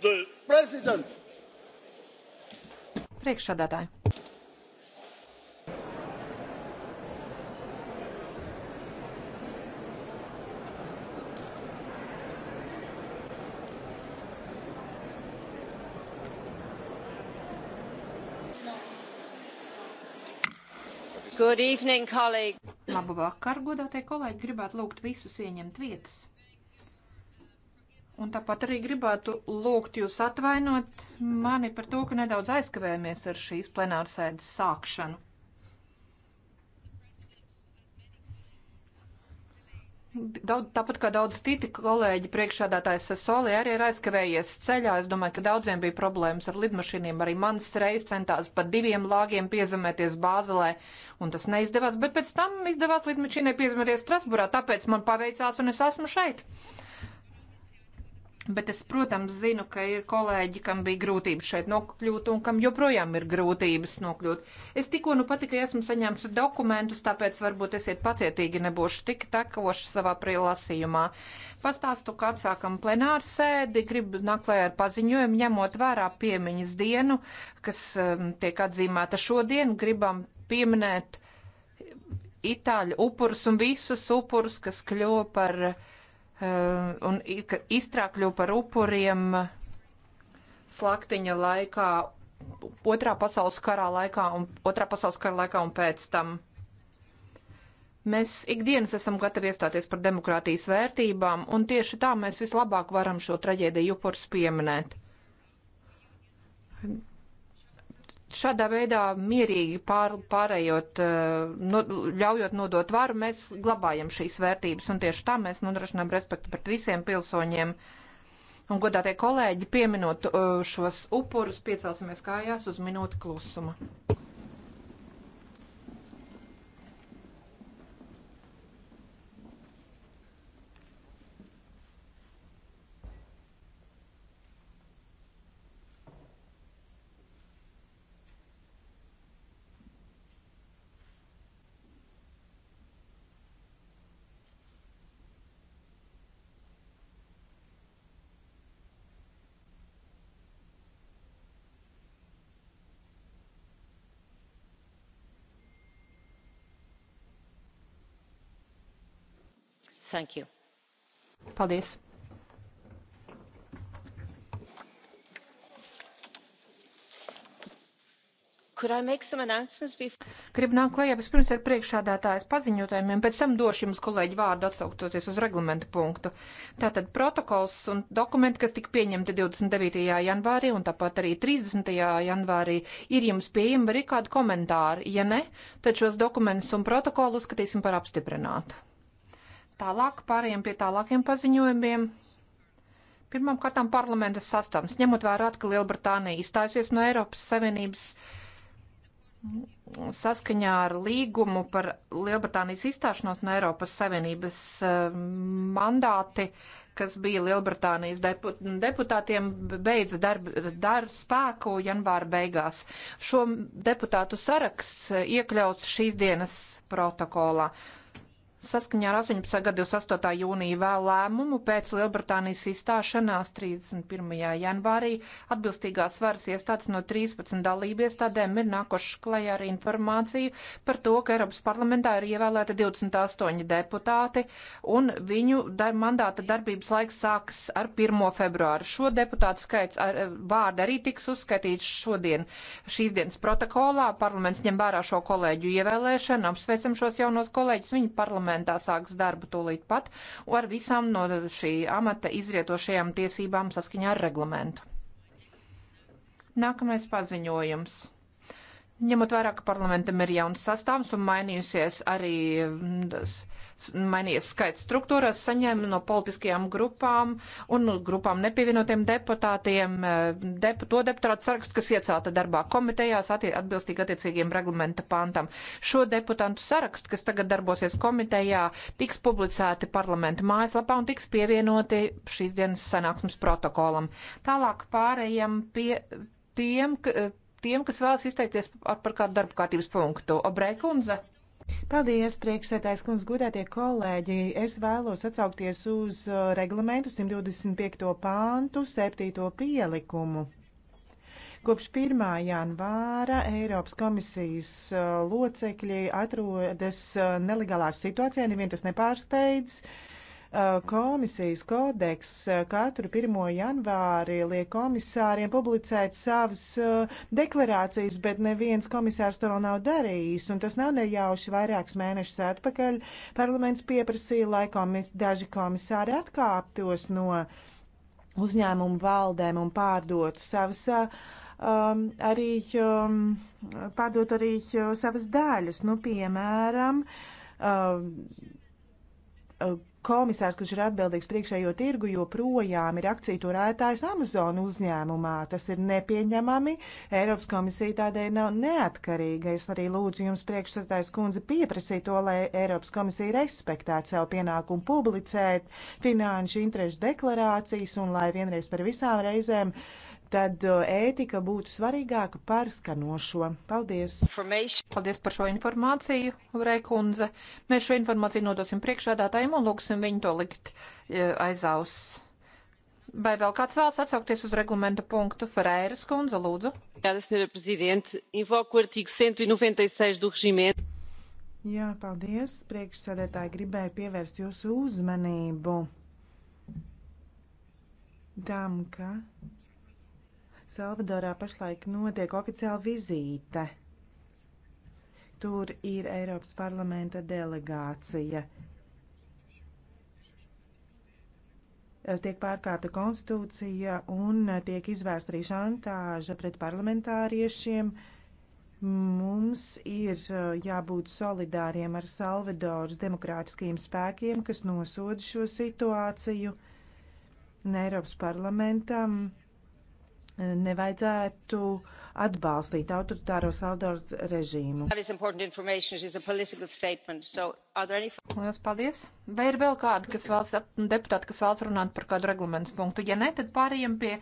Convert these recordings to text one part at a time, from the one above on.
Priekšsādātāji. Good evening, colleague. Labu vakar, godātie kolēģi, gribētu lūgt visus ieņemt vietas. Un tāpat arī gribētu lūgt jūs atvainot mani par to, ka nedaudz aizkavējamies ar šīs plenārsēdes sākšanu. Daudz, tāpat kā daudz citi kolēģi, priekšādātājs Sasoli arī ir aizkavējies ceļā. Es domāju, ka daudziem bija problēmas ar lidmašīniem. Arī mans reiz centās pa diviem lāgiem piezemēties Bāzelē, un tas neizdevās, bet pēc tam izdevās lidmašīnai piezemēties Strasburā, tāpēc man paveicās un es esmu šeit. Uh, Bet es, protams, zinu, ka ir kolēģi, kam bija grūtības šeit nokļūt un kam joprojām ir grūtības nokļūt. Es tikko nu patikai esmu saņēmis dokumentus, tāpēc varbūt esiet pacietīgi, nebūšu tik tekoši savā prilasījumā. Pastāstu, ka atsākam plenāru sēdi, gribu naklēt ar paziņojumu, ņemot vērā piemiņas dienu, kas um, tiek atzīmēta šodien, gribam pieminēt itāļu upurus un visus upurus, kas kļuva par uh, Eh, un iztrākļu par upuriem eh, slaktiņa laikā, otrā pasaules karā laikā un otrā pasaules kara laikā un pēc tam. Mēs ikdienas esam gatavi iestāties par demokrātijas vērtībām, un tieši tā mēs vislabāk varam šo traģēdiju upurus pieminēt šādā veidā mierīgi pār, pārējot, eh, no, ļaujot nodot varu, mēs glabājam šīs vērtības, un tieši tā mēs nodrošinām respektu pret visiem pilsoņiem. Un, godātie kolēģi, pieminot eh, šos upurus, piecelsimies kājās uz minūti klusuma. Thank you. Paldies. Gribu nākt klajā vispirms ar priekšādātājas paziņotājumiem, pēc tam došu jums kolēģi vārdu atsauktoties uz reglamentu punktu. Tātad protokols un dokumenti, kas tika pieņemti 29. janvārī un tāpat arī 30. janvārī, ir jums pieejami arī kādi komentāri. Ja ne, tad šos dokumentus un protokolu uzskatīsim par apstiprinātu. Tālāk pāriem pie tālākiem paziņojumiem. Pirmkārt, parlamenta sastāvs, ņemot vērā, ka Lielbritānija izstājusies no Eiropas Savienības saskaņā ar līgumu par Lielbritānijas izstāšanos no Eiropas Savienības eh, mandāti, kas bija Lielbritānijas deputātiem, beidz darbu dar spēku janvāra beigās. Šo deputātu saraksts eh, iekļauts šīs dienas protokolā. Saskaņā ar 18. gada 28. jūnija vēl lēmumu pēc Lielbritānijas izstāšanās 31. janvārī atbilstīgās varas iestādes no 13 dalību iestādēm ir nākošas klajā ar informāciju par to, ka Eiropas parlamentā ir ievēlēti 28 deputāti un viņu dar mandāta darbības laiks sākas ar 1. februāru. Šo deputātu skaits ar, vārdi arī tiks uzskatīts šodien šīs dienas protokolā. Parlaments ņem vērā šo kolēģu ievēlēšanu, apsveicam šos jaunos kolēģus. Viņi parlamentā parlamentā sāks darbu tūlīt pat ar visām no šī amata izrietošajām tiesībām saskaņā ar reglamentu. Nākamais paziņojums. Ņemot vērā, ka parlamentam ir jauns sastāvs un mainījusies arī. Mm, tas, mainījies skaits struktūrās, saņēma no politiskajām grupām un grupām nepievienotiem deputātiem eh, dep to deputātu sarakstu, kas iecelta darbā komitejās attie atbilstīgi attiecīgiem reglamenta pantam. Šo deputātu sarakstu, kas tagad darbosies komitejā, tiks publicēti parlamenta mājaslapā un tiks pievienoti šīs dienas sanāksmes protokolam. Tālāk pārējiem pie tiem, tiem kas vēlas izteikties par kādu darba kārtības punktu. Obrēkundze. Paldies, priekšsētājs kundz, godētie kolēģi. Es vēlos atsaukties uz uh, reglamentu 125. pāntu 7. pielikumu. Kopš 1. janvāra Eiropas komisijas uh, locekļi atrodas uh, nelegālā situācijā, nevien tas nepārsteidz. Uh, Uh, komisijas kodeks uh, katru 1. janvāri liek komisāriem publicēt savas uh, deklarācijas, bet neviens komisārs to vēl nav darījis. Un tas nav nejauši vairākus mēnešus atpakaļ. Parlaments pieprasīja, lai komis, daži komisāri atkāptos no uzņēmumu valdēm un pārdotu savas um, arī um, pārdot arī savas daļas, nu, piemēram, um, komisārs, kurš ir atbildīgs priekšējo tirgu, joprojām ir akciju turētājs Amazon uzņēmumā. Tas ir nepieņemami. Eiropas komisija tādēļ nav neatkarīga. Es arī lūdzu jums priekšsatājs kundze pieprasīt to, lai Eiropas komisija respektētu savu pienākumu publicēt finanšu interešu deklarācijas un lai vienreiz par visām reizēm uh, tad uh, ētika būtu svarīgāka par skanošo. Paldies! Paldies par šo informāciju, Reikundze. Mēs šo informāciju nodosim priekšādātājiem un lūksim viņu to likt uh, aizaus. Vai vēl kāds vēlas atsaukties uz reglamenta punktu? Ferēras kundze, lūdzu. Obrigada, senhora Presidente. Invoco o artigo 196 e e do regimento. Jā, paldies. Priekšsēdētāji gribēja pievērst jūsu uzmanību tam, ka Salvadorā pašlaik notiek oficiāla vizīte. Tur ir Eiropas parlamenta delegācija. Tiek pārkāpta konstitūcija un tiek izvērsta arī šantāža pret parlamentāriešiem. Mums ir uh, jābūt solidāriem ar Salvadoras demokrātiskajiem spēkiem, kas nosoda šo situāciju. Un Eiropas parlamentam nevajadzētu atbalstīt autoritāro Salvadoras režīmu. Any... Lielas paldies! Vai ir vēl kādi, kas vēlas, deputāti, kas vēlas runāt par kādu reglamentu punktu? Ja ne, tad pārējiem pie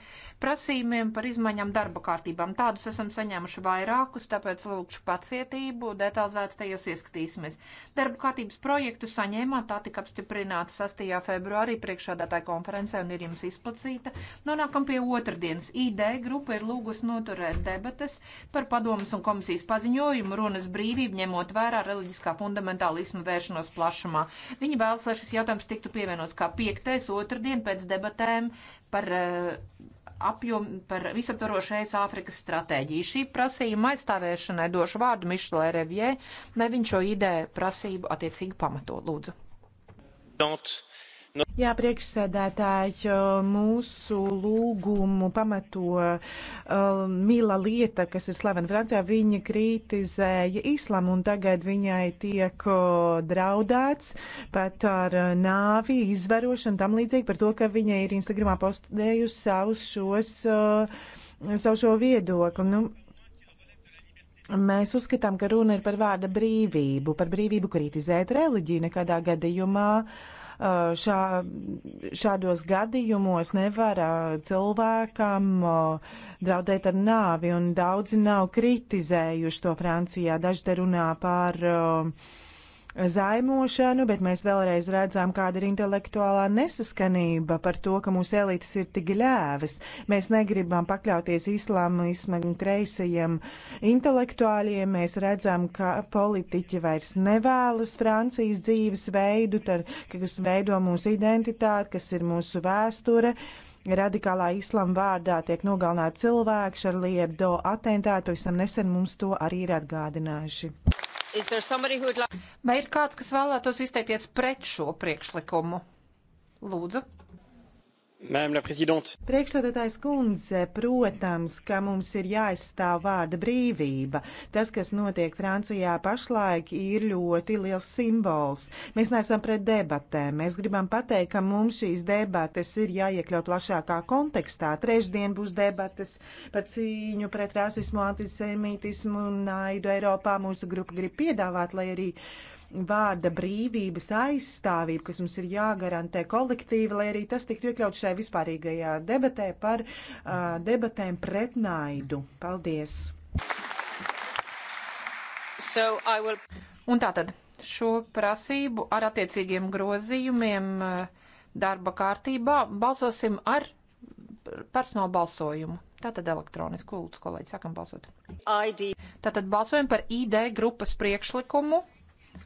prasījumiem par izmaiņām darba kārtībām. Tādus esam saņēmuši vairākus, tāpēc lūkšu pacietību, detalizēti tajos ieskatīsimies. Darba kārtības projektu saņēmāt, tā tika apstiprināta 6. februārī priekšādātāja konferencē un ir jums izplacīta. Nonākam pie otrdienas. ID grupa ir lūgus noturēt debates par padomus un komisijas paziņojumu runas brīvību, ņemot vērā reliģiskā fundamentālismu vērtību apmeklēšanos plašumā. Viņi vēlas, lai šis jautājums tiktu pievienots kā piektais otrdien pēc debatēm par eh, apjom, par visaptvarošu ES Āfrikas stratēģiju. Šī prasījuma aizstāvēšanai došu vārdu Mišelē Revjē, lai viņš šo ideju prasību attiecīgi pamato. Lūdzu. Don't. Nu. Jā, priekšsēdētāji, mūsu lūgumu pamato uh, Mila lieta, kas ir slavena Francijā, viņa kritizēja islamu un tagad viņai tiek uh, draudēts pat ar uh, nāvi, izvarošanu tam līdzīgi par to, ka viņa ir Instagramā postējusi savus šos, uh, savu šo viedokli. Nu, Mēs uzskatām, ka runa ir par vārda brīvību, par brīvību kritizēt reliģiju nekādā gadījumā. Uh, šā, šādos gadījumos nevar cilvēkam draudēt ar nāvi, un daudzi nav kritizējuši to Francijā. Daži te runā par uh, zaimošanu, bet mēs vēlreiz redzām, kāda ir intelektuālā nesaskanība par to, ka mūsu elites ir tik ļēvas. Mēs negribam pakļauties islāmismu un kreisajiem intelektuāļiem. Mēs redzam, ka politiķi vairs nevēlas Francijas dzīves veidu, tar, kas veido mūsu identitāti, kas ir mūsu vēsture. Radikālā islama vārdā tiek nogalināti cilvēki, Šarlija Hebdo atentāti, pavisam nesen mums to arī ir atgādinājuši. Vai ir kāds, kas vēlētos izteikties pret šo priekšlikumu? Lūdzu. Priekšsēdētājs kundze, protams, ka mums ir jāizstāv vārda brīvība. Tas, kas notiek Francijā pašlaik, ir ļoti liels simbols. Mēs neesam pret debatēm. Mēs gribam pateikt, ka mums šīs debates ir jāiekļau plašākā kontekstā. Trešdien būs debates par cīņu pret rasismu, antisemītismu un naidu Eiropā. Mūsu grupa grib piedāvāt, lai arī. Uh, vārda brīvības aizstāvību, kas mums ir jāgarantē kolektīvi, lai arī tas tiktu iekļauts šajā vispārīgajā debatē par uh, debatēm pret naidu. Paldies! So will... Un tātad šo prasību ar attiecīgiem grozījumiem darba kārtībā balsosim ar personālu balsojumu. Tātad elektroniski lūdzu, kolēģi, sakam balsot. ID. Tātad balsojam par ID grupas priekšlikumu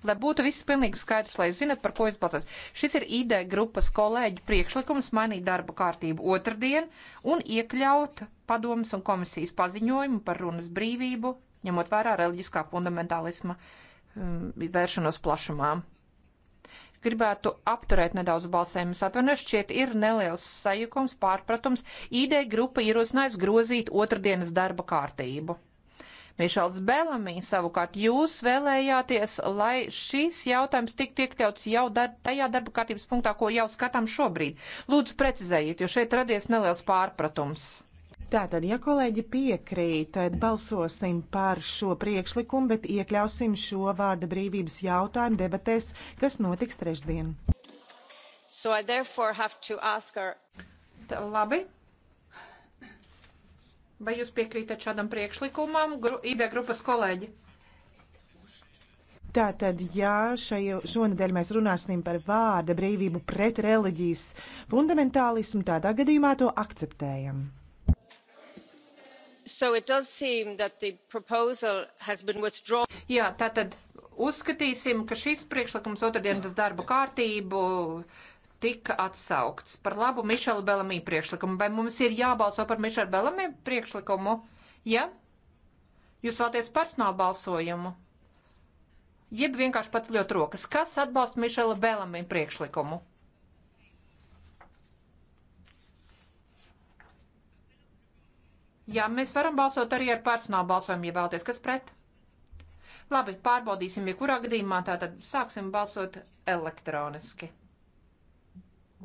Lai būtu viss pilnīgi skaidrs, lai zinat, par ko jūs pats esat. Šis ir ID grupas kolēģi priekšlikums mainīt darba kārtību otrdien un iekļaut padomas un komisijas paziņojumu par runas brīvību, ņemot vērā reliģiskā fundamentālisma um, vēršanos plašumā. Gribētu apturēt nedaudz balsējumu. Atvainojos, šķiet, ir neliels sajukums, pārpratums. ID grupa ierosinājusi grozīt otrdienas darba kārtību. Mišels Belamī savukārt jūs vēlējāties, lai šis jautājums tiktu iekļauts jau dar tajā darba kārtības punktā, ko jau skatām šobrīd. Lūdzu, precizējiet, jo šeit radies neliels pārpratums. Tātad, ja kolēģi piekrīt, tad balsosim par šo priekšlikumu, bet iekļausim šo vārda brīvības jautājumu debatēs, kas notiks trešdien. So our... Labi, Vai jūs piekrītat šādam priekšlikumam, gru, ID grupas kolēģi? Tātad, ja šajo, šonadēļ mēs runāsim par vārda brīvību pret reliģijas fundamentālismu, tādā gadījumā to akceptējam. So Jā, tātad uzskatīsim, ka šis priekšlikums otrdien tas darba kārtību tika atsaukts par labu Mišela Belamī priekšlikumu. Vai mums ir jābalso par Mišela Belamī priekšlikumu? Ja? Jūs vēlaties personālu balsojumu? Jeb vienkārši pats ļoti rokas. Kas atbalsta Mišela Belamī priekšlikumu? Jā, mēs varam balsot arī ar personālu balsojumu, ja vēlaties. Kas pret? Labi, pārbaudīsim, ja kurā gadījumā tātad sāksim balsot elektroniski.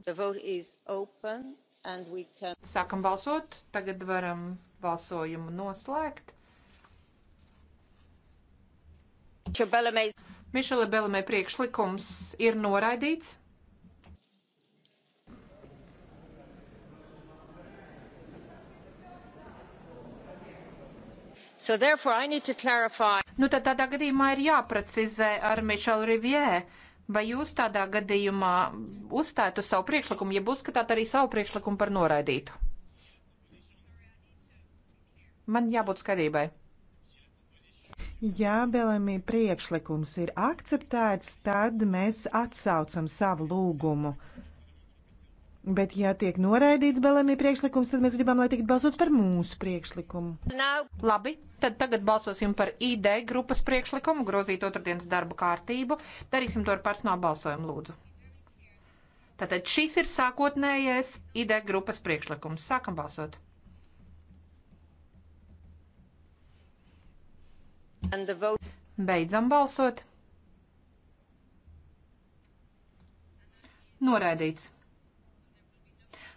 Can... Sākam balsot, tagad varam balsojumu noslēgt. Mišela Belamē priekšlikums ir noraidīts. So nu tad tādā gadījumā ir jāprecizē ar Mišelu Rivjē Vai jūs tādā gadījumā uzstājat uz savu priekšlikumu, ja uzskatāt arī savu priekšlikumu par noraidītu? Man jābūt skaidrībai. Ja Belemī priekšlikums ir akceptēts, tad mēs atsaucam savu lūgumu. Bet, ja tiek noraidīts Belēmī priekšlikums, tad mēs gribam, lai tiktu balsots par mūsu priekšlikumu. Nav. Labi, tad tagad balsosim par ID grupas priekšlikumu, grozīt otrdienas darba kārtību. Darīsim to ar personālu balsojumu, lūdzu. Tātad šis ir sākotnējais ID grupas priekšlikums. Sākam balsot. Beidzam balsot. Noraidīts.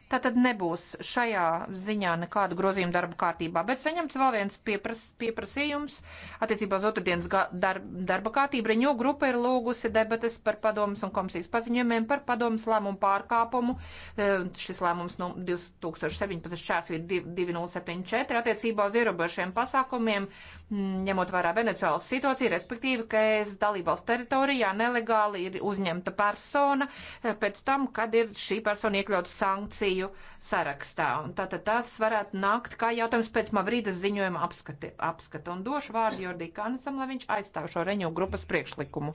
Tātad nebūs šajā ziņā nekādu grozījumu darba kārtībā, bet saņemts vēl viens piepras, pieprasījums attiecībā uz otrdienas darb, darba kārtību. Riņo grupa ir lūgusi debates par padomus un komisijas paziņojumiem par padomus lēmumu pārkāpumu. E, šis lēmums no 2017.4.2074 attiecībā uz ierobežiem pasākumiem, ņemot vērā Venecuēlas situāciju, respektīvi, ka es dalībvalsts teritorijā nelegāli ir uzņemta persona e, pēc tam, kad ir šī persona iekļauta sankciju funkciju sarakstā. Un tātad tas varētu nākt kā jautājums pēc Mavridas ziņojuma apskati, apskata. Un došu vārdu Jordī Kānesam, lai viņš aizstāv šo reņu grupas priekšlikumu.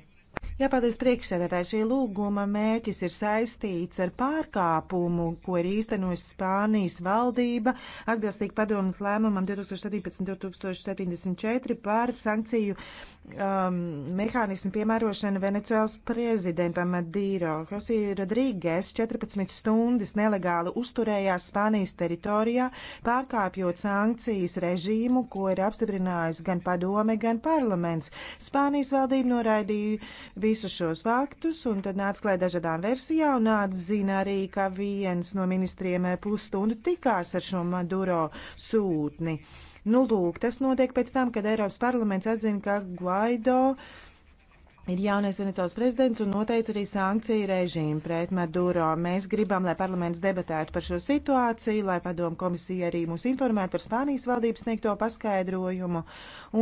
Jāpaldies priekšsēdētāji. Šī lūguma mērķis ir saistīts ar pārkāpumu, ko ir īstenojusi Spānijas valdība atbilstīgi padomas lēmumam 2017-2074 par sankciju uh, um, mehānismu piemērošana Venecuēlas prezidentam Madīro. Josī Rodrīgēs 14 stundas nelegāli uzturējās Spānijas teritorijā, pārkāpjot sankcijas režīmu, ko ir apstiprinājis gan padome, gan parlaments. Spānijas valdība noraidīja visus šos faktus un tad nāca klēt dažādām versijām un atzina arī, ka viens no ministriem pusstundu tikās ar šo Maduro sūtni. Nu, lūk, tas notiek pēc tam, kad Eiropas parlaments atzina, ka Guaido ir jaunais Venecijas prezidents un noteica arī sankciju režīmu pret Maduro. Mēs gribam, lai parlaments debatētu par šo situāciju, lai padomu komisija arī mūs informētu par Spānijas valdības sniegto paskaidrojumu,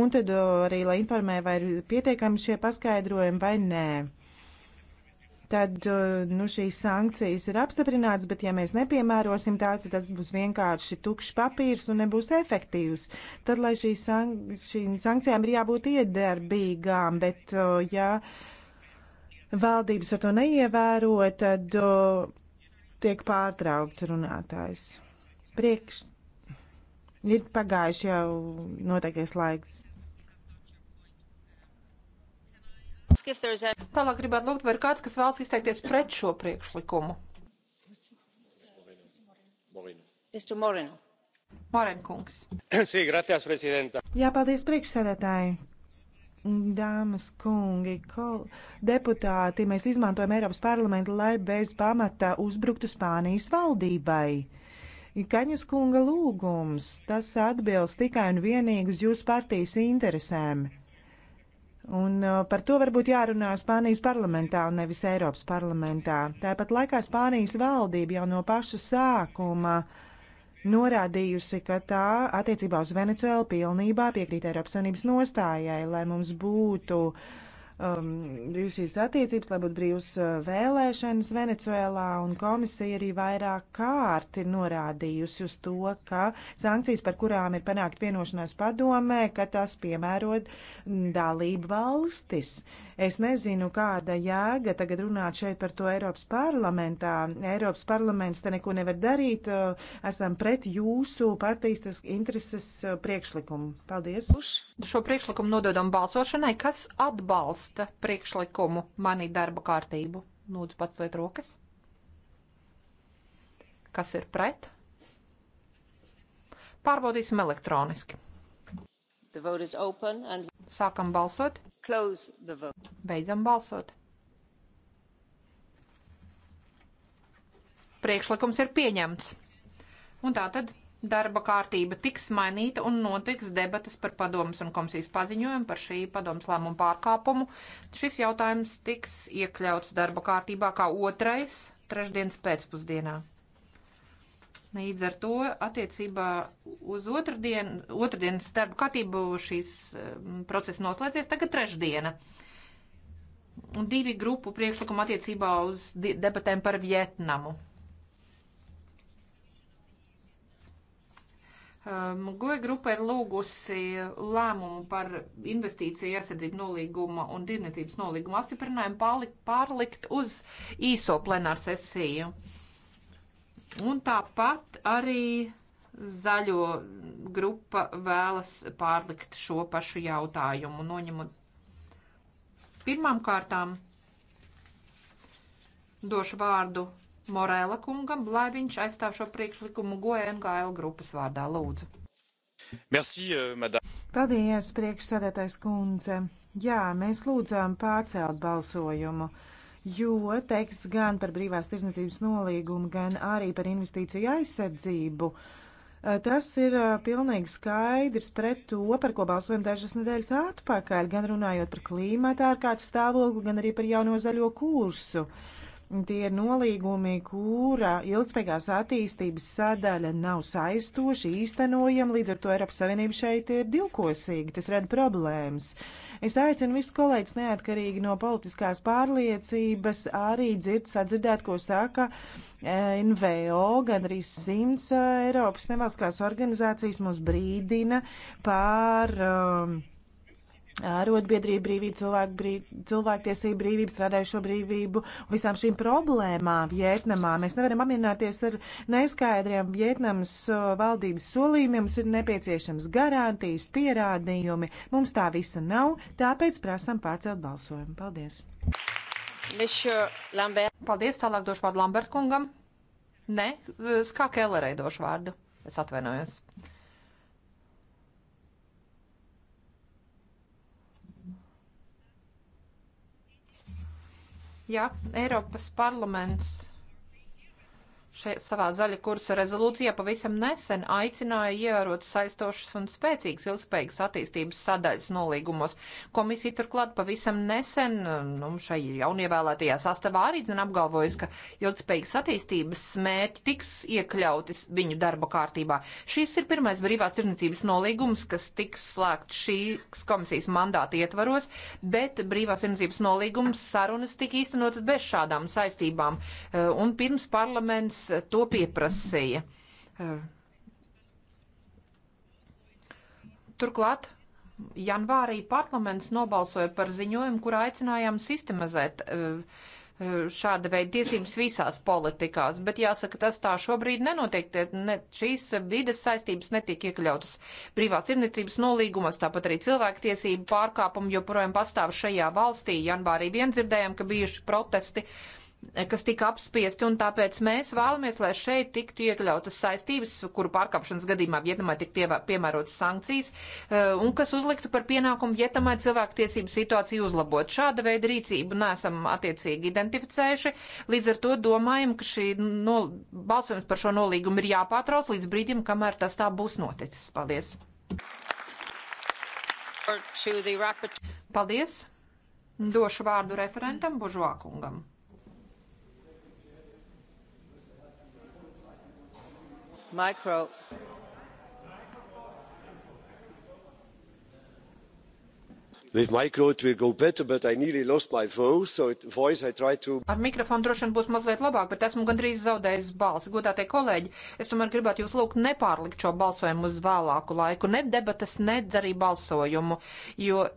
un tad arī, lai informē, vai ir pietiekami šie paskaidrojumi vai nē tad eh, nu, šīs sankcijas ir apstiprinātas, bet ja mēs nepiemērosim tās, tas būs vienkārši tukšs papīrs un nebūs efektīvs. Tad, lai šīs sank šīm sankcijām ir jābūt iedarbīgām, bet eh, ja valdības ar to neievēro, tad eh, tiek pārtraukts runātājs. Priekš ir pagājuši jau noteikties laiks. Tālāk gribētu lūgt, vai ir kāds, kas vēlas izteikties pret šo priekšlikumu? Morenkungs. Jā, paldies priekšsēdētāji. Dāmas, kungi, kol, deputāti, mēs izmantojam Eiropas parlamentu, lai bez pamata uzbruktu Spānijas valdībai. Kaņas kunga lūgums, tas atbilst tikai un vienīgi uz jūsu partijas interesēm. Un uh, par to varbūt jārunā Spānijas parlamentā un nevis Eiropas parlamentā. Tāpat laikā Spānijas valdība jau no paša sākuma norādījusi, ka tā attiecībā uz Venecuēlu pilnībā piekrīt Eiropas Sanības nostājai, lai mums būtu uh, um, šīs attiecības, lai būtu brīvs uh, vēlēšanas Venecuēlā, un komisija arī vairāk kārt ir norādījusi uz to, ka sankcijas, par kurām ir panākt vienošanās padomē, ka tas piemērot mm, dalību valstis. Uh, Es nezinu, kāda jēga tagad runāt šeit par to Eiropas parlamentā. Eiropas parlaments te neko nevar darīt. Eh, esam pret jūsu partijas intereses eh, priekšlikumu. Paldies. Uz šo priekšlikumu nododam balsošanai. Kas atbalsta priekšlikumu manī darba kārtību? Lūdzu, pats liet rokas. Kas ir pret? Pārbaudīsim elektroniski. And... Sākam balsot. Beidzam balsot. Priekšlikums ir pieņemts. Un tā tad darba kārtība tiks mainīta un notiks debatas par padomus un komisijas paziņojumu par šī padomus lēmumu pārkāpumu. Šis jautājums tiks iekļauts darba kārtībā kā otrais trešdienas pēcpusdienā. Līdz ar to attiecībā uz otrdien, otrdienas darbu kārtību šīs um, procesa noslēdzies tagad trešdiena. Divi grupu priekšlikumu attiecībā uz debatēm par Vietnamu. Um, Goja grupa ir lūgusi lēmumu par investīciju aizsardzību nolīguma un tirniecības nolīguma apstiprinājumu pārlikt uz īso plenāru sesiju. Uh, Un tāpat arī zaļo grupa vēlas pārlikt šo pašu jautājumu, noņemot pirmām kārtām došu vārdu Morēla kungam, lai viņš aizstāv šo priekšlikumu GONGL grupas vārdā. Lūdzu. Merci, euh, madame. Paldies, priekšsēdētājs kundze. Jā, mēs lūdzām pārcelt balsojumu. Uh, jo teksts gan par brīvās tirzniecības nolīgumu, gan arī par investīciju aizsardzību. Eh, tas ir eh, pilnīgi skaidrs pret to, par ko balsojam dažas nedēļas atpakaļ, gan runājot par klīmata ārkārtas stāvokli, gan arī par jauno zaļo kursu. Uh, Tie ir nolīgumi, kura ilgspējīgās attīstības sadaļa nav saistoši īstenojama, līdz ar to Eiropas Savienība šeit ir divkosīga, tas rada problēmas. Es aicinu visus kolēģis neatkarīgi no politiskās pārliecības arī dzird, sadzirdēt, ko saka eh, NVO, gan arī simts eh, Eiropas nevalstiskās organizācijas mūs brīdina par um, arotbiedrību brīvību, cilvēku brīv, cilvēktiesību brīvību, strādājušo brīvību un visām šīm problēmām Vietnamā. Mēs nevaram apmierināties ar neskaidriem Vietnamas valdības solījumiem. Mums ir nepieciešams garantijas, pierādījumi. Mums tā visa nav, tāpēc prasam pārcelt balsojumu. Paldies! Paldies, tālāk došu vārdu Lambert kungam. Nē, Skā Kellerei došu vārdu. Es atvainojos. ja Eiropas parlaments šeit savā zaļa kursa rezolūcijā pavisam nesen aicināja ievērot saistošas un spēcīgas ilgspējīgas attīstības sadaļas nolīgumos. Komisija turklāt pavisam nesen, nu, šai jaunievēlētajā sastāvā arī zina apgalvojas, ka ilgspējīgas attīstības smērķi tiks iekļautis viņu darba kārtībā. Šis ir pirmais brīvās tirnitības nolīgums, kas tiks slēgts šīs komisijas mandāta ietvaros, bet brīvās tirnitības nolīgums sarunas tika īstenotas bez šādām saistībām. Eh, un pirms parlaments to pieprasīja. Turklāt janvārī parlaments nobalsoja par ziņojumu, kur aicinājām sistemizēt eh, eh, šāda veida tiesības visās politikās, bet jāsaka, tas tā šobrīd nenotiek. Ne, šīs vides saistības netiek iekļautas privās irniecības nolīgumos, tāpat arī cilvēktiesību pārkāpumi joprojām pastāv šajā valstī. Janvārī vien dzirdējām, ka bijuši protesti. Uh, kas tika apspiesti, un tāpēc mēs vēlamies, lai šeit tiktu iekļautas saistības, kuru pārkāpšanas gadījumā Vietnamai tiktu piemērotas sankcijas, eh, un kas uzliktu par pienākumu Vietnamai cilvēktiesību situāciju uzlabot. Šāda veida rīcību nesam attiecīgi identificējuši, līdz ar to domājam, ka šī no, balsojums par šo nolīgumu ir jāpātrauc līdz brīdim, kamēr tas tā būs noticis. Paldies! Paldies! Došu vārdu referentam Bužvākungam. Micro. With micro it will go better, but I nearly lost my voice, so it, voice I tried to... Ar mikrofonu droši vien būs mazliet labāk, bet esmu gandrīz zaudējis balsi. Godātie kolēģi, es tomēr gribētu jūs lūgt nepārlikt šo balsojumu uz vēlāku laiku, ne debatas, ne arī balsojumu, jo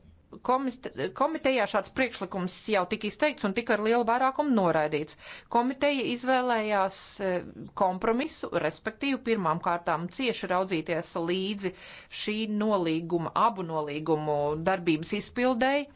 komitejā šāds priekšlikums jau tika izteikts un tika ar lielu vairākumu noraidīts. Komiteja izvēlējās e, kompromisu, respektīvi pirmām kārtām cieši raudzīties līdzi šī nolīguma, abu nolīgumu darbības izpildēji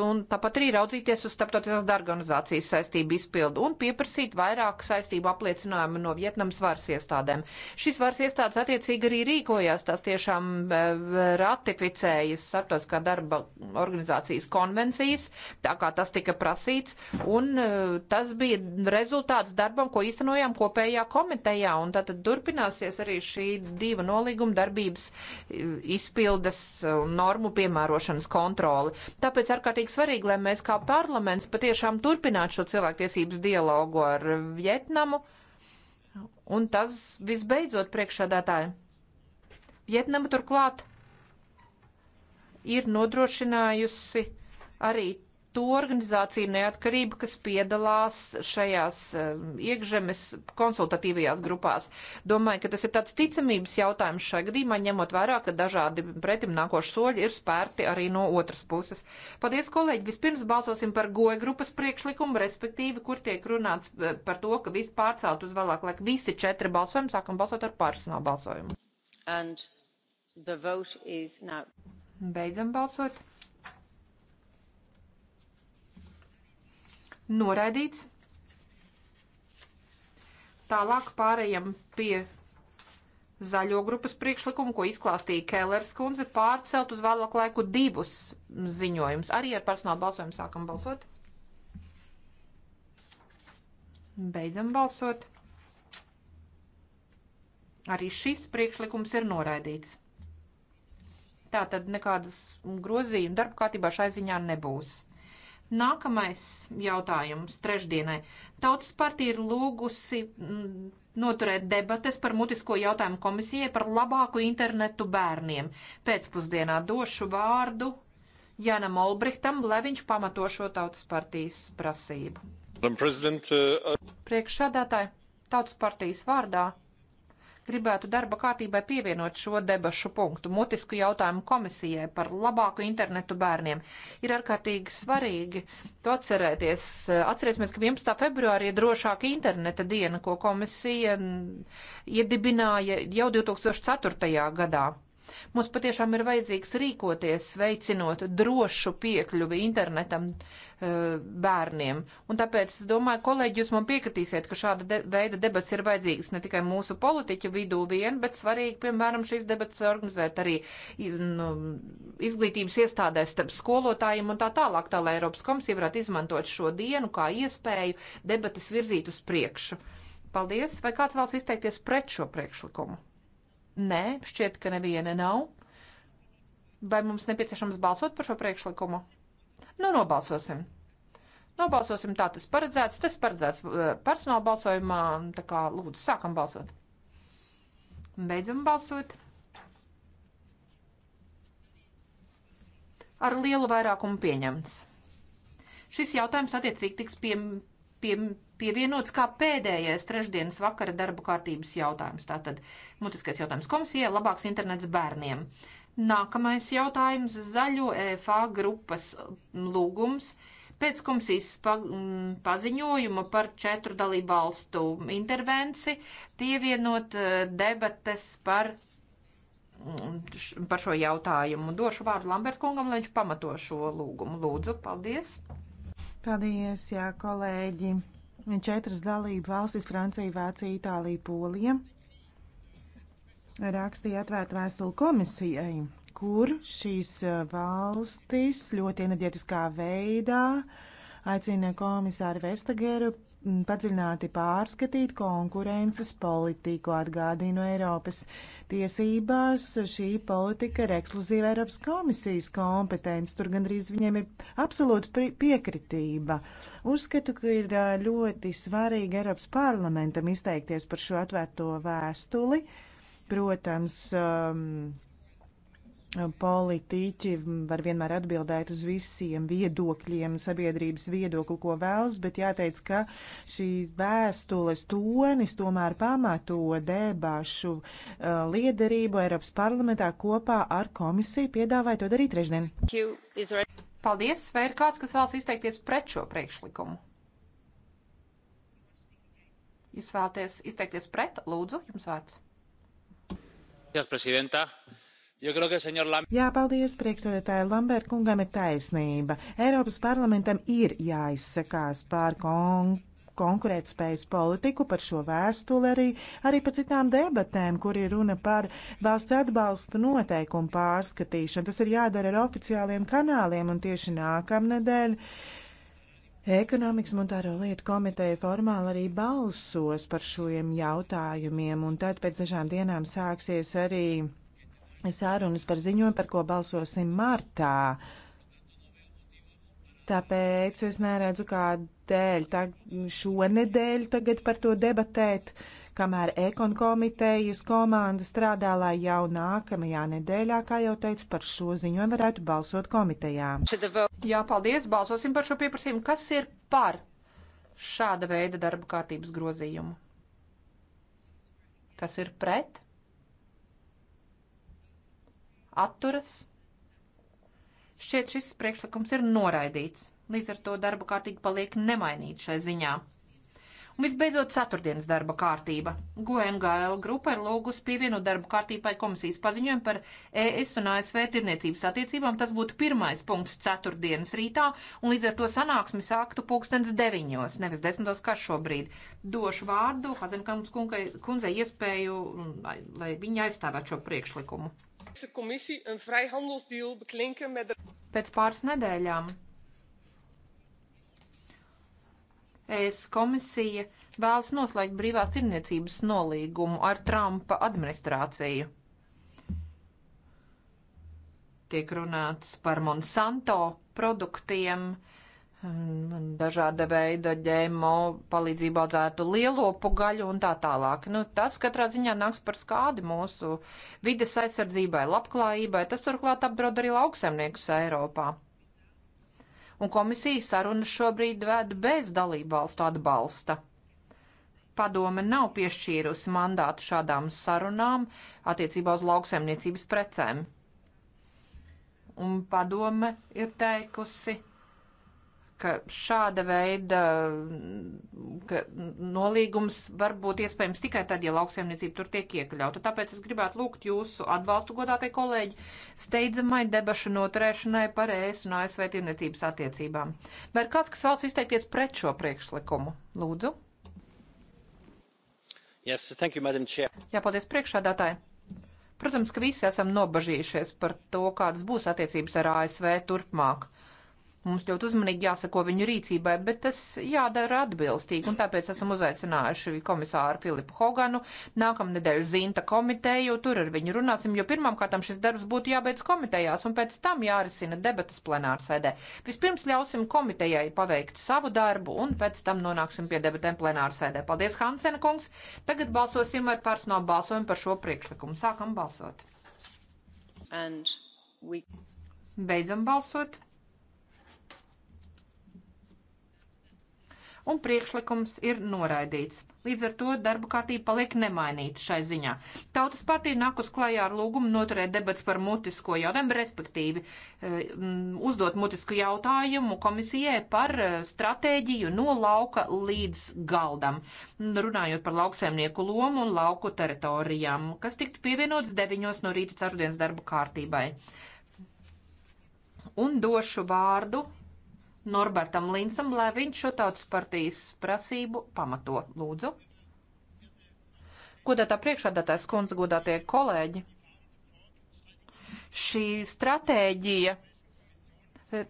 un tāpat arī raudzīties uz starptautiskās darga organizācijas saistību izpildu un pieprasīt vairāk saistību apliecinājumu no Vietnams varas iestādēm. Šis varas iestādes attiecīgi arī rīkojās, tās tiešām eh, ratificējas starptautiskā darba organizācijas konvencijas, tā kā tas tika prasīts, un eh, tas bija rezultāts darbam, ko īstenojām kopējā komitejā, un tātad turpināsies arī šī diva nolīguma darbības eh, izpildes normu piemērošanas kontroli. Tāpēc ar kā ārkārtīgi svarīgi, lai mēs kā parlaments patiešām turpinātu šo cilvēktiesības dialogu ar Vietnamu. Un tas visbeidzot priekšādātāji. Vietnama turklāt ir nodrošinājusi arī to organizāciju neatkarību, kas piedalās šajās eh, iekšzemes konsultatīvajās grupās. Domāju, ka tas ir tāds ticamības jautājums šajā gadījumā, ņemot vērā, ka dažādi pretim nākoši soļi ir spērti arī no otras puses. Paldies, kolēģi! Vispirms balsosim par goja grupas priekšlikumu, respektīvi, kur tiek runāts eh, par to, ka viss pārcelt uz vēlāk laiku. Visi četri balsojumi sākam balsot ar pārsnāvu balsojumu. Beidzam balsot. Noraidīts. Tālāk pārējam pie zaļo grupas priekšlikumu, ko izklāstīja Kēlers kundze, pārcelt uz vēlāku laiku divus ziņojumus. Arī ar personālu balsojumu sākam balsot. Beidzam balsot. Arī šis priekšlikums ir noraidīts. Tā tad nekādas grozījuma darba kārtībā šai ziņā nebūs. Nākamais jautājums trešdienai. Tautas partija ir lūgusi mm, noturēt debates par mutisko jautājumu komisijai par labāku internetu bērniem. Pēcpusdienā došu vārdu Janam Olbrihtam, lai viņš pamato šo tautas partijas prasību. Uh, uh, Priekšsādātāji, tautas partijas vārdā gribētu darba kārtībai pievienot šo debašu punktu mutisku jautājumu komisijai par labāku internetu bērniem. Ir ārkārtīgi svarīgi to atcerēties. Atcerēsimies, ka 11. februārī ir drošāka interneta diena, ko komisija iedibināja jau 2004. gadā. Mums patiešām ir vajadzīgs rīkoties, veicinot drošu piekļuvi internetam eh, bērniem. Un tāpēc es domāju, kolēģi, jūs man piekritīsiet, ka šāda de veida debats ir vajadzīgs ne tikai mūsu politiķu vidū vien, bet svarīgi, piemēram, šīs debats organizēt arī iz, nu, izglītības iestādēs starp skolotājiem un tā tālāk, tā lai Eiropas komisija varētu izmantot šo dienu kā iespēju debatas virzīt uz priekšu. Paldies! Vai kāds vēlas izteikties pret šo priekšlikumu? Nē, šķiet, ka neviena nav. Vai mums nepieciešams balsot par šo priekšlikumu? Nu, nobalsosim. Nobalsosim tā, tas paredzēts. Tas paredzēts uh, personāla balsojumā. Tā kā lūdzu, sākam balsot. Beidzam balsot. Ar lielu vairākumu pieņemts. Šis jautājums attiecīgi tiks pie, pie, pievienots kā pēdējais trešdienas vakara darba kārtības jautājums. Tātad mutiskais jautājums komisijai - labāks internets bērniem. Nākamais jautājums - zaļo EFA grupas lūgums. Pēc komisijas pa, m, paziņojuma par četru dalību valstu intervenci pievienot e, debates par, m, par šo jautājumu. Došu vārdu Lambertkungam, lai viņš pamato šo lūgumu. Lūdzu, paldies! Paldies, jā, kolēģi! četras dalība valstis - Francija, Vācija, Itālija, Polija - rakstīja atvērtu vēstuli komisijai, kur šīs eh, valstis ļoti enerģetiskā veidā aicina komisāru Vestageru padziļināti pārskatīt konkurences politiku, atgādīja no Eiropas tiesībās. Šī politika ir ekskluzīva Eiropas komisijas kompetence, tur gandrīz viņiem ir absolūta piekritība. Uh, Uzskatu, ka ir ļoti svarīgi Eiropas parlamentam izteikties par šo atvērto vēstuli. Protams, um, politiķi var vienmēr atbildēt uz visiem viedokļiem, sabiedrības viedokli, ko vēlas, bet jāteic, ka šīs vēstules tonis tomēr pamato debašu uh, liederību Eiropas parlamentā kopā ar komisiju piedāvāja to darīt trešdien. Paldies, vai ir kāds, kas vēlas izteikties pret šo priekšlikumu? Jūs vēlaties izteikties pret? Lūdzu, jums vārds. Jā, paldies, priekšsēdētāja Lambert kungam ir taisnība. Eiropas parlamentam ir jāizsakās pār konkrētu konkurētspējas politiku, par šo vēstuli arī, arī par citām debatēm, kur ir runa par valsts atbalsta noteikumu pārskatīšanu. Tas ir jādara ar oficiāliem kanāliem un tieši nākamnedēļ. Ekonomikas monetāro lietu komiteja formāli arī balsos par šiem jautājumiem, un tad pēc dažām dienām sāksies arī sārunas par ziņojumu, par ko balsosim martā. Uh, Tāpēc es neredzu, kādēļ tā, šonedēļ tagad par to debatēt, kamēr ekonkomitejas komanda strādā, lai jau nākamajā nedēļā, kā jau teicu, par šo ziņojumu varētu balsot komitejā. Jā, paldies, balsosim par šo pieprasījumu. Kas ir par šāda veida darba kārtības grozījumu? Kas ir pret? Atturas? Šeit šis priekšlikums ir noraidīts. Līdz ar to darba kārtība paliek nemainīta šai ziņā. Un visbeidzot, ceturtdienas darba kārtība. GNGL grupa ir lūgusi pievienot darba kārtībai komisijas paziņojumu par ES un ASV tirniecības attiecībām. Tas būtu pirmais punkts ceturtdienas rītā, un līdz ar to sanāksmi sāktu pulkstens deviņos, nevis desmitos kā šobrīd. Došu vārdu Hazenkams kundzei iespēju, mm, lai viņa aizstāvētu šo priekšlikumu. Pēc pāris nedēļām ES komisija vēlas noslēgt brīvās tirniecības nolīgumu ar Trumpa administrāciju. Tiek runāts par Monsanto produktiem, uh, un dažāda veida ģēmo palīdzību audzētu lielopu gaļu un tā tālāk. Nu, tas katrā ziņā nāks par skādi mūsu vides aizsardzībai, labklājībai. Tas turklāt apdraud arī lauksemniekus Eiropā. Un komisija sarunas šobrīd vēd bez dalību valstu atbalsta. Padome nav piešķīrusi mandātu šādām sarunām attiecībā uz lauksaimniecības precēm. Un padome ir teikusi, ka šāda veida mm, ka nolīgums var būt iespējams tikai tad, ja lauksaimniecība tur tiek iekļauta. Tāpēc es gribētu lūgt jūsu atbalstu, godātie kolēģi, steidzamai debašu noturēšanai par ES un ASV tirniecības attiecībām. Vai ir kāds, kas vēlas izteikties pret šo priekšlikumu? Lūdzu. Yes, thank you, Madam Chair. Jā, paldies priekšādātāji. Protams, ka visi esam nobažījušies par to, kādas būs attiecības ar ASV turpmāk Mums ļoti uzmanīgi jāsako viņu rīcībai, bet tas jādara atbilstīgi, un tāpēc esam uzaicinājuši komisāru Filipu Hoganu nākamnedēļ Zinta komiteju, tur ar viņu runāsim, jo pirmkārtām šis darbs būtu jābeidz komitejās, un pēc tam jārisina debatas plenārsēdē. Vispirms ļausim komitejai paveikt savu darbu, un pēc tam nonāksim pie debatēm plenārsēdē. Paldies, Hansena kungs! Tagad balsosim ar personālu balsojumu par šo priekšlikumu. Sākam balsot! We... Beidzam balsot! un priekšlikums ir noraidīts. Līdz ar to darba kārtība paliek nemainīta šai ziņā. Tautas partija nāk uz klajā ar lūgumu noturēt debats par mutisko jautājumu, respektīvi eh, uzdot mutisku jautājumu komisijai par eh, stratēģiju no lauka līdz galdam, runājot par lauksaimnieku lomu un lauku teritorijām, kas tiktu pievienots 9 no rīta ceturtdienas darba kārtībai. Un došu vārdu Norbertam Linsam, lai viņš šo tautas partijas prasību pamato. Lūdzu. Godātā priekšādātājs kundze, godātie kolēģi, šī stratēģija e,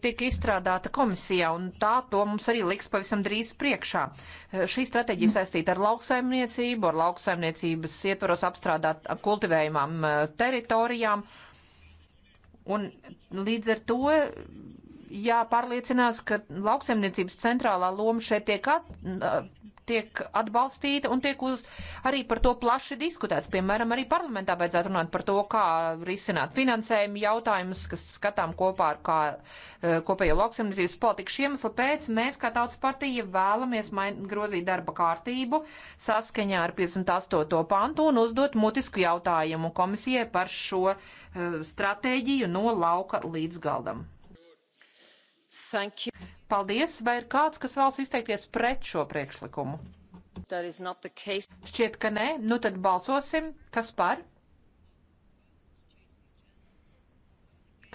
tika izstrādāta komisijā, un tā to mums arī liks pavisam drīz priekšā. E, šī stratēģija mm. saistīta ar lauksaimniecību, ar lauksaimniecības ietvaros apstrādāt kultivējumām e, teritorijām, un līdz ar to jāpārliecinās, ka lauksaimniecības centrālā loma šeit tiek, at, tiek atbalstīta un tiek uz, arī par to plaši diskutēts. Piemēram, arī parlamentā vajadzētu runāt par to, kā risināt finansējumu jautājumus, kas skatām kopā ar kā, eh, kopējo lauksaimniecības politiku. Šiem iemeslu pēc mēs, kā tautas partija, vēlamies main, grozīt darba kārtību saskaņā ar 58. pantu un uzdot mutisku jautājumu komisijai par šo uh, stratēģiju no lauka līdz galdam. Paldies, vai ir kāds, kas vēlas izteikties pret šo priekšlikumu? Šķiet, ka nē. Nu tad balsosim. Kas par?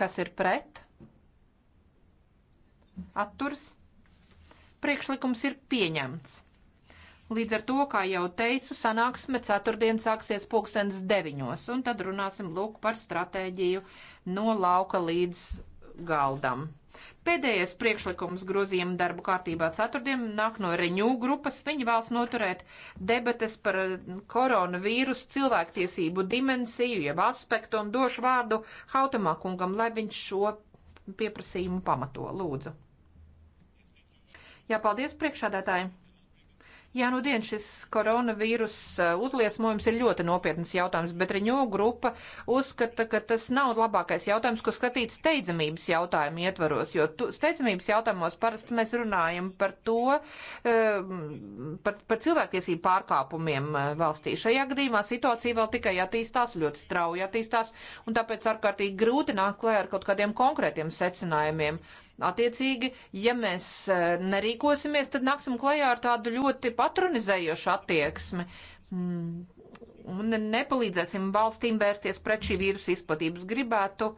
Kas ir pret? Atturs. Priekšlikums ir pieņemts. Līdz ar to, kā jau teicu, sanāksme ceturtdien sāksies pulkstens deviņos, un tad runāsim lūk par stratēģiju no lauka līdz galdam. Pēdējais priekšlikums grozījuma darbu kārtībā ceturtdien nāk no Reņū grupas. Viņi vēlas noturēt debates par eh, koronavīrus cilvēktiesību dimensiju, jeb aspektu, un došu vārdu Hautamā kungam, lai viņš šo pieprasījumu pamato. Lūdzu. Jā, paldies priekšādātāji! Jā, nu dien šis koronavīrus eh, uzliesmojums ir ļoti nopietnas jautājums, bet Riņo grupa uzskata, ka tas nav labākais jautājums, ko skatīt steidzamības jautājumu ietvaros, jo tu, steidzamības jautājumos parasti mēs runājam par to, eh, par, par cilvēktiesību pārkāpumiem eh, valstī. Šajā gadījumā situācija vēl tikai attīstās, ļoti strauji attīstās, un tāpēc ārkārtīgi grūti nāk klē ar kaut kādiem konkrētiem secinājumiem. Uh, Attiecīgi, ja mēs e, nerīkosimies, tad nāksim klajā ar tādu ļoti patronizējošu attieksmi. Mm, un nepalīdzēsim valstīm vērsties pret šī vīrusa izplatības. Gribētu,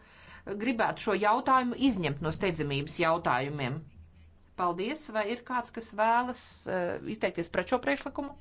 gribētu šo jautājumu izņemt no steidzamības jautājumiem. Paldies, vai ir kāds, kas vēlas uh, izteikties pret šo priekšlikumu?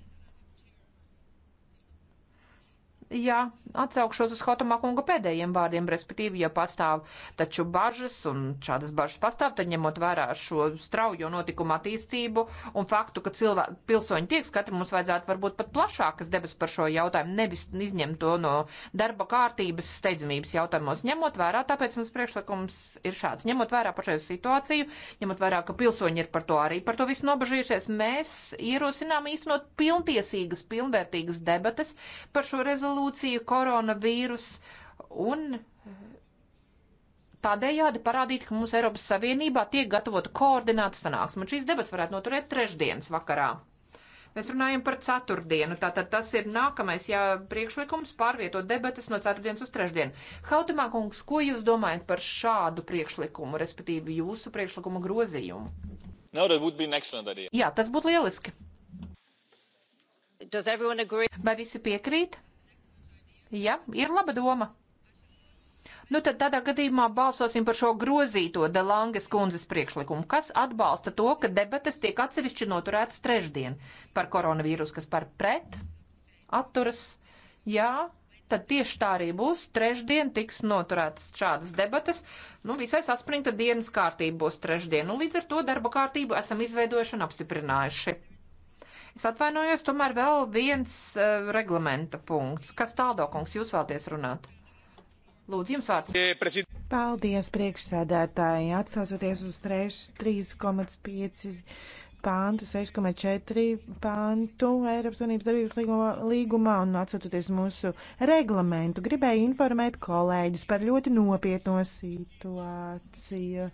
Jā, atsaukšos uz Hotamā kunga pēdējiem vārdiem, respektīvi, ja pastāv taču bažas, un šādas bažas pastāv, tad ņemot vērā šo straujo notikumu attīstību un faktu, ka cilvē, pilsoņi tiek skati, mums vajadzētu varbūt pat plašākas debes par šo jautājumu, nevis izņemt to no darba kārtības steidzamības jautājumos. Ņemot vērā, tāpēc mums priekšlikums ir šāds. Ņemot vērā pašreiz situāciju, ņemot vērā, ka pilsoņi ir par to arī par to visu nobežījušies, mēs ierosinām īstenot pilntiesīgas, pilnvērtīgas debates par šo rezultātu revolūcija, koronavīrus un tādējādi parādīt, ka mums Eiropas Savienībā tiek gatavota koordināta sanāksme. Šīs debats varētu noturēt trešdienas vakarā. Mēs runājam par ceturtdienu, tātad tas ir nākamais, ja priekšlikums pārvietot debatas no ceturtdienas uz trešdienu. Hautamā kungs, ko jūs domājat par šādu priekšlikumu, respektīvi jūsu priekšlikumu grozījumu? No, Jā, tas būtu lieliski. Vai visi piekrīt? Ja ir laba doma, nu tad tādā gadījumā balsosim par šo grozīto Delangas kundzes priekšlikumu, kas atbalsta to, ka debates tiek atsevišķi noturētas trešdien par koronavīrusu, kas par pret atturas. Jā, tad tieši tā arī būs. Trešdien tiks noturētas šādas debatas. Nu, visai saspringta dienas kārtība būs trešdien. Nu, līdz ar to darba kārtību esam izveidojuši un apstiprinājuši. Es atvainojos, tomēr vēl viens uh, reglamenta punkts. Kas tālāk, kungs, jūs vēlties runāt? Lūdzu, jums vārds. Eh, Paldies, priekšsēdētāji. Atsaucoties uz 3,5 pāntu, 6,4 pāntu Eiropas Unības darbības līgumā, līgumā un atsaucoties mūsu reglamentu, gribēju informēt kolēģis par ļoti nopietno situāciju.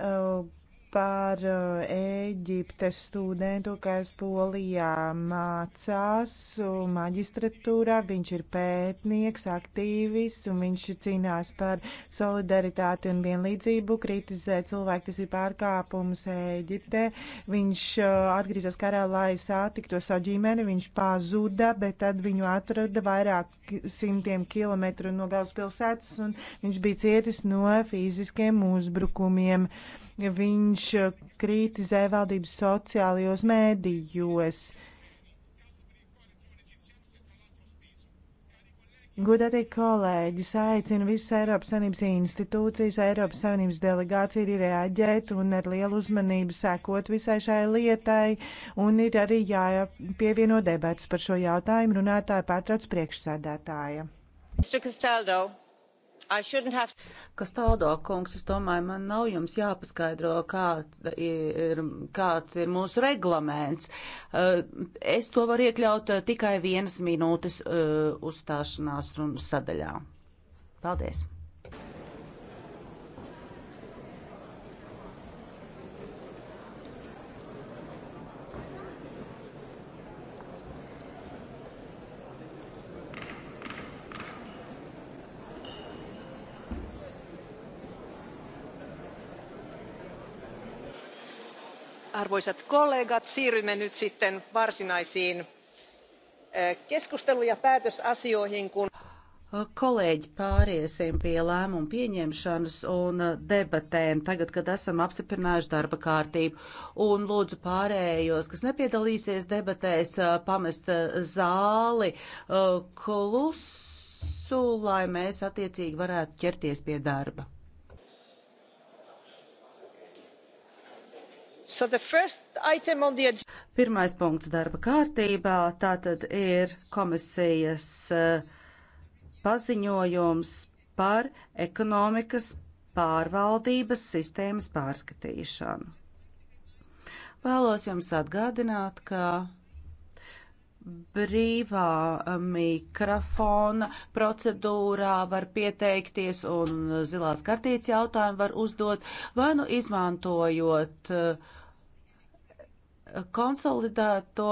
Uh, par eh, Ēģiptes studentu, kas Polijā mācās maģistratūrā. Viņš ir pētnieks, aktīvists un viņš cīnās par solidaritāti un vienlīdzību, kritizē cilvēku, tas ir pārkāpums Ēģiptē. Viņš eh, atgriezās karā, lai satikto savu ģimeni, viņš pazuda, bet tad viņu atrada vairāk simtiem kilometru no galvaspilsētas un viņš bija cietis no fiziskiem uzbrukumiem. Yeah. Viņš eh, kritizē valdību sociālajos mēdījos. Godātie kolēģi, aicinu visas Eiropas Savienības institūcijas, Eiropas Savienības delegācija ir reaģēt un ar lielu uzmanību sekot visai šai lietai, un ir arī jāpievieno debats par šo jautājumu runātāju pārtrauc priekšsēdētāja. Mr. Castaldo. Have... Kas tādo, kungs, es domāju, man nav jums jāpaskaidro, kā ir, kāds ir mūsu reglaments. Eh, es to varu iekļaut eh, tikai vienas minūtes eh, uzstāšanās runas sadaļā. Paldies! arvoisat kollegat siirrymme nyt sitten varsinaisiin eh, keskustelu ja päätösasioihin kun Kolēģi, pāriesim pie lēmumu pieņemšanas un debatēm, tagad, kad esam apstiprinājuši darba kārtību. Un lūdzu pārējos, kas nepiedalīsies debatēs, eh, pamest eh, zāli klusu, lai mēs attiecīgi varētu ķerties pie darba. So the... Pirmais punkts darba kārtībā tātad ir komisijas eh, paziņojums par ekonomikas pārvaldības sistēmas pārskatīšanu. Vēlos jums atgādināt, ka brīvā eh, mikrofona procedūrā var pieteikties un eh, zilās kartītes jautājumu var uzdot vai nu izmantojot uh, konsolidēto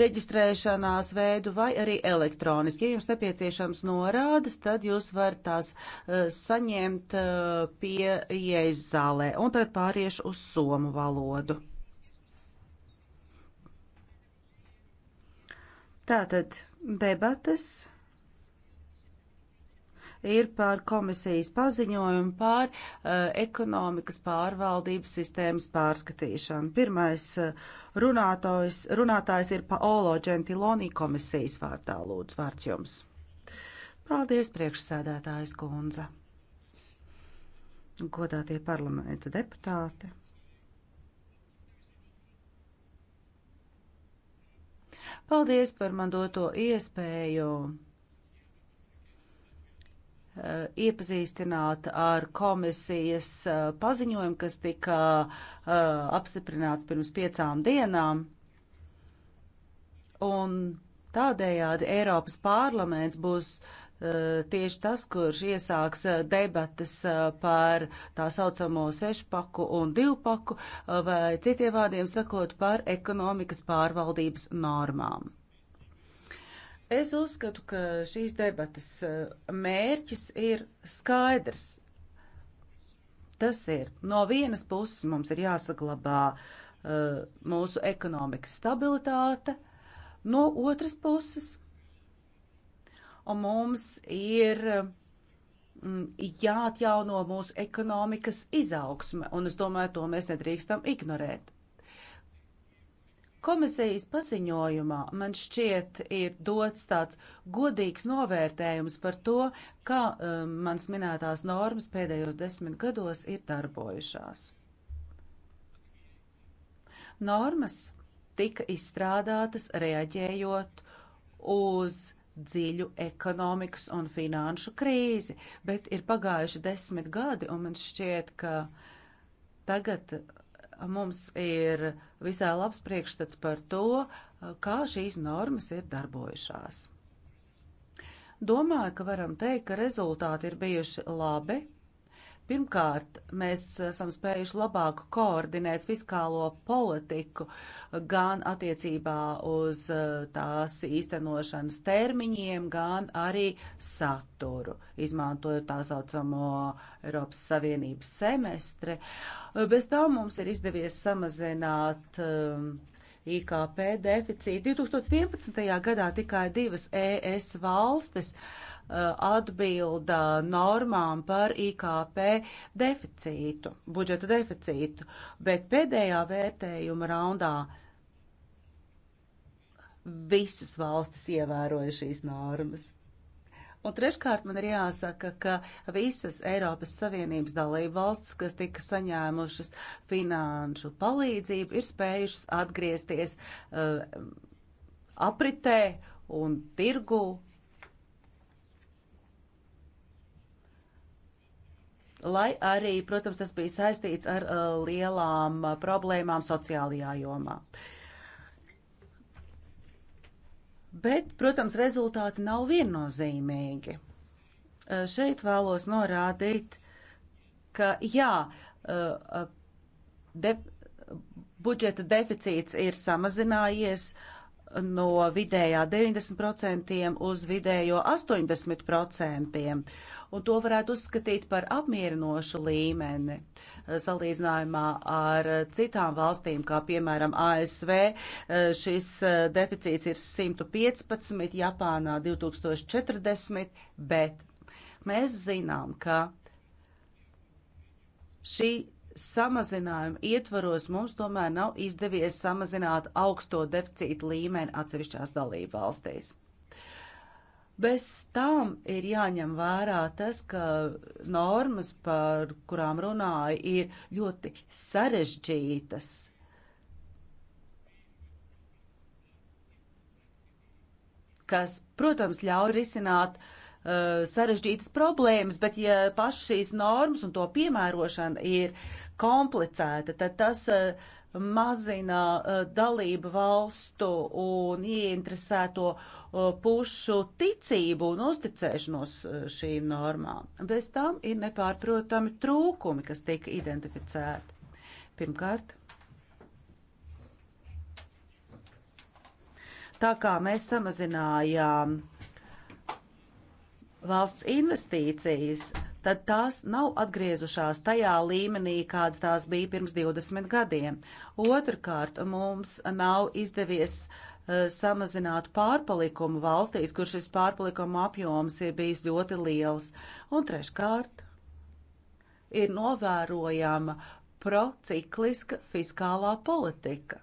reģistrēšanās veidu vai arī elektroniski. Ja jums nepieciešams norādes, tad jūs varat tās uh, saņemt uh, eh, pie ieejas zālē. Un tad pāriešu uz somu valodu. Tātad debates ir par komisijas paziņojumu par uh, ekonomikas pārvaldības sistēmas pārskatīšanu. Pirmais uh, runātājs, runātājs ir Paolo Gentiloni komisijas vārdā. Lūdzu, vārds jums. Paldies, priekšsēdētājs kundze. Godātie parlamenta deputāti. Paldies par man doto iespēju Eh, iepazīstināta ar komisijas eh, paziņojumu, kas tika eh, apstiprināts pirms piecām dienām. Un tādējādi Eiropas parlaments būs tieši tas, kurš iesāks debatas par tā saucamo sešpaku un divpaku, vai citiem vārdiem sakot, par ekonomikas pārvaldības normām. Es uzskatu, ka šīs debatas eh, mērķis ir skaidrs. Tas ir no vienas puses mums ir jāsaglabā uh, mūsu ekonomikas stabilitāte, no otras puses, un mums ir mm, jāatjauno mūsu ekonomikas izaugsme, un es domāju, to mēs nedrīkstam ignorēt. Komisijas paziņojumā man šķiet ir dots tāds godīgs novērtējums par to, kā um, mans minētās normas pēdējos desmit gados ir darbojušās. Normas tika izstrādātas reaģējot uz dziļu ekonomikas un finanšu krīzi, bet ir pagājuši desmit gadi, un man šķiet, ka tagad mums ir visai labs priekšstats par to, kā šīs normas ir darbojušās. Domāju, ka varam teikt, ka rezultāti ir bijuši labi Pirmkārt, mēs esam spējuši labāk koordinēt fiskālo politiku gan attiecībā uz eh, tās īstenošanas termiņiem, gan arī saturu, izmantojot tā saucamo Eiropas Savienības semestri. Bez tam mums ir izdevies samazināt um, eh, IKP deficīti. 2011. gadā tikai divas ES valstis uh, Uh, atbilda normām par IKP deficītu, budžeta deficītu, bet pēdējā vērtējuma raundā visas valstis ievēroja šīs normas. Un treškārt man ir jāsaka, ka visas Eiropas Savienības dalība valstis, kas tika saņēmušas finanšu palīdzību, ir spējušas atgriezties uh, apritē un tirgu lai arī, protams, tas bija saistīts ar uh, lielām uh, problēmām sociālajā jomā. Bet, protams, rezultāti nav viennozīmīgi. Uh, šeit vēlos norādīt, ka jā, de, budžeta deficīts ir samazinājies, uh, no vidējā 90% uz vidējo 80%, un to varētu uzskatīt par apmierinošu līmeni eh, salīdzinājumā ar eh, citām valstīm, kā piemēram ASV, eh, šis deficīts ir 115, Japānā 2040, bet mēs zinām, ka šī samazinājuma ietvaros mums tomēr nav izdevies samazināt augsto deficīta līmeni atsevišķās dalību valstīs. Bez tām ir jāņem vērā tas, ka normas, par kurām runāju, ir ļoti sarežģītas. kas, protams, ļauj risināt uh, sarežģītas problēmas, bet ja pašas šīs normas un to piemērošana ir uh, komplicēta, tad tas eh, mazina eh, dalību valstu un ieinteresēto eh, pušu ticību un uzticēšanos šīm normām. Bez tam ir nepārprotami trūkumi, kas tika identificēti. Pirmkārt, tā kā mēs samazinājām valsts investīcijas, tad tās nav atgriezušās tajā līmenī, kāds tās bija pirms 20 gadiem. Otrkārt, mums nav izdevies uh, samazināt pārpalikumu valstīs, kur šis pārpalikuma apjoms ir bijis ļoti liels. Un treškārt, ir novērojama procikliska fiskālā politika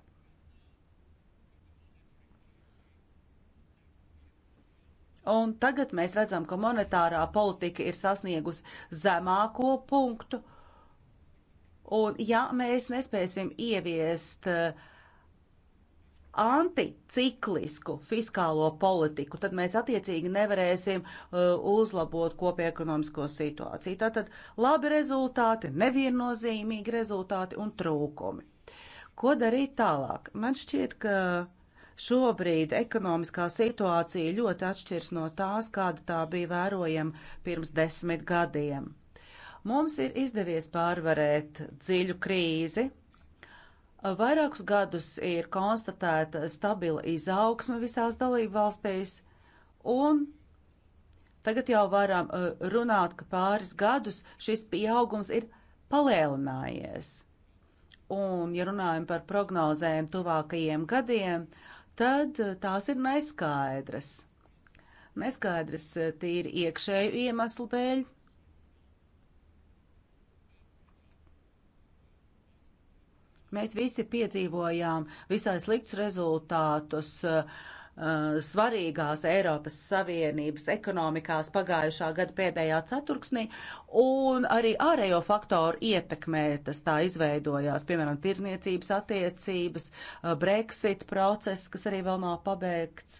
un tagad mēs redzam, ka monetārā politika ir sasniegusi zemāko punktu, un ja mēs nespēsim ieviest uh, anticiklisku fiskālo politiku, tad mēs attiecīgi nevarēsim uh, uzlabot kopiekonomisko situāciju. Tātad labi rezultāti, neviennozīmīgi rezultāti un trūkumi. Ko darīt tālāk? Man šķiet, ka uh, Šobrīd ekonomiskā situācija ļoti atšķirs no tās, kāda tā bija vērojama pirms desmit gadiem. Mums ir izdevies pārvarēt dziļu krīzi. Vairākus gadus ir konstatēta stabila izaugsme visās dalību valstīs, un tagad jau varam uh, runāt, ka pāris gadus šis pieaugums ir palielinājies. Un, ja runājam par prognozēm tuvākajiem gadiem, uh, tad eh, tās ir neskaidras. Neskaidras eh, tīri iekšēju iemeslu dēļ. Mēs visi piedzīvojām visai sliktus rezultātus uh, Eh, svarīgās Eiropas Savienības ekonomikās pagājušā gada pēdējā ceturksnī, un arī ārējo faktoru ietekmē tas tā izveidojās, piemēram, tirzniecības attiecības, eh, Brexit process, kas arī vēl nav pabeigts,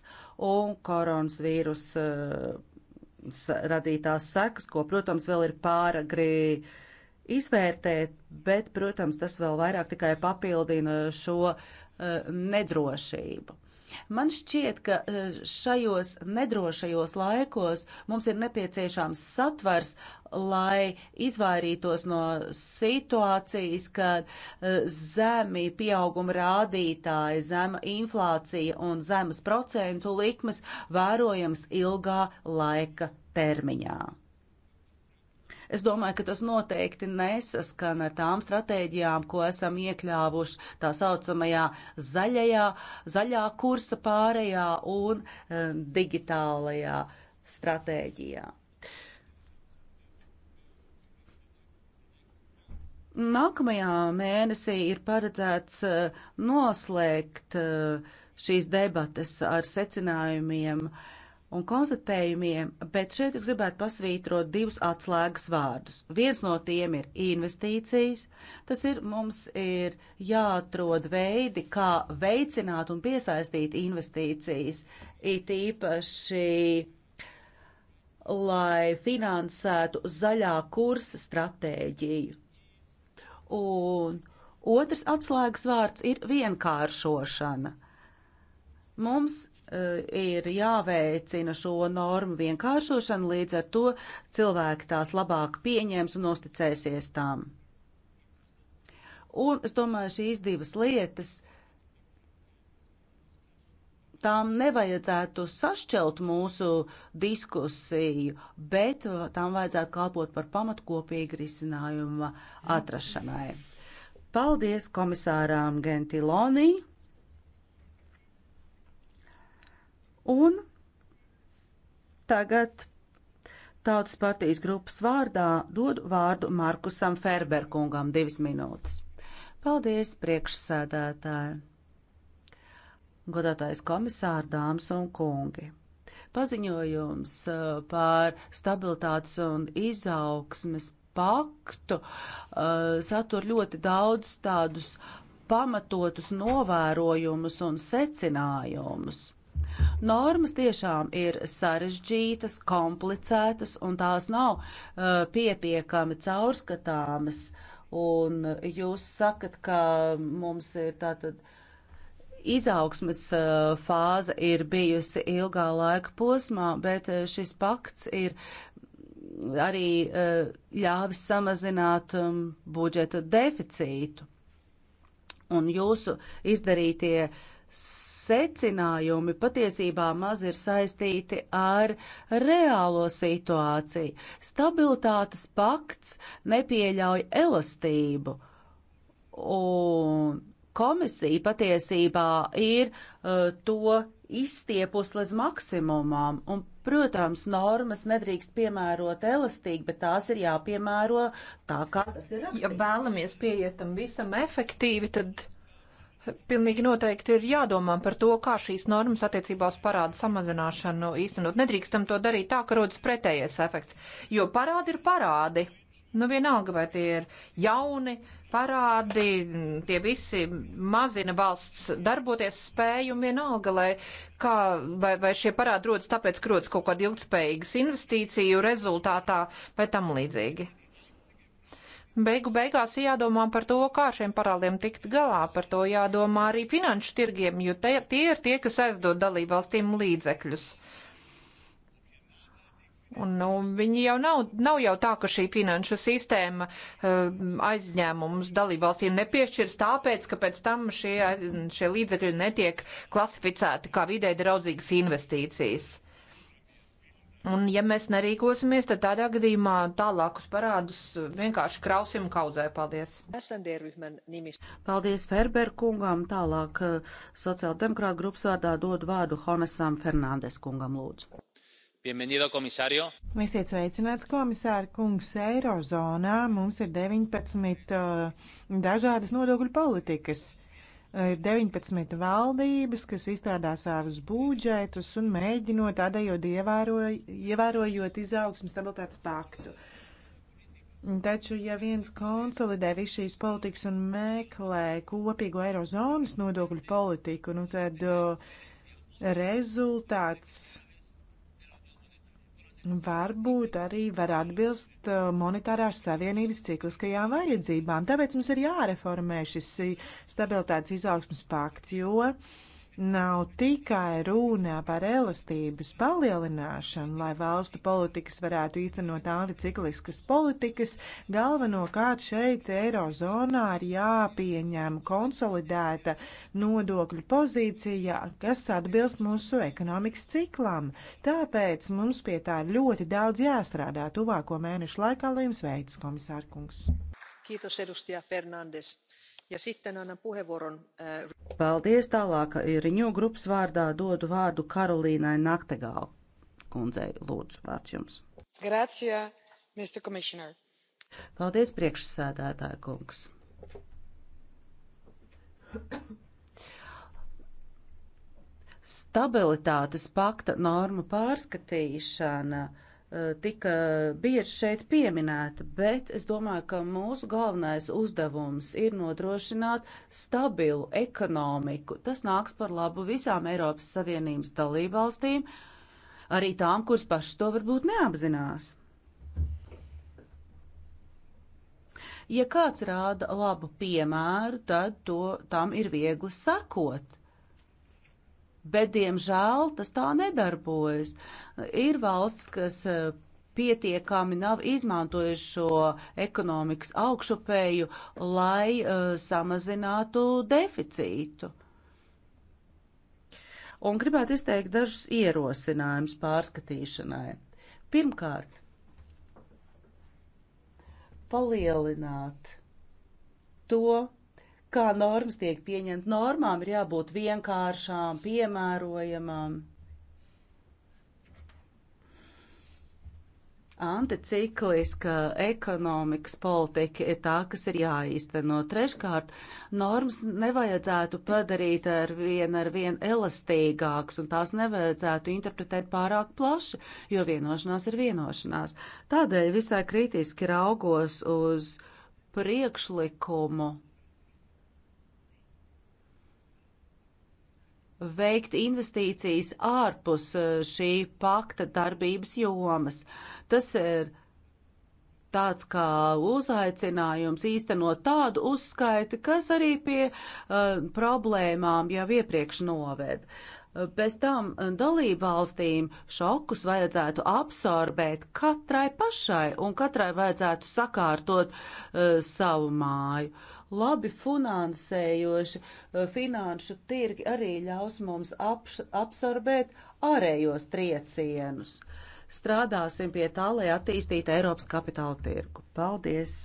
un koronavīrus eh, radītās sekas, ko, protams, vēl ir pāragri izvērtēt, bet, protams, tas vēl vairāk tikai papildina šo nedrošību. Man šķiet, ka e, šajos nedrošajos laikos mums ir nepieciešams satvers, lai izvairītos no situācijas, kad e, zemi pieauguma rādītāji, zema inflācija un zemes procentu likmes vērojams ilgā laika termiņā. Es domāju, ka tas noteikti nesaskan ar tām stratēģijām, ko esam iekļāvuši tā saucamajā zaļajā, zaļā kursa pārējā un e, digitālajā stratēģijā. Nākamajā mēnesī ir paredzēts eh, noslēgt eh, šīs debates ar secinājumiem uh, un konstatējumiem, bet šeit es gribētu pasvītrot divus atslēgas vārdus. Viens no tiem ir investīcijas, tas ir mums ir jāatrod veidi, kā veicināt un piesaistīt investīcijas, it īpaši, lai finansētu zaļā kursa stratēģiju. Un otrs atslēgas vārds ir vienkāršošana. Mums Eh, ir jāveicina šo normu vienkāršošana, līdz ar to cilvēki tās labāk pieņems un uzticēsies tām. Un es domāju, šīs divas lietas, tām nevajadzētu sašķelt mūsu diskusiju, bet tām vajadzētu kalpot par pamatu kopīgi risinājuma atrašanai. Paldies komisārām Gentilonī! Un tagad Tautas partijas grupas vārdā dod vārdu Markusam Ferberkungam divas minūtes. Paldies, priekšsēdētāji! Godātais komisāri, dāmas un kungi! Paziņojums uh, par stabilitātes un izaugsmes paktu uh, satur ļoti daudz tādus pamatotus novērojumus un secinājumus Normas tiešām ir sarežģītas, komplicētas un tās nav uh, piepiekami caurskatāmas. Un jūs sakat, ka mums ir tātad izaugsmas uh, fāze ir bijusi ilgā laika posmā, bet uh, šis pakts ir arī uh, ļāvis samazināt um, budžeta deficītu. Un jūsu izdarītie uh, secinājumi patiesībā maz ir saistīti ar reālo situāciju. Stabilitātes pakts nepieļauj elastību, un komisija patiesībā ir uh, to izstiepus līdz maksimumam, un, protams, normas nedrīkst piemērot elastīgi, bet tās ir jāpiemēro tā, kā tas ir rakstīts. Ja vēlamies pieietam visam efektīvi, tad Pilnīgi noteikti ir jādomā par to, kā šīs normas attiecībā uz parādu samazināšanu īstenot. Nedrīkstam to darīt tā, ka rodas pretējais efekts, jo parādi ir parādi. Nu vienalga, vai tie ir jauni parādi, tie visi mazina valsts darboties spēju un vienalga, lai kā, vai, vai šie parādi rodas tāpēc, ka rodas kaut kāda ilgspējīgas investīciju rezultātā vai tam līdzīgi. Beigu beigās jādomā par to, kā šiem parādiem tikt galā, par to jādomā arī finanšu tirgiem, jo te, tie ir tie, kas aizdod dalībvalstīm līdzekļus. Un, nu, viņi jau nav, nav jau tā, ka šī finanšu sistēma uh, aizņēmumus dalībvalstīm nepiešķirs tāpēc, ka pēc tam šie, šie līdzekļi netiek klasificēti kā vidē draudzīgas investīcijas. Uh, Un ja mēs nerīkosimies, tad tādā gadījumā tālākus parādus vienkārši krausim kaudzē. Paldies! Paldies Ferber kungam! Tālāk eh, sociāldemokrāta grupas vārdā dod vārdu Honesam Fernandes kungam lūdzu. Bienvenido, komisārio. Esiet sveicināts, komisāri kungs. Eirozonā mums ir 19 uh, eh, dažādas nodokļu politikas ir 19 valdības, kas izstrādā savus budžetus un mēģinot tādējot ievēroj, ievērojot izaugsmu stabilitātes paktu. Taču, ja viens konsolidē visu šīs politikas un meklē kopīgo eirozonas nodokļu politiku, nu tad rezultāts varbūt arī var atbilst uh, monetārās savienības cikliskajām vajadzībām. Tāpēc mums ir jāreformē šis uh, stabilitātes izaugsmas pakts, jo nav tikai runa par elastības palielināšanu, lai valstu politikas varētu īstenot anticikliskas politikas. Galvenokārt šeit Eirozonā ir jāpieņem konsolidēta nodokļu pozīcija, kas atbilst mūsu ekonomikas ciklam. Tāpēc mums pie tā ir ļoti daudz jāstrādā tuvāko mēnešu laikā, lai jums veids, komisārkungs. Kītos, Erustija Fernandes. Ja sitten annan puheenvuoron... Äh, Paldies tālāk. Riņo grupas vārdā dodu vārdu Karolīnai Naktegāl. Kundzei, lūdzu, vārds jums. Grācija, Mr. Commissioner. Paldies, priekšsēdētāja kungs. Stabilitātes pakta norma pārskatīšana uh, Eh, tika bieži šeit pieminēta, bet es domāju, ka mūsu galvenais uzdevums ir nodrošināt stabilu ekonomiku. Tas nāks par labu visām Eiropas Savienības dalībvalstīm, arī tām, kuras pašas to varbūt neapzinās. Ja kāds rāda labu piemēru, tad to, tam ir viegli sakot bet, diemžēl, tas tā nedarbojas. Ir valsts, kas e, pietiekami nav izmantojuši šo ekonomikas augšupēju, lai uh, samazinātu deficītu. Un gribētu izteikt dažus ierosinājumus pārskatīšanai. Pirmkārt, palielināt to kā normas tiek pieņemt. Normām ir jābūt vienkāršām, piemērojamām. Anticikliska ekonomikas politika ir tā, kas ir jāīsteno. Treškārt, normas nevajadzētu padarīt ar vien, ar vien elastīgāks, un tās nevajadzētu interpretēt pārāk plaši, jo vienošanās ir vienošanās. Tādēļ visai kritiski raugos uz priekšlikumu veikt investīcijas ārpus eh, šī pakta darbības jomas. Tas ir tāds kā uzaicinājums īstenot tādu uzskaiti, kas arī pie uh, problēmām jau iepriekš noved. Eh, bez tam dalību valstīm šokus vajadzētu absorbēt katrai pašai un katrai vajadzētu sakārtot uh, savu māju. Uh, labi finansējoši eh, finanšu tirgi arī ļaus mums apš, absorbēt ārējos triecienus. Strādāsim pie tā, lai attīstītu Eiropas kapitāla tirgu. Paldies!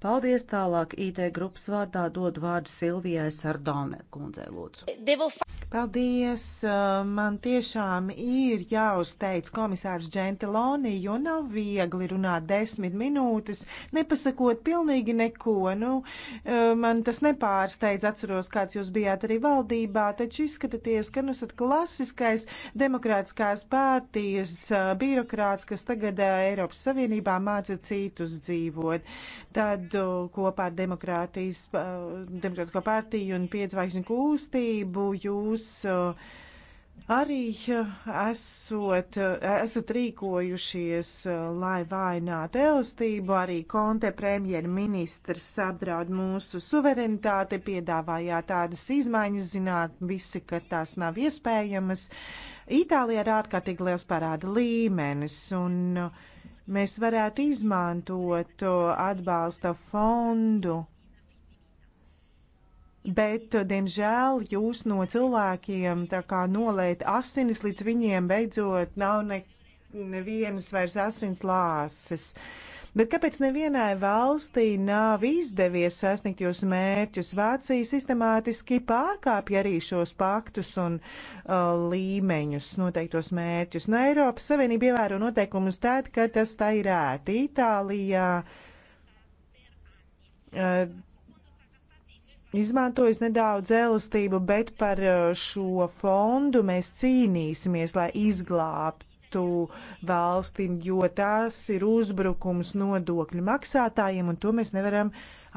Paldies tālāk IT grupas vārdā dod vārdu Silvijai Sardone kundzei lūdzu. Paldies, uh, man tiešām ir jāuzteic komisārs Džentiloni, jo nav viegli runāt desmit minūtes, nepasakot pilnīgi neko. Nu, uh, man tas nepārsteidz, atceros, kāds jūs bijāt arī valdībā, taču izskatāties, ka nu esat klasiskais demokrātiskās pārties uh, birokrāts, kas tagad Eiropas Savienībā māca citus dzīvot. Tad gadu kopā ar Demokrātijas, Demokrātisko partiju un piedzvaigžņu kūstību jūs uh, arī uh, esot, uh, esat rīkojušies, lai vainātu elstību, arī Konte premjerministrs apdraud mūsu suverenitāti, piedāvājāt tādas izmaiņas, zināt visi, ka tās nav iespējamas. Itālijā ir ārkārtīgi liels parāda līmenis un uh, mēs varētu izmantot uh, atbalsta fondu. Bet, uh, diemžēl, jūs no cilvēkiem tā kā nolēt asinis, līdz viņiem beidzot nav nekā nevienas vairs asins lāses. Bet kāpēc nevienai valstī nav izdevies sasniegt jūs mērķus? Vācija sistemātiski pārkāpja arī šos paktus un uh, līmeņus, noteiktos mērķus. Un Eiropas Savienība ievēro noteikumus tad, kad tas tā ir ērti. Itālijā. Uh, Izmantojis nedaudz elastību, bet par uh, šo fondu mēs cīnīsimies, lai izglābtu citu valstīm, jo tās ir uzbrukums nodokļu maksātājiem, un to mēs nevaram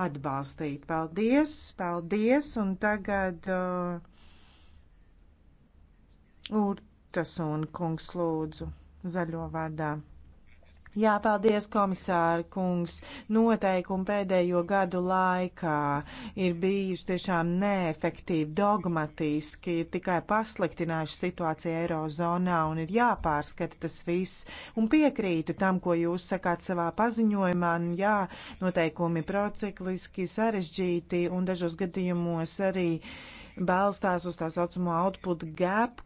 atbalstīt. Paldies, paldies, un tagad uh, Urtas un kungs lūdzu zaļo vārdā. Jā, paldies, komisāra kungs. Noteikumi pēdējo gadu laikā ir bijuši tiešām neefektīvi, dogmatiski, ir tikai pasliktinājuši situāciju Eirozonā un ir jāpārskata tas viss. Un piekrītu tam, ko jūs sakāt savā paziņojumā. Un, jā, noteikumi procikliski sarežģīti un dažos gadījumos arī balstās uz tā saucamo output gap,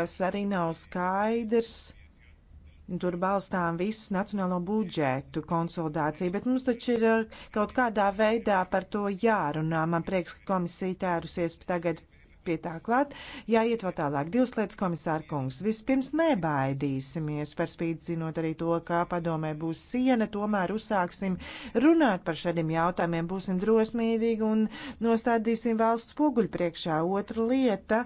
kas arī nav skaidrs Tur balstām visu nacionālo budžetu konsolidāciju, bet mums taču ir uh, kaut kādā veidā par to jārunā. Man prieks, ka komisija tērusies tagad pie tā klāt, jāiet vēl tālāk. Divas lietas, komisāra kungs. Vispirms nebaidīsimies, par spīti zinot arī to, kā padomē būs siena, tomēr uzsāksim runāt par šādiem jautājumiem, būsim drosmīgi un nostādīsim valsts spoguļu priekšā. Otra lieta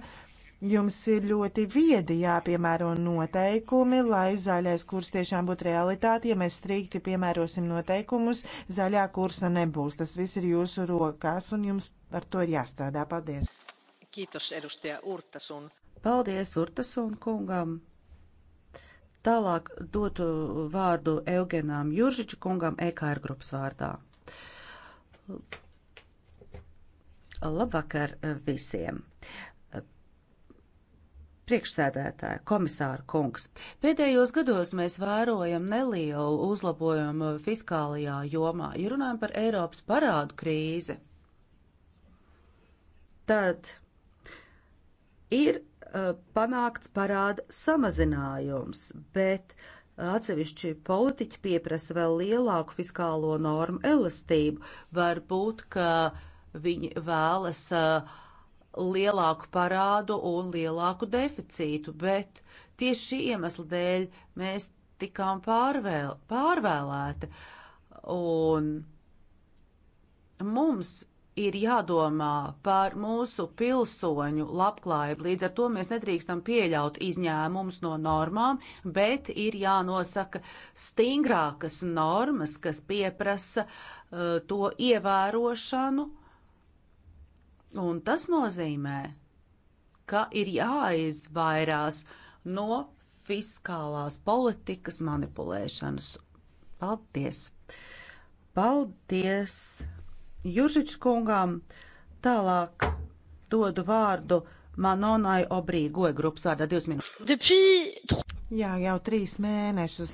Jums ir ļoti viedi jāpiemēro noteikumi, lai zaļais kurs tiešām būtu realitāte. Ja mēs strikti piemērosim noteikumus, zaļā kursa nebūs. Tas viss ir jūsu rokās un jums par to ir jāstrādā. Paldies! Kītos, edustaja Urtasun. Paldies Urtasun kungam! Tālāk dotu vārdu Eugenām Juržiču kungam EKR grupas vārdā. Labvakar visiem! Priekšsēdētāja, komisāra kungs, pēdējos gados mēs vērojam nelielu uzlabojumu fiskālajā jomā, ja runājam par Eiropas parādu krīzi. Tad ir uh, panākts parāda samazinājums, bet uh, Atsevišķi politiķi pieprasa vēl lielāku fiskālo normu elastību. Varbūt, ka viņi vēlas uh, lielāku parādu un lielāku deficītu, bet tieši šī iemesla dēļ mēs tikām pārvēl, pārvēlēti. Un mums ir jādomā par mūsu pilsoņu labklājību. Līdz ar to mēs nedrīkstam pieļaut izņēmumus no normām, bet ir jānosaka stingrākas normas, kas pieprasa uh, to ievērošanu uh, Un tas nozīmē, ka ir jāizvairās no fiskālās politikas manipulēšanas. Paldies! Paldies Juržič kungām! Tālāk dodu vārdu Manonai Obrī, goja grupas vārdā divas minūtes. Jā, jau trīs mēnešus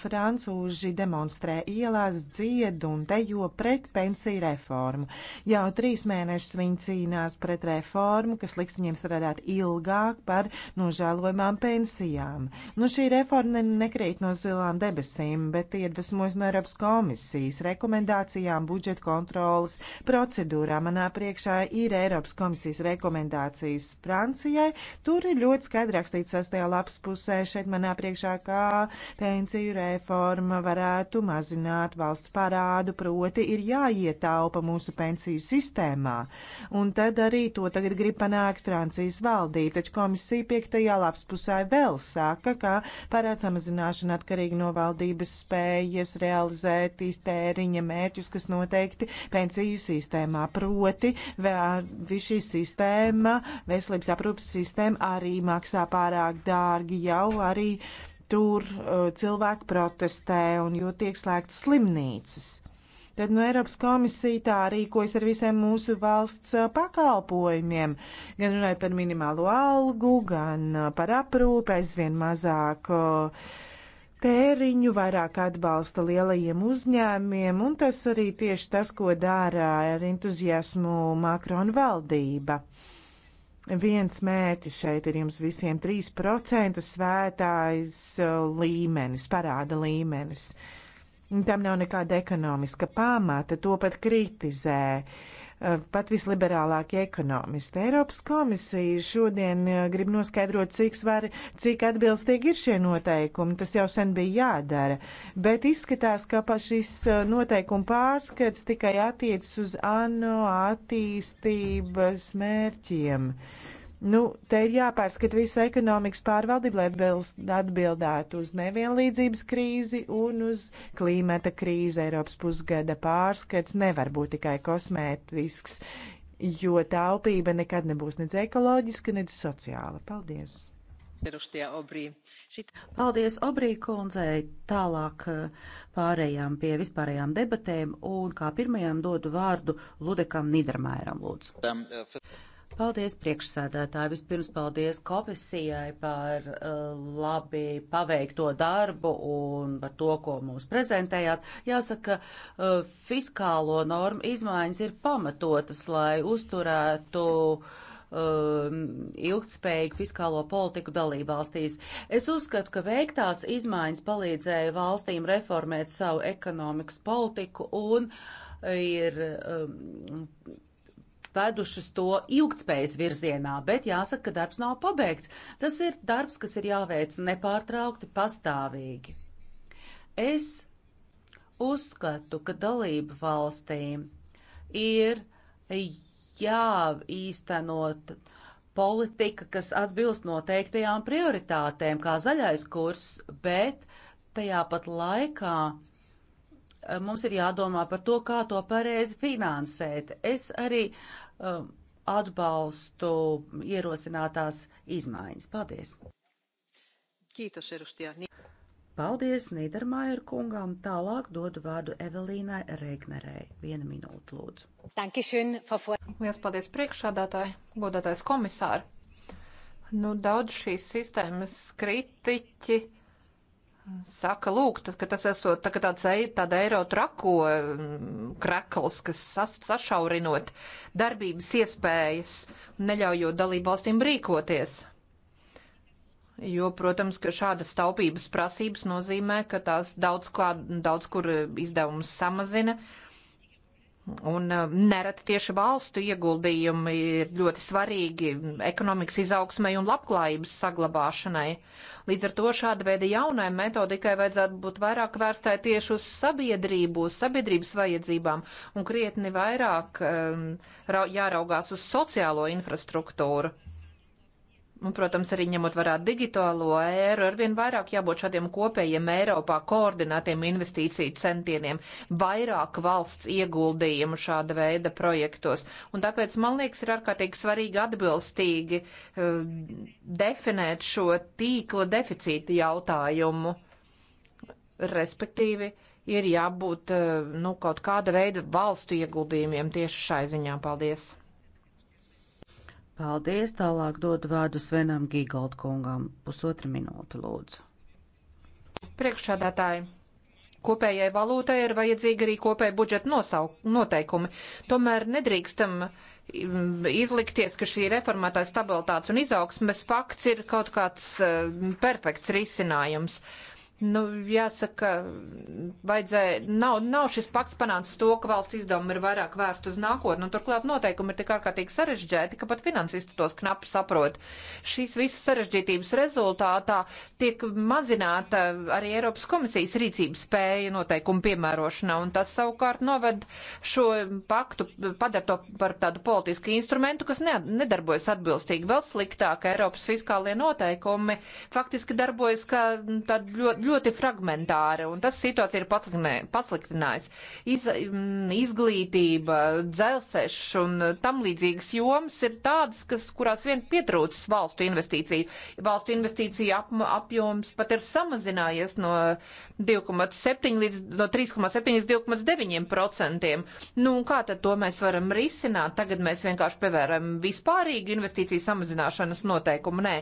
francūži demonstrē ielās, dzied un dejo pret pensiju reformu. Jau trīs mēnešus viņi cīnās pret reformu, kas liks viņiem strādāt ilgāk par nožēlojumām pensijām. Nu, šī reforma nekrīt no zilām debesīm, bet iedvesmojas no Eiropas komisijas rekomendācijām, budžeta kontrolas procedūrā. Manā priekšā ir Eiropas komisijas rekomendācijas Francijai. Tur ir ļoti skaidri rakstīts sastajā lapas pusē. Šeit manā priekšā, kā pensiju reforma varētu mazināt valsts parādu, proti ir jāietaupa mūsu pensiju sistēmā. Un tad arī to tagad grib panākt Francijas valdība, taču komisija piektajā lapspusē vēl saka, ka parāds samazināšana atkarīgi no valdības spējas realizēt iztēriņa mērķus, kas noteikti pensiju sistēmā. Proti, viss šī sistēma, veselības aprūpas sistēma arī maksā pārāk dārgi jau arī arī tur uh, cilvēki protestē un jo tiek slēgtas slimnīcas. Tad no nu, Eiropas komisija tā rīkojas ar visiem mūsu valsts eh, pakalpojumiem, gan runāja par minimālo algu, gan eh, par aprūpi, aizvien mazāk uh, tēriņu, vairāk atbalsta lielajiem uzņēmiem, un tas arī tieši tas, ko dara ar entuziasmu Makrona valdība. Viens mērķis šeit ir jums visiem 3% svētājs uh, līmenis, parāda līmenis. Tam nav nekāda ekonomiska pamata, to pat kritizē. Uh, Eh, pat visliberālākie ekonomisti. Eiropas komisija šodien eh, grib noskaidrot, cik, svar, cik atbilstīgi ir šie noteikumi. Tas jau sen bija jādara, bet izskatās, ka pa šis eh, noteikumu pārskats tikai attiecas uz ANO attīstības mērķiem. Uh, Nu, te ir jāpārskata visa ekonomikas pārvaldība, lai atbildētu uz nevienlīdzības krīzi un uz klimata krīzi. Eiropas pusgada pārskats nevar būt tikai kosmētisks, jo taupība nekad nebūs nec ekoloģiska, nec sociāla. Paldies! Paldies, Obrī kundzei. Tālāk eh, pārējām pie vispārējām debatēm un kā pirmajām dodu vārdu Ludekam Nidermēram, lūdzu. Um, uh, Paldies priekšsēdētāji. Vispirms paldies komisijai par uh, labi paveikto darbu un par to, ko mums prezentējāt. Jāsaka, uh, fiskālo normu izmaiņas ir pamatotas, lai uzturētu uh, ilgtspējīgu fiskālo politiku dalībvalstīs. Es uzskatu, ka veiktās izmaiņas palīdzēja valstīm reformēt savu ekonomikas politiku un ir um, vedušas to ilgtspējas virzienā, bet jāsaka, ka darbs nav pabeigts. Tas ir darbs, kas ir jāveic nepārtraukti, pastāvīgi. Es uzskatu, ka dalību valstīm ir jāīstenot politika, kas atbilst noteiktajām prioritātēm, kā zaļais kurs, bet tajā pat laikā eh, mums ir jādomā par to, kā to pareizi finansēt. Es arī uh, um, atbalstu ierosinātās izmaiņas. Paldies! Kītos, erustijā. Paldies Nīdermājer kungām. Tālāk dodu vārdu Evelīnai Regnerei. Viena minūte, lūdzu. Dankišin, for... Lielas paldies priekšādātāji, godātais komisāri. Nu, daudz šīs sistēmas kritiķi Saka, lūk, tas, ka tas esot tā, tāds, tāda eiro trako mm, krekls, kas sas, sašaurinot darbības iespējas, neļaujot dalībvalstīm rīkoties. Jo, protams, ka šādas taupības prasības nozīmē, ka tās daudz, kā, daudz kur izdevumus samazina. Uh, Un um, nereti tieši valstu ieguldījumi ir ļoti svarīgi ekonomikas izaugsmai un labklājības saglabāšanai. Līdz ar to šāda veida jaunai metodikai vajadzētu būt vairāk vērstai tieši uz sabiedrību, uz sabiedrības vajadzībām un krietni vairāk um, jāraugās uz sociālo infrastruktūru. Un, protams, arī ņemot vērā digitālo ēru, arvien vairāk jābūt šādiem kopējiem Eiropā koordinētiem investīciju centieniem, vairāk valsts ieguldījumu šāda veida projektos. Un tāpēc, man liekas, ir ārkārtīgi svarīgi atbilstīgi uh, definēt šo tīkla deficīta jautājumu. Respektīvi, ir jābūt uh, nu, kaut kāda veida valstu ieguldījumiem tieši šai ziņā. Paldies! Paldies, tālāk dod vārdu Svenam Gigoldkungam. Pusotra minūte, lūdzu. Priekšādātāji. Kopējai valūtai ir vajadzīga arī kopēja budžeta nosauk, noteikumi. Tomēr nedrīkstam mm, izlikties, ka šī reformētā stabilitātes un izaugsmes pakts ir kaut kāds eh, perfekts risinājums. Uh, Nu, jāsaka, vajadzēja, nav, nav šis pakts panācis to, ka valsts izdevumi ir vairāk vērst uz nākotni, un turklāt noteikumi ir tik ārkārtīgi sarežģēti, ka pat finansisti tos knapi saprot. Šīs visas sarežģītības rezultātā tiek mazināta arī Eiropas komisijas rīcības spēja noteikumu piemērošanā, un tas savukārt noved šo paktu, padara to par tādu politisku instrumentu, kas ne, nedarbojas atbilstīgi. Vēl sliktāk, Eiropas fiskālie noteikumi faktiski darbojas kā tāda ļoti, ļoti ļoti fragmentāra, un tas situācija ir pasliktinājusi. Iz, izglītība, dzelzceļš un tam līdzīgas jomas ir tādas, kas, kurās vien pietrūcis valstu investīciju. Valstu investīciju ap, apjoms pat ir samazinājies no 2,7 līdz no 3,7 līdz 2,9 procentiem. Nu, kā tad to mēs varam risināt? Tagad mēs vienkārši pievēram vispārīgi investīciju samazināšanas noteikumu. Nē,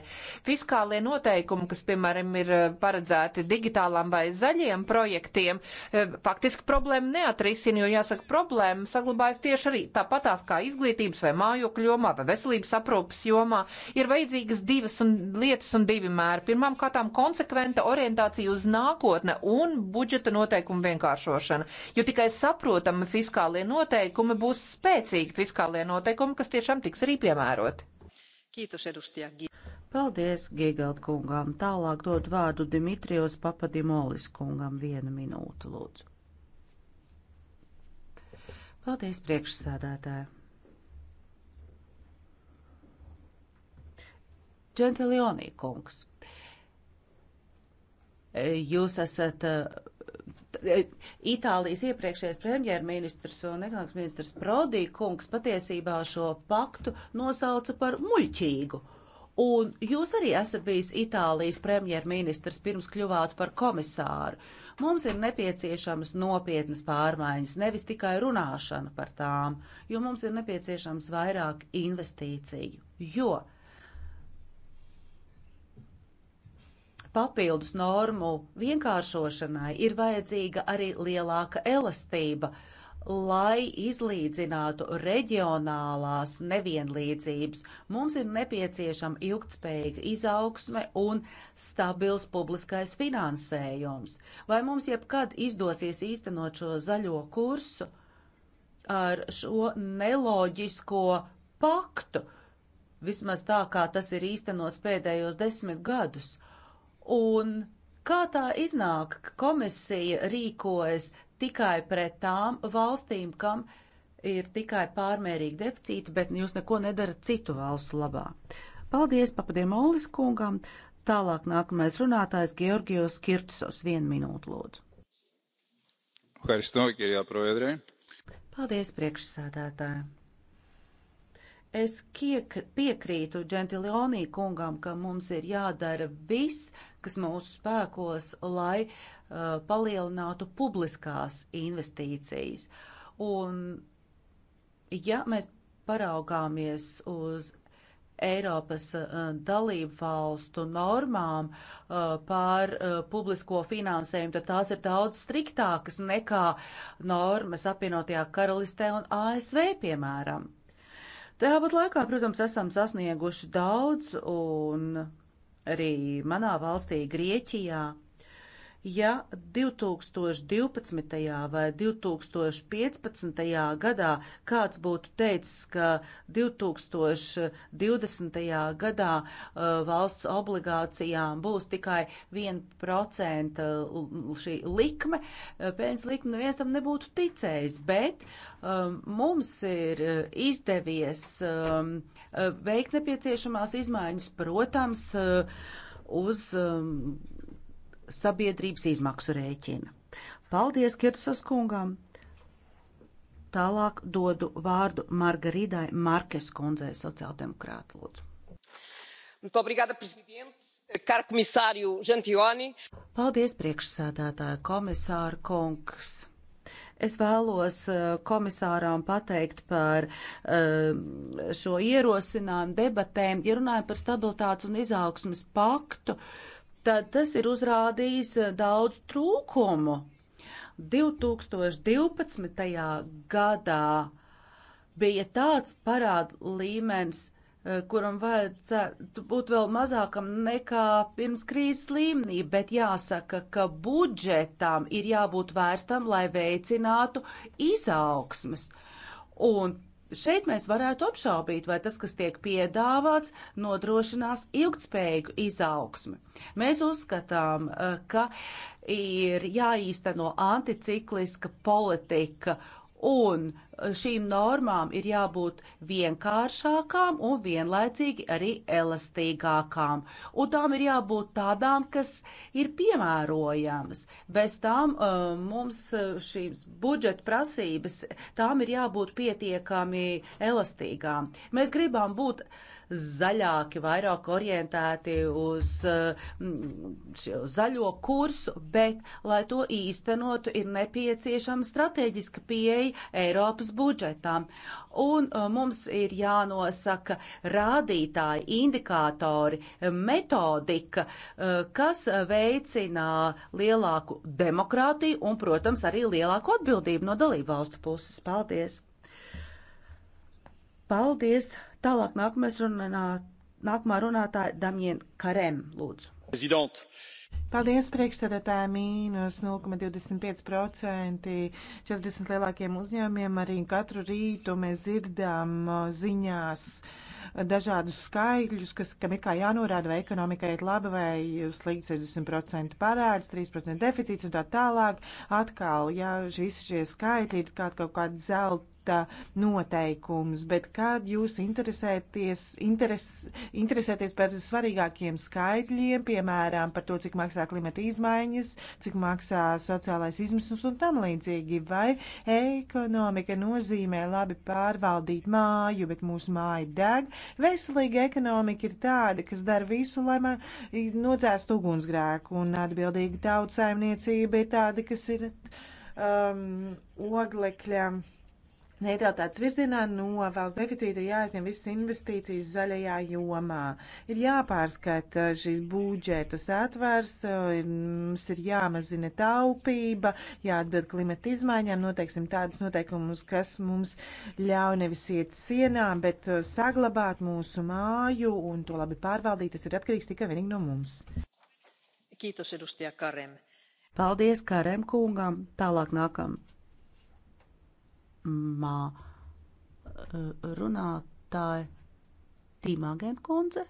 fiskālie noteikumi, kas, piemēram, ir paredzēti digitālām vai zaļiem projektiem, e, faktiski problēma neatrisina, jo, jāsaka, problēma saglabājas tieši arī tāpatās kā izglītības vai mājokļu jomā vai veselības aprūpas jomā. Ir vajadzīgas divas un, lietas un divi mēri. Pirmām kārtām konsekventa orientācija uz nākotne un budžeta noteikumu vienkāršošana, jo tikai saprotami fiskālie noteikumi būs spēcīgi fiskālie noteikumi, kas tiešām tiks arī piemēroti. Kītos, edustaja Gīga. Paldies, Gigald kungām. Tālāk dod vārdu Dimitrijos Papadimolis kungam vienu minūtu, lūdzu. Paldies, priekšsēdētāji. Džentiljonī kungs, jūs esat eh, Itālijas iepriekšējais premjerministrs un ekonomikas ministrs Prodī kungs patiesībā šo paktu nosauca par muļķīgu. Un jūs arī esat bijis Itālijas premjerministrs pirms kļuvāt par komisāru. Mums ir nepieciešamas nopietnas pārmaiņas, nevis tikai runāšana par tām, jo mums ir nepieciešams vairāk investīciju. Jo papildus normu vienkāršošanai ir vajadzīga arī lielāka elastība. Uh, lai izlīdzinātu reģionālās nevienlīdzības, mums ir nepieciešama ilgtspējīga izaugsme un stabils publiskais finansējums. Vai mums jebkad izdosies īstenot šo zaļo kursu ar šo neloģisko paktu, vismaz tā, kā tas ir īstenots pēdējos desmit gadus? Un Kā tā iznāk, ka komisija rīkojas tikai pret tām valstīm, kam ir tikai pārmērīgi deficīti, bet jūs neko nedarat citu valstu labā. Paldies papadiem Olis kungam. Tālāk nākamais runātājs Georgijos Kirtsos. Vienu minūtu lūdzu. Paldies, priekšsādātāji. Es kiek, piekrītu Džentiljonī kungam, ka mums ir jādara viss, kas mūsu spēkos, lai uh, Uh, palielinātu publiskās investīcijas. Un, ja mēs paraugāmies uz Eiropas uh, dalību valstu normām uh, par publisko finansējumu, tad tās ir daudz striktākas nekā normas apvienotajā karalistē un ASV, piemēram. Tāpat laikā, protams, esam sasnieguši daudz un arī manā valstī, Grieķijā, ja 2012. vai 2015. gadā kāds būtu teicis, ka 2020. gadā uh, valsts obligācijām būs tikai 1% uh, šī likme, uh, pēļņas likme neviens tam nebūtu ticējis, bet um, mums ir izdevies um, veikt nepieciešamās izmaiņas, protams, uz um, sabiedrības izmaksu rēķina. Paldies Kirsos kungam! Tālāk dodu vārdu Margaridai Markes kundzei sociāldemokrātu lūdzu. Obrigada, Kar komisāriju Gentioni. Paldies, priekšsēdētāja komisāra kungs. Es vēlos eh, komisārām pateikt par eh, šo ierosinājumu debatēm, ja runājam par stabilitātes un izaugsmas paktu. Uh, tad tas ir uzrādījis eh, daudz trūkumu. 2012. gadā bija tāds parāda līmenis, eh, kuram vajadzētu būt vēl mazākam nekā pirms krīzes līmenī, bet jāsaka, ka budžetām ir jābūt vērstam, lai veicinātu izaugsmas. Un Šeit mēs varētu apšaubīt, vai tas, kas tiek piedāvāts, nodrošinās ilgtspējīgu izaugsmi. Mēs uzskatām, eh, ka ir jāīsteno anticikliska politika un šīm normām ir jābūt vienkāršākām un vienlaicīgi arī elastīgākām. Un tām ir jābūt tādām, kas ir piemērojamas. Bez tām uh, mums uh, šīs budžeta prasības, tām ir jābūt pietiekami elastīgām. Mēs gribam būt uh, zaļāki, vairāk orientēti uz mm, zaļo kursu, bet, lai to īstenotu, ir nepieciešama strateģiska pieeja Eiropas budžetām. Un uh, mums ir jānosaka rādītāji, indikātori, metodika, uh, kas veicina lielāku demokrātiju un, protams, arī lielāku atbildību no dalību valstu puses. Paldies! Paldies! Tālāk nākamais runā, nākamā runātāja Damien Karem, lūdzu. Prezident. Paldies, priekšsēdētāji, mīnus 0,25%. 40 lielākiem uzņēmumiem arī katru rītu mēs dzirdām ziņās dažādus skaidrļus, kas, kam ir kā jānorāda, vai ekonomikai iet labi vai slikti 60% parāds, 3% deficīts un tā tālāk. Atkal, jā, šis šie skaitļi ir kā kaut kāda zelta budžeta noteikums, bet kad jūs interesēties, interes, interesēties par svarīgākiem skaitļiem, piemēram, par to, cik maksā klimata izmaiņas, cik maksā sociālais izmisums un tam līdzīgi, vai ekonomika nozīmē labi pārvaldīt māju, bet mūsu māja deg, veselīga ekonomika ir tāda, kas dara visu, lai man nodzēst ugunsgrēku, un atbildīga tautsaimniecība ir tāda, kas ir um, oglekļa Neutralitātes virzienā no valsts deficīta jāizņem visas investīcijas zaļajā jomā. Ir jāpārskata eh, šīs budžeta satvērs, eh, mums ir jāmazina taupība, jāatbild klimata izmaiņām, noteiksim tādus noteikumus, kas mums ļauj nevis iet sienām, bet eh, saglabāt mūsu māju un to labi pārvaldīt. Tas ir atkarīgs tikai vienīgi no mums. Kītos, Karem. Paldies Karem kungam, tālāk nākam nākamā e, runātāja Tīmāgēna kundze.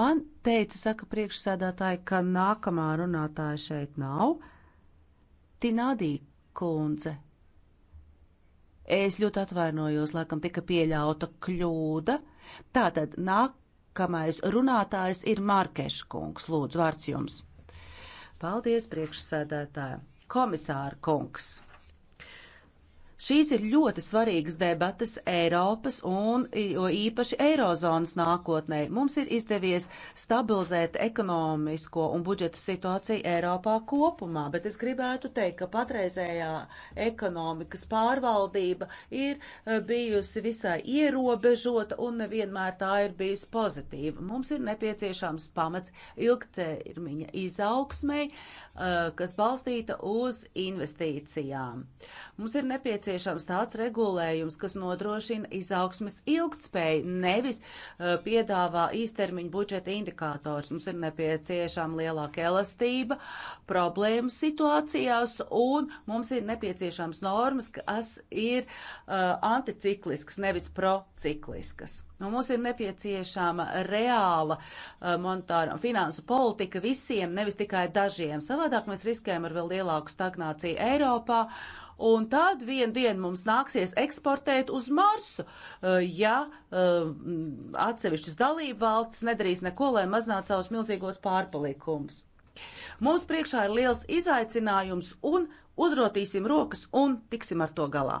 Man teica, saka priekšsēdētāji, ka nākamā runātāja šeit nav. Tinādī kundze. Es ļoti atvainojos, laikam tika pieļauta kļūda. Tātad nākamais runātājs ir Markeša kungs. Lūdzu, vārds jums. Paldies, priekšsēdētāji komisāra kungs. Šīs ir ļoti svarīgas debatas Eiropas un jo īpaši Eirozonas nākotnē. Mums ir izdevies stabilizēt ekonomisko un budžetu situāciju Eiropā kopumā, bet es gribētu teikt, ka patreizējā ekonomikas pārvaldība ir e, bijusi visai ierobežota un nevienmēr tā ir bijusi pozitīva. Mums ir nepieciešams pamats ilgtermiņa izaugsmai, e, kas balstīta uz investīcijām. Mums ir nepieciešams nepieciešams tāds regulējums, kas nodrošina izaugsmes ilgtspēju, nevis uh, piedāvā īstermiņu budžeta indikātors. Mums ir nepieciešama lielāka elastība problēmu situācijās, un mums ir nepieciešams normas, kas ir uh, anticiklisks, nevis prociklisks. Nu, mums ir nepieciešama reāla uh, monetāra un finansu politika visiem, nevis tikai dažiem. Savādāk mēs riskējam ar vēl lielāku stagnāciju Eiropā un tad vienu dienu mums nāksies eksportēt uz Marsu, eh, ja eh, atsevišķas dalību valstis nedarīs neko, lai mazinātu savus milzīgos pārpalikumus. Mums priekšā ir liels izaicinājums un uzrotīsim rokas un tiksim ar to galā.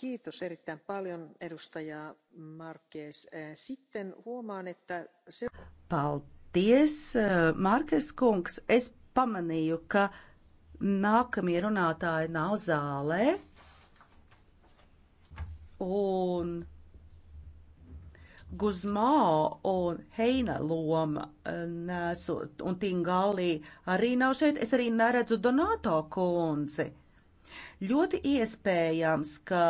Kiitos erittäin paljon edustaja Marques. Sitten huomaan, että se... Paldies, Marques kungs. Es pamanīju, ka Nākamie runātāji nav zālē. Un Guzmā un Heina loma eh, nesot, un Tingālī arī nav šeit. Es arī neredzu Donato kundzi. Ļoti iespējams, ka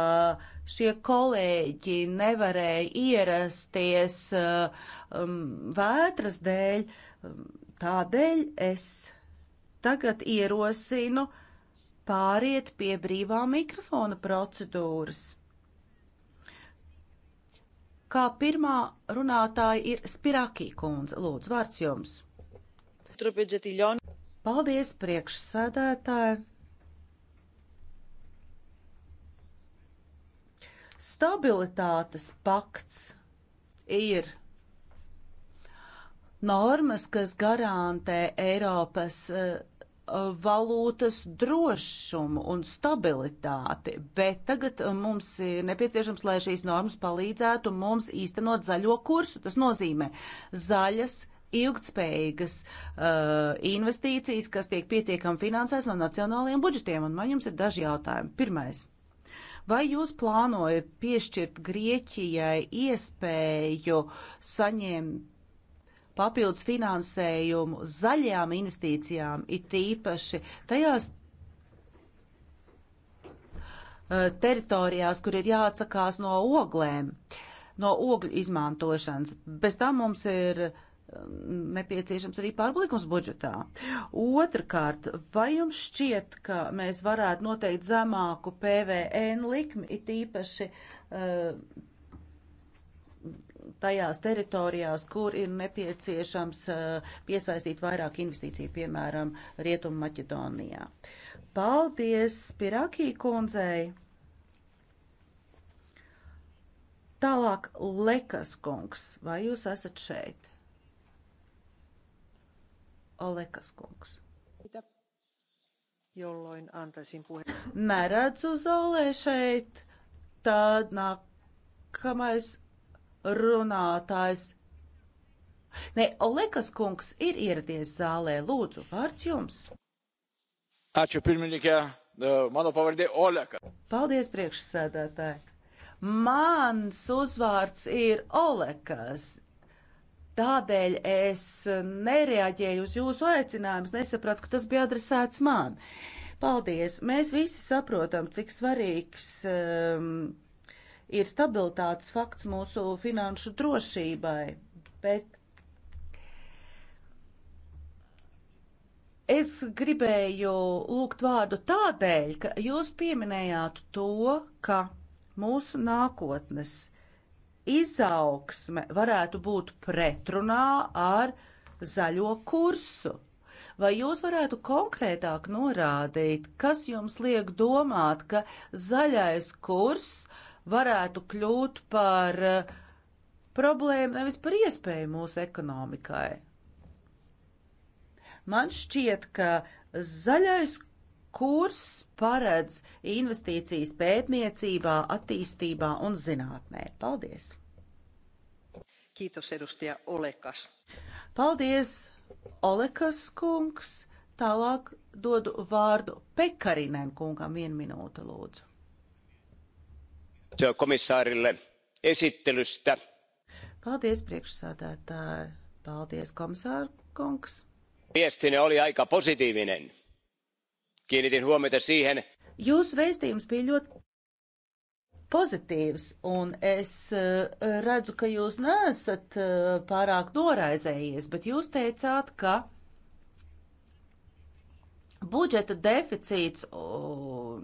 šie kolēģi nevarēja ierasties eh, um, vētras dēļ, um, tādēļ es tagad ierosinu pāriet pie brīvā mikrofona procedūras. Kā pirmā runātāja ir Spirākī kundze. Lūdzu, vārds jums. Paldies, priekšsēdētāji! Stabilitātes pakts ir normas, kas garantē Eiropas uh, Uh, valūtas drošumu un stabilitāti, bet tagad uh, mums ir nepieciešams, lai šīs normas palīdzētu mums īstenot zaļo kursu. Tas nozīmē zaļas, ilgtspējīgas uh, investīcijas, kas tiek pietiekami finansēts no nacionālajiem budžetiem. Un man jums ir daži jautājumi. Pirmais. Vai jūs plānojat piešķirt Grieķijai iespēju saņemt papildus finansējumu zaļajām investīcijām, it īpaši tajās e, teritorijās, kur ir jāatsakās no oglēm, no ogļu izmantošanas. Bez tam mums ir e, nepieciešams arī pārpalikums budžetā. Otrakārt, vai jums šķiet, ka mēs varētu noteikt zemāku PVN likmi, it īpaši uh, tajās teritorijās, kur ir nepieciešams eh, piesaistīt vairāk investīciju, piemēram, Rietumu Maķedonijā. Paldies Spirakī kundzei! Tālāk Lekas kungs, vai jūs esat šeit? Olekas kungs. Jolloin antaisin puheen. Neredzu zālē šeit, tad nākamais runātājs. Ne, Olekas kungs ir ieradies zālē. Lūdzu, vārds jums. Ačiū pirmininkē, e, mano pavardē Oleka. Paldies, priekšsēdētāji. Mans uzvārds ir Olekas. Tādēļ es nereaģēju uz jūsu aicinājumu, nesapratu, ka tas bija adresēts man. Paldies! Mēs visi saprotam, cik svarīgs um, ir stabilitātes fakts mūsu finanšu drošībai, bet es gribēju lūgt vārdu tādēļ, ka jūs pieminējāt to, ka mūsu nākotnes izaugsme varētu būt pretrunā ar zaļo kursu. Vai jūs varētu konkrētāk norādīt, kas jums liek domāt, ka zaļais kurs varētu kļūt par eh, problēmu, nevis par iespēju mūsu ekonomikai. Man šķiet, ka zaļais kurs paredz investīcijas pētniecībā, attīstībā un zinātnē. Paldies! Kītos, edustaja Olekas. Paldies, Olekas kungs. Tālāk dodu vārdu Pekarinen kungam vienu minūti, lūdzu komisārille esittelystä. Paldies priekšsādātāji. Paldies komisārkungs. Viestinne oli aika positiivinen. Kiinnitin huomiota siihen. Jūsu vēstījums bija ļoti pozitīvs, un es eh, redzu, ka jūs neesat eh, pārāk noraizējies, bet jūs teicāt, ka budžeta deficīts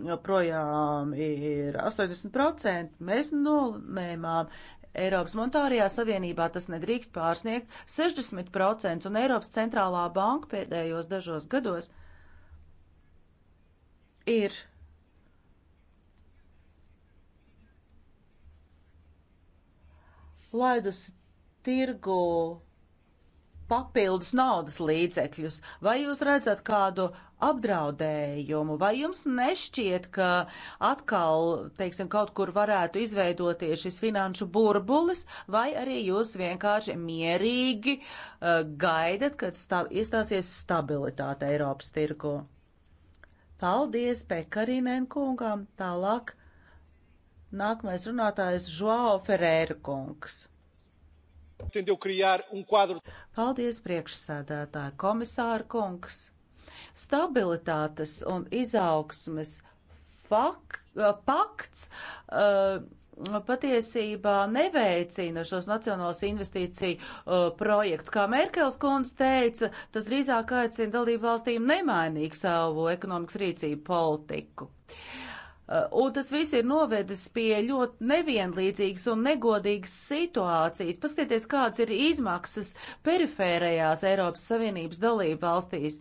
joprojām ir 80%. Mēs nolēmām Eiropas monetārajā savienībā tas nedrīkst pārsniegt 60% un Eiropas centrālā banka pēdējos dažos gados ir laidusi tirgu papildus naudas līdzekļus, vai jūs redzat kādu apdraudējumu, vai jums nešķiet, ka atkal, teiksim, kaut kur varētu izveidoties šis finanšu burbulis, vai arī jūs vienkārši mierīgi uh, gaidat, kad stāv, iestāsies stabilitāte Eiropas tirgu? Paldies Pekarinen kungam, tālāk nākamais runātājs Žoao Ferēra kungs. Um Paldies, priekšsēdētāji, komisāra kungs! Stabilitātes un izaugsmes fak, pakts. Uh, patiesībā neveicina šos nacionālos investīciju uh, projektus. Kā Merkels kundze teica, tas drīzāk aicina dalību valstīm nemainīt savu ekonomikas rīcību politiku. Uh, Eh, un tas viss ir novedis pie ļoti nevienlīdzīgas un negodīgas situācijas. Paskaties, kāds ir izmaksas perifērajās Eiropas Savienības dalību valstīs.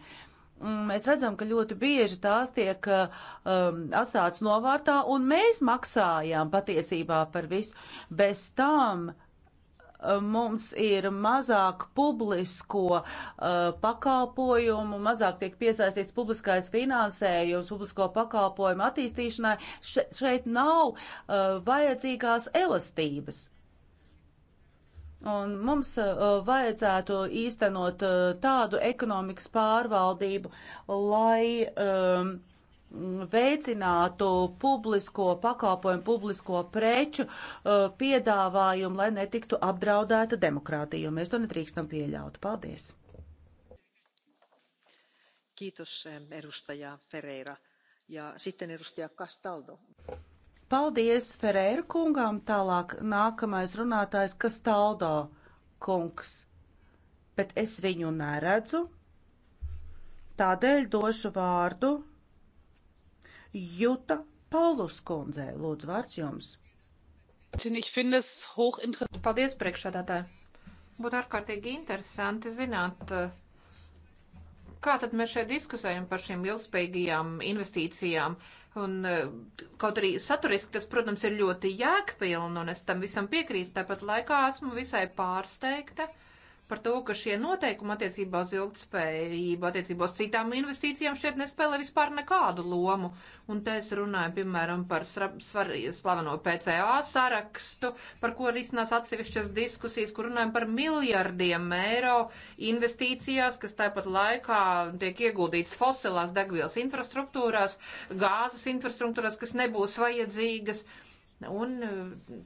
Mm, mēs redzam, ka ļoti bieži tās tiek eh, um, atstātas novārtā, un mēs maksājām patiesībā par visu. Bez tam uh, mums ir mazāk publisko uh, pakalpojumu, mazāk tiek piesaistīts publiskais finansējums, publisko pakalpojumu attīstīšanai, Še, šeit nav uh, vajadzīgās elastības. Un mums uh, vajadzētu īstenot uh, tādu ekonomikas pārvaldību, lai um, uh, veicinātu publisko pakalpojumu, publisko preču uh, piedāvājumu, lai netiktu apdraudēta demokrātija, jo mēs to netrīkstam pieļaut. Paldies! Kiitos, edustaja Ferreira. Ja sitten edustaja Castaldo. Paldies Ferreira kungām. Tālāk nākamais runātājs Castaldo kungs. Bet es viņu neredzu. Tādēļ došu vārdu Juta Paulus kundzei. Lūdzu, vārds jums. Paldies, priekšādātāji. Būtu ārkārtīgi interesanti zināt, eh, kā tad mēs šeit diskusējam par šīm ilgspējīgajām investīcijām. Un, eh, kaut arī saturiski tas, protams, ir ļoti jēgpilni, un es tam visam piekrītu. Tāpat laikā esmu visai pārsteigta. Uh, par to, ka šie noteikumi attiecībā uz ilgtspējību, attiecībā uz citām investīcijām šeit nespēlē vispār nekādu lomu. Un te es runāju, piemēram, par svar, slaveno PCA sarakstu, par ko risinās atsevišķas diskusijas, kur runājam par miljardiem eiro investīcijās, kas tāpat laikā tiek ieguldīts fosilās degvielas infrastruktūrās, gāzes infrastruktūrās, kas nebūs vajadzīgas. Uh, Un eh,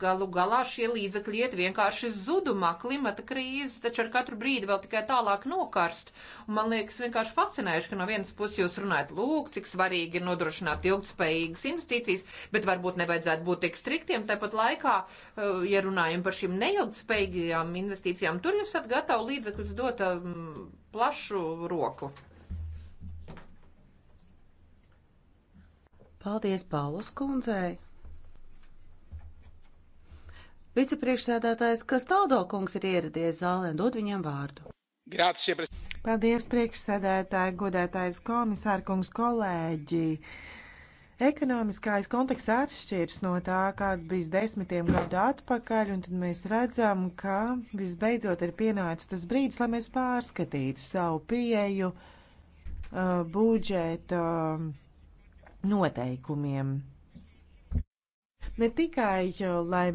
galu galā šie līdzekļi iet vienkārši zudumā. Klimata krīze taču ar katru brīdi vēl tikai tālāk nokarst. Un man liekas vienkārši fascinējuši, ka no vienas puses jūs runājat, lūk, cik svarīgi ir nodrošināt ilgspējīgas investīcijas, bet varbūt nevajadzētu būt tik striktiem. Tāpat laikā, eh, ja runājam par šīm neilgspējīgajām investīcijām, tur jūs esat gatavi līdzekļus dot um, plašu roku. Paldies Paulus kundzei! Vicepriekšsēdētājs Kastaldo kungs ir ieradies zālē un dod viņam vārdu. Grācie, pre... Paldies, priekšsēdētāji, godētājs komisārkungs, kolēģi! Ekonomiskais konteksts atšķiras no tā, kāds bijis desmitiem gadu atpakaļ, un tad mēs redzam, ka visbeidzot ir pienācis tas brīdis, lai mēs pārskatītu savu pieeju uh, budžeta um, noteikumiem. Ne tikai, jo, lai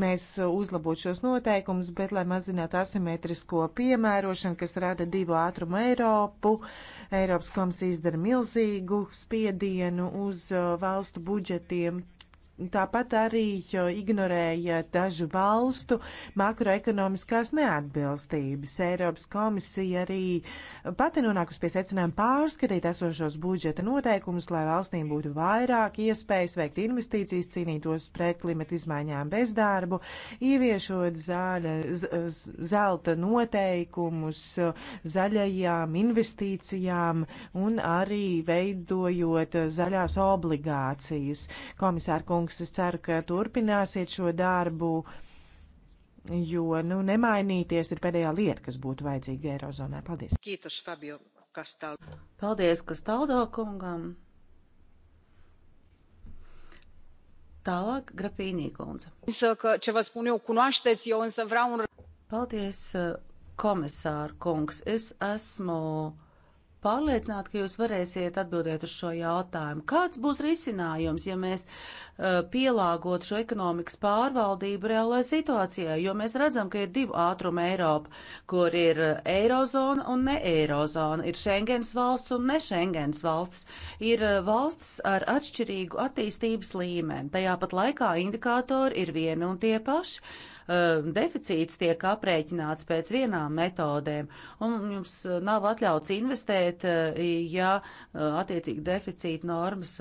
mēs eh, uzlabotu šos noteikumus, bet lai mazinātu asimetrisko piemērošanu, kas rada divu ātrumu Eiropu, Eiropas komisija izdara milzīgu spiedienu uz eh, valstu budžetiem Tāpat arī ignorēja dažu valstu makroekonomiskās neatbilstības. Eiropas komisija arī pati nonākusi pie secinājuma pārskatīt esošos budžeta noteikumus, lai valstīm būtu vairāk iespējas veikt investīcijas, cīnītos pret klimata izmaiņām bezdarbu, ieviešot zaļa, zelta noteikumus zaļajām investīcijām un arī veidojot zaļās obligācijas. Komisāra kungs kungs, es ceru, ka turpināsiet šo darbu, jo, nu, nemainīties ir pēdējā lieta, kas būtu vajadzīga Eirozonā. Paldies! Kītos, Fabio Kastaldo. Paldies, Kastaldo kungam! Tālāk, Grapīnī kundze. Paldies, eh, komisāra kungs. Es esmu pārliecināti, ka jūs varēsiet atbildēt uz šo jautājumu. Kāds būs risinājums, ja mēs uh, pielāgotu šo ekonomikas pārvaldību reālajai situācijai? Jo mēs redzam, ka ir divu ātrumu Eiropa, kur ir uh, Eirozona un ne Eirozona, ir Schengens valsts un ne Schengens valsts, ir uh, valstis ar atšķirīgu attīstības līmeni. Tajā pat laikā indikātori ir vieni un tie paši. Eh, deficīts tiek aprēķināts pēc vienām metodēm, un jums eh, nav atļauts investēt, eh, ja attiecīgi deficīta normas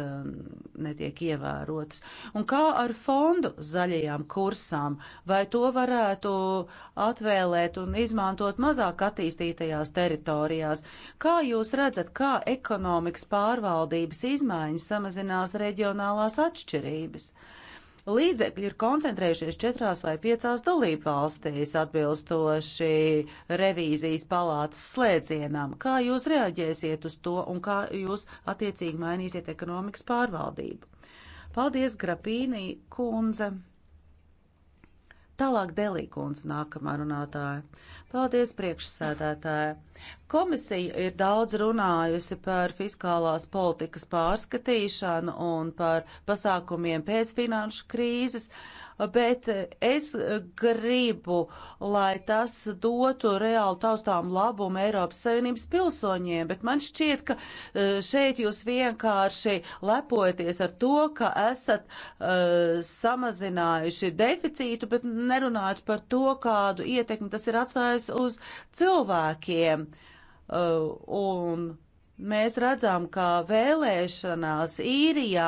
netiek ievērotas. Un kā ar fondu zaļajām kursām? Vai to varētu atvēlēt un izmantot mazāk attīstītajās teritorijās? Kā jūs redzat, kā ekonomikas pārvaldības izmaiņas samazinās reģionālās atšķirības? atšķirības līdzekļi ir koncentrējušies četrās vai piecās dalību valstīs atbilstoši revīzijas palātas slēdzienam. Kā jūs reaģēsiet uz to un kā jūs attiecīgi mainīsiet ekonomikas pārvaldību? Paldies, Grapīnī kundze! Tālāk Delīkums nākamā runātāja. Paldies, priekšsēdētāja. Komisija ir daudz runājusi par fiskālās politikas pārskatīšanu un par pasākumiem pēc finanšu krīzes. Uh, bet es gribu, lai tas dotu reāli taustām labumu Eiropas Savienības pilsoņiem, bet man šķiet, ka e, šeit jūs vienkārši lepojaties ar to, ka esat uh, samazinājuši deficītu, bet nerunājat par to, kādu ietekmi tas ir atstājis uz cilvēkiem. Uh, un Mēs redzam, ka vēlēšanās īrijā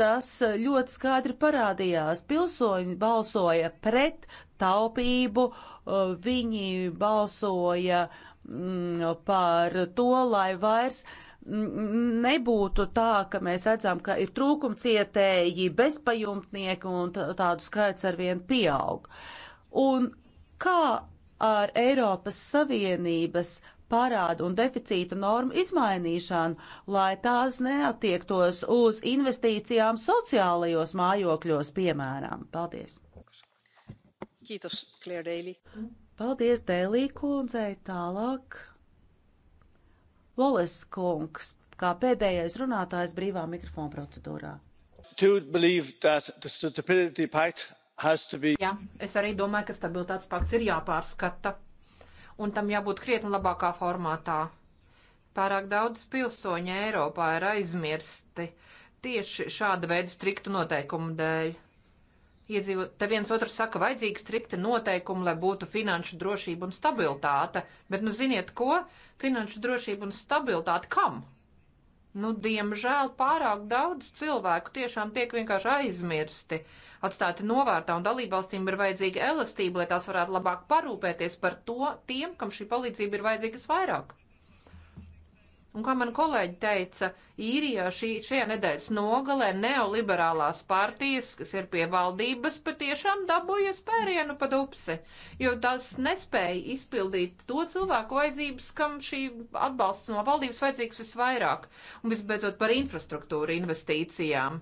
tas ļoti skaidri parādījās. Pilsoņi balsoja pret taupību, uh, viņi balsoja mm, par to, lai vairs mm, mm, nebūtu tā, ka mēs redzam, ka ir trūkumcietēji, bezpajumtnieki un tādu skaits arvien pieaug. Un kā ar Eiropas Savienības parādu un deficīta normu izmainīšanu, lai tās neatiektos uz investīcijām sociālajos mājokļos, piemēram. Paldies! Kītos, Claire Daly. Paldies, Dēlī kundzei. Tālāk. Voles kungs, kā pēdējais runātājs brīvā mikrofona procedūrā. Be... Jā, es arī domāju, ka stabilitātes pakts ir jāpārskata un tam jābūt krietni labākā formātā. Pārāk daudz pilsoņu Eiropā ir aizmirsti tieši šāda veida striktu noteikumu dēļ. Iedzīvot, te viens otru saka, vajadzīgi strikti noteikumi, lai būtu finanšu drošība un stabilitāte, bet, nu, ziniet ko? Finanšu drošība un stabilitāte kam? Nu, diemžēl pārāk daudz cilvēku tiešām tiek vienkārši aizmirsti atstāti novārtā, un dalībvalstīm ir vajadzīga elastība, lai tās varētu labāk parūpēties par to tiem, kam šī palīdzība ir vajadzīgas vairāk. Un kā man kolēģi teica, īrijā šī, šajā nedēļas nogalē neoliberālās partijas, kas ir pie valdības, patiešām dabūja spērienu pa dupsi, jo tās nespēja izpildīt to cilvēku vajadzības, kam šī atbalsts no valdības vajadzīgs visvairāk. Un visbeidzot par infrastruktūru investīcijām.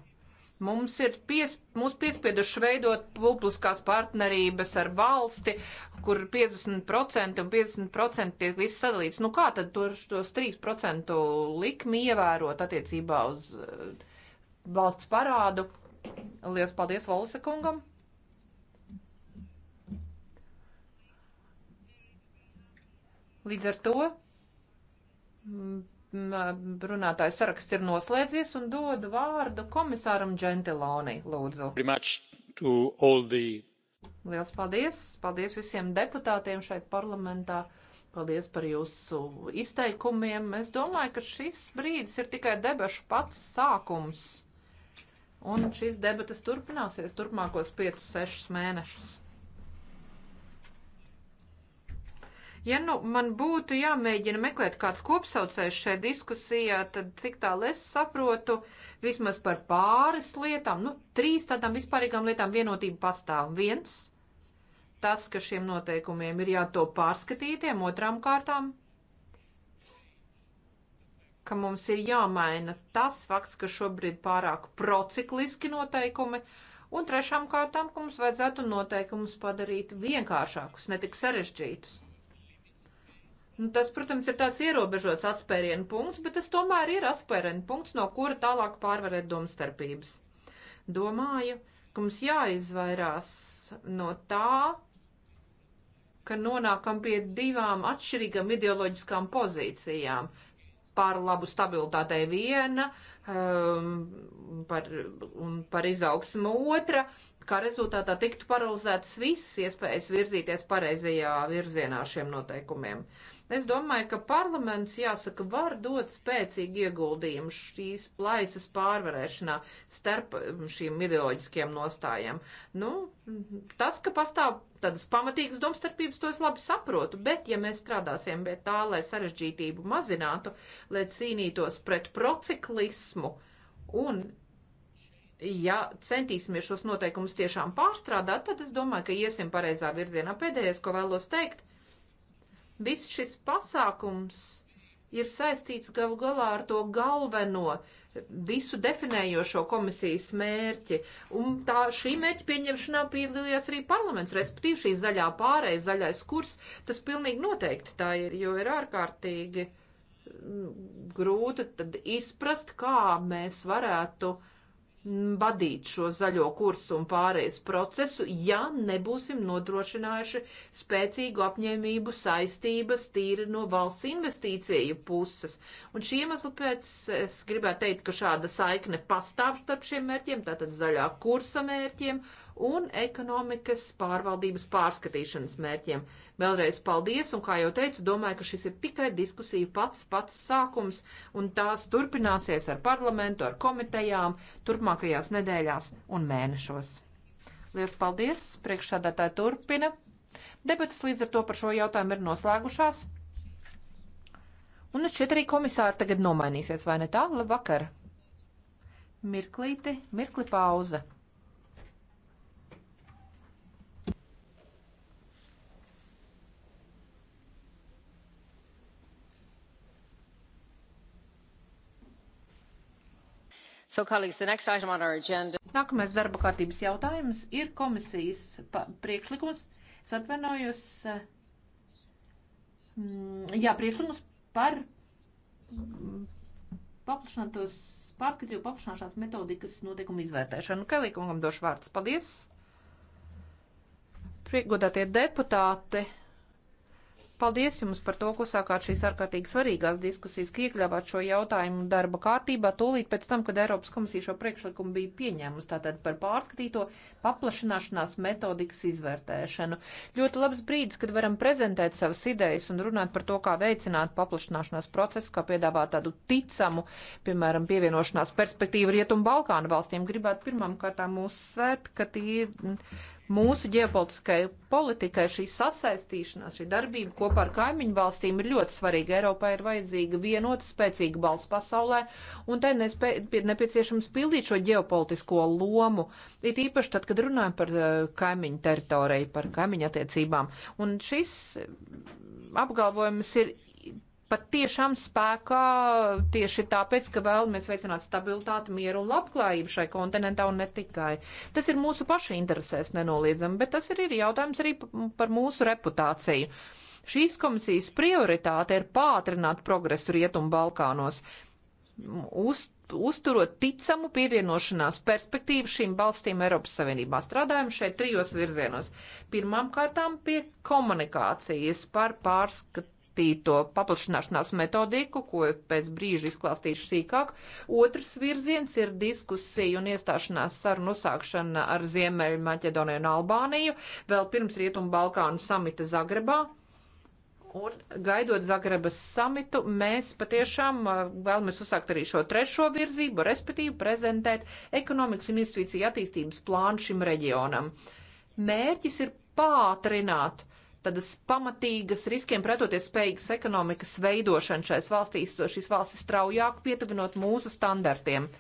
Mums ir pies, mūs piespieduši veidot publiskās partnerības ar valsti, kur 50% un 50% tiek viss sadalīts. Nu kā tad tos, tos 3% likmi ievērot attiecībā uz eh, valsts parādu? Lielas paldies Volisa kungam! Līdz ar to mm, runātājs saraksts ir noslēdzies un dodu vārdu komisāram Džentiloni, lūdzu. The... Liels paldies! Paldies visiem deputātiem šeit parlamentā! Paldies par jūsu izteikumiem! Es domāju, ka šis brīdis ir tikai debašu pats sākums. Un šīs debatas turpināsies turpmākos 5-6 mēnešus. Ja nu man būtu jāmēģina meklēt kāds kopsaucējs šai diskusijā, tad cik tālu es saprotu, vismaz par pāris lietām, nu, trīs tādām vispārīgām lietām vienotība pastāv. Viens, tas, ka šiem noteikumiem ir jātop pārskatītiem, otrām kārtām, ka mums ir jāmaina tas fakts, ka šobrīd pārāk procikliski noteikumi, un trešām kārtām, ka mums vajadzētu noteikumus padarīt vienkāršākus, netik sarežģītus. Nu, tas, protams, ir tāds ierobežots atspērienu punkts, bet tas tomēr ir atspērienu punkts, no kura tālāk pārvarēt domstarpības. Domāju, ka mums jāizvairās no tā, ka nonākam pie divām atšķirīgām ideoloģiskām pozīcijām par labu stabilitātei viena, um, par, un par izaugsmu otra, kā rezultātā tiktu paralizētas visas iespējas virzīties pareizajā virzienā šiem noteikumiem. Es domāju, ka parlaments, jāsaka, var dot spēcīgu ieguldījumu šīs plaisas pārvarēšanā starp um, šīm ideoloģiskajām nostājām. Nu, tas, ka pastāv tādas pamatīgas domstarpības, to es labi saprotu, bet ja mēs strādāsim pie tā, lai sarežģītību mazinātu, lai cīnītos pret prociklismu un ja centīsimies šos noteikumus tiešām pārstrādāt, tad es domāju, ka iesim pareizā virzienā. Pēdējais, ko vēlos teikt, ir Viss šis pasākums ir saistīts galu galā ar to galveno, visu definējošo komisijas mērķi. Un tā šī mērķa pieņemšanā piedalījās arī parlaments, respektīvi šī zaļā pārēja, zaļais kurs. Tas pilnīgi noteikti tā ir, jo ir ārkārtīgi mm, grūti tad izprast, kā mēs varētu uh, vadīt šo zaļo kursu un pārējais procesu, ja nebūsim nodrošinājuši spēcīgu apņēmību saistības tīri no valsts investīciju puses. Un šī iemesla pēc es gribētu teikt, ka šāda saikne pastāv starp šiem mērķiem, tātad zaļā kursa mērķiem un ekonomikas pārvaldības pārskatīšanas mērķiem. Vēlreiz paldies, un kā jau teicu, domāju, ka šis ir tikai diskusija pats pats sākums, un tās turpināsies ar parlamentu, ar komitejām turpmākajās nedēļās un mēnešos. Lielas paldies! Priekšsādātāja turpina. Debates līdz ar to par šo jautājumu ir noslēgušās. Un šķiet arī komisāri tagad nomainīsies, vai ne tā? Labvakar! Mirklīti, mirkli pauze. So, Nākamais darba kārtības jautājums ir komisijas priekšlikums. Es atvainojos. Eh, mm, jā, priekšlikums par mm, paplašinātos pārskatīju paplašināšanās metodikas noteikumu izvērtēšanu. Kalīkungam došu vārds. Paldies! Priekšgodātie deputāti! Paldies jums par to, ko sākāt šīs ārkārtīgi svarīgās diskusijas, ka iekļāvāt šo jautājumu darba kārtībā tūlīt pēc tam, kad Eiropas komisija šo priekšlikumu bija pieņēmusi, tātad par pārskatīto paplašināšanās metodikas izvērtēšanu. Ļoti labs brīdis, kad varam prezentēt savas idejas un runāt par to, kā veicināt paplašināšanās procesu, kā piedāvāt tādu ticamu, piemēram, pievienošanās perspektīvu Rietumu Balkānu valstīm. Gribētu pirmām kārtām uzsvērt, ka tie ir mūsu ģeopolitiskai politikai šī sasaistīšanās, šī darbība kopā ar kaimiņu valstīm ir ļoti svarīga. Eiropā ir vajadzīga vienota, spēcīga balss pasaulē, un tai ir nepieciešams pildīt šo ģeopolitisko lomu, it īpaši tad, kad runājam par eh, kaimiņu teritoriju, par kaimiņu attiecībām. Un šis eh, apgalvojums ir pat tiešām spēkā tieši tāpēc, ka vēlamies veicināt stabilitāti, mieru un labklājību šai kontinentā un ne tikai. Tas ir mūsu pašu interesēs nenoliedzami, bet tas ir, ir jautājums arī par mūsu reputāciju. Šīs komisijas prioritāte ir pātrināt progresu Rietumu Balkānos, uz, uzturot ticamu pievienošanās perspektīvu šīm valstīm Eiropas Savienībā. Strādājam šeit trijos virzienos. Pirmām kārtām pie komunikācijas par pārskatu izplatīto paplašināšanās metodiku, ko pēc brīža izklāstīšu sīkāk. Otrs virziens ir diskusija un iestāšanās sarunu uzsākšana ar Ziemeļu Maķedoniju un Albāniju vēl pirms Rietumu Balkānu samita Zagrebā. Un gaidot Zagrebas samitu, mēs patiešām uh, vēlamies uzsākt arī šo trešo virzību, respektīvi prezentēt ekonomikas un investīciju attīstības plānu šim reģionam. Mērķis ir pātrināt tādas pamatīgas, riskiem pretoties spējīgas ekonomikas veidošana šais valstīs, šīs valstis straujāk pietuvinot mūsu standartiem.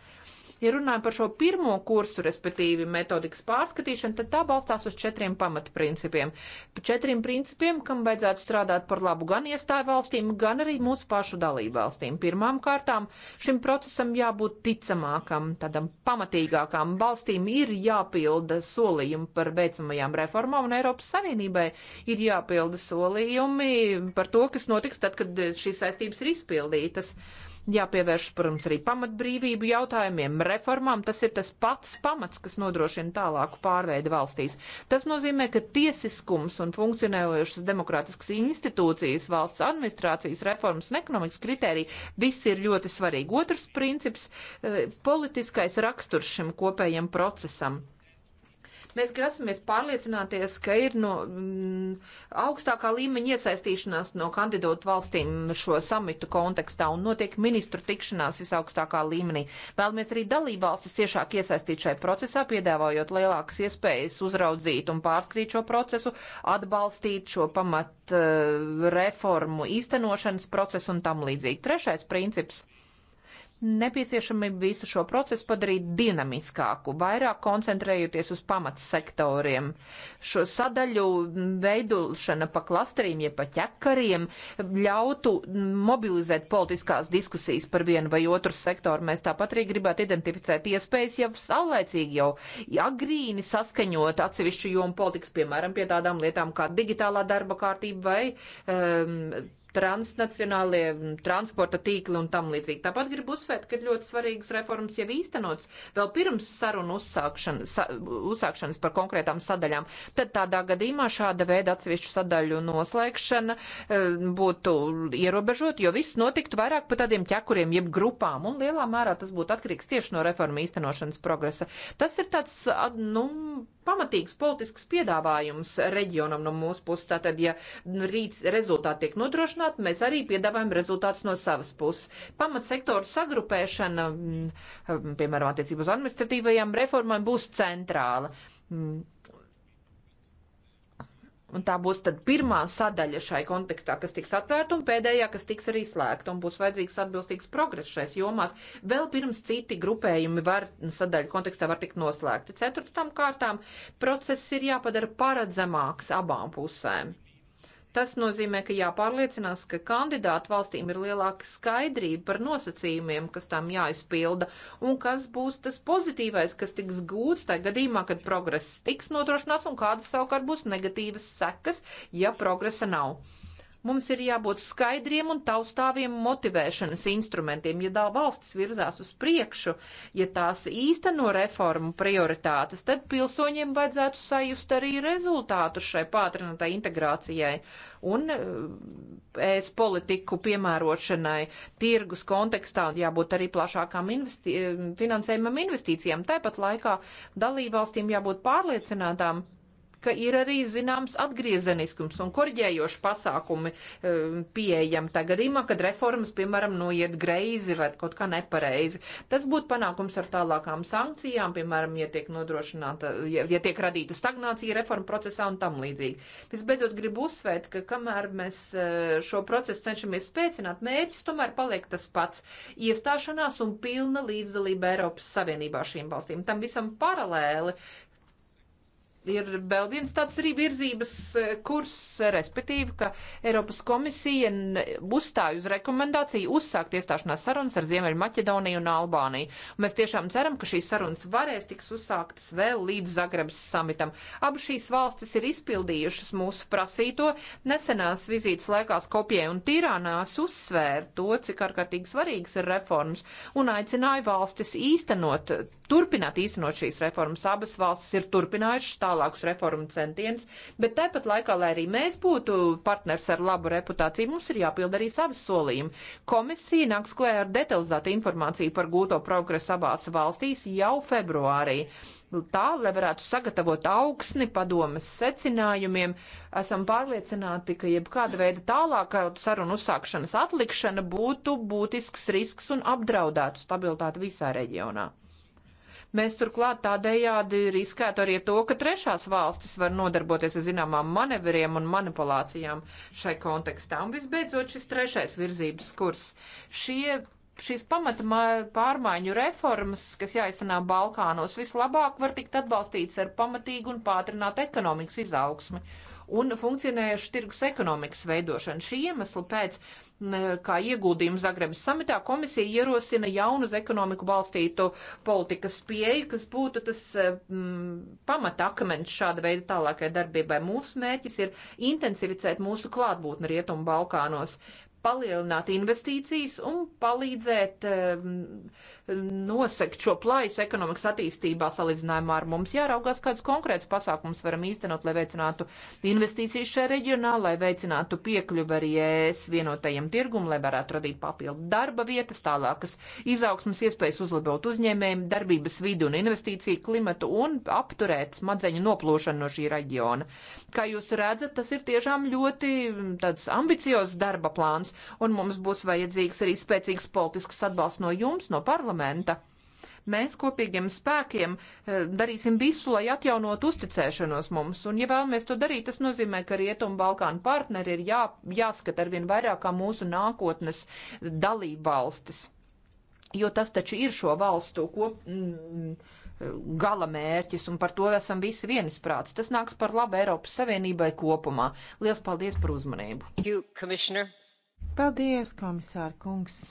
Ja runājam par šo pirmo kursu, respektīvi metodikas pārskatīšanu, tad tā balstās uz četriem pamatprincipiem. Četriem principiem, kam vajadzētu strādāt par labu gan iestāju valstīm, gan arī mūsu pašu dalību valstīm. Pirmām kārtām šim procesam jābūt ticamākam, tādam pamatīgākam. Valstīm ir jāpilda solījumi par veicamajām reformām, un Eiropas Savienībai ir jāpilda solījumi par to, kas notiks tad, kad šīs saistības ir izpildītas. Uh, Jāpievērš, protams, arī pamatbrīvību jautājumiem, reformām. Tas ir tas pats pamats, kas nodrošina tālāku pārveidu valstīs. Tas nozīmē, ka tiesiskums un funkcionējošas demokrātiskas institūcijas, valsts administrācijas reformas un ekonomikas kritērija viss ir ļoti svarīgi. Otrs princips eh, - politiskais raksturs šim kopējam procesam. Mēs grasamies pārliecināties, ka ir no mm, augstākā līmeņa iesaistīšanās no kandidātu valstīm šo samitu kontekstā un notiek ministru tikšanās visaugstākā līmenī. Vēlamies arī dalībvalstis ciešāk iesaistīt šai procesā, piedāvājot lielākas iespējas uzraudzīt un pārskrīt šo procesu, atbalstīt šo pamat eh, reformu īstenošanas procesu un tam līdzīgi. Trešais princips nepieciešami visu šo procesu padarīt dinamiskāku, vairāk koncentrējoties uz pamatsektoriem. Šo sadaļu veidošana pa klasteriem, ja pa ķekariem ļautu mobilizēt politiskās diskusijas par vienu vai otru sektoru. Mēs tāpat arī gribētu identificēt iespējas jau saulēcīgi, jau agrīni saskaņot atsevišķu jomu politikas, piemēram, pie tādām lietām kā digitālā darba kārtība vai um, transnacionālie mm, transporta tīkli un tam līdzīgi. Tāpat gribu uzsvērt, ka ļoti svarīgas reformas jau īstenots vēl pirms sarunu uzsākšanas, sa, uzsākšanas par konkrētām sadaļām. Tad tādā gadījumā šāda veida atsevišķu sadaļu noslēgšana e, būtu ierobežot, jo viss notiktu vairāk pa tādiem ķekuriem, jeb grupām, un lielā mērā tas būtu atkarīgs tieši no reformu īstenošanas progresa. Tas ir tāds, nu, pamatīgs politisks piedāvājums reģionam no mūsu puses. Tātad, ja rīts rezultāti tiek nodrošināti, mēs arī piedāvājam rezultātus no savas puses. Pamatsektoru sagrupēšana, mm, mm, piemēram, attiecībā uz administratīvajām reformām, būs centrāla. Mm. Un tā būs tad pirmā sadaļa šai kontekstā, kas tiks atvērta, un pēdējā, kas tiks arī slēgta, un būs vajadzīgs atbilstīgs progress šais jomās, vēl pirms citi grupējumi var, nu, sadaļu kontekstā var tikt noslēgti. Ceturtām kārtām process ir jāpadara paredzamāks abām pusēm. Tas nozīmē, ka jāpārliecinās, ka kandidātu valstīm ir lielāka skaidrība par nosacījumiem, kas tām jāizpilda, un kas būs tas pozitīvais, kas tiks gūts tajā gadījumā, kad progress tiks nodrošināts, un kādas savukārt būs negatīvas sekas, ja progresa nav. Mums ir jābūt skaidriem un taustāviem motivēšanas instrumentiem. Ja tā valstis virzās uz priekšu, ja tās īsteno reformu prioritātes, tad pilsoņiem vajadzētu sajust arī rezultātus šai pātrinātai integrācijai un eh, ēs politiku piemērošanai tirgus kontekstā jābūt arī plašākām investi finansējumam investīcijām. Tāpat laikā dalībvalstīm jābūt pārliecinātām, ka ir arī zināms atgriezeniskums un korģējoši pasākumi um, pieejami tā gadījumā, kad reformas, piemēram, noiet greizi vai kaut kā nepareizi. Tas būtu panākums ar tālākām sankcijām, piemēram, ja tiek nodrošināta, ja, ja tiek radīta stagnācija reforma procesā un tam līdzīgi. Visbeidzot, gribu uzsvērt, ka kamēr mēs uh, šo procesu cenšamies spēcināt, mērķis tomēr paliek tas pats - iestāšanās un pilna līdzdalība Eiropas Savienībā šīm valstīm. Tam visam paralēli ir vēl viens tāds arī virzības eh, kurs, respektīvi, ka Eiropas komisija uzstāj uz rekomendāciju uzsākt iestāšanās sarunas ar Ziemeļu Maķedoniju un Albāniju. Mēs tiešām ceram, ka šīs sarunas varēs tiks uzsāktas vēl līdz Zagrebas samitam. Abas šīs valstis ir izpildījušas mūsu prasīto. Nesenās vizītes laikās kopijai un tirānās uzsvēra to, cik ārkārtīgi svarīgas ir reformas un aicināja valstis īstenot, turpināt īstenot šīs reformas. Abas valstis ir turpinājušas tā tālākus reformu centienus, bet tāpat laikā, lai arī mēs būtu partners ar labu reputāciju, mums ir jāpild arī savas solījumi. Komisija nāks klē ar detalizētu informāciju par gūto progresu abās valstīs jau februārī. Tā, lai varētu sagatavot augsni padomas secinājumiem, esam pārliecināti, ka jebkāda veida tālākā saruna uzsākšanas atlikšana būtu būtisks risks un apdraudētu stabilitāti visā reģionā. Mēs turklāt tādējādi riskētu arī to, ka trešās valstis var nodarboties ar zināmām manevriem un manipulācijām šai kontekstā. Un visbeidzot šis trešais virzības kurs. Šie šīs pamata pārmaiņu reformas, kas jāizsanā Balkānos, vislabāk var tikt atbalstīts ar pamatīgu un pātrinātu ekonomikas izaugsmi un funkcionējušu tirgus ekonomikas veidošanu. Šī iemesla pēc kā ieguldījumu Zagrebas samitā komisija ierosina jaunu uz ekonomiku balstītu politikas pieeju, kas būtu tas mm, pamata akmens šāda veida tālākai darbībai. Mūsu mērķis ir intensificēt mūsu klātbūtni Rietumu Balkānos, palielināt investīcijas un palīdzēt mm, nosegt šo plaisu ekonomikas attīstībā salīdzinājumā ar mums. Jāraugās, kādas konkrētas pasākums varam īstenot, lai veicinātu investīcijas šajā reģionā, lai veicinātu piekļuvi arī ES vienotajam tirgum, lai varētu radīt papildu darba vietas, tālākas izaugsmas iespējas uzlabot uzņēmējiem, darbības vidu un investīciju klimatu un apturēt smadzeņu noplūšanu no šī reģiona. Kā jūs redzat, tas ir tiešām ļoti mm, tāds ambiciozs darba plāns, un mums būs vajadzīgs arī spēcīgs politisks atbalsts no jums, no parlamenta momenta. Mēs kopīgiem spēkiem eh, darīsim visu, lai atjaunot uzticēšanos mums, un, ja vēlamies to darīt, tas nozīmē, ka Rietumu Balkānu partneri ir jā, jāskat arvien vairāk kā mūsu nākotnes dalību valstis, jo tas taču ir šo valstu kop, mm, gala mērķis, un par to esam visi viensprāts. Tas nāks par labu Eiropas Savienībai kopumā. Lielas paldies par uzmanību! You, paldies, komisār kungs!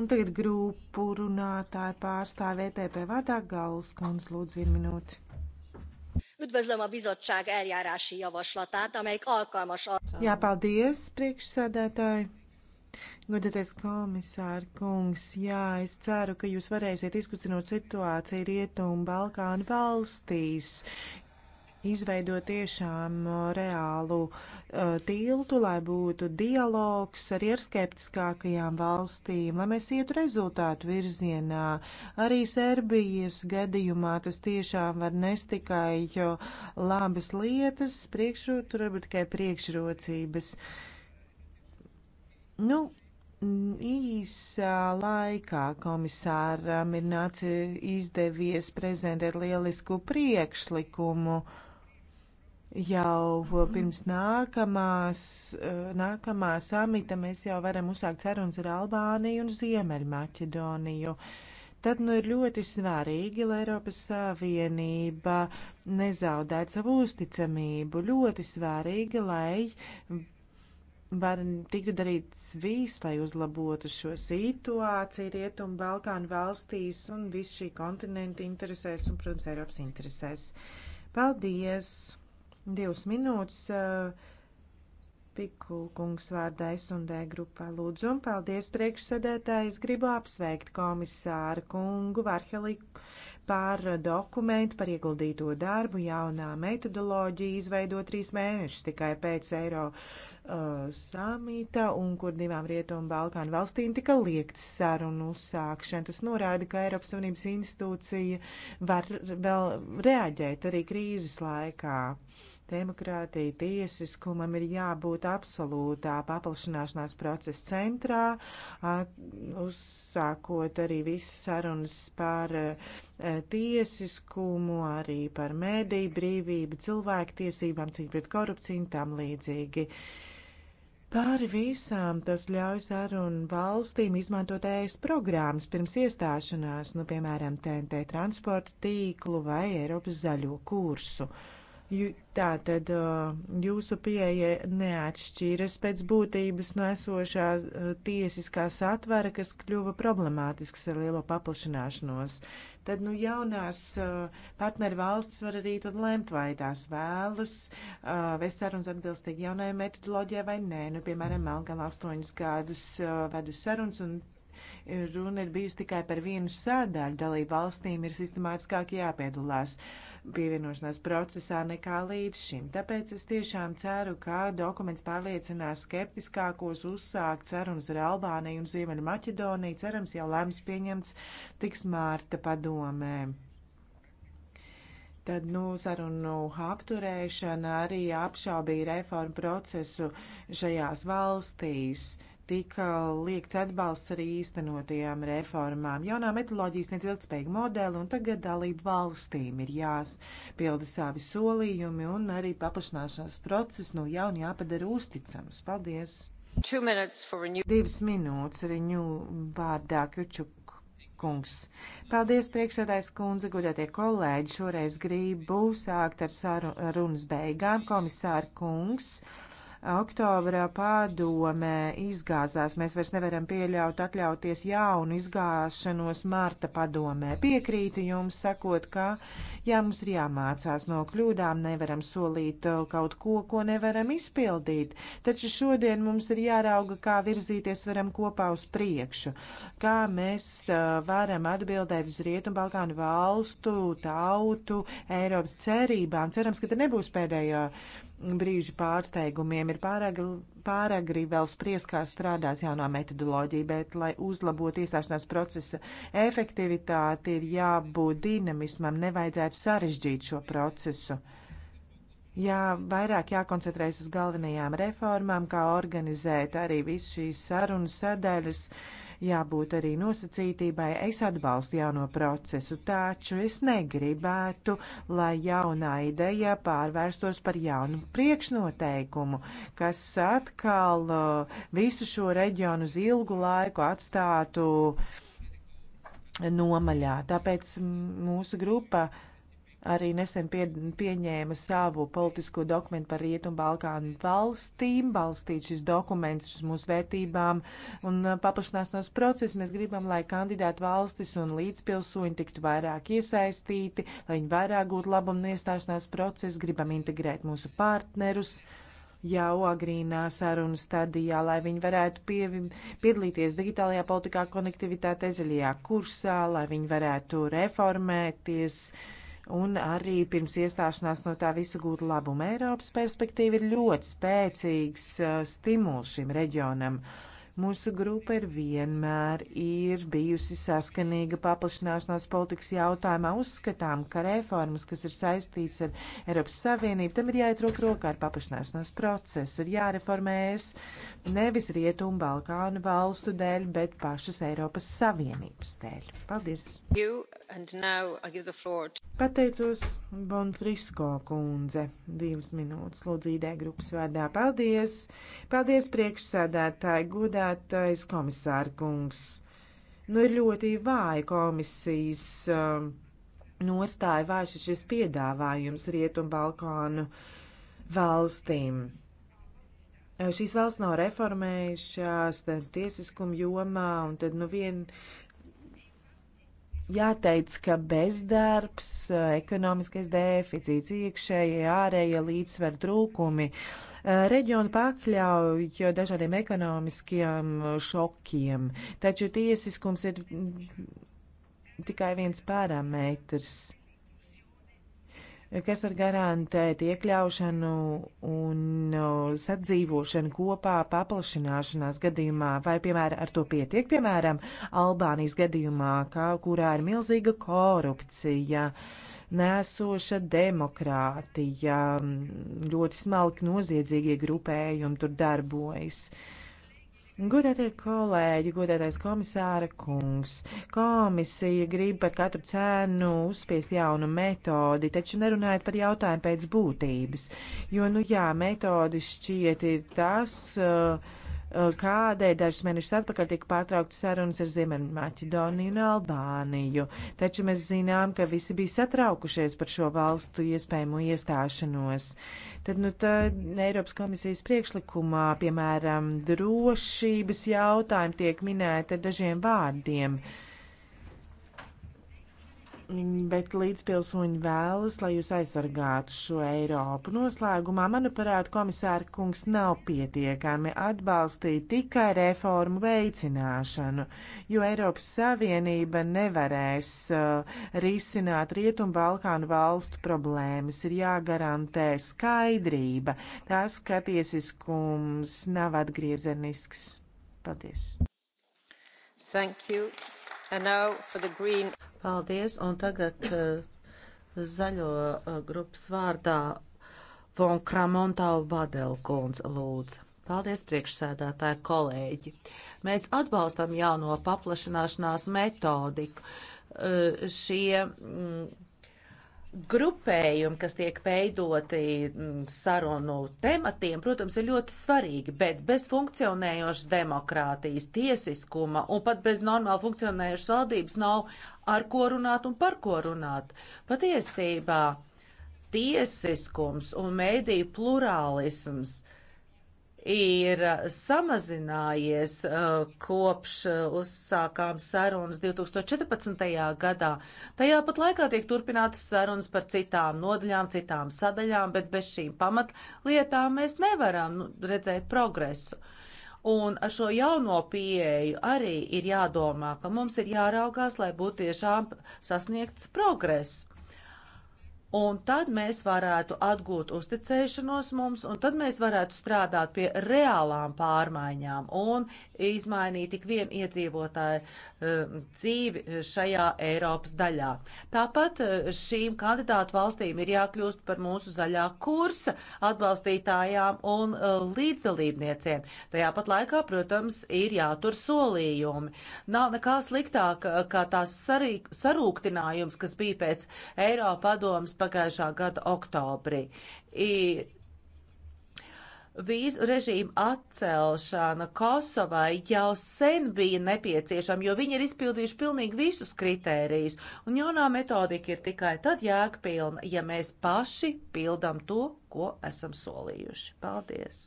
Un tagad grupu runātāja pārstāv ETP vārdā Gals kundz lūdzu vienu minūti. Üdvözlöm a bizottság eljárási javaslatát, amelyik alkalmas a... Jā, paldies, priekšsēdētāji. Godātais komisāra kungs, jā, es ceru, ka jūs varēsiet izkustinot situāciju Rietumu Balkānu valstīs, izveidot tiešām uh, reālu uh, tiltu, lai būtu dialogs arī ar skeptiskākajām valstīm, lai mēs ietu rezultātu virzienā. Arī Serbijas gadījumā tas tiešām var nes tikai uh, labas lietas, priekšro, tur var būt tikai priekšrocības. Nu, īsā laikā komisāram ir nācis izdevies prezentēt lielisku priekšlikumu uh, jau pirms nākamās, eh, nākamā samita mēs jau varam uzsākt sarunas ar Albāniju un Ziemeļmaķedoniju. Tad nu ir ļoti svarīgi, lai Eiropas Savienība nezaudētu savu uzticamību. Ļoti svarīgi, lai var tiktu darīts viss, lai uzlabotu šo situāciju Rietumu Balkānu valstīs un viss šī kontinenta interesēs un, protams, Eiropas interesēs. Paldies! Divas minūtes uh, Piku kungs vārdā S&D grupā lūdzu un paldies priekšsēdētāji. Es gribu apsveikt komisāru kungu Varhelī par dokumentu par ieguldīto darbu jaunā metodoloģija izveido trīs mēnešus tikai pēc eiro uh, samīta un kur divām rietumu Balkānu valstīm tika liekts sarunu uzsākšana. Tas norāda, ka Eiropas Savienības institūcija var vēl reaģēt arī krīzes laikā. Uh, Demokrātija tiesiskumam ir jābūt absolūtā paplašanāšanās procesa centrā, uzsākot arī visas sarunas par tiesiskumu, arī par mēdīju brīvību, cilvēku tiesībām, cīņu pret korupciju un tam līdzīgi. Pāri visām tas ļauj sarunu valstīm izmantot ēst programmas pirms iestāšanās, nu, piemēram, TNT transporta tīklu vai Eiropas zaļo kursu. Uh, Tātad jūsu pieeja neatšķīras pēc būtības no esošā tiesiskā satvara, kas kļuva problemātisks ar lielo paplašināšanos. Tad nu jaunās partneru valstis var arī tad lemt, vai tās vēlas vest sarunas atbilstīgi jaunajai metodoloģijai vai nē. Nu, piemēram, Melnkalā astoņus gadus vedu sarunas un runa ir bijusi tikai par vienu sēdāļu. Dalību valstīm ir sistemātiskāk jāpiedalās. Uh, pievienošanās procesā nekā līdz šim. Tāpēc es tiešām ceru, ka dokuments pārliecinās skeptiskākos uzsākt sarunas ar Albāniju un Ziemeļu Maķedoniju. Cerams, jau lēms pieņemts tiks mārta padomē. Tad, nu, sarunu apturēšana arī apšaubīja reformu procesu šajās valstīs. Uh, tika liekts atbalsts arī īstenotajām reformām. Jaunā metoloģija sniedz ilgspējīgu modeli, un tagad dalību valstīm ir jāspilda savi solījumi, un arī paplašināšanās process no jauna jāpadara uzticams. Paldies! Divas minūtes arī ņū vārdā Kjučuk kungs. Paldies, priekšsēdājs kundze, godētie kolēģi. Šoreiz gribu sākt ar sarunas beigām. Komisāra kungs. Uh, Oktobrā padomē izgāzās. Mēs vairs nevaram pieļaut atļauties jaunu izgāšanos Marta padomē. Piekrītu jums, sakot, ka jā, mums ir jāmācās no kļūdām, nevaram solīt uh, kaut ko, ko nevaram izpildīt. Taču šodien mums ir jārauga, kā virzīties varam kopā uz priekšu, kā mēs uh, varam atbildēt uz Rietumu Balkānu valstu, tautu, Eiropas cerībām. Cerams, ka te nebūs pēdējā. Uh, brīžu pārsteigumiem. Ir pārāk, pārāk grib vēl spriest, kā strādās jaunā metodoloģija, bet, lai uzlabotu iestāšanās procesa efektivitāti, ir jābūt dinamismam, nevajadzētu sarežģīt šo procesu. Jā, vairāk jākoncentrējas uz galvenajām reformām, kā organizēt arī visu šīs sarunas sadaļas. Uh, jābūt arī nosacītībai. Es atbalstu jauno procesu, taču es negribētu, lai jaunā ideja pārvērstos par jaunu priekšnoteikumu, kas atkal uh, visu šo reģionu uz ilgu laiku atstātu nomaļā. Tāpēc mūsu grupa uh, arī nesen pie, pieņēma savu politisko dokumentu par Rietumu Balkānu valstīm, balstīt šis dokuments uz mūsu vērtībām un uh, paplašanāšanās procesu. Mēs gribam, lai kandidātu valstis un līdzpilsoņi tiktu vairāk iesaistīti, lai viņi vairāk gūtu labumu no iestāšanās procesa, gribam integrēt mūsu partnerus jau agrīnā sarunu stadijā, lai viņi varētu pievim, piedalīties digitālajā politikā, konektivitātē, zaļajā kursā, lai viņi varētu reformēties, uh, un arī pirms iestāšanās no tā visu gūt labumu. Eiropas perspektīva ir ļoti spēcīgs uh, stimuls šim reģionam. Mūsu grupa ir vienmēr ir bijusi saskanīga paplašināšanās politikas jautājumā. Uzskatām, ka reformas, kas ir saistīts ar Eiropas Savienību, tam ir jāiet rok rokā ar paplašināšanās procesu, ir jāreformēs. Uh, nevis Rietumu Balkānu valstu dēļ, bet pašas Eiropas Savienības dēļ. Paldies! Pateicos Bonfrisko kundze. Divas minūtes lūdzu ID grupas vārdā. Paldies! Paldies priekšsēdētāji, godātais komisāra kungs! Nu ir ļoti vāja komisijas um, nostāja, vājš šis piedāvājums Rietumu Balkānu valstīm šīs valsts nav reformējušās tiesiskuma jomā, un tad nu vien jāteic, ka bezdarbs, ekonomiskais deficīts, iekšējie, ārējie līdzsver trūkumi reģionu pakļauj dažādiem ekonomiskiem šokiem, taču tiesiskums ir tikai viens parametrs kas var garantēt iekļaušanu un sadzīvošanu kopā paplašināšanās gadījumā, vai, piemēram, ar to pietiek, piemēram, Albānijas gadījumā, kā, kurā ir milzīga korupcija, nēsoša demokrātija, ļoti smalki noziedzīgie grupējumi tur darbojas. Uh, Godētie kolēģi, godētais komisāra kungs, komisija grib par katru cēnu uzspiest jaunu metodi, taču nerunājot par jautājumu pēc būtības, jo, nu jā, metodi šķiet ir tas, uh, Uh, kādēļ dažus mēnešus atpakaļ tika pārtrauktas sarunas ar Ziemeļmaķedoniju un Albāniju. Taču mēs zinām, ka visi bija satraukušies par šo valstu iespējamo iestāšanos. Tad, nu, tad Eiropas komisijas priekšlikumā, piemēram, drošības jautājumi tiek minēti ar dažiem vārdiem. Uh, bet līdzpilsoņi vēlas, lai jūs aizsargātu šo Eiropu. Noslēgumā, manuprāt, komisāra kungs nav pietiekami atbalstīt tikai reformu veicināšanu, jo Eiropas Savienība nevarēs uh, risināt Rietumu Balkānu valstu problēmas. Ir jāgarantē skaidrība, tas, ka tiesiskums nav atgriezenisks. Paldies! Thank you. Green... Paldies, un tagad uh, zaļo uh, grupas vārdā Von Kramontau Badelkons lūdzu. Paldies, priekšsēdētāji, kolēģi. Mēs atbalstam jauno paplašanāšanās metodiku. Eh, šie mm, grupējumi, kas tiek veidoti mm, sarunu tematiem, protams, ir ļoti svarīgi, bet bez funkcionējošas demokrātijas, tiesiskuma un pat bez normāli funkcionējušas valdības nav ar ko runāt un par ko runāt. Patiesībā tiesiskums un mēdīju plurālisms uh, ir uh, samazinājies uh, kopš uh, uzsākām sarunas 2014. gadā. Tajā pat laikā tiek turpinātas sarunas par citām nodaļām, citām sadaļām, bet bez šīm pamatlietām mēs nevaram nu, redzēt progresu. Un ar šo jauno pieeju arī ir jādomā, ka mums ir jāraugās, lai būtu tiešām sasniegts progress un tad mēs varētu atgūt uzticēšanos mums, un tad mēs varētu strādāt pie reālām pārmaiņām un izmainīt tik vienu iedzīvotāju uh, dzīvi šajā Eiropas daļā. Tāpat uh, šīm kandidātu valstīm ir jākļūst par mūsu zaļā kursa atbalstītājām un uh, līdzdalībniecēm. Tajā pat laikā, protams, ir jātur solījumi. Nav nekā sliktāk, kā tās sarīk, sarūktinājums, kas bija pēc Eiropadomas pagājušā gada oktobrī. Ir vīzu režīmu atcelšana Kosovai jau sen bija nepieciešama, jo viņi ir izpildījuši pilnīgi visus kritērijus, un jaunā metodika ir tikai tad jēgpilna, ja mēs paši pildam to, ko esam solījuši. Paldies!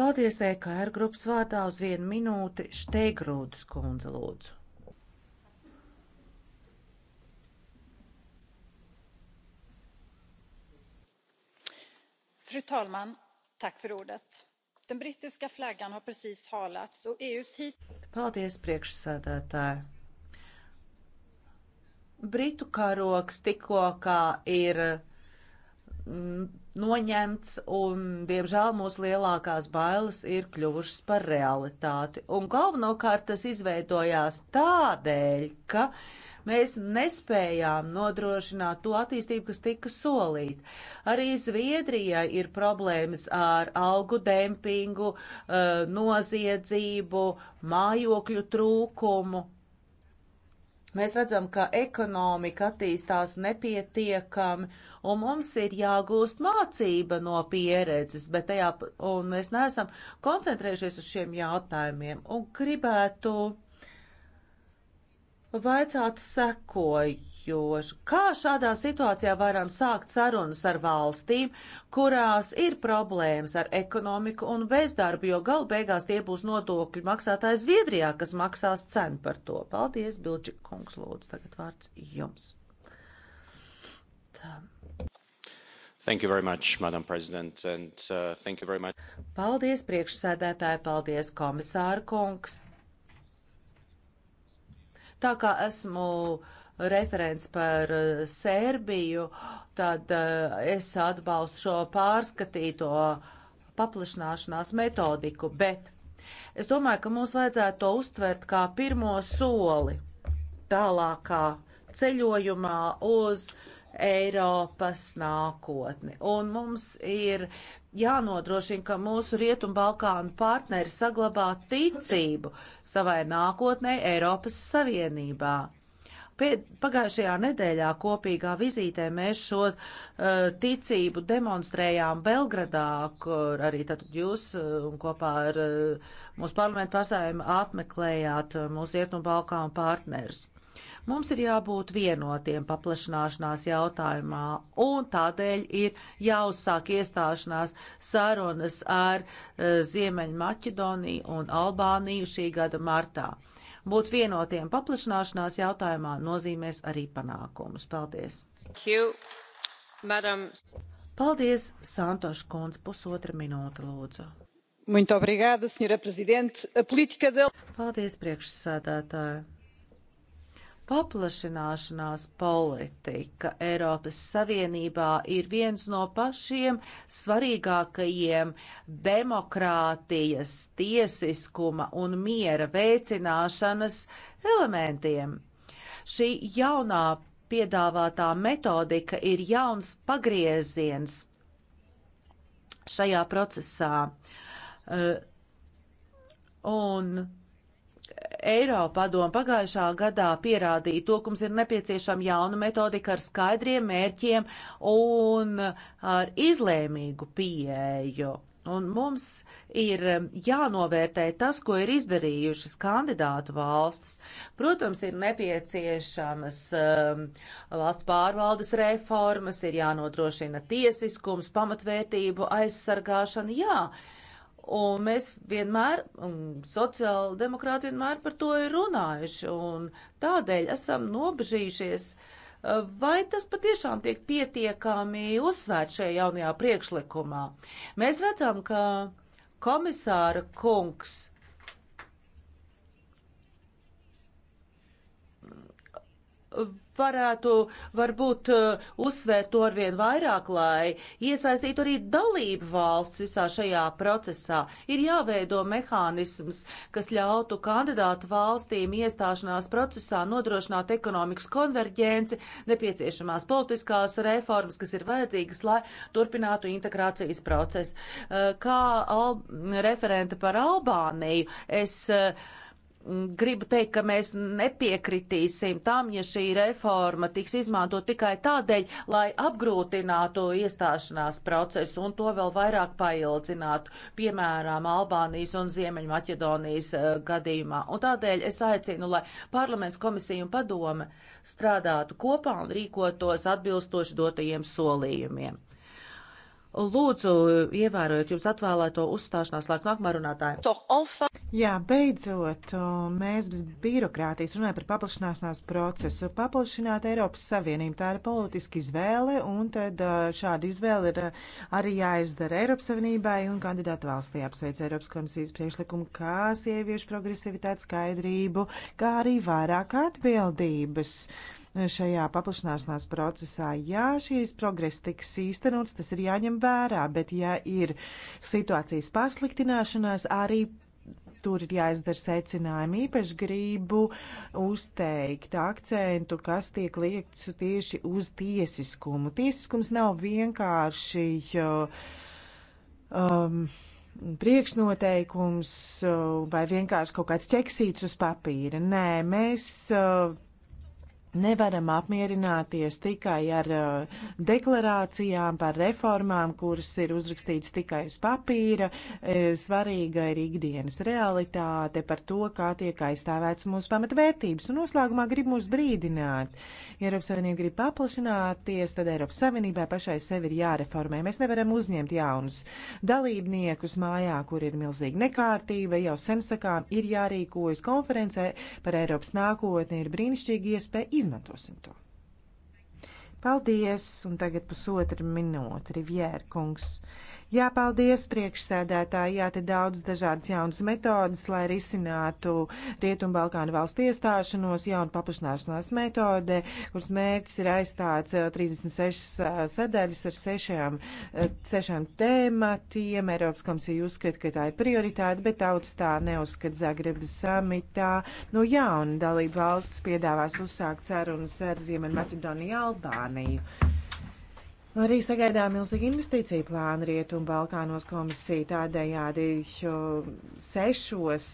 Paldies EKR grupas vārdā uz vienu minūti Šteigrūdas kundze lūdzu. Fru talman! Den brittiska flaggan har precis halats och EUs hit... Paldies, priekšsēdētāji! Britu karoks tikko kā ir mm, noņemts, un, diemžēl, mūsu lielākās bailes ir kļuvušas par realitāti. Un galvenokārt tas izveidojās tādēļ, ka mēs nespējām nodrošināt to attīstību, kas tika solīta. Arī Zviedrijai ir problēmas ar algu dempingu, eh, noziedzību, mājokļu trūkumu Mēs redzam, ka ekonomika attīstās nepietiekami, un mums ir jāgūst mācība no pieredzes, bet tajā, un mēs neesam koncentrējušies uz šiem jautājumiem, un gribētu vaicāt sekoju sekojoši. Kā šādā situācijā varam sākt sarunas ar valstīm, kurās ir problēmas ar ekonomiku un bezdarbu, jo galu beigās tie būs nodokļu maksātājs Zviedrijā, kas maksās cenu par to? Paldies, Bilči kungs, lūdzu, tagad vārds jums. Tā. Thank you very much, Madam President, and uh, thank you very much. Paldies, priekšsēdētāji, paldies, komisāra kungs. Tā kā esmu uh, referents par eh, Sērbiju, tad eh, es atbalstu šo pārskatīto paplašināšanās metodiku, bet es domāju, ka mums vajadzētu to uztvert kā pirmo soli tālākā ceļojumā uz Eiropas nākotni. Un mums ir jānodrošina, ka mūsu Rietumbalkānu partneri saglabā ticību savai nākotnē Eiropas Savienībā. Pēd, pagājušajā nedēļā kopīgā vizītē mēs šo uh, ticību demonstrējām Belgradā, kur arī tad jūs uh, kopā ar uh, mūsu parlamentu pasājumu apmeklējāt uh, mūsu Rietumu Balkānu partnerus. Mums ir jābūt vienotiem paplašināšanās jautājumā, un tādēļ ir jāuzsāk iestāšanās sarunas ar uh, Ziemeļu Maķedoniju un Albāniju šī gada martā. Būt vienotiem paplašanāšanās jautājumā nozīmēs arī panākumus. Paldies! You, Paldies, Santoš Kunds, pusotra minūte lūdzu. Muito obrigada, senhora Presidente. A política dela. Paldies, priekšsēdētāji. Paplašināšanās politika Eiropas Savienībā ir viens no pašiem svarīgākajiem demokrātijas, tiesiskuma un miera veicināšanas elementiem. Šī jaunā piedāvātā metodika ir jauns pagrieziens šajā procesā. Uh, un Eiropadoma pagājušā gadā pierādīja to, ka mums ir nepieciešama jauna metodika ar skaidriem mērķiem un ar izlēmīgu pieeju. Un mums ir jānovērtē tas, ko ir izdarījušas kandidātu valstis. Protams, ir nepieciešamas um, valsts pārvaldes reformas, ir jānodrošina tiesiskums, pamatvērtību aizsargāšana, jā, Un mēs vienmēr, un sociāla demokrāti vienmēr par to ir runājuši, un tādēļ esam nobežījušies, eh, vai tas patiešām tiek pietiekami uzsvērt šajā jaunajā priekšlikumā. Mēs redzam, ka komisāra kungs varētu varbūt eh, uzsvērt to arvien vairāk, lai iesaistītu arī dalību valsts visā šajā procesā. Ir jāveido mehānisms, kas ļautu kandidātu valstīm iestāšanās procesā nodrošināt ekonomikas konverģenci, nepieciešamās politiskās reformas, kas ir vajadzīgas, lai turpinātu integrācijas procesu. Eh, kā referenta par Albāniju, es eh, gribu teikt, ka mēs nepiekritīsim tam, ja šī reforma tiks izmantot tikai tādēļ, lai apgrūtinātu iestāšanās procesu un to vēl vairāk paildzinātu, piemēram, Albānijas un Ziemeņmaķedonijas uh, eh, gadījumā. Un tādēļ es aicinu, lai parlaments komisija un padome strādātu kopā un rīkotos atbilstoši dotajiem solījumiem. Lūdzu, ievērojiet jums atvēlēto uzstāšanās laiku nākamā runātāja. Jā, beidzot, mēs bez birokrātijas runājam par paplašanāšanās procesu. Paplašināt Eiropas Savienību, tā ir politiska izvēle, un tad šāda izvēle ir arī jāizdara Eiropas Savienībai un kandidātu valstī. Apsveic Eiropas komisijas priekšlikumu, kā sieviešu progresivitāti skaidrību, kā arī vairāk atbildības. Uh, šajā paplašanāšanās procesā. Jā, šīs progress tiks īstenots, tas ir jāņem vērā, bet ja ir situācijas pasliktināšanās, arī tur ir jāizdara secinājumi. Īpaši gribu uzteikt akcentu, kas tiek liekts tieši uz tiesiskumu. Tiesiskums nav vienkārši. Um, priekšnoteikums uh, vai vienkārši kaut kāds ķeksīts uz papīra. Nē, mēs uh, Nevaram apmierināties tikai ar uh, deklarācijām par reformām, kuras ir uzrakstītas tikai uz papīra. E, svarīga ir ikdienas realitāte par to, kā tiek aizstāvēts mūsu pamatvērtības. Un noslēgumā grib mūs brīdināt. Ja Eiropas Savienība grib paplašināties, tad Eiropas Savienībai pašai sevi ir jāreformē. Mēs nevaram uzņemt jaunus dalībniekus mājā, kur ir milzīga nekārtība. Jau sen sakām, ir jārīkojas konferencē par Eiropas nākotni, ir brīnišķīgi iespēja izmantosim to. Paldies, un tagad pusotra minūte, Rivjēra kungs. Uh, Jā, paldies priekšsēdētāji. Jā, te daudz dažādas jaunas metodas, lai risinātu Rietumbalkānu valstu iestāšanos, jauna paplašanāšanās metode, kuras mērķis ir aizstāts eh, 36 eh, sadaļas ar eh, sešām, sešām tēmatiem. Eiropas komisija uzskata, ka tā ir prioritāte, bet tautas tā neuzskata Zagrebas samitā. Nu, jauna dalība valsts piedāvās uzsākt sarunas ar Ziemeņmaķedoniju Albāniju. Arī sagaidām milzīgi investīciju plānu Rietumu Balkānos komisija tādējādi sešos,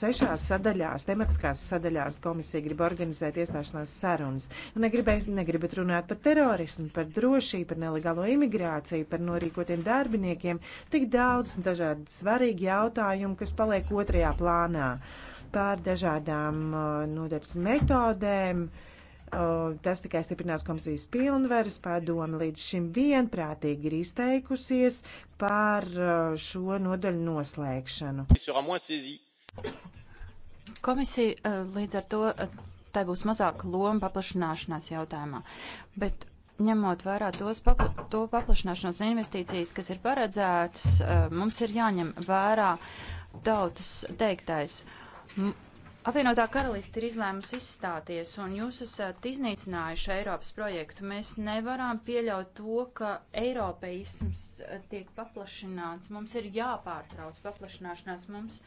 sešās sadaļās, tematiskās sadaļās komisija grib organizēt iestāšanās sarunas. Negribēs, negribat runāt par terorismu, par drošību, par nelegālo imigrāciju, par norīkotiem darbiniekiem, tik daudz dažādi svarīgi jautājumi, kas paliek otrajā plānā, par dažādām uh, nodaļas metodēm. Uh, Tas tikai stiprinās komisijas pilnveres. Padome līdz šim vienprātīgi ir izteikusies par šo nodaļu noslēgšanu. Komisija līdz ar to tai būs mazāka loma paplašināšanās jautājumā. Bet ņemot vērā tos papla to paplašināšanos investīcijas, kas ir paredzētas, mums ir jāņem vērā tautas teiktais. Apvienotā karaliste ir izlēmusi izstāties, un jūs esat iznīcinājuši Eiropas projektu. Mēs nevaram pieļaut to, ka eiropeisms eh, tiek paplašināts. Mums ir jāpārtrauc paplašināšanās, mums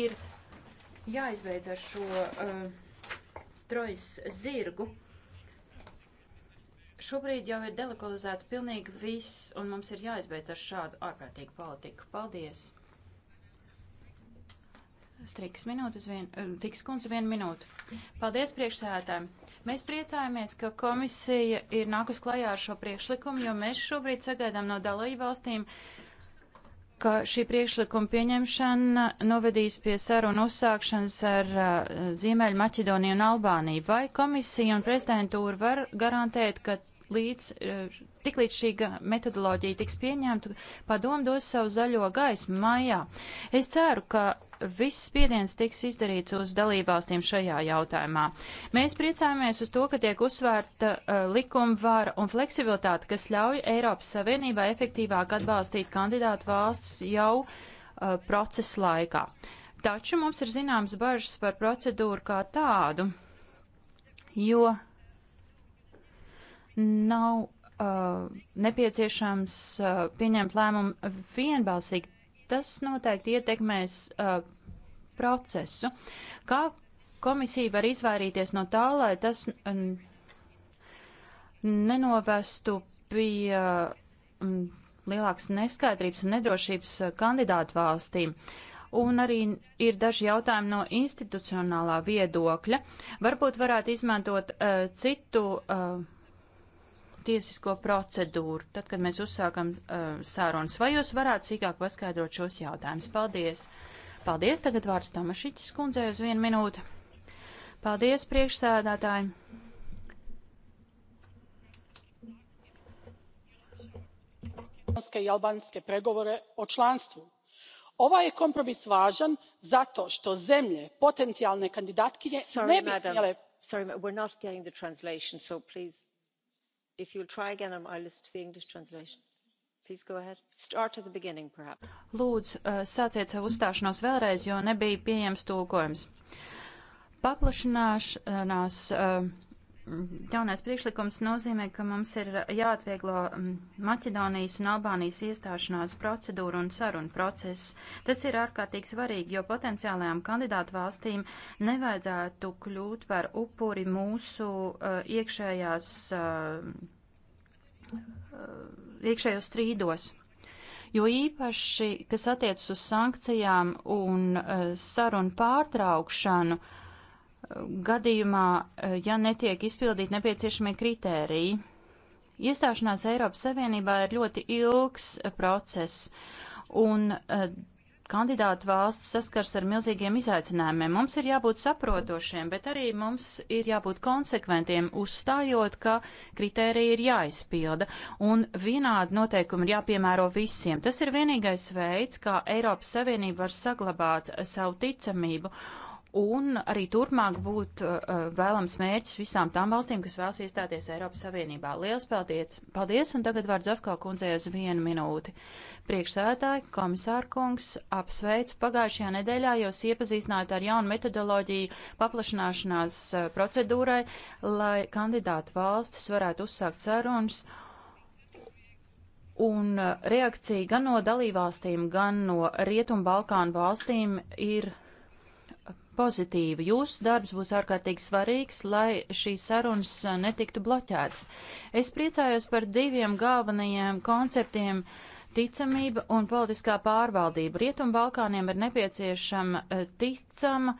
ir jāizbeidz ar šo uh, trojas zirgu. Šobrīd jau ir delokalizēts pilnīgi viss, un mums ir jāizbeidz ar šādu ārprātīgu politiku. Paldies! Striks minūtes, vien, eh, tiks kundze vienu minūtu. Paldies priekšsēdētājiem. Mēs priecājamies, ka komisija ir nākus klajā ar šo priekšlikumu, jo mēs šobrīd sagaidām no dalību valstīm, ka šī priekšlikuma pieņemšana novedīs pie sarunu uzsākšanas ar uh, Ziemeļu Maķedoniju un Albāniju. Vai komisija un prezidentūra var garantēt, ka līdz, eh, tik līdz šī metodoloģija tiks pieņemta, padom dos savu zaļo gaismu mājā. Es ceru, ka viss spiediens tiks izdarīts uz dalībvalstīm šajā jautājumā. Mēs priecājamies uz to, ka tiek uzsvērta uh, likuma vara un fleksibilitāte, kas ļauj Eiropas Savienībā efektīvāk atbalstīt kandidātu valsts jau uh, procesa laikā. Taču mums ir zināms bažas par procedūru kā tādu, jo nav uh, nepieciešams uh, pieņemt lēmumu vienbalsīgi. Tas noteikti ietekmēs uh, procesu. Kā komisija var izvairīties no tā, lai tas um, nenovestu pie um, lielākas neskaidrības un nedrošības uh, kandidātu valstīm. Un arī ir daži jautājumi no institucionālā viedokļa. Varbūt varētu izmantot uh, citu uh, tiesisko procedūru, tad, kad mēs uzsākam uh, sārunas. Vai jūs varētu sīkāk paskaidrot šos jautājumus? Paldies! Paldies! Tagad vārds Tomašiķis kundzei uz vienu minūti. Paldies, priekšsēdētāji! i albanske pregovore o članstvu. ovaj je kompromis važan zato što zemlje potencijalne kandidatkinje ne bi smjele Lūdzu, uh, sāciet savu uzstāšanos vēlreiz, jo nebija pieejams tulkojums. Paplašināšanās uh, Jaunais priekšlikums nozīmē, ka mums ir jāatvieglo mm, Maķedonijas un Albānijas iestāšanās procedūra un saruna process. Tas ir ārkārtīgi svarīgi, jo potenciālajām kandidātu valstīm nevajadzētu kļūt par upuri mūsu uh, iekšējās, uh, iekšējos strīdos. Jo īpaši, kas attiecas uz sankcijām un uh, sarunu pārtraukšanu, uh, gadījumā, eh, ja netiek izpildīt nepieciešamie kritēriji. Iestāšanās Eiropas Savienībā ir ļoti ilgs eh, process, un eh, kandidātu valsts saskars ar milzīgiem izaicinājumiem. Mums ir jābūt saprotošiem, bet arī mums ir jābūt konsekventiem, uzstājot, ka kritērija ir jāizpilda, un vienādi noteikumi ir jāpiemēro visiem. Tas ir vienīgais veids, kā Eiropas Savienība var saglabāt savu ticamību un arī turpmāk būt uh, uh, vēlams mērķis visām tām valstīm, kas vēlas iestāties Eiropas Savienībā. Lielas paldies! Paldies, un tagad vārds Afkā kundzei uz vienu minūti. Priekšsētāji, komisārkungs, apsveicu pagājušajā nedēļā jūs iepazīstināt ar jaunu metodoloģiju paplašanāšanās uh, procedūrai, lai kandidātu valstis varētu uzsākt sarunas Un uh, reakcija gan no dalībvalstīm, gan no Rietumbalkānu valstīm ir pozitīva. Jūsu darbs būs ārkārtīgi svarīgs, lai šīs sarunas netiktu bloķētas. Es priecājos par diviem galvenajiem konceptiem - ticamība un politiskā pārvaldība. Rietumbalkāniem ir nepieciešama ticama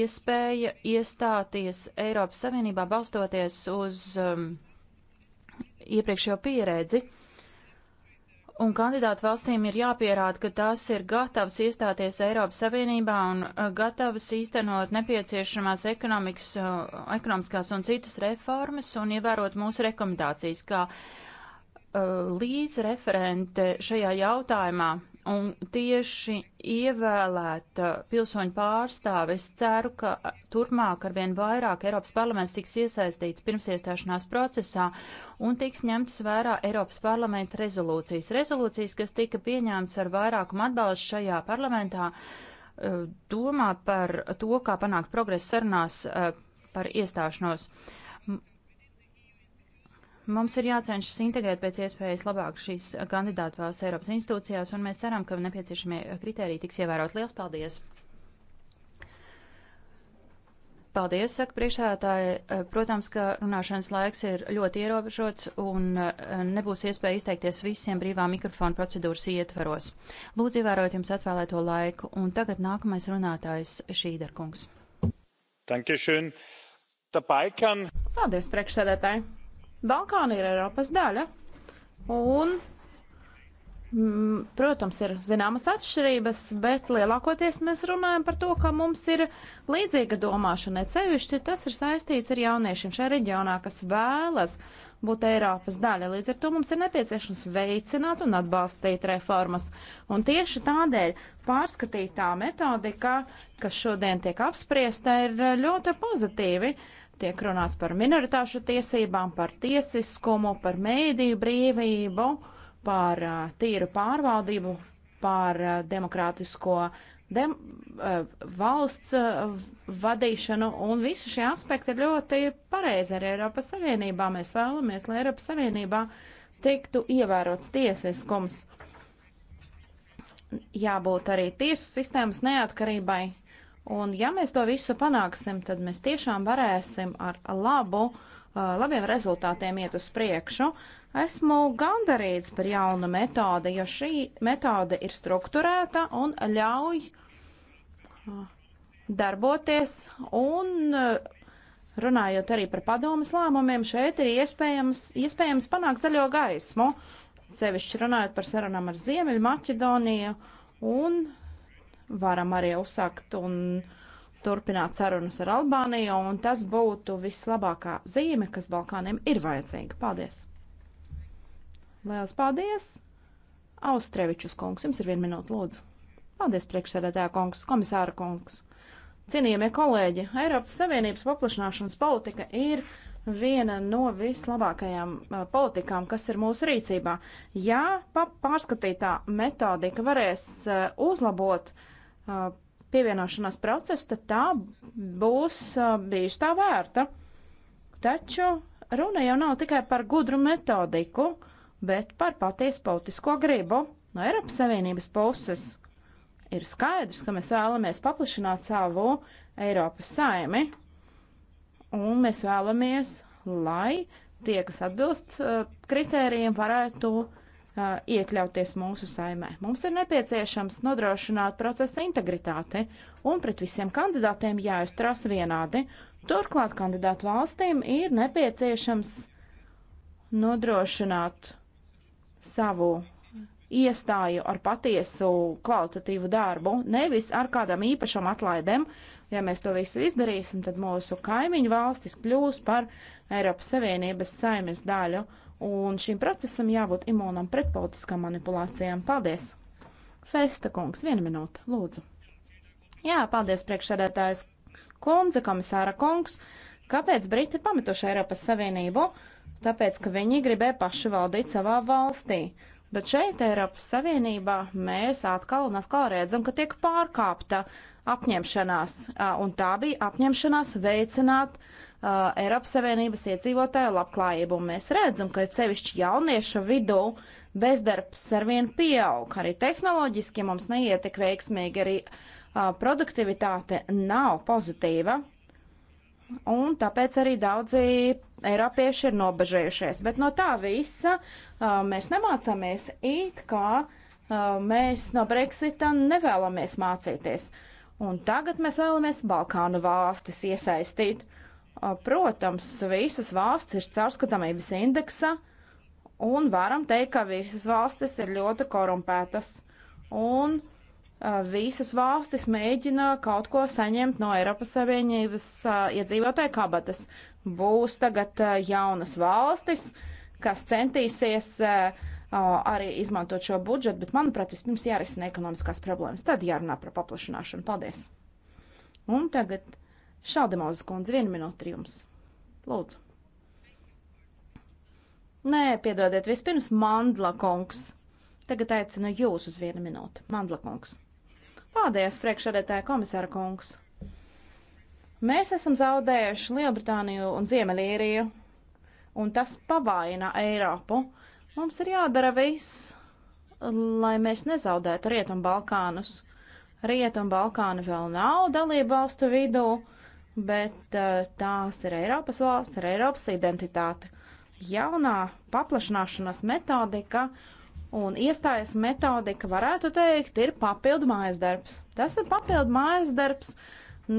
iespēja iestāties Eiropas Savienībā balstoties uz um, iepriekšējo pieredzi. Uh, Un kandidātu valstīm ir jāpierāda, ka tās ir gatavas iestāties Eiropas Savienībā un uh, gatavas īstenot nepieciešamās ekonomikas, uh, ekonomiskās un citas reformas un ievērot mūsu rekomendācijas, kā uh, līdz referente šajā jautājumā Un tieši ievēlēta uh, pilsoņu pārstāve, es ceru, ka turpmāk arvien vairāk Eiropas parlaments tiks iesaistīts pirms iestāšanās procesā un tiks ņemtas vērā Eiropas parlamenta rezolūcijas. Rezolūcijas, kas tika pieņemtas ar vairākumu atbalstu šajā parlamentā, uh, domā par to, kā panākt progresu sarunās uh, par iestāšanos. Uh, Mums ir jācenšas integrēt pēc iespējas labāk šīs kandidātu valsts Eiropas institūcijās, un mēs ceram, ka nepieciešamie kriteriji tiks ievērot. Lielas paldies! Paldies, saka priekšsēdētāji. Eh, protams, ka runāšanas laiks ir ļoti ierobežots un eh, nebūs iespēja izteikties visiem brīvā mikrofona procedūras ietveros. Lūdzu, ievērojiet jums atvēlēto laiku, un tagad nākamais runātājs Šīderkungs. Dankeschön. Paldies, priekšsēdētāji. Balkāni ir Eiropas daļa, un, m, mm, protams, ir zināmas atšķirības, bet lielākoties mēs runājam par to, ka mums ir līdzīga domāšana. Cevišķi tas ir saistīts ar jauniešiem šajā reģionā, kas vēlas būt Eiropas daļa. Līdz ar to mums ir nepieciešams veicināt un atbalstīt reformas. Un tieši tādēļ pārskatītā metodika, kas šodien tiek apspriesta, ir ļoti pozitīvi. Uh, Tiek runāts par minoritāšu tiesībām, par tiesiskumu, par mēdīju brīvību, par uh, tīru pārvaldību, par uh, demokrātisko dem uh, valsts uh, vadīšanu, un visi šie aspekti ir ļoti pareizi arī Eiropas Savienībā. Mēs vēlamies, lai Eiropas Savienībā tiktu ievērots tiesiskums. Jābūt arī tiesu sistēmas neatkarībai, Un ja mēs to visu panāksim, tad mēs tiešām varēsim ar labu, uh, labiem rezultātiem iet uz priekšu. Esmu gandarīts par jaunu metodi, jo šī metode ir strukturēta un ļauj uh, darboties un uh, Runājot arī par padomas lēmumiem, šeit ir iespējams, iespējams panākt zaļo gaismu, sevišķi runājot par sarunām ar Ziemeļu Maķedoniju un varam arī uzsākt un turpināt sarunas ar Albāniju, un tas būtu vislabākā zīme, kas Balkāniem ir vajadzīga. Paldies! Lielas paldies! Austrevičus kungs, jums ir viena minūte, lūdzu. Paldies, priekšsēdētāja kungs, komisāra kungs. Cienījamie kolēģi, Eiropas Savienības paplašināšanas politika ir viena no vislabākajām uh, politikām, kas ir mūsu rīcībā. Jā, pārskatītā metodika varēs uh, uzlabot uh, pievienošanās process, tad tā būs bijusi tā vērta. Taču runa jau nav tikai par gudru metodiku, bet par patiesu politisko gribu no Eiropas Savienības puses. Ir skaidrs, ka mēs vēlamies paplašināt savu Eiropas saimi, un mēs vēlamies, lai tie, kas atbilst kritērijiem, varētu uh, iekļauties mūsu saimē. Mums ir nepieciešams nodrošināt procesa integritāti, un pret visiem kandidātiem jāizturās vienādi. Turklāt kandidātu valstīm ir nepieciešams nodrošināt savu iestāju ar patiesu kvalitatīvu darbu, nevis ar kādām īpašām atlaidēm. Ja mēs to visu izdarīsim, tad mūsu kaimiņu valstis kļūs par Eiropas Savienības saimnes daļu. Uh, Un šim procesam jābūt imunam pret politiskām manipulācijām. Paldies! Festa kungs, viena minūte, lūdzu. Jā, paldies priekšsēdētājs kundze, komisāra kungs. Kāpēc Briti ir pametuši Eiropas Savienību? Tāpēc, ka viņi gribēja paši valdīt savā valstī. Bet šeit, Eiropas Savienībā, mēs atkal un atkal redzam, ka tiek pārkāpta apņemšanās, un tā bija apņemšanās veicināt uh, uh, Eiropas Savienības iedzīvotāju labklājību. Un mēs redzam, ka cevišķi jaunieša vidū bezdarbs arvien pieaug. Arī tehnoloģiski mums neiet tik veiksmīgi, arī uh, produktivitāte nav pozitīva. Un tāpēc arī daudzi Eiropieši ir nobežējušies. Bet no tā visa uh, mēs nemācāmies it kā uh, mēs no Brexita nevēlamies mācīties. Un tagad mēs vēlamies Balkānu valstis iesaistīt protams, visas valsts ir caurskatāmības indeksa, un varam teikt, ka visas valstis ir ļoti korumpētas. Un visas valstis mēģina kaut ko saņemt no Eiropas Savienības iedzīvotāju kabatas. Būs tagad jaunas valstis, kas centīsies arī izmantot šo budžetu, bet, manuprāt, vispirms jārisina ekonomiskās problēmas, tad jārunā par paplašināšanu. Paldies! Un tagad Šāda maza kundze, viena minūte jums. Lūdzu. Nē, piedodiet, vispirms Mandla kungs. Tagad aicinu jūs uz vienu minūti, Mandla kungs. Pādējais priekšsēdētāja komisāra kungs. Mēs esam zaudējuši Lielbritāniju un Ziemeļīriju, un tas pavājina Eiropu. Mums ir jādara viss, lai mēs nezaudētu Rietumu Balkānus. Rietumu Balkāni vēl nav dalību valstu vidū, bet eh, tās ir Eiropas valsts ar Eiropas identitāti. Jaunā paplašināšanās metodika un iestājas metodika, varētu teikt, ir papildu mājas darbs. Tas ir papildu mājas darbs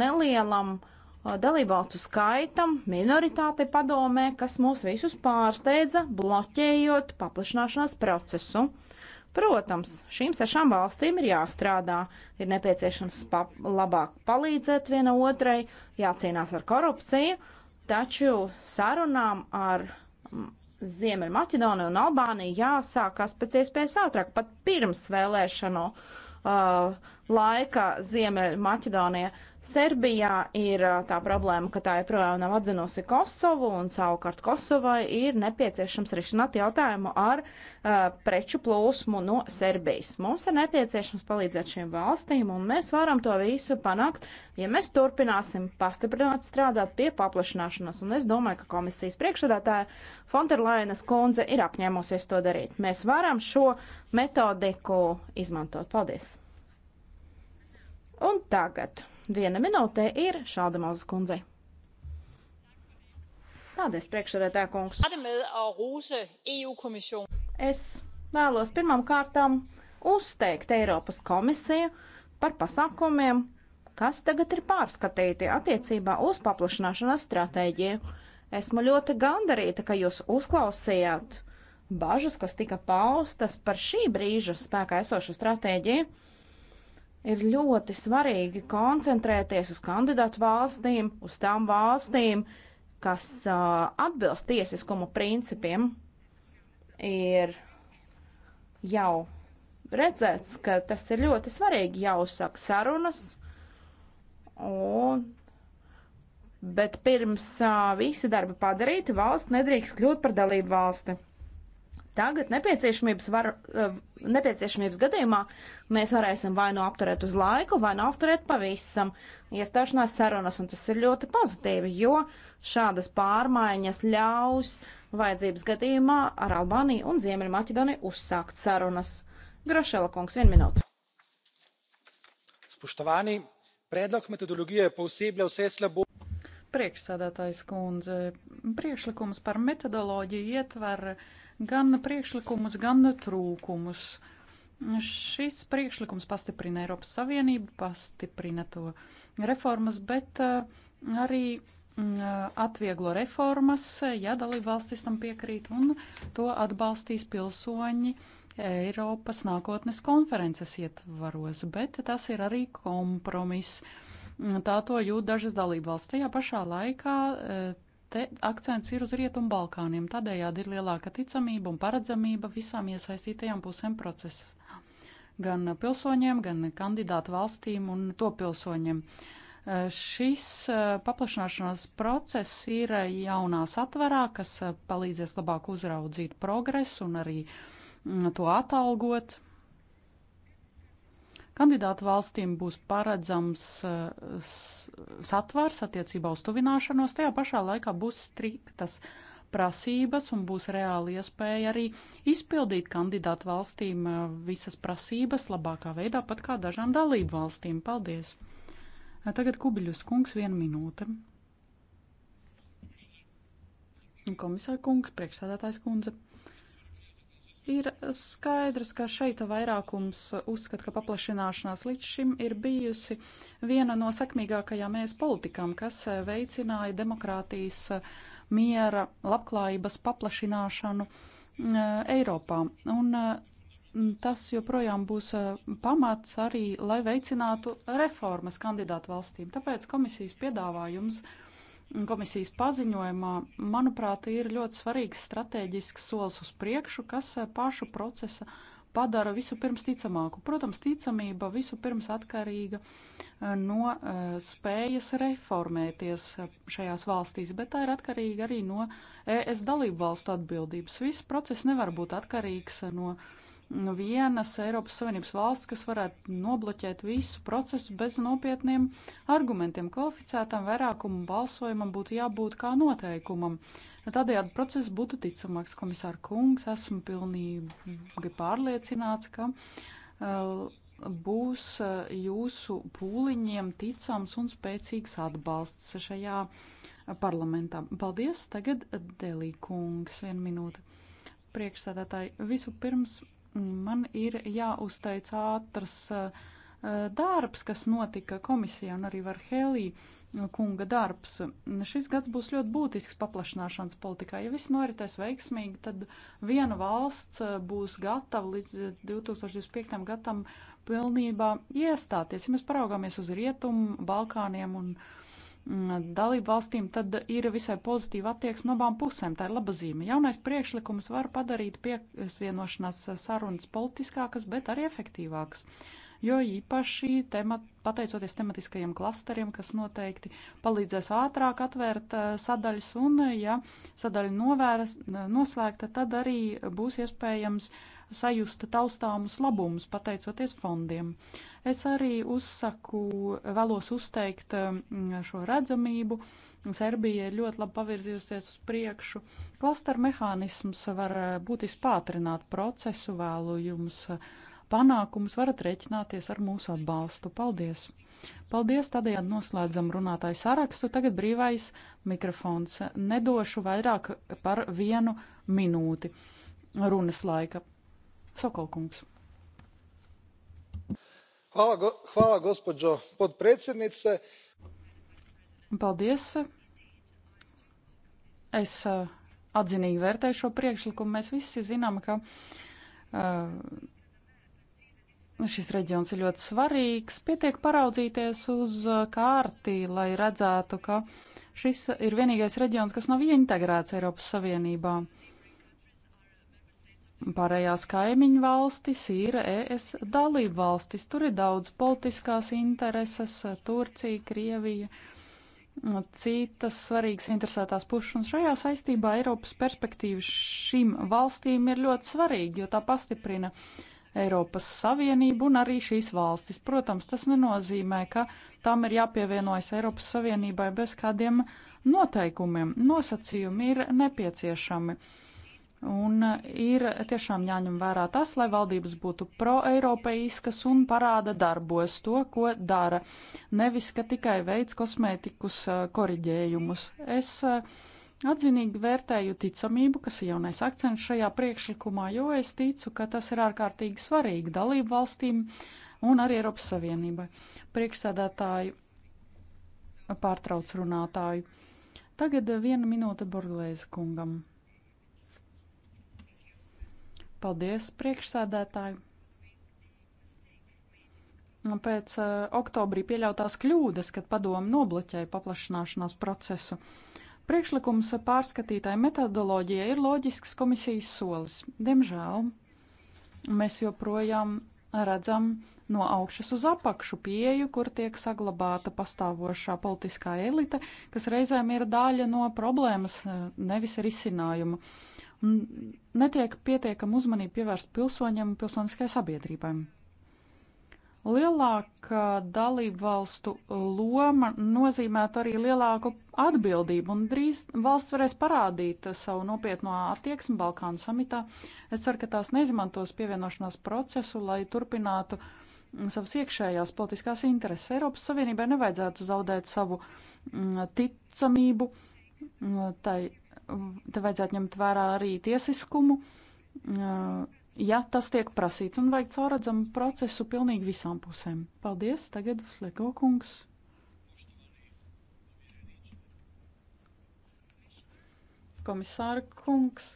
nelielam eh, dalībvalstu skaitam, minoritāte padomē, kas mūs visus pārsteidza, bloķējot paplašināšanās procesu. Protams, šīm sešām valstīm ir jāstrādā, ir nepieciešams pa labāk palīdzēt viena otrai, jācīnās ar korupciju, taču sarunām ar mm, Ziemeļmaķedoniju un Albāniju jāsākās pēc iespējas ātrāk, pat pirms vēlēšanu uh, laika Ziemeļmaķedonija Serbijā ir tā problēma, ka tā joprojām nav atzinusi Kosovu, un savukārt Kosovai ir nepieciešams risināt jautājumu ar uh, preču plūsmu no Serbijas. Mums ir nepieciešams palīdzēt šīm valstīm, un mēs varam to visu panākt, ja mēs turpināsim pastiprināt strādāt pie paplašināšanas, un es domāju, ka komisijas priekšredātāja Fonterlainas kundze ir apņēmusies to darīt. Mēs varam šo metodiku izmantot. Paldies! Un tagad. Viena minūte ir šāda maza kundzei. Paldies, priekšsēdētā kungs. Es vēlos pirmām kārtām uzteikt Eiropas komisiju par pasākumiem, kas tagad ir pārskatīti attiecībā uz paplašināšanās stratēģiju. Esmu ļoti gandarīta, ka jūs uzklausījāt bažas, kas tika paustas par šī brīža spēkā esošu stratēģiju ir ļoti svarīgi koncentrēties uz kandidātu valstīm, uz tām valstīm, kas uh, atbilst tiesiskuma principiem. Ir jau redzēts, ka tas ir ļoti svarīgi jāuzsāk sarunas, un, bet pirms uh, visi darbi padarīti, valsts nedrīkst kļūt par dalību valsti. Tagad nepieciešamības, var, eh, nepieciešamības gadījumā mēs varēsim vai nu apturēt uz laiku, vai nu apturēt pavisam iestāšanās sarunas, un tas ir ļoti pozitīvi, jo šādas pārmaiņas ļaus vajadzības gadījumā ar Albāniju un Ziemeļmaķedoniju uzsākt sarunas. Grašela kungs, vien minūte. Spoštovani, predlog metodologije posebja vse slabo priekšsēdētājs kundze, priekšlikums par metodoloģiju ietver uh, gan priekšlikumus, gan trūkumus. Šis priekšlikums pastiprina Eiropas Savienību, pastiprina to reformas, bet uh, arī mm, uh, atvieglo reformas, ja dalībvalstis tam piekrīt, un to atbalstīs pilsoņi Eiropas nākotnes konferences ietvaros, bet tas ir arī kompromiss. Tā to jūt dažas dalībvalsts. Tajā pašā laikā eh, te akcents ir uz Rietumu Balkāniem. Tādējādi ir lielāka ticamība un paredzamība visām iesaistītajām pusēm procesā. Gan pilsoņiem, gan kandidātu valstīm un to pilsoņiem. Eh, šis eh, paplašināšanās process ir eh, jaunā satverā, kas palīdzēs labāk uzraudzīt progresu un arī mm, to atalgot Kandidātu valstīm būs paredzams eh, satvars attiecībā uz tuvināšanos, tajā pašā laikā būs striktas prasības un būs reāli iespēja arī izpildīt kandidātu valstīm eh, visas prasības labākā veidā, pat kā dažām dalību valstīm. Paldies! Eh, tagad Kubiļus kungs vienu minūte. Komisāra kungs, priekšsēdētājs kundze. Ir skaidrs, ka šeit vairākums uzskata, ka paplašināšanās līdz šim ir bijusi viena no sekmīgākajām mēs politikām, kas eh, veicināja demokrātijas eh, miera, labklājības paplašināšanu eh, Eiropā. Un tas joprojām būs pamats arī, lai veicinātu reformas kandidātu valstīm. Tāpēc komisijas piedāvājums jums komisijas paziņojumā, manuprāt, ir ļoti svarīgs strateģisks solis uz priekšu, kas eh, pašu procesa padara visu pirms ticamāku. Protams, ticamība visu pirms atkarīga eh, no eh, spējas reformēties šajās valstīs, bet tā ir atkarīga arī no ES dalību valstu atbildības. Viss process nevar būt atkarīgs no uh, Nu, vienas Eiropas Savienības valsts, kas varētu nobloķēt visu procesu bez nopietniem argumentiem. Kvalificētam vairākumu balsojumam būtu jābūt kā noteikumam. Tādējādi process būtu ticamāks. Komisāra kungs, esmu pilnīgi pārliecināts, ka uh, būs uh, jūsu pūliņiem ticams un spēcīgs atbalsts šajā parlamentā. Paldies, tagad uh, Delī kungs, viena minūte. Priekšsēdētāji, visu pirms Man ir jāuzteic ātrs eh, darbs, kas notika komisijā un arī Varhelī kunga darbs. Šis gads būs ļoti būtisks paplašināšanas politikā. Ja viss noritēs veiksmīgi, tad viena valsts eh, būs gatava līdz 2025. gadam pilnībā iestāties. Ja mēs paraugāmies uz Rietumu, Balkāniem un uh, dalību valstīm, tad ir visai pozitīva attieksme no abām pusēm. Tā ir laba zīme. Jaunais priekšlikums var padarīt piesvienošanās sarunas politiskākas, bet arī efektīvākas. Jo īpaši temat, pateicoties tematiskajiem klasteriem, kas noteikti palīdzēs ātrāk atvērt eh, sadaļas, un ja sadaļa novērs, eh, noslēgta, tad arī būs iespējams uh, sajusta taustāmus labumus pateicoties fondiem. Es arī uzsaku, vēlos uzteikt mm, šo redzamību. Serbija ir ļoti labi pavirzījusies uz priekšu. Klaster mehānisms var eh, būtiski pātrināt procesu, vēlu jums eh, panākumus, varat rēķināties ar mūsu atbalstu. Paldies! Paldies, tādējādi noslēdzam runātāju sarakstu. Tagad brīvais mikrofons. Nedošu vairāk par vienu minūti runas laika. Sokolkungs. Hvala, go, hvala gospođo podpredsednice. Paldies. Es eh, atzinīgi vērtēju šo priekšlikumu. Mēs visi zinām, ka uh, šis reģions ir ļoti svarīgs. Pietiek paraudzīties uz eh, kārti, lai redzētu, ka šis ir vienīgais reģions, kas nav integrēts Eiropas Savienībā. Uh, Pārējās kaimiņu valstis ir ES dalību valstis. Tur ir daudz politiskās intereses - Turcija, Krievija, citas svarīgas interesētās pušas. Un šajā saistībā Eiropas perspektīva šīm valstīm ir ļoti svarīga, jo tā pastiprina Eiropas Savienību un arī šīs valstis. Protams, tas nenozīmē, ka tām ir jāpievienojas Eiropas Savienībai bez kādiem noteikumiem. Nosacījumi ir nepieciešami. Uh, Un uh, ir tiešām jāņem vērā tas, lai valdības būtu pro-eiropeiskas un parāda darbos to, ko dara, nevis ka tikai veids kosmētikus uh, koriģējumus. Es uh, atzinīgi vērtēju ticamību, kas ir jaunais akcents šajā priekšlikumā, jo es ticu, ka tas ir ārkārtīgi svarīgi dalību valstīm un arī Eiropas Savienībai. Priekšsēdētāju pārtrauc runātāju. Tagad viena minūte Borglēza kungam. Paldies, priekšsēdētāji! Pēc uh, oktobrī pieļautās kļūdas, kad padomu nobloķēja paplašināšanās procesu, priekšlikums pārskatītāja metodoloģija ir loģisks komisijas solis. Diemžēl mēs joprojām redzam no augšas uz apakšu pieju, kur tiek saglabāta pastāvošā politiskā elite, kas reizēm ir daļa no problēmas, eh, nevis risinājuma. Uh, un netiek pietiekama uzmanība pievērsta pilsoņiem un pilsoniskai sabiedrībai. Lielāka dalību valstu loma nozīmētu arī lielāku atbildību, un drīz valsts varēs parādīt savu nopietno attieksmi Balkānu samitā. Es ceru, ka tās neizmantos pievienošanās procesu, lai turpinātu savas iekšējās politiskās intereses. Eiropas Savienībai nevajadzētu zaudēt savu mm, ticamību mm, tai te vajadzētu ņemt vērā arī tiesiskumu, ja tas tiek prasīts, un vajag cauradzamu procesu pilnīgi visām pusēm. Paldies, tagad Fleko kungs. Komisāra kungs.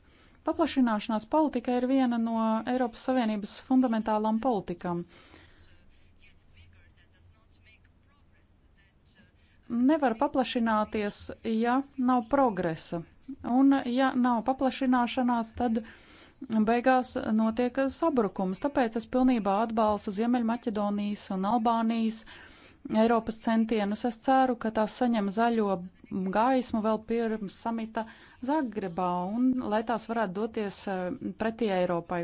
Paplašināšanās politika ir viena no Eiropas Savienības fundamentālām politikām. Nevar paplašināties, ja nav progresa. Un, ja nav paplašināšanās, tad beigās notiek sabrukums. Tāpēc es pilnībā atbalstu Ziemeļmaķedonijas un Albānijas Eiropas centienus. Es ceru, ka tās saņem zaļo gaismu vēl pirms samita Zagrebā un lai tās varētu doties e, pretī Eiropai.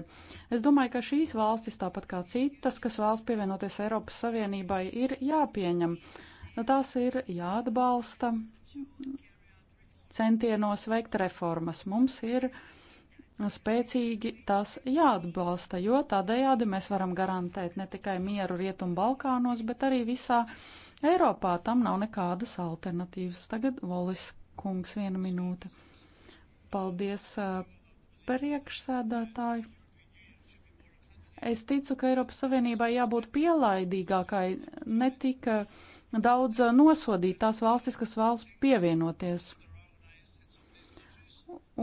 Es domāju, ka šīs valstis, tāpat kā citas, kas vēlas pievienoties Eiropas Savienībai, ir jāpieņem. Tās ir jāatbalsta centienos veikt reformas. Mums ir spēcīgi tas jāatbalsta, jo tādējādi mēs varam garantēt ne tikai mieru Rietumu Balkānos, bet arī visā Eiropā. Tam nav nekādas alternatīvas. Tagad Volis kungs viena minūte. Paldies priekšsēdētāji. Es ticu, ka Eiropas Savienībai jābūt pielaidīgākai, ne tik daudz nosodīt tās valstis, kas vēlas pievienoties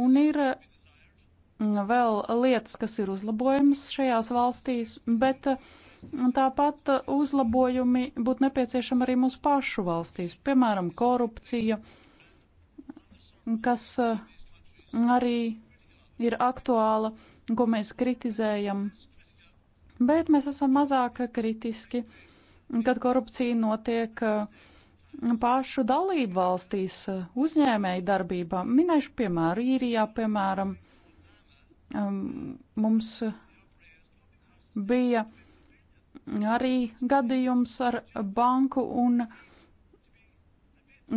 Un ir mm, vēl lietas, kas ir uzlabojamas šajās valstīs, bet mm, tāpat uzlabojumi būtu nepieciešami arī mūsu pašu valstīs, piemēram, korupcija, kas mm, arī ir aktuāla, ko mēs kritizējam, bet mēs esam mazāk kritiski, kad korupcija notiek uh, pašu dalību valstīs eh, uzņēmēju darbībā. Minēšu piemēru īrijā, piemēram, um, mums bija arī gadījums ar banku un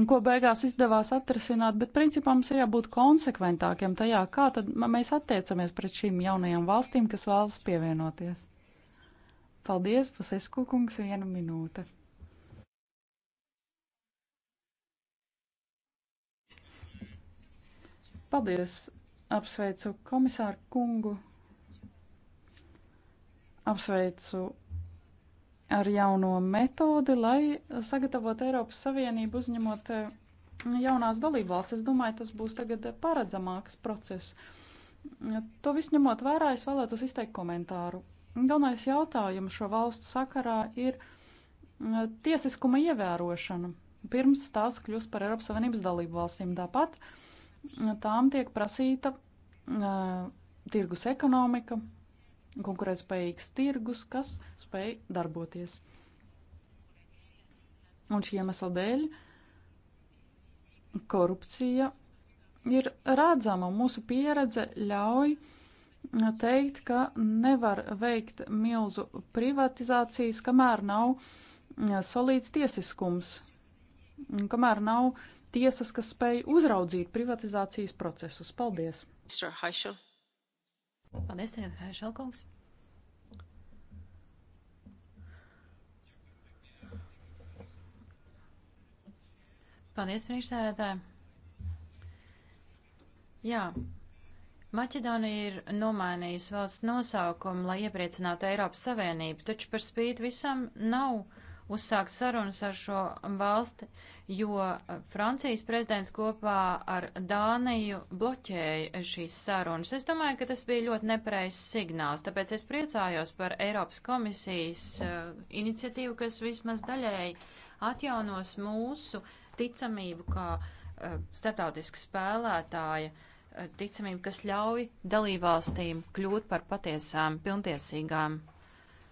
ko beigās izdevās atrasināt, bet principā mums ir jābūt konsekventākiem tajā, kā tad mēs attiecamies pret šīm jaunajām valstīm, kas vēlas pievienoties. Paldies, Pasesku kungs, viena minūte. Paldies! Apsveicu komisāru kungu. Apsveicu ar jauno metodi, lai sagatavotu Eiropas Savienību uzņemot eh, jaunās dalībvalstis. Es domāju, tas būs tagad paredzamāks process. To visu ņemot vērā, es vēlētos izteikt komentāru. Galvenais jautājums šo valstu sakarā ir eh, tiesiskuma ievērošana, pirms tās kļūst par Eiropas Savienības dalību valstīm. Tāpat uh, tām tiek prasīta uh, tirgus ekonomika, konkurētspējīgs tirgus, kas spēj darboties. Un šī iemesla dēļ korupcija ir redzama. Mūsu pieredze ļauj teikt, ka nevar veikt milzu privatizācijas, kamēr nav solīts tiesiskums, kamēr nav uh, tiesas, kas spēj uzraudzīt privatizācijas procesus. Paldies! Paldies, tev, Haišelkungs! Paldies, priekšsēdētāji! Jā, Maķedonija ir nomainījusi valsts nosaukumu, lai iepriecinātu Eiropas Savienību, taču par spīti visam nav uzsākt sarunas ar šo valsti, jo Francijas prezidents kopā ar Dāniju bloķēja šīs sarunas. Es domāju, ka tas bija ļoti nepareizs signāls, tāpēc es priecājos par Eiropas komisijas uh, iniciatīvu, kas vismaz daļēji atjaunos mūsu ticamību kā uh, starptautiska spēlētāja uh, ticamību, kas ļauj dalībvalstīm kļūt par patiesām, pilntiesīgām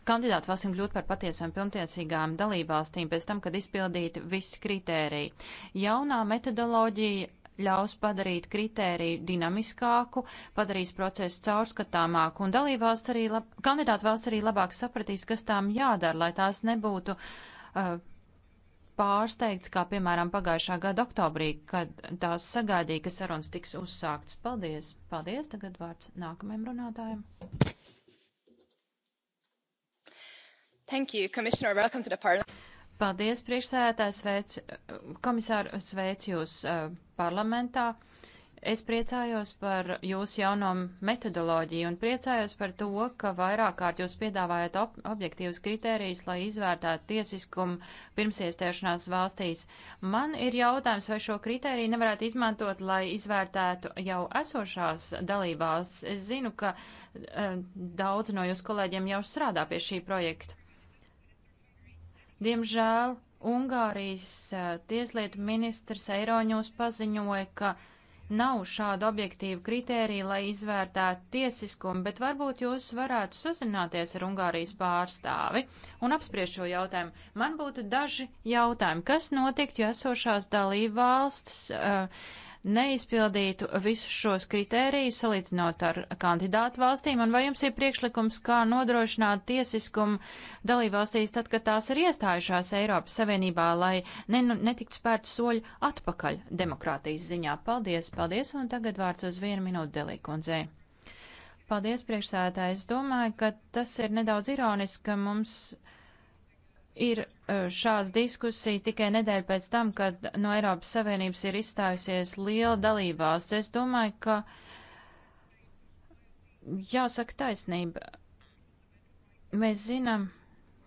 Kandidāti valstīm kļūt par patiesām pilntiesīgām dalībvalstīm pēc tam, kad izpildīti visi kritēriji. Jaunā metodoloģija ļaus padarīt kritēriju dinamiskāku, padarīs procesu caurskatāmāku, un dalībvalsts arī, lab, kandidātu valsts arī labāk sapratīs, kas tām jādara, lai tās nebūtu uh, pārsteigts, kā piemēram pagājušā gada oktobrī, kad tās sagaidīja, ka sarunas tiks uzsāktas. Paldies! Paldies! Tagad vārds nākamajam runātājam. Thank you, Commissioner. Welcome to the Parliament. Paldies, priekšsēdētājs, sveic, eh, komisāru, sveicu jūs uh, parlamentā. Es priecājos par jūsu jauno metodoloģiju un priecājos par to, ka vairāk kārt jūs piedāvājat ob objektīvas kritērijas, lai izvērtētu tiesiskumu pirms iestēšanās valstīs. Man ir jautājums, vai šo kritēriju nevarētu izmantot, lai izvērtētu jau esošās dalībvalsts. Es zinu, ka e, daudz no jūsu kolēģiem jau strādā pie šī projekta. Diemžēl Ungārijas tieslietu ministrs Eiroņos paziņoja, ka nav šādu objektīvu kritēriju, lai izvērtētu tiesiskumu, bet varbūt jūs varētu sazināties ar Ungārijas pārstāvi un apspriest šo jautājumu. Man būtu daži jautājumi, kas notiktu, ja esošās dalību valsts uh, neizpildītu visus šos kritērijus salīdzinot ar kandidātu valstīm, un vai jums ir priekšlikums, kā nodrošināt tiesiskumu dalībvalstīs tad, kad tās ir iestājušās Eiropas Savienībā, lai ne, nu, netiktu spērti soļi atpakaļ demokrātijas ziņā? Paldies, paldies, un tagad vārds uz vienu minūtu delīkundzei. Paldies, priekšsēdētāji. Es domāju, ka tas ir nedaudz ironiski, ka mums ir e, šāds diskusijas tikai nedēļa pēc tam, kad no Eiropas Savienības ir izstājusies liela dalībās. Es domāju, ka jāsaka taisnība. Mēs zinām,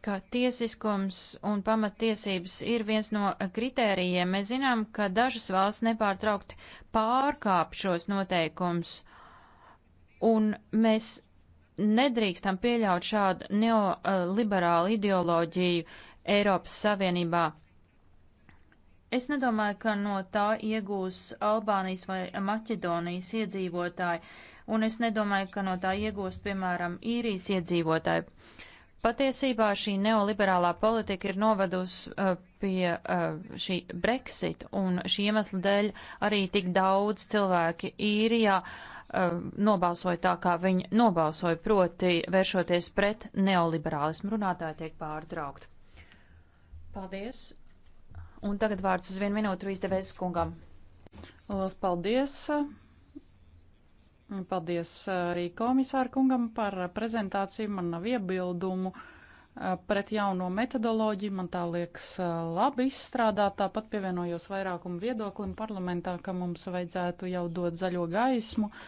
ka tiesiskums un pamatiesības ir viens no kritērijiem. Mēs zinām, ka dažas valsts nepārtraukti pārkāp šos noteikumus. Un mēs nedrīkstam pieļaut šādu neoliberālu ideoloģiju Eiropas Savienībā. Es nedomāju, ka no tā iegūs Albānijas vai Maķedonijas iedzīvotāji, un es nedomāju, ka no tā iegūs, piemēram, īrijas iedzīvotāji. Patiesībā šī neoliberālā politika ir novedusi uh, pie uh, šī Brexit, un šī iemesla dēļ arī tik daudz cilvēki īrijā uh, Eh, nobalsoja tā, kā viņi nobalsoja, proti vēršoties pret neoliberālismu. Runātāji tiek pārtraukt. Paldies. Un tagad vārds uz vienu minūtu izdevēs kungam. Lielas paldies. Paldies eh, arī komisāru kungam par prezentāciju. Man nav iebildumu. Uh, Eh, pret jauno metodoloģiju. Man tā liekas eh, labi izstrādāt. Tāpat pievienojos vairākumu viedoklim parlamentā, ka mums vajadzētu jau dot zaļo gaismu uh,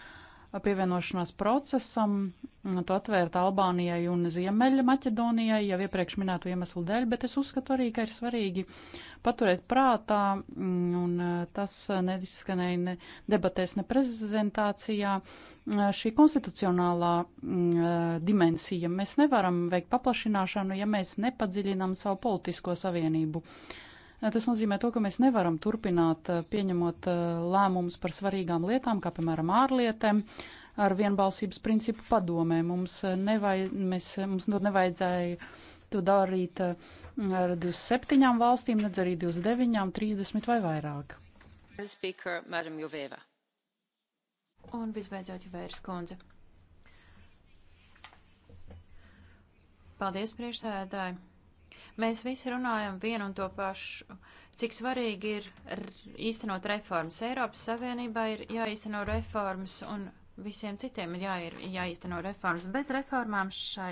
pievienošanās procesam. To atvērt Albānijai un Ziemeļa Maķedonijai jau iepriekš minēto iemeslu dēļ, bet es uzskatu arī, ka ir svarīgi paturēt prātā, mm, un e, tas neizskanēja ne debatēs, ne prezentācijā, e, šī konstitucionālā mm, e, dimensija. Mēs nevaram veikt paplašināšanu, ja mēs nepadziļinām savu politisko savienību. Tas nozīmē to, ka mēs nevaram turpināt eh, pieņemot eh, lēmumus par svarīgām lietām, kā piemēram ārlietēm, ar vienbalsības principu padomē. Mums, eh, nevajad, mēs, mums nu nevajadzēja to darīt ar 27 valstīm, nedz arī 29, 30 vai vairāk. Speaker, Un visbeidzot, Juvērs Kundze. Paldies, priekšsēdētāji! Mēs visi runājam vienu un to pašu. Cik svarīgi ir īstenot reformas? Eiropas Savienībā ir jāīsteno reformas un visiem citiem ir jā, ir jāīsteno reformas. Bez reformām šai,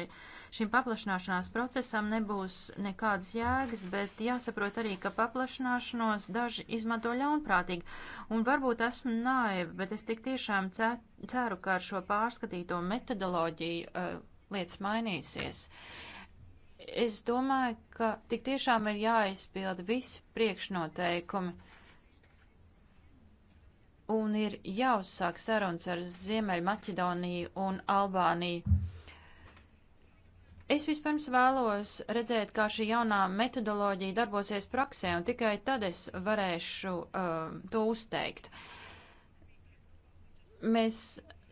šim paplašināšanās procesam nebūs nekādas jēgas, bet jāsaprot arī, ka paplašināšanos daži izmanto ļaunprātīgi. Un varbūt esmu naiva, bet es tik tiešām ceru, ka ar šo pārskatīto metodoloģiju uh, lietas mainīsies. Uh, Es domāju, ka tik tiešām ir jāizpilda visi priekšnoteikumi un ir jāuzsāk sarunas ar Ziemeļmaķedoniju un Albāniju. Es vispirms vēlos redzēt, kā šī jaunā metodoloģija darbosies praksē, un tikai tad es varēšu uh, to uzteikt. Mēs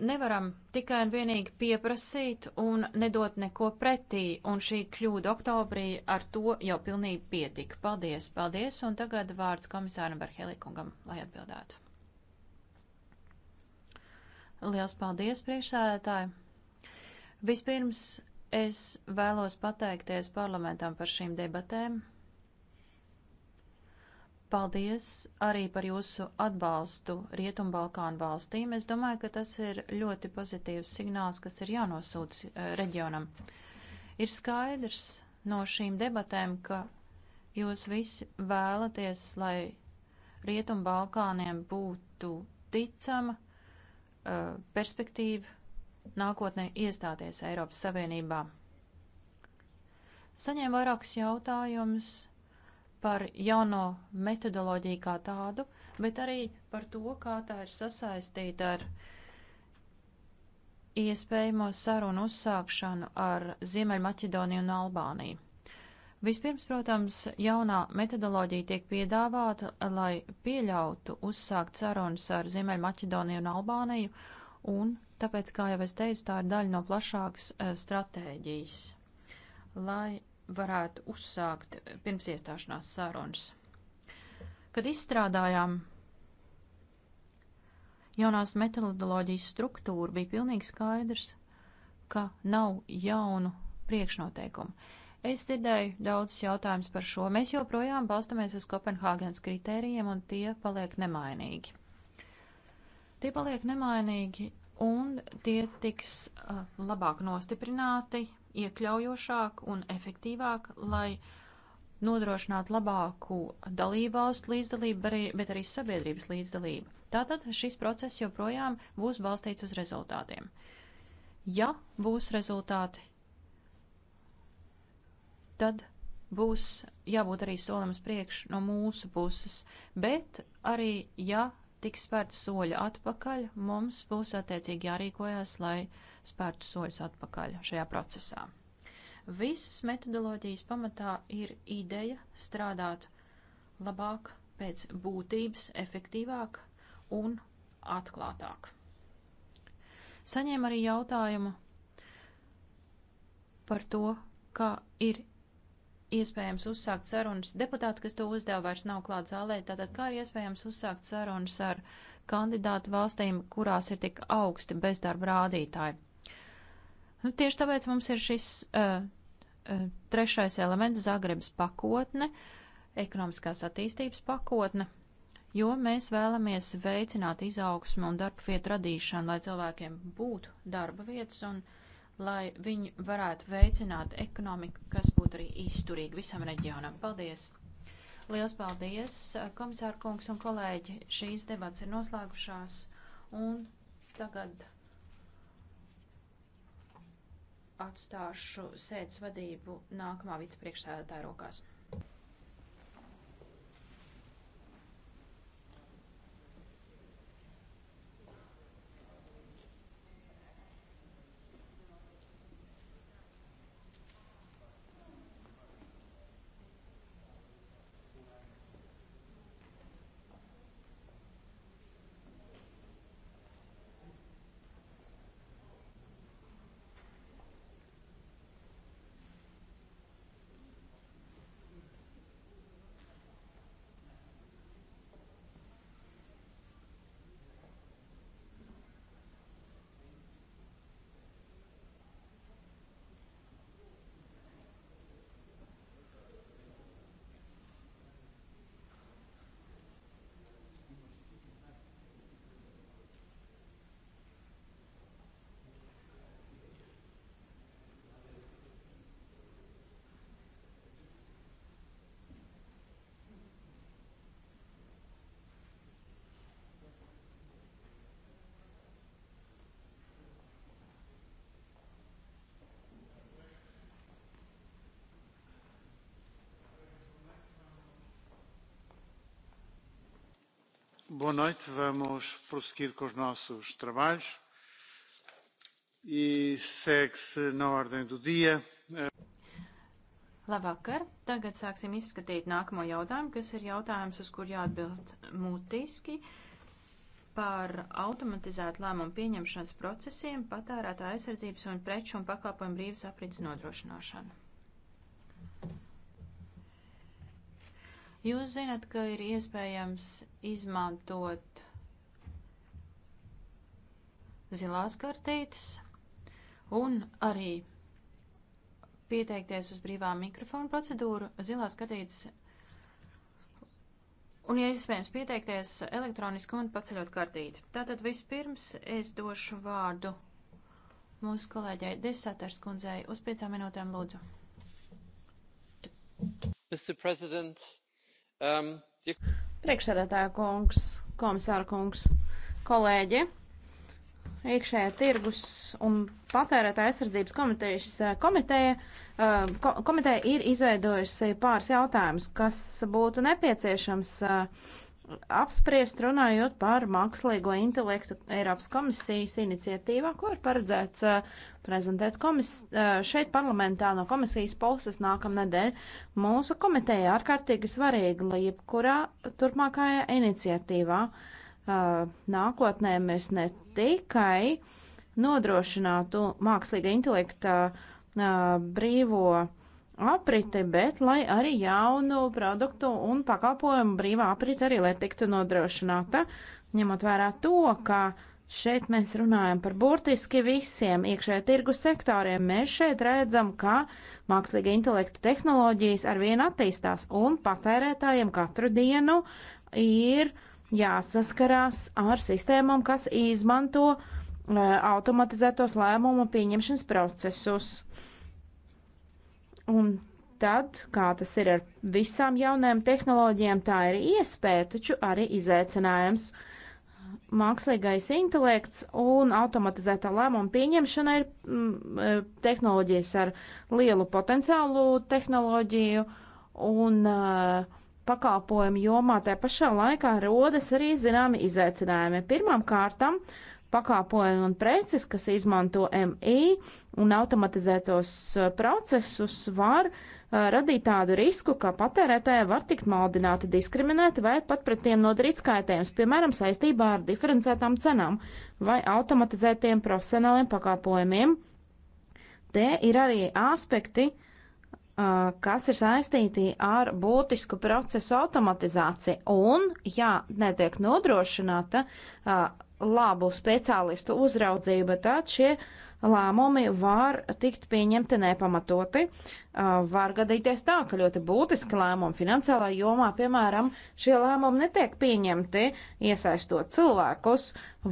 nevaram tikai un vienīgi pieprasīt un nedot neko pretī, un šī kļūda oktobrī ar to jau pilnīgi pietika. Paldies, paldies, un tagad vārds komisāram Barhelikungam, lai atbildētu. Liels paldies, priekšsēdētāji! Vispirms es vēlos pateikties parlamentam par šīm debatēm. Paldies arī par jūsu atbalstu Rietumbalkānu valstīm. Es domāju, ka tas ir ļoti pozitīvs signāls, kas ir jānosūts eh, reģionam. Ir skaidrs no šīm debatēm, ka jūs visi vēlaties, lai Rietumbalkāniem būtu ticama eh, perspektīva nākotnē iestāties Eiropas Savienībā. Saņēmu vairākus jautājumus par jauno metodoloģiju kā tādu, bet arī par to, kā tā ir sasaistīta ar iespējamo sarunu uzsākšanu ar Ziemeļmaķedoniju un Albāniju. Vispirms, protams, jaunā metodoloģija tiek piedāvāta, lai pieļautu uzsākt sarunas ar Ziemeļmaķedoniju un Albāniju, un tāpēc, kā jau es teicu, tā ir daļa no plašākas eh, stratēģijas, lai varētu uzsākt pirms iestāšanās sarunas. Kad izstrādājām jaunās metodoloģijas struktūru, bija pilnīgi skaidrs, ka nav jaunu priekšnoteikumu. Es dzirdēju daudz jautājumus par šo. Mēs joprojām balstamies uz Kopenhāgenes kritērijiem, un tie paliek nemainīgi. Tie paliek nemainīgi, un tie tiks uh, labāk nostiprināti iekļaujošāk un efektīvāk, lai nodrošinātu labāku dalībvalstu līdzdalību, bet arī sabiedrības līdzdalību. Tātad šis process joprojām būs balstīts uz rezultātiem. Ja būs rezultāti, tad būs jābūt arī solim uz priekšu no mūsu puses, bet arī, ja tiks spērta soļa atpakaļ, mums būs attiecīgi jārīkojās, lai uh, spērtu soļus atpakaļ šajā procesā. Visas metodoloģijas pamatā ir ideja strādāt labāk, pēc būtības, efektīvāk un atklātāk. Saņēma arī jautājumu par to, kā ir iespējams uzsākt sarunas. Deputāts, kas to uzdeva, vairs nav klāt zālē, tātad kā ir iespējams uzsākt sarunas ar kandidātu valstīm, kurās ir tik augsti bezdarba rādītāji. Nu, tieši tāpēc mums ir šis uh, uh, trešais elements - Zagrebas pakotne, ekonomiskās attīstības pakotne, jo mēs vēlamies veicināt izaugsmu un darba vietu radīšanu, lai cilvēkiem būtu darba vietas un lai viņi varētu veicināt ekonomiku, kas būtu arī izturīga visam reģionam. Paldies! Liels paldies, eh, komisārkungs un kolēģi! Šīs debats ir noslēgušās un tagad atstāšu sēdes vadību nākamā vicepriekšsēdētāja rokās. Boa noite, vamos prosseguir com os nossos trabalhos e segue-se na ordem do dia. Labvakar! Tagad sāksim izskatīt nākamo jautājumu, kas ir jautājums, uz kur jāatbild mutiski par automatizētu lēmumu pieņemšanas procesiem, patērētā aizsardzības un preču un pakalpojumu brīvas aprits nodrošināšanu. Jūs zinat, ka ir iespējams izmantot zilās kartītes un arī pieteikties uz brīvā mikrofona procedūru zilās kartītes un, ja iespējams, pieteikties elektroniski un paceļot kartīti. Tātad vispirms es došu vārdu mūsu kolēģei Desatars kundzei uz piecām minūtēm lūdzu. Mr. President, Um, tie... Priekšsēdētāja kungs, komisāra kungs, kolēģi. Iekšējā tirgus un patērētāja aizsardzības komitejas eh, komiteja, eh, ko, komiteja ir izveidojusi pāris jautājumus, kas būtu nepieciešams uh, apspriest runājot par mākslīgo intelektu Eiropas komisijas iniciatīvā, ko ir paredzēts uh, prezentēt komis, uh, šeit parlamentā no komisijas puses nākamnedēļ. Mūsu komiteja ārkārtīgi svarīga, lai jebkurā turpmākajā iniciatīvā uh, nākotnē mēs ne tikai nodrošinātu mākslīga intelekta uh, brīvo aprite, bet lai arī jaunu produktu un pakalpojumu brīvā aprite arī, lai tiktu nodrošināta, ņemot vērā to, ka šeit mēs runājam par burtiski visiem iekšējā tirgu sektoriem, mēs šeit redzam, ka mākslīga intelekta tehnoloģijas arvien attīstās un patērētājiem katru dienu ir jāsaskarās ar sistēmām, kas izmanto uh, automatizētos lēmumu pieņemšanas procesus. Uh, Un tad, kā tas ir ar visām jaunajām tehnoloģijām, tā ir iespēja, taču arī izaicinājums. Mākslīgais intelekts un automatizētā lēmuma pieņemšana ir mm, e, tehnoloģijas ar lielu potenciālu tehnoloģiju un uh, pakalpojumu jomā. Tā pašā laikā rodas arī zināmi izaicinājumi. Pirmām kārtām uh, pakāpojumi un preces, kas izmanto MI un automatizētos eh, procesus, var eh, radīt tādu risku, ka patērētāji var tikt maldināti, diskriminēti vai pat pret tiem nodarīt skaitējums, piemēram, saistībā ar diferencētām cenām vai automatizētiem profesionāliem pakāpojumiem. Te ir arī aspekti, eh, kas ir saistīti ar būtisku procesu automatizāciju. Un, ja netiek nodrošināta labu speciālistu uzraudzību, bet tad šie lēmumi var tikt pieņemti nepamatoti. Uh, var gadīties tā, ka ļoti būtiski lēmumi finansiālā jomā, piemēram, šie lēmumi netiek pieņemti iesaistot cilvēkus,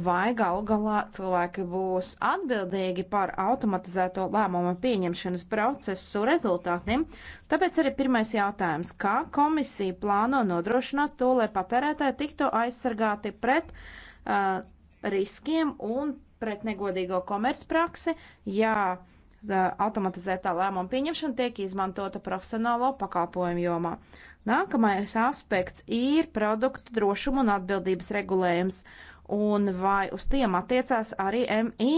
vai galu galā cilvēki būs atbildīgi par automatizēto lēmumu pieņemšanas procesu rezultātiem. Tāpēc arī pirmais jautājums, kā komisija plāno nodrošināt to, lai patērētāji tiktu aizsargāti pret uh, riskiem un pret negodīgo komercpraksi, ja e, automatizētā lēmuma pieņemšana tiek izmantota profesionālo pakalpojumu jomā. Nākamais aspekts ir produktu drošuma un atbildības regulējums, un vai uz tiem attiecās arī MI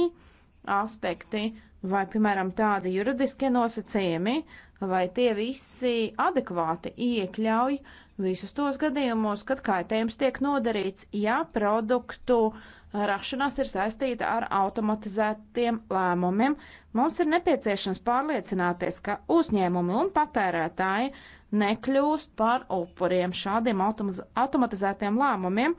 aspekti, vai, piemēram, tādi juridiskie nosacījumi, vai tie visi adekvāti iekļauj visus tos gadījumus, kad kaitējums tiek nodarīts, ja produktu uh, rašanās ir saistīta ar automatizētiem lēmumiem. Mums ir nepieciešams pārliecināties, ka uzņēmumi un patērētāji nekļūst par upuriem šādiem automatizētiem lēmumiem,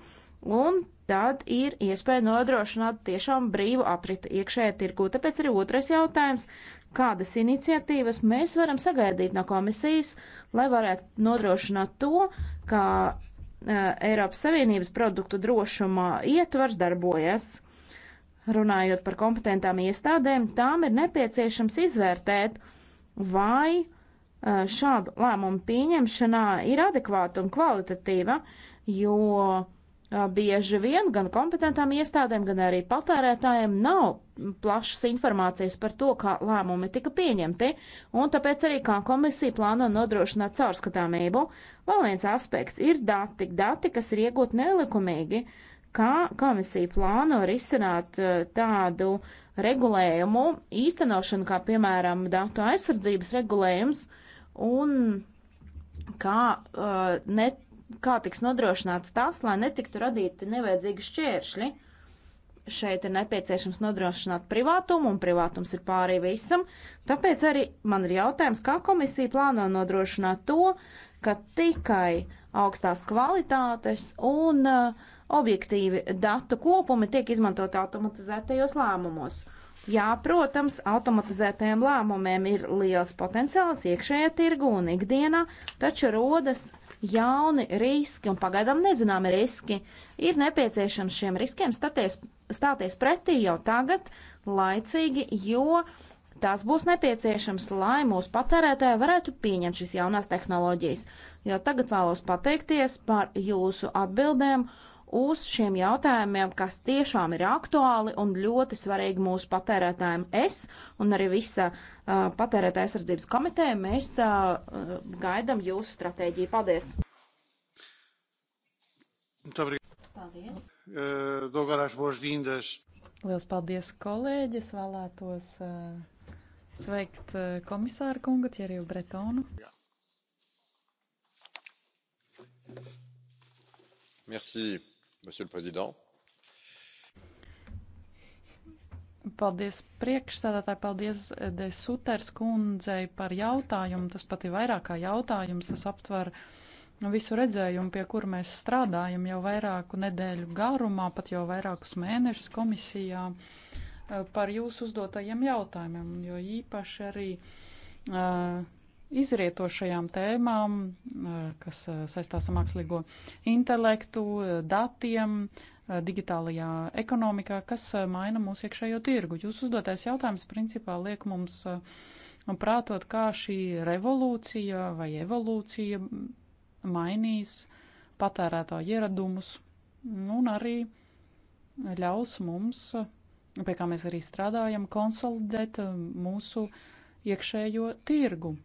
un tad ir iespēja nodrošināt tiešām brīvu apriti iekšējā tirgu. Tāpēc arī otrais jautājums - kādas iniciatīvas mēs varam sagaidīt no komisijas, lai varētu nodrošināt to, ka Eiropas Savienības produktu drošuma ietvars darbojas. Runājot par kompetentām iestādēm, tām ir nepieciešams izvērtēt, vai šādu lēmumu pieņemšanā ir adekvāta un kvalitatīva, jo bieži vien gan kompetentām iestādēm, gan arī patērētājiem nav plašas informācijas par to, kā lēmumi tika pieņemti, un tāpēc arī kā komisija plāno nodrošināt caurskatāmību. Vēl viens aspekts ir dati, dati, kas ir iegūti nelikumīgi, kā komisija plāno risināt tādu regulējumu īstenošanu, kā piemēram datu aizsardzības regulējums, un kā uh, net kā tiks nodrošināts tas, lai netiktu radīti nevajadzīgi šķēršļi. Šeit ir nepieciešams nodrošināt privātumu, un privātums ir pāri visam. Tāpēc arī man ir jautājums, kā komisija plāno nodrošināt to, ka tikai augstās kvalitātes un uh, objektīvi datu kopumi tiek izmantot automatizētajos lēmumos. Jā, protams, automatizētajiem lēmumiem ir liels potenciāls iekšējā tirgu un ikdienā, taču rodas uh, jauni riski un pagaidām nezināmi riski. Ir nepieciešams šiem riskiem staties, stāties pretī jau tagad, laicīgi, jo tas būs nepieciešams, lai mūsu patērētāji varētu pieņemt šīs jaunās tehnoloģijas. Jau tagad vēlos pateikties par jūsu atbildēm uz šiem jautājumiem, kas tiešām ir aktuāli un ļoti svarīgi mūsu patērētājiem. Es un arī visa uh, patērētāja aizsardzības komiteja, mēs uh, gaidam jūsu stratēģiju. Paldies! Paldies! Lielas paldies, kolēģi! Es vēlētos uh, sveikt uh, komisāru kungu Tjeriju Bretonu. Jā. Merci monsieur le président. Paldies priekšsēdētāji, paldies eh, Desuters kundzei par jautājumu. Tas pat ir vairāk kā jautājums, tas aptver visu redzējumu, pie kura mēs strādājam jau vairāku nedēļu garumā, pat jau vairākus mēnešus komisijā eh, par jūsu uzdotajiem jautājumiem, jo īpaši arī uh, izrietošajām tēmām, eh, kas eh, saistās ar mākslīgo intelektu, eh, datiem, digitālajā ekonomikā, kas maina mūsu iekšējo tirgu. Jūsu uzdotais jautājums principā liek mums prātot, kā šī revolūcija vai evolūcija mainīs patērētāju ieradumus nu, un arī ļaus mums, pie kā mēs arī strādājam, konsolidēt mūsu iekšējo tirgu.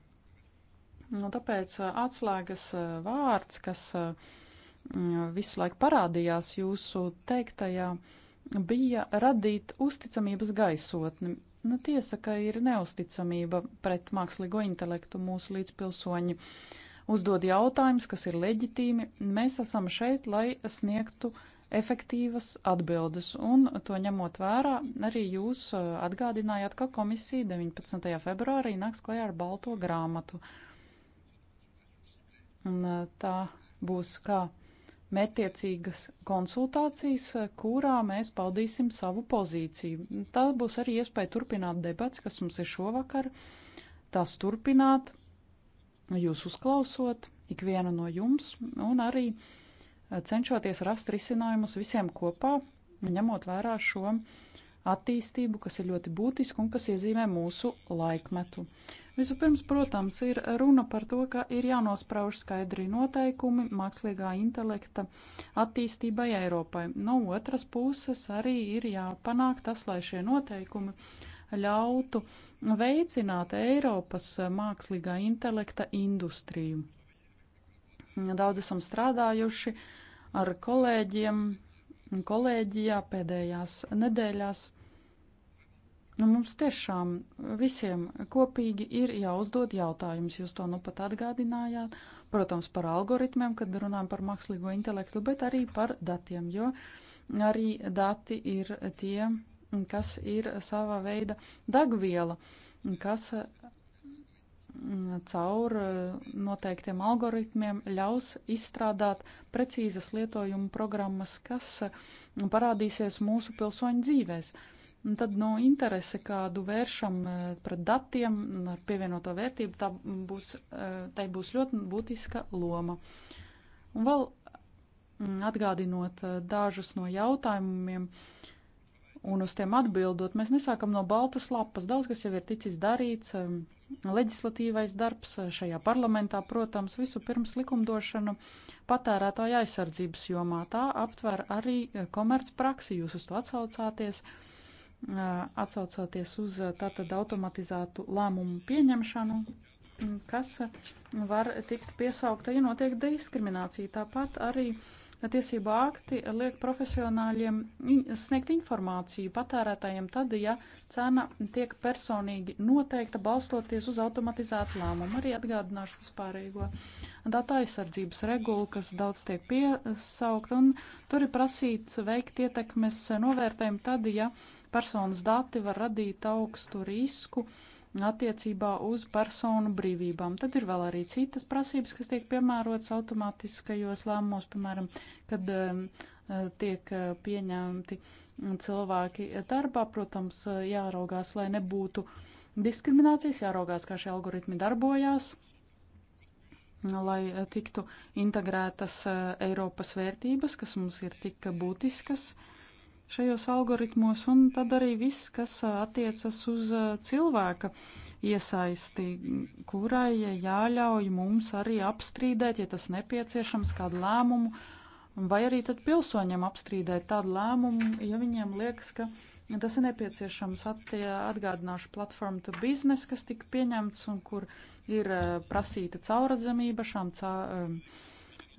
Nu, tāpēc atslēgas vārds, kas visu laiku parādījās jūsu teiktajā, bija radīt uzticamības gaisotni. Nu, tiesa, ka ir neusticamība pret mākslīgo intelektu mūsu līdzpilsoņi. Uzdod jautājumus, kas ir leģitīmi. Mēs esam šeit, lai sniegtu efektīvas atbildes, un to ņemot vērā, arī jūs atgādinājāt, ka komisija 19. februārī nāks klajā ar balto grāmatu. Uh, Un tā būs kā mērķtiecīgas konsultācijas, kurā mēs paudīsim savu pozīciju. Tā būs arī iespēja turpināt debats, kas mums ir šovakar, tās turpināt, jūs uzklausot, ikvienu no jums, un arī cenšoties rast risinājumus visiem kopā, ņemot vērā šo uh, attīstību, kas ir ļoti būtiska un kas iezīmē mūsu laikmetu. Vispirms, protams, ir runa par to, ka ir jānosprauž skaidri noteikumi mākslīgā intelekta attīstībai Eiropai. No otras puses arī ir jāpanāk tas, lai šie noteikumi ļautu veicināt Eiropas mākslīgā intelekta industriju. Daudz esam strādājuši ar kolēģiem kolēģijā pēdējās nedēļās. Nu, mums tiešām visiem kopīgi ir jāuzdod jautājums, jūs to nu pat atgādinājāt, protams, par algoritmiem, kad runājam par mākslīgo intelektu, bet arī par datiem, jo arī dati ir tie, kas ir sava veida dagviela, kas caur eh, noteiktiem algoritmiem ļaus izstrādāt precīzas lietojuma programmas, kas mm, parādīsies mūsu pilsoņu dzīvēs. Un tad no interese, kādu vēršam eh, pret datiem ar pievienoto vērtību, tā būs, eh, tai būs ļoti būtiska loma. Un vēl mm, atgādinot dažus no jautājumiem, un uz tiem atbildot, mēs nesākam no baltas lapas. Daudz kas jau ir ticis darīts, leģislatīvais darbs eh, šajā parlamentā, protams, visu pirms likumdošanu patērētāja aizsardzības jomā. Tā aptver arī eh, komercpraksi, jūs uz to atsaucāties, eh, atsaucāties uz tātad automatizētu lēmumu pieņemšanu, mm, kas var tikt piesaukta, ja notiek diskriminācija. Tāpat arī uh, tiesību akti liek profesionāļiem sniegt informāciju patērētājiem tad, ja cena tiek personīgi noteikta balstoties uz automatizētu lēmumu. Arī atgādināšu vispārējo datu aizsardzības regulu, kas daudz tiek piesaukt, un tur ir prasīts veikt ietekmes novērtējumu tad, ja personas dati var radīt augstu risku uh, attiecībā uz personu brīvībām. Tad ir vēl arī citas prasības, kas tiek piemērotas automātiskajos lēmumos, piemēram, kad um, uh, tiek uh, pieņemti cilvēki darbā, protams, uh, jāraugās, lai nebūtu diskriminācijas, jāraugās, kā šie algoritmi darbojās, lai tiktu integrētas Eiropas vērtības, kas mums ir tik būtiskas. Uh, šajos algoritmos, un tad arī viss, kas attiecas uz cilvēka iesaisti, kurai jāļauj mums arī apstrīdēt, ja tas nepieciešams, kādu lēmumu, vai arī tad pilsoņiem apstrīdēt tādu lēmumu, ja viņiem liekas, ka tas ir nepieciešams. Attie, atgādināšu platformu to business, kas tika pieņemts un kur ir prasīta cauradzamība šām cauradzamībām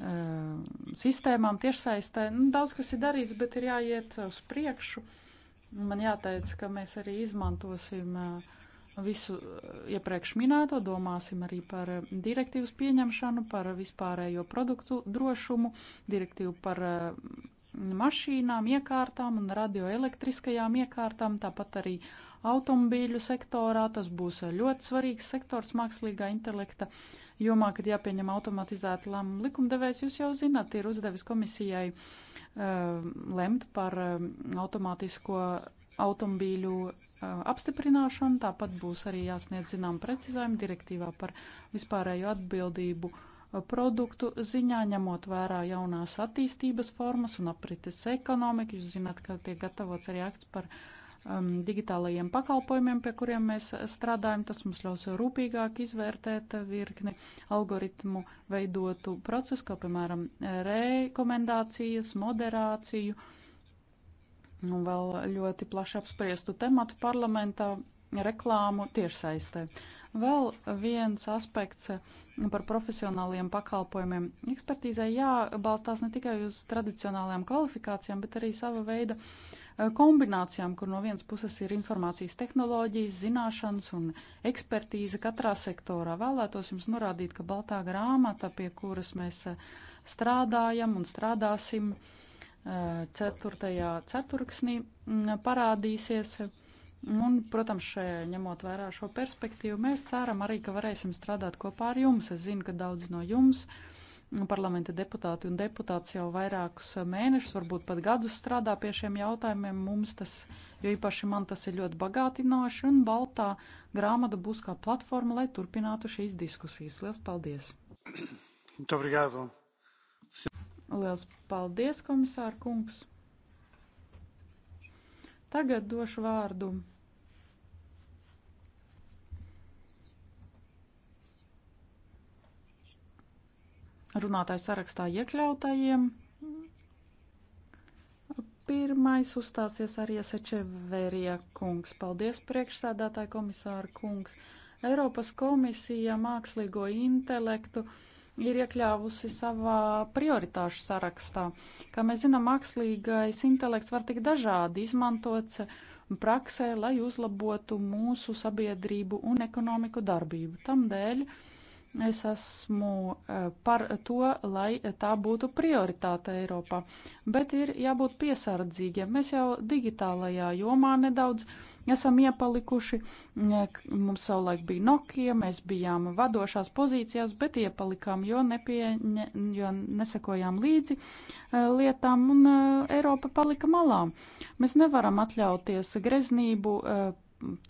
Uh, sistēmām tiešsaistē. Nu, daudz kas ir darīts, bet ir jāiet uz priekšu. Man jāteic, ka mēs arī izmantosim uh, visu uh, iepriekš minēto, domāsim arī par direktīvas pieņemšanu, par vispārējo produktu drošumu, direktīvu par mašīnām, iekārtām un radioelektriskajām iekārtām, tāpat arī uh, automobīļu sektorā. Tas būs ļoti svarīgs sektors mākslīgā intelekta jomā, kad jāpieņem automatizēta lēmuma likumdevējs. Jūs jau zināt, ir uzdevis komisijai uh, lemt par uh, automātisko automobīļu eh, apstiprināšanu. Tāpat būs arī jāsniedz zinām precizējumi direktīvā par vispārējo atbildību produktu ziņā, ņemot vērā jaunās attīstības formas un aprites ekonomiku. Jūs zināt, ka tiek gatavots arī akts par uh, um, digitālajiem pakalpojumiem, pie kuriem mēs strādājam. Tas mums ļaus rūpīgāk izvērtēt virkni algoritmu veidotu procesu, kā piemēram rekomendācijas, moderāciju un vēl ļoti plaši apspriestu tematu parlamentā reklāmu tiešsaistē. Vēl viens aspekts par profesionāliem pakalpojumiem. Ekspertīzē jābalstās ne tikai uz tradicionālajām kvalifikācijām, bet arī sava veida uh, Eh, kombinācijām, kur no vienas puses ir informācijas tehnoloģijas, zināšanas un ekspertīze katrā sektorā. Vēlētos jums norādīt, ka Baltā grāmata, pie kuras mēs eh, strādājam un strādāsim 4. Eh, ceturksnī, mm, parādīsies. Un, protams, še, ņemot vērā šo perspektīvu, mēs ceram arī, ka varēsim strādāt kopā ar jums. Es zinu, ka daudz no jums uh, parlamenta deputāti un deputāts jau vairākus mēnešus, varbūt pat gadus strādā pie šiem jautājumiem. Mums tas, jo īpaši man tas ir ļoti bagātinoši, un Baltā grāmata būs kā platforma, lai turpinātu šīs diskusijas. Lielas paldies! Obrigado. Lielas paldies, komisāra kungs! Tagad došu vārdu runātāju sarakstā iekļautajiem. Pirmais uzstāsies arī Sečeverija kungs. Paldies, priekšsēdētāji komisāra kungs. Eiropas komisija mākslīgo intelektu ir iekļāvusi savā prioritāšu sarakstā. Kā mēs zinām, mākslīgais intelekts var tik dažādi izmantots praksē, lai uzlabotu mūsu sabiedrību un ekonomiku darbību. Tam dēļ. Uh, Es esmu e, par to, lai tā būtu prioritāte Eiropā, bet ir jābūt piesardzīgiem. Mēs jau digitālajā jomā nedaudz esam iepalikuši. Mums savulaik bija Nokia, mēs bijām vadošās pozīcijās, bet iepalikām, jo, nepie, ne, jo nesekojām līdzi e, lietām un e, Eiropa palika malā. Mēs nevaram atļauties greznību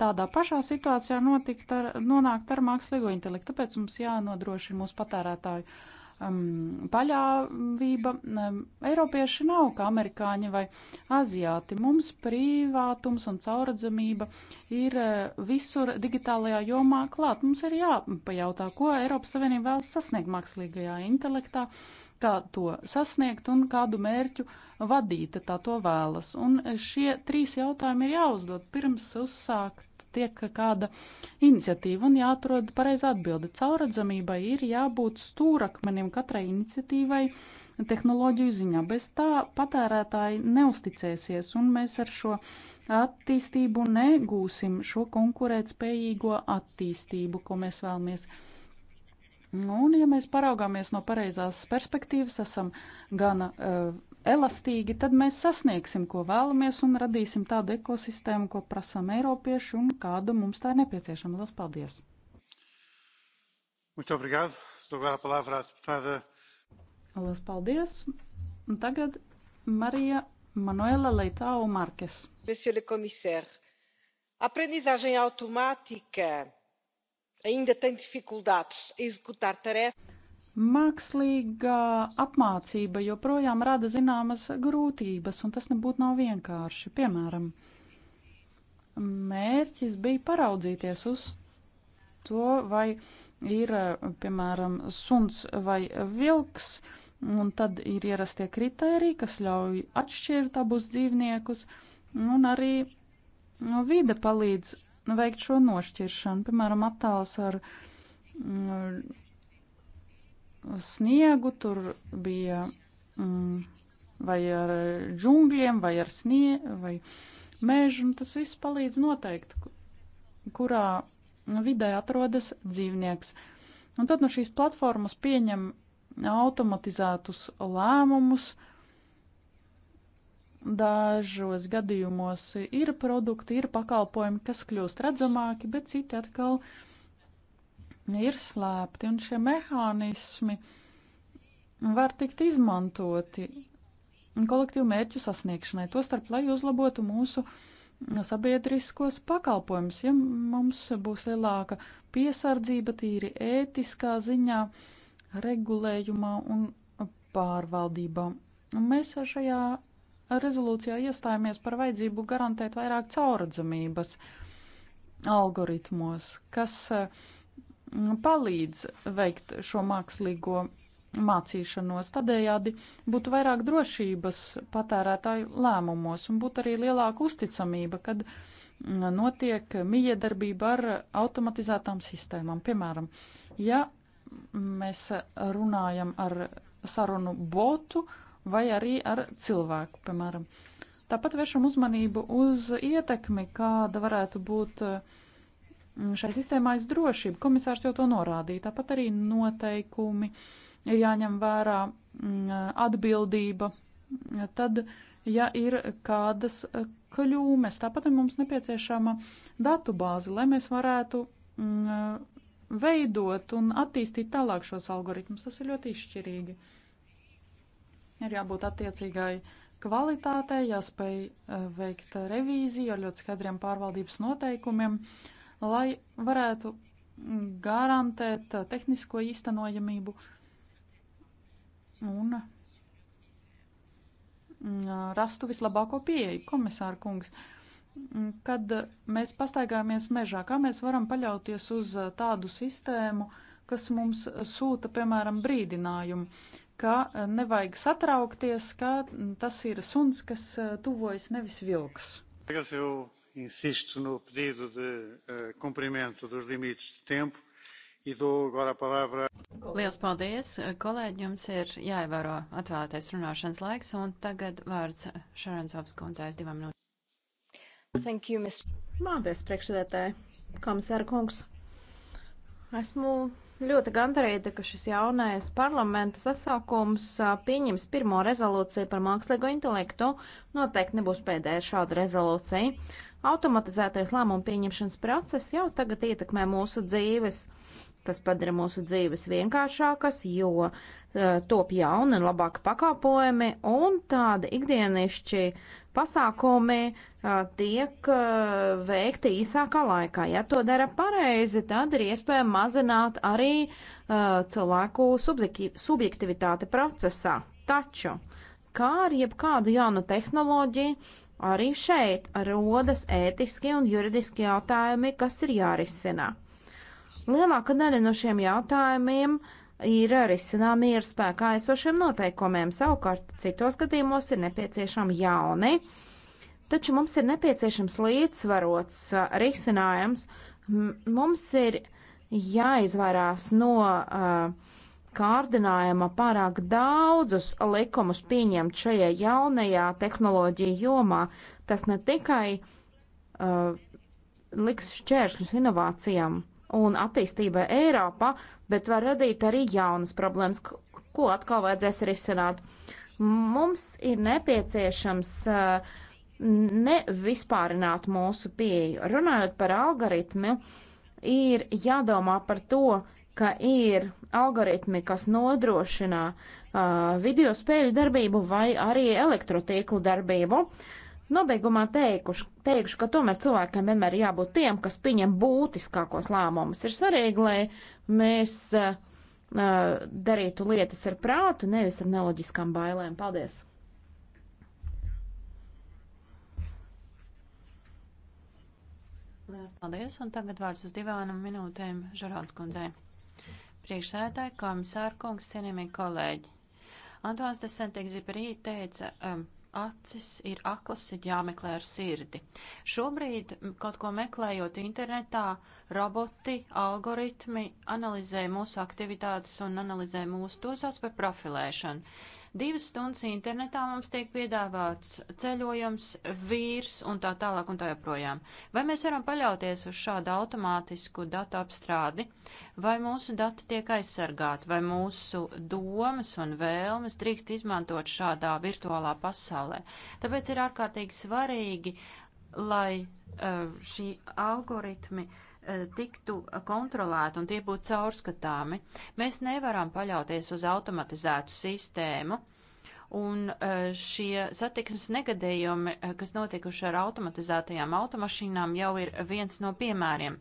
tādā pašā situācijā notikt ar, nonākt ar mākslīgo intelektu. Tāpēc mums jānodrošina mūsu patērētāju um, paļāvība. Um, Eiropieši nav kā amerikāņi vai aziāti. Mums privātums un cauradzamība ir uh, visur digitālajā jomā klāt. Mums ir jāpajautā, ko Eiropas Savienība vēlas sasniegt mākslīgajā intelektā kā to sasniegt un kādu mērķu vadīta tā to vēlas. Un šie trīs jautājumi ir jāuzdod pirms uzsākt tiek kāda iniciatīva un jāatrod pareiza atbilde. Cauradzamībai ir jābūt stūrakmenim katrai iniciatīvai tehnoloģiju ziņā. Bez tā patērētāji neusticēsies un mēs ar šo attīstību negūsim šo konkurētspējīgo attīstību, ko mēs vēlamies. Nu, un, ja mēs paraugāmies no pareizās perspektīvas, esam gana uh, eh, elastīgi, tad mēs sasniegsim, ko vēlamies, un radīsim tādu ekosistēmu, ko prasām Eiropieši un kādu mums tā ir nepieciešama. Lielas paldies! Muito obrigado. Agora a palavra à deputada. Lielas paldies. Un tagad Marija Manuela Leitao Marques. Monsieur le commissaire, aprendizagem automática ainda tem dificuldades a executar tarefas. Mākslīgā apmācība joprojām rada zināmas grūtības, un tas nebūtu nav vienkārši. Piemēram, mērķis bija paraudzīties uz to, vai ir, piemēram, suns vai vilks, un tad ir ierastie kriteriji, kas ļauj atšķirt abus dzīvniekus, un arī vide palīdz Nu, veikt šo nošķiršanu, piemēram, attēls ar mm, sniegu, tur bija mm, vai ar džungļiem, vai ar sniegu, vai mežu, un tas viss palīdz noteikt, kurā vidē atrodas dzīvnieks. Un tad no šīs platformas pieņem automatizētus lēmumus, uh, Dažos gadījumos ir produkti, ir pakalpojumi, kas kļūst redzamāki, bet citi atkal ir slēpti. Un šie mehānismi var tikt izmantoti kolektīvu mērķu sasniegšanai, tostarp, lai uzlabotu mūsu sabiedriskos pakalpojumus. Ja mums būs lielāka piesardzība tīri ētiskā ziņā, regulējumā un pārvaldībā. Mēs šajā rezolūcijā iestājāmies par vajadzību garantēt vairāk cauradzamības algoritmos, kas mm, palīdz veikt šo mākslīgo mācīšanos. Tādējādi būtu vairāk drošības patērētāju lēmumos un būtu arī lielāka uzticamība, kad mm, notiek mijiedarbība ar automatizētām sistēmām. Piemēram, ja mēs runājam ar sarunu botu, uh, vai arī ar cilvēku, piemēram. Tāpat vēršam uzmanību uz ietekmi, kāda varētu būt mm, šai sistēmai uz drošību. Komisārs jau to norādīja. Tāpat arī noteikumi ir jāņem vērā mm, atbildība. Tad, ja ir kādas kļūmes, tāpat ir mums nepieciešama datu bāze, lai mēs varētu mm, veidot un attīstīt tālāk šos algoritmus. Tas ir ļoti izšķirīgi. Ir jābūt attiecīgai kvalitātei, jāspēj eh, veikt revīziju ar ļoti skaidriem pārvaldības noteikumiem, lai varētu mm, garantēt eh, tehnisko īstenojamību un mm, eh, rastu vislabāko pieeju, komisāra kungs. Mm, kad mēs pastaigājamies mežā, kā mēs varam paļauties uz tādu sistēmu, kas mums sūta, piemēram, brīdinājumu, ka eh, nevajag satraukties, ka mm, tas ir suns, kas eh, tuvojas nevis vilks. Tagad jau insisto no pedido de uh, cumprimento dos limites de tempo e dou agora a palavra. Lielas paldies, kolēģi, jums ir jāievēro atvēlētais runāšanas laiks, un tagad vārds Šarancovs kundzēs divām minūtēm. Thank you, Mr. Paldies, priekšsēdētāji, komisāra kungs. Esmu Ļoti gandarīta, ka šis jaunais parlamentas atsaukums pieņems pirmo rezolūciju par mākslīgo intelektu. Noteikti nebūs pēdējā šāda rezolūcija. Automatizētais lēmumu pieņemšanas process jau tagad ietekmē mūsu dzīves. Tas padara mūsu dzīves vienkāršākas, jo e, top jauni un labāki pakāpojumi un tādi ikdienišķi pasākumi tiek veikti īsākā laikā. Ja to dara pareizi, tad ir iespēja mazināt arī cilvēku subjektivitāti procesā. Taču, kā ar jebkādu jaunu tehnoloģiju, arī šeit rodas ētiskie un juridiski jautājumi, kas ir jārisina. Lielāka daļa no šiem jautājumiem uh, ir arī eh, zināmi ir spēkā esošiem noteikumiem. Savukārt citos gadījumos ir nepieciešami jauni, taču mums ir nepieciešams līdzsvarots eh, risinājums. Mums ir jāizvairās no uh, kārdinājuma pārāk daudzus likumus pieņemt šajā jaunajā tehnoloģija jomā. Tas ne tikai uh, liks šķēršļus inovācijām, un attīstībai Eiropā, bet var radīt arī jaunas problēmas, ko atkal vajadzēs risināt. Mums ir nepieciešams eh, nevispārināt mūsu pieeju. Runājot par algoritmu, ir jādomā par to, ka ir algoritmi, kas nodrošinā uh, eh, video spēļu darbību vai arī elektrotīklu darbību. Uh, Nobeigumā teikušu, teikušu, ka tomēr cilvēkiem vienmēr ir jābūt tiem, kas pieņem būtiskākos lēmumus. Ir svarīgi, lai mēs uh, darītu lietas ar prātu, nevis ar neloģiskām bailēm. Paldies! Lielas paldies, un tagad vārds uz divām minūtēm Žurāns kundzei. Priekšsēdētāji, komisārkungs, cienījamie kolēģi. Antoans de Sentexiperi teica, um, acis ir aklas, ir jāmeklē ar sirdi. Šobrīd, kaut ko meklējot internetā, roboti, algoritmi analizē mūsu aktivitātes un analizē mūsu tos sauc par profilēšanu. Divas stundas internetā mums tiek piedāvāts ceļojums, vīrs un tā tālāk un tā joprojām. Vai mēs varam paļauties uz šādu automātisku datu apstrādi? Vai mūsu dati tiek aizsargāti? Vai mūsu domas un vēlmes drīkst izmantot šādā virtuālā pasaulē? Tāpēc ir ārkārtīgi svarīgi, lai uh, šī algoritmi uh, Eh, tiktu kontrolēti un tie būtu caurskatāmi. Mēs nevaram paļauties uz automatizētu sistēmu. Un eh, šie satiksmes negadījumi, eh, kas notikuši ar automatizētajām automašīnām, jau ir viens no piemēriem.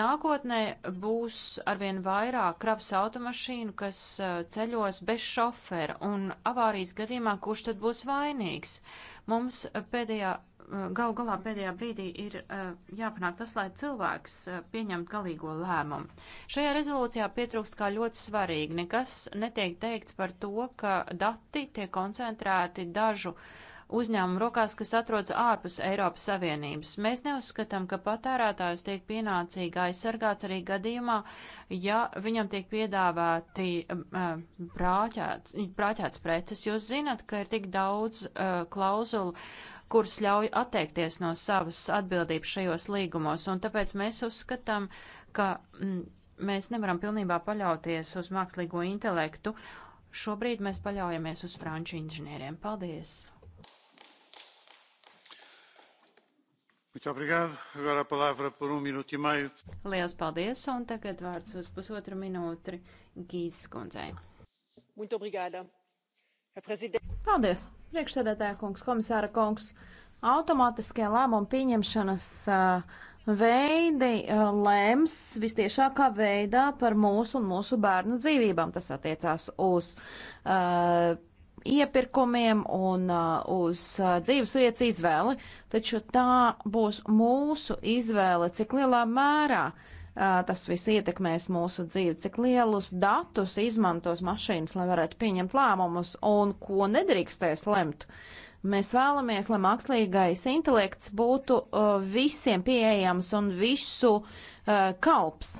Nākotnē būs arvien vairāk kravas automašīnu, kas ceļos bez šofera, un avārijas gadījumā kurš tad būs vainīgs? Mums pēdējā gal galā pēdējā brīdī ir jāpanāk tas, lai cilvēks pieņemtu galīgo lēmumu. Šajā rezolūcijā pietrūkst kā ļoti svarīgi. Nekas netiek teikts par to, ka dati tiek koncentrēti dažu uzņēmumu rokās, kas atrodas ārpus Eiropas Savienības. Mēs neuzskatām, ka patērētājs tiek pienācīgi aizsargāts arī gadījumā, ja viņam tiek piedāvāti uh, brāķēts, brāķēts preces. Jūs zinat, ka ir tik daudz uh, klauzulu kuras ļauj atteikties no savas atbildības šajos līgumos, un tāpēc mēs uzskatām, ka m, mm, mēs nevaram pilnībā paļauties uz mākslīgo intelektu. Šobrīd mēs paļaujamies uz franču inženieriem. Paldies! Um e Lielas paldies, un tagad vārds uz pusotru minūti Gīzes kundzei. Muito obrigada. Paldies! Priekšsēdētāja kungs, komisāra kungs, automātiskie lēmumu pieņemšanas uh, veidi uh, lems vistiešākā veidā par mūsu un mūsu bērnu dzīvībām. Tas attiecās uz uh, iepirkumiem un uh, uz uh, dzīvesvietas izvēli, taču tā būs mūsu izvēle, cik lielā mērā uh, tas viss ietekmēs mūsu dzīvi, cik lielus datus izmantos mašīnas, lai varētu pieņemt lēmumus un ko nedrīkstēs lemt. Mēs vēlamies, lai mākslīgais intelekts būtu uh, visiem pieejams un visu uh, kalps.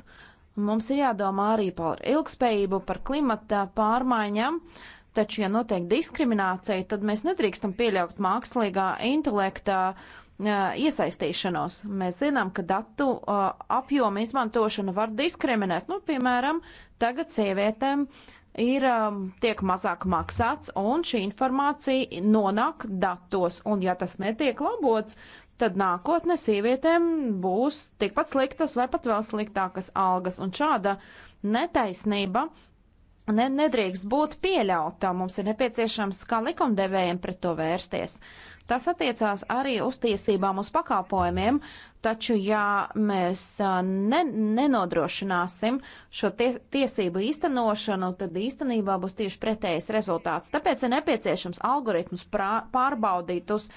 Mums ir jādomā arī par ilgspējību, par klimata pārmaiņām, taču, ja notiek diskriminācija, tad mēs nedrīkstam pieļaut mākslīgā intelekta uh, iesaistīšanos. Mēs zinām, ka datu apjoma izmantošana var diskriminēt. Nu, piemēram, tagad sievietēm ir tiek mazāk maksāts, un šī informācija nonāk datos, un ja tas netiek labots, tad nākotnē sievietēm būs tikpat sliktas vai pat vēl sliktākas algas, un šāda netaisnība ne, nedrīkst būt pieļauta. Mums ir nepieciešams kā likumdevējiem pret to vērsties. Uh, Tas attiecās arī uz tiesībām uz pakāpojumiem, taču ja mēs ne, nenodrošināsim šo ties, tiesību īstenošanu, tad īstenībā būs tieši pretējs rezultāts. Tāpēc ir nepieciešams algoritmus prā, pārbaudīt uz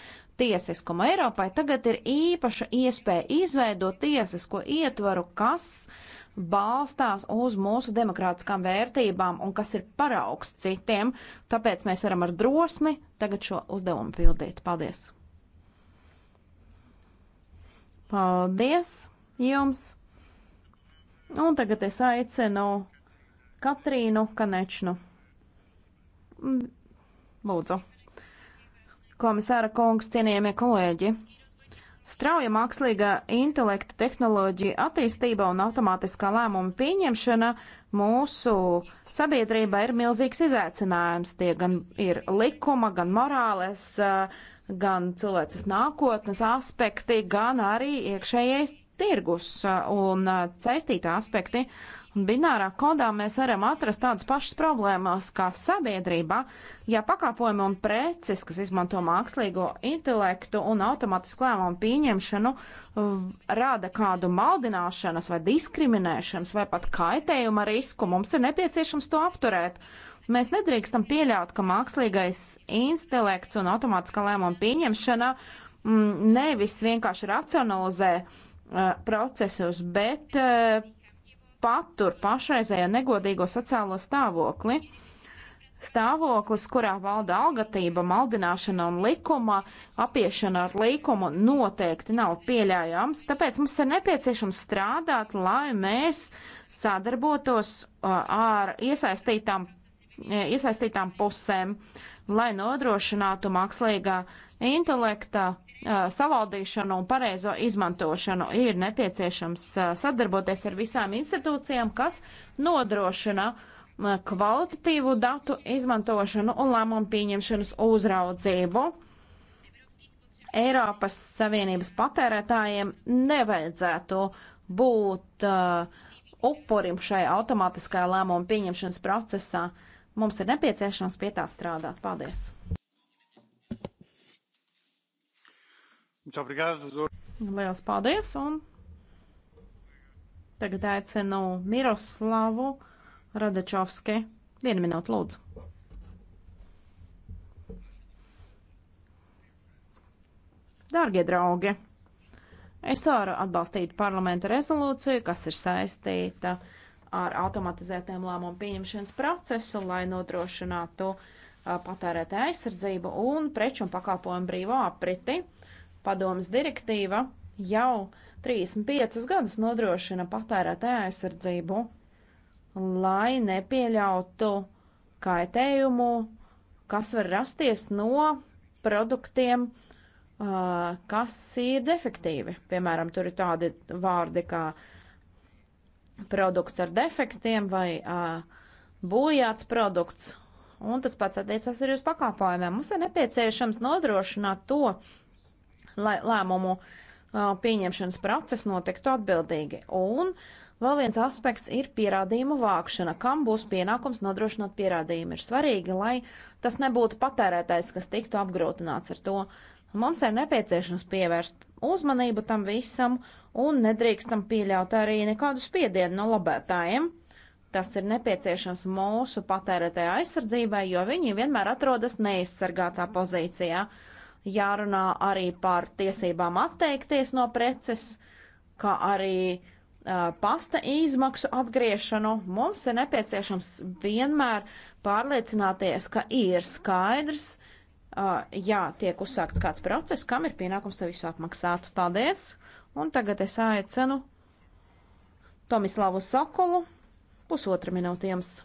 tiesiskumu. Eiropai tagad ir īpaša iespēja izveidot tiesisko ietvaru, kas uh, balstās uz mūsu demokrātiskām vērtībām un kas ir paraugs citiem, tāpēc mēs varam ar drosmi tagad šo uzdevumu pildīt. Paldies! Paldies jums! Un tagad es aicinu Katrīnu Kanečnu. Lūdzu. Komisāra kungs, cienījamie kolēģi! Strauja mākslīgā intelekta tehnoloģija attīstība un automātiskā lēmuma pieņemšana mūsu sabiedrībā ir milzīgs izaicinājums. Tie gan ir likuma, gan morāles, eh, gan cilvēces nākotnes aspekti, gan arī iekšējais tirgus eh, un eh, saistītā aspekti. Uh, Un binārā kodā mēs varam atrast tādas pašas problēmas kā sabiedrībā, ja pakāpojumi un preces, kas izmanto mākslīgo intelektu un automātisku lēmumu pieņemšanu, rada kādu maldināšanas vai diskriminēšanas vai pat kaitējuma risku, mums ir nepieciešams to apturēt. Mēs nedrīkstam pieļaut, ka mākslīgais intelekts un automātiskā lēmuma pieņemšana m, mm, nevis vienkārši racionalizē uh, procesus, bet uh, patur pašreizējo negodīgo sociālo stāvokli. Stāvoklis, kurā valda algatība, maldināšana un likuma, apiešana ar likumu noteikti nav pieļaujams, tāpēc mums ir nepieciešams strādāt, lai mēs sadarbotos uh, ar iesaistītām, eh, iesaistītām pusēm, lai nodrošinātu mākslīgā intelekta savaldīšanu un pareizo izmantošanu ir nepieciešams sadarboties ar visām institūcijām, kas nodrošina kvalitatīvu datu izmantošanu un lēmumu pieņemšanas uzraudzību. Eiropas Savienības patērētājiem nevajadzētu būt uh, upurim šai automātiskajā lēmumu pieņemšanas procesā. Mums ir nepieciešams pie tā strādāt. Paldies! Lielas paldies! Un tagad aicinu Miroslavu Radečovski. Vienu minūtu lūdzu. Dārgie draugi, es varu atbalstīt parlamenta rezolūciju, kas ir saistīta ar automatizētiem lēmumu pieņemšanas procesu, lai nodrošinātu uh, patērētāju aizsardzību un preču un pakalpojumu brīvo apriti. Uh, Padomas direktīva jau 35 gadus nodrošina patērētāju aizsardzību, lai nepieļautu kaitējumu, kas var rasties no produktiem, kas ir defektīvi. Piemēram, tur ir tādi vārdi kā produkts ar defektiem vai bojāts produkts. Un tas pats attiecas arī uz pakāpojumiem. Mums ir nepieciešams nodrošināt to, lēmumu pieņemšanas process notiktu atbildīgi. Un vēl viens aspekts ir pierādījumu vākšana, kam būs pienākums nodrošināt pierādījumu. Ir svarīgi, lai tas nebūtu patērētājs, kas tiktu apgrūtināts ar to. Mums ir nepieciešams pievērst uzmanību tam visam un nedrīkstam pieļaut arī nekādu spiedienu no labētājiem. Tas ir nepieciešams mūsu patērētāja aizsardzībai, jo viņi vienmēr atrodas neaizsargātā pozīcijā. Uh, jārunā arī par tiesībām atteikties no preces, kā arī uh, pasta izmaksu atgriešanu. Mums ir nepieciešams vienmēr pārliecināties, ka ir skaidrs, uh, jā, tiek uzsākts kāds process, kam ir pienākums to visu apmaksāt. Paldies! Un tagad es aicinu Tomislavu Sokolu pusotra minūte jums.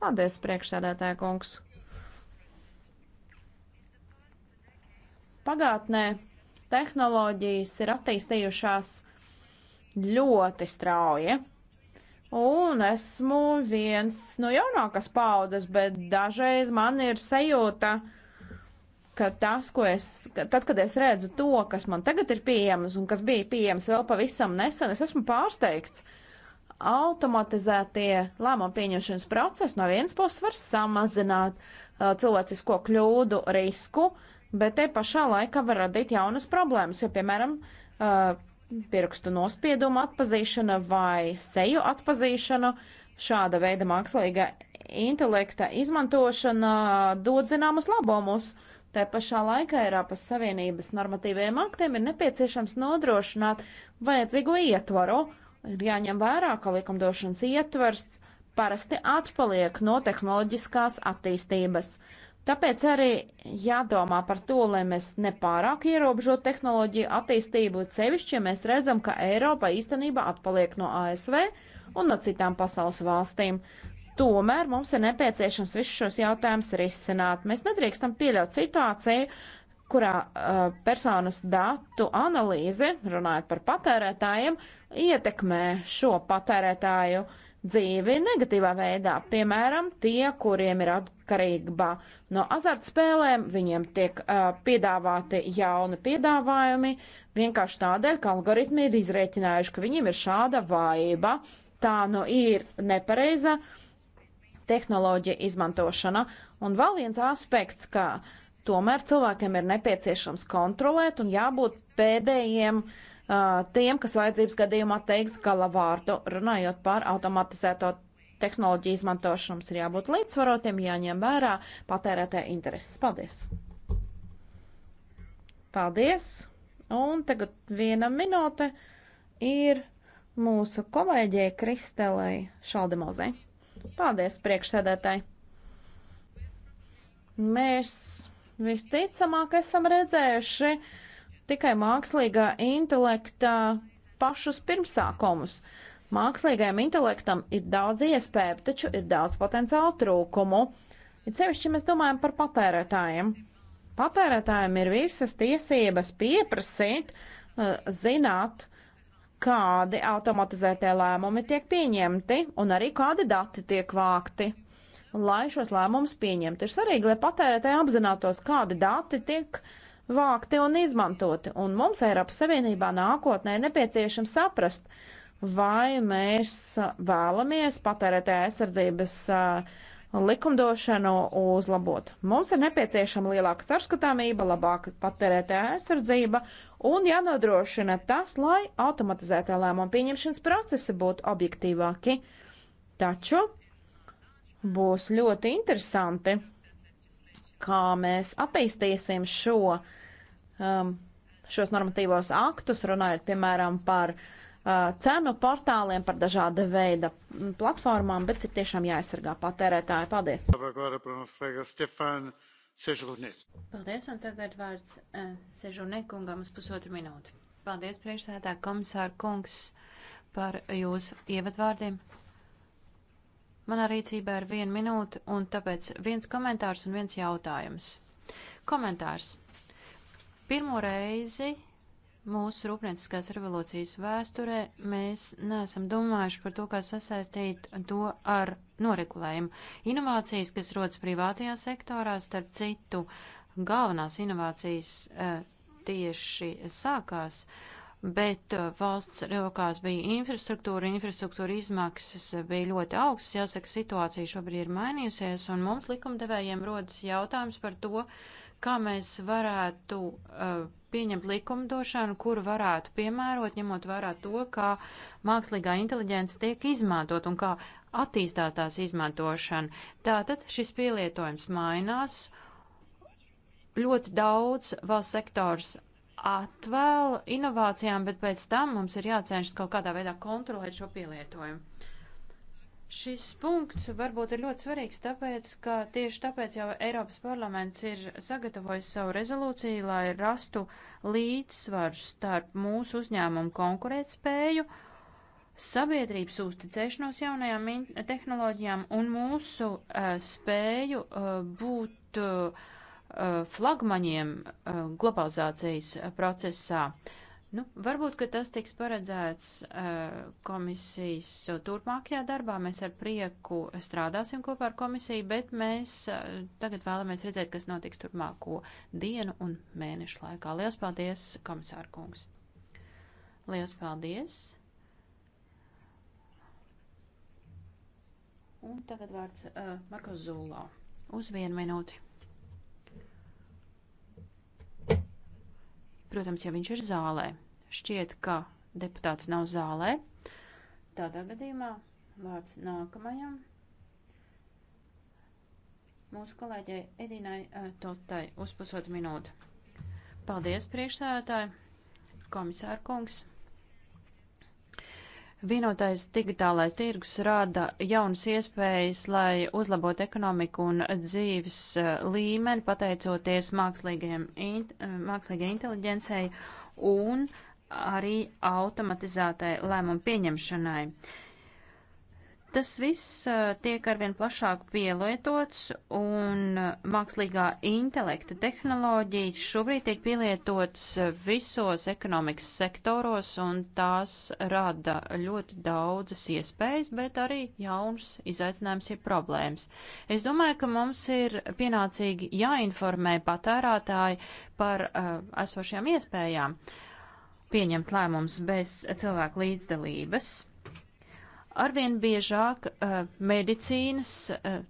Paldies, priekšsēdētāja kungs! Pagātnē tehnoloģijas ir attīstījušās ļoti strauji. Un esmu viens no jaunākās paudzes, bet dažreiz man ir sajūta, ka tas, ko es, ka tad, kad es redzu to, kas man tagad ir pieejams un kas bija pieejams vēl pavisam nesen, es esmu pārsteigts. Automatizētie lēmumu pieņemšanas procesi no vienas puses var samazināt uh, cilvēcisko kļūdu risku, uh, bet te pašā laikā var radīt jaunas problēmas, jo, piemēram, uh, pirkstu nospiedumu atpazīšana vai seju atpazīšana, šāda veida mākslīga intelekta izmantošana dod zināmus labumus. Te pašā laikā Eiropas Savienības normatīviem aktiem ir nepieciešams nodrošināt vajadzīgo ietvaru. Ir jāņem vērā, ka likumdošanas ietvers parasti atpaliek no tehnoloģiskās attīstības. Uh, Tāpēc arī jādomā par to, lai mēs nepārāk ierobežotu tehnoloģiju attīstību, cevišķi, ja mēs redzam, ka Eiropa īstenībā atpaliek no ASV un no citām pasaules valstīm. Tomēr mums ir nepieciešams visus šos jautājumus risināt. Mēs nedrīkstam pieļaut situāciju, kurā uh, personas datu analīze, runājot par patērētājiem, ietekmē šo patērētāju dzīvi negatīvā veidā. Piemēram, tie, kuriem ir atkarība no azartspēlēm, viņiem tiek uh, piedāvāti jauni piedāvājumi vienkārši tādēļ, ka algoritmi ir izrēķinājuši, ka viņiem ir šāda vājība. Tā nu ir nepareiza tehnoloģija izmantošana. Un vēl viens aspekts, ka tomēr cilvēkiem ir nepieciešams kontrolēt un jābūt pēdējiem uh, tiem, kas vajadzības gadījumā teiks galavārdu, runājot par automatizēto tehnoloģiju izmantošanu mums ir jābūt līdzsvarotiem, jāņem vērā patērētāja intereses. Paldies! Paldies! Un tagad viena minūte ir mūsu kolēģei Kristelei Šaldemozei. Paldies, priekšsēdētāji! Mēs visticamāk esam redzējuši tikai mākslīgā intelekta pašus pirmsākumus. Mākslīgajam intelektam ir daudz iespēju, taču ir daudz potenciāla trūkumu. Ir sevišķi mēs domājam par patērētājiem. Patērētājiem ir visas tiesības pieprasīt, eh, zināt, kādi automatizētie lēmumi tiek pieņemti un arī kādi dati tiek vākti. Lai šos lēmumus pieņemtu, ir svarīgi, lai patērētāji apzinātos, kādi dati tiek vākti un izmantoti. Un mums Eiropas Savienībā nākotnē ir nepieciešams saprast, uh, vai mēs vēlamies patērētāja aizsardzības likumdošanu uzlabot. Mums ir nepieciešama lielāka caurskatāmība, labāka patērētāja aizsardzība un jānodrošina tas, lai automatizētā lēmuma pieņemšanas procesi būtu objektīvāki. Taču būs ļoti interesanti, kā mēs attīstīsim šo, um, šos normatīvos aktus, runājot piemēram par uh, Uh, cenu portāliem, par dažāda veida mm, platformām, bet ir tiešām jāaizsargā patērētāji. Paldies! Paldies, un tagad vārds uh, eh, Sežurnē kungam uz pusotru minūti. Paldies, priekšsēdā komisāra kungs, par jūsu ievadvārdiem. Manā rīcībā ir viena minūte, un tāpēc viens komentārs un viens jautājums. Komentārs. Pirmo reizi mūsu rūpnieciskās revolūcijas vēsturē mēs neesam domājuši par to, kā sasaistīt to ar noregulējumu. Inovācijas, kas rodas privātajā sektorā, starp citu, galvenās inovācijas eh, tieši sākās, bet eh, valsts rokās bija infrastruktūra, infrastruktūra izmaksas bija ļoti augstas, jāsaka, situācija šobrīd ir mainījusies, un mums likumdevējiem rodas jautājums par to, uh, kā mēs varētu uh, pieņemt likumdošanu, kuru varētu piemērot, ņemot vērā to, kā mākslīgā inteliģence tiek izmantot un kā attīstās tās izmantošana. Tātad šis pielietojums mainās. Ļoti daudz valsts sektors atvēl inovācijām, bet pēc tam mums ir jācenšas kaut kādā veidā kontrolēt šo pielietojumu. Šis punkts varbūt ir ļoti svarīgs, tāpēc, ka tieši tāpēc jau Eiropas parlaments ir sagatavojis savu rezolūciju, lai rastu līdzsvaru starp mūsu uzņēmumu konkurētspēju, sabiedrības uzticēšanos jaunajām tehnoloģijām un mūsu uh, spēju uh, būt uh, flagmaņiem uh, globalizācijas procesā. Uh, Nu, varbūt, ka tas tiks paredzēts uh, komisijas turpmākajā darbā. Mēs ar prieku strādāsim kopā ar komisiju, bet mēs uh, tagad vēlamies redzēt, kas notiks turpmāko dienu un mēnešu laikā. Lielas paldies, komisāra kungs! Lielas paldies! Un tagad vārds uh, Marko Zulo uz vienu minūti. Protams, ja viņš ir zālē. Šķiet, ka deputāts nav zālē. Tādā gadījumā vārds nākamajam. Mūsu kolēģei Edinai eh, Totai uz pusotru minūti. Paldies, priekšsēdētāji, komisārkungs. Vienotais digitālais tirgus rada jaunas iespējas, lai uzlabotu ekonomiku un dzīves eh, līmeni, pateicoties eh, mākslīgajai int, inteliģencei un arī automatizētai lēmumu pieņemšanai. Uh, Tas viss tiek arvien plašāk pielietots, un mākslīgā intelekta tehnoloģijas šobrīd tiek pielietotas visos ekonomikas sektoros, un tās rada ļoti daudzas iespējas, bet arī jaunas izaicinājums ir problēmas. Es domāju, ka mums ir pienācīgi jāinformē patērētāji par uh, esošajām iespējām pieņemt lēmumus bez cilvēku līdzdalības Arvien biežāk eh, medicīnas, eh,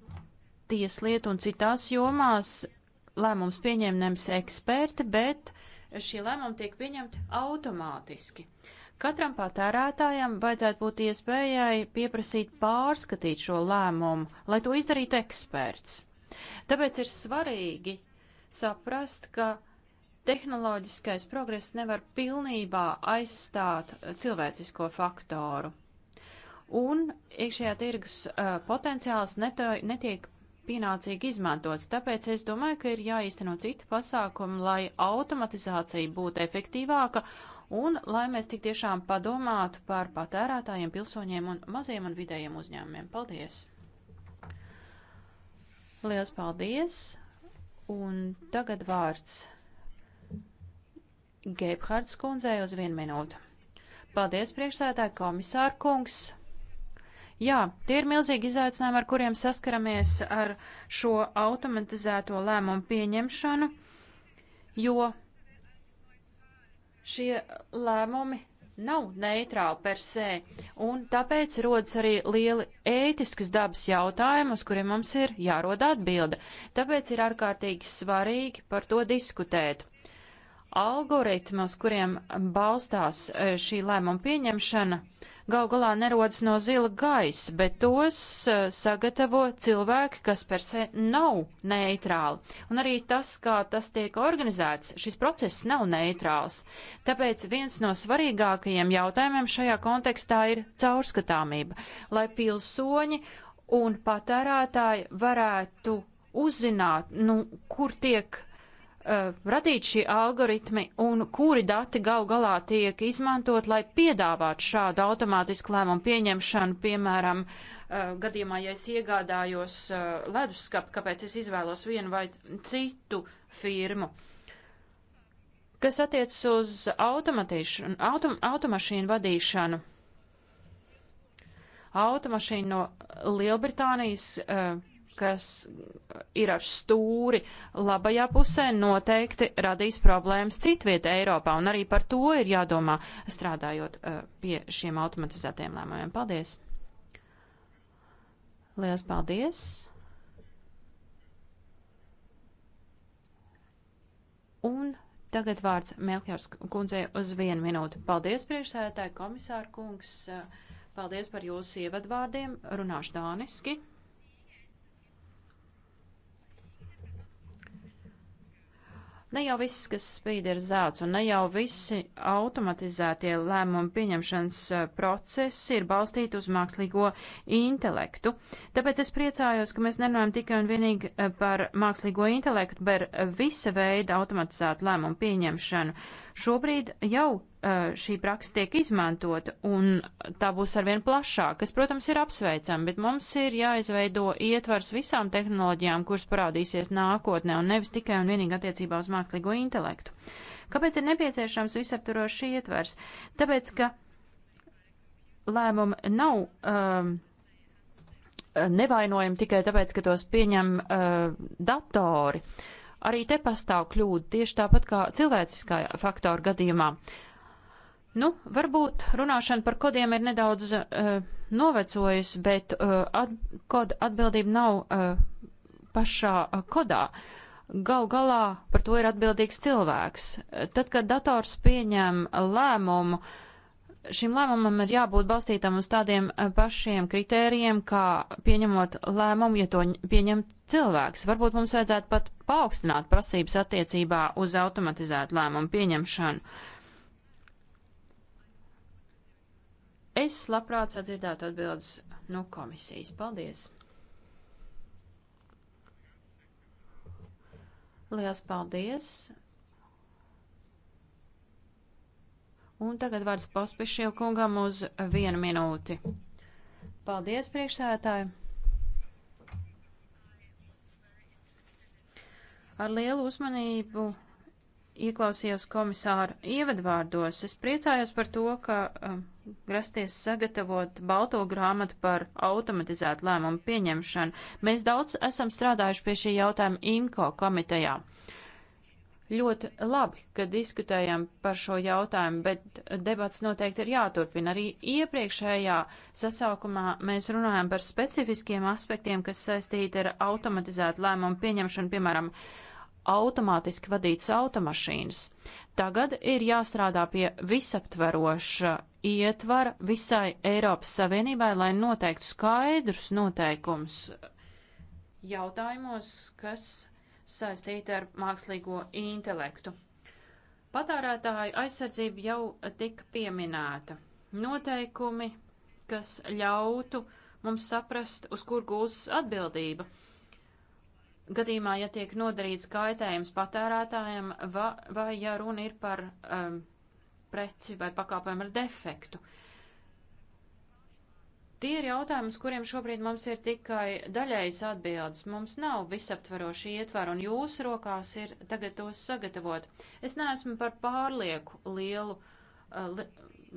tieslietu un citās jomās lēmums pieņem nevis eksperti, bet šie lēmumi tiek pieņemti automātiski. Katram patērētājam vajadzētu būt iespējai pieprasīt pārskatīt šo lēmumu, lai to izdarītu eksperts. Tāpēc ir svarīgi saprast, ka tehnoloģiskais progress nevar pilnībā aizstāt cilvēcisko faktoru un iekšējā tirgus uh, potenciāls neto, netiek pienācīgi izmantots. Tāpēc es domāju, ka ir jāīsteno citi pasākumi, lai automatizācija būtu efektīvāka un lai mēs tik tiešām padomātu par patērētājiem, pilsoņiem un maziem un vidējiem uzņēmumiem. Paldies! Liels paldies! Un tagad vārds Gebhards kundzei uz vienu minūtu. Paldies, priekšsētāji komisāra kungs! Jā, tie ir milzīgi izaicinājumi, ar kuriem saskaramies ar šo automatizēto lēmumu pieņemšanu, jo šie lēmumi nav neitrāli per se, un tāpēc rodas arī lieli ētiskas dabas jautājumi, uz kuriem mums ir jārod atbilde. Tāpēc ir ārkārtīgi svarīgi par to diskutēt. Algoritmi, uz kuriem balstās eh, šī lēmuma pieņemšana, uh, gal galā nerodas no zila gaisa, bet tos eh, sagatavo cilvēki, kas per se nav neitrāli. Un arī tas, kā tas tiek organizēts, šis process nav neitrāls. Tāpēc viens no svarīgākajiem jautājumiem šajā kontekstā ir caurskatāmība, lai pilsoņi un patērētāji varētu uzzināt, nu, kur tiek Uh, radīti šie algoritmi un kuri dati gal galā tiek izmantot, lai piedāvātu šādu automātisku lēmumu pieņemšanu, piemēram, uh, gadījumā, ja es iegādājos uh, leduskapi, kāpēc es izvēlos vienu vai citu firmu. Kas attiecas uz autom, automašīnu vadīšanu? Automašīna no Lielbritānijas uh, kas ir ar stūri labajā pusē, noteikti radīs problēmas citvieta Eiropā, un arī par to ir jādomā strādājot eh, pie šiem automatizētiem lēmumiem. Paldies! Lielas paldies! Un tagad vārds Melkjārs kundzei uz vienu minūti. Paldies, priekšsēdētāji, komisāra kungs! Eh, paldies par jūsu ievadvārdiem. Runāšu dāniski. Ne jau viss, kas spīd, ir zelts, un ne jau visi automatizētie lēmumu pieņemšanas eh, procesi ir balstīti uz mākslīgo intelektu. Tāpēc es priecājos, ka mēs nerunājam tikai un vienīgi eh, par mākslīgo intelektu, bet visa veida automatizētu lēmumu pieņemšanu. Šobrīd jau Eh, šī praksa tiek izmantota, un tā būs arvien plašāka, kas, protams, ir apsveicama, bet mums ir jāizveido ietvars visām tehnoloģijām, kuras parādīsies nākotnē, un nevis tikai un vienīgi attiecībā uz mākslīgo intelektu. Kāpēc ir nepieciešams visaptvarošs ietvers? Tāpēc, ka lēmumi nav. Um, Nevainojami tikai tāpēc, ka tos pieņem uh, datori. Arī te pastāv kļūda tieši tāpat kā cilvēciskā faktora gadījumā. Uh, Nu, varbūt runāšana par kodiem ir nedaudz uh, novecojusi, bet uh, at, koda atbildība nav uh, pašā uh, kodā. Gal galā par to ir atbildīgs cilvēks. Tad, kad dators pieņem lēmumu, uh, šim lēmumam ir jābūt balstītam uz tādiem pašiem kritērijiem, kā pieņemot lēmumu, ja to pieņem cilvēks. Varbūt mums vajadzētu pat paaugstināt prasības attiecībā uz automatizētu lēmumu pieņemšanu. Es labprāt sadzirdētu atbildes no komisijas. Paldies! Liels paldies! Un tagad vārds pospiešiem kungam uz vienu minūti. Paldies, priekšsētāji! Ar lielu uzmanību ieklausījos komisāra ievadvārdos. Es priecājos par to, ka uh, grasties sagatavot balto grāmatu par automatizētu lēmumu pieņemšanu. Mēs daudz esam strādājuši pie šī jautājuma IMCO komitejā. Ļoti labi, ka diskutējam par šo jautājumu, bet debats noteikti ir jāturpina. Arī iepriekšējā sasaukumā mēs runājam par specifiskiem aspektiem, kas saistīti ar automatizētu lēmumu pieņemšanu, piemēram, uh, automātiski vadītas automašīnas. Tagad ir jāstrādā pie visaptveroša ietvara visai Eiropas Savienībai, lai noteiktu skaidrus noteikumus jautājumos, kas saistīti ar mākslīgo intelektu. Patērētāju aizsardzība jau tika pieminēta. Noteikumi, kas ļautu mums saprast, uz kur gūstas atbildība gadījumā, ja tiek nodarīts kaitējums patērētājiem va, vai ja runa ir par um, preci vai pakāpojumu ar defektu. Tie ir jautājumi, uz kuriem šobrīd mums ir tikai daļējas atbildes. Mums nav visaptveroši ietvaru, un jūsu rokās ir tagad tos sagatavot. Es neesmu par pārlieku lielu uh, li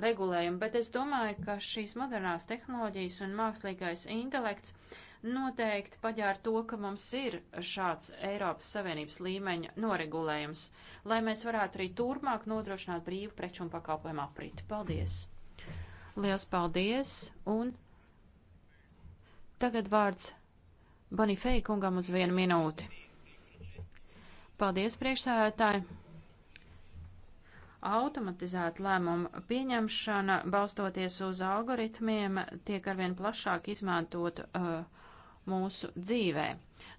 regulējumu, bet es domāju, ka šīs modernās tehnoloģijas un mākslīgais intelekts uh, noteikti paģēra to, ka mums ir šāds Eiropas Savienības līmeņa noregulējums, lai mēs varētu arī turpmāk nodrošināt brīvu preču un pakalpojumu apriti. Paldies! Liels paldies! Un tagad vārds Banifei kungam uz vienu minūti. Paldies, priekšsēdētāji! automatizēta lēmuma pieņemšana, balstoties uz algoritmiem, tiek arvien plašāk izmantot uh, mūsu dzīvē.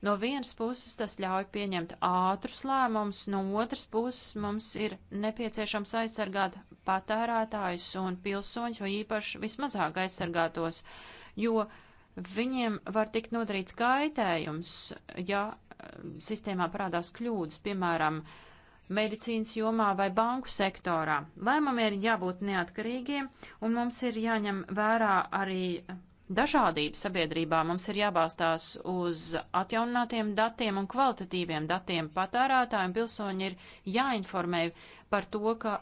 No vienas puses tas ļauj pieņemt ātrus lēmumus, no otras puses mums ir nepieciešams aizsargāt patērētājus un pilsoņus, jo īpaši vismazāk aizsargātos, jo viņiem var tikt nodarīts kaitējums, ja um, sistēmā parādās kļūdas, piemēram, medicīnas jomā vai banku sektorā. Lēmumiem ir jābūt neatkarīgiem, un mums ir jāņem vērā arī dažādību sabiedrībā. Mums ir jābalstās uz atjauninātiem datiem un kvalitatīviem datiem. Patērētājiem pilsoņi ir jāinformē par to, ka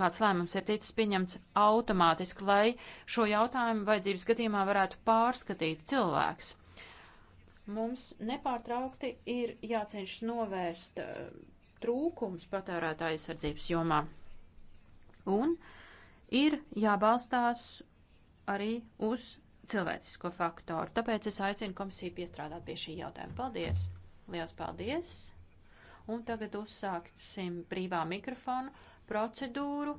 kāds lēmums ir ticis pieņemts automātiski, lai šo jautājumu vajadzības gadījumā varētu pārskatīt cilvēks. Mums nepārtraukti ir jācenšas novērst trūkums patērētāja aizsardzības jomā. Un ir jābalstās arī uz cilvēcisko faktoru. Tāpēc es aicinu komisiju piestrādāt pie šī jautājuma. Paldies! Lielas paldies! Un tagad uzsāksim brīvā mikrofonu procedūru.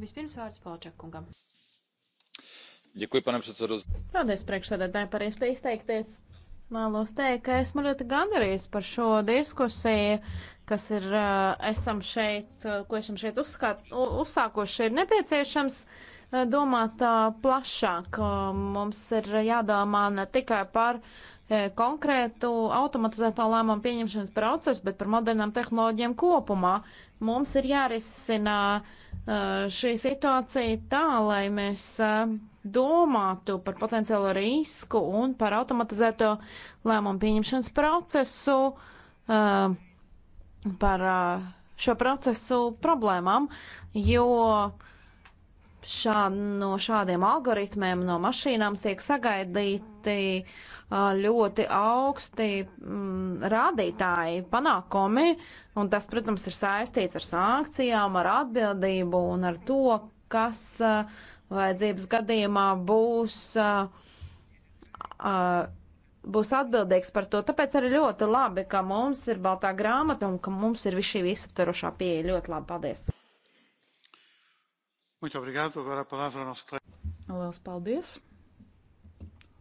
Vispirms vārds Polčakungam. Děkuji, pane předsedo. Paldies, priekšsēdētāji, par iespēju izteikties. Vēlos teikt, ka esmu ļoti gandarīts par šo diskusiju kas ir, eh, esam šeit, eh, ko esam šeit uzskāt, uzsākoši, ir nepieciešams eh, domāt plašāk. Mums ir jādomā ne tikai par konkrētu automatizēto lēmumu pieņemšanas procesu, bet par modernām tehnoloģijām kopumā. Mums ir jārisina šī situācija tā, lai mēs domātu par potenciālo risku un par automatizēto lēmumu pieņemšanas procesu. Uh, par šo procesu problēmām, jo šā, no šādiem algoritmiem, no mašīnām tiek sagaidīti ļoti augsti mm, rādītāji, panākumi, un tas, protams, ir saistīts ar sankcijām, ar atbildību un ar to, kas vajadzības gadījumā būs. Uh, uh, būs atbildīgs par to. Tāpēc arī ļoti labi, ka mums ir baltā grāmata un ka mums ir šī visaptvarošā pieeja. Ļoti labi, paldies! Lielas paldies!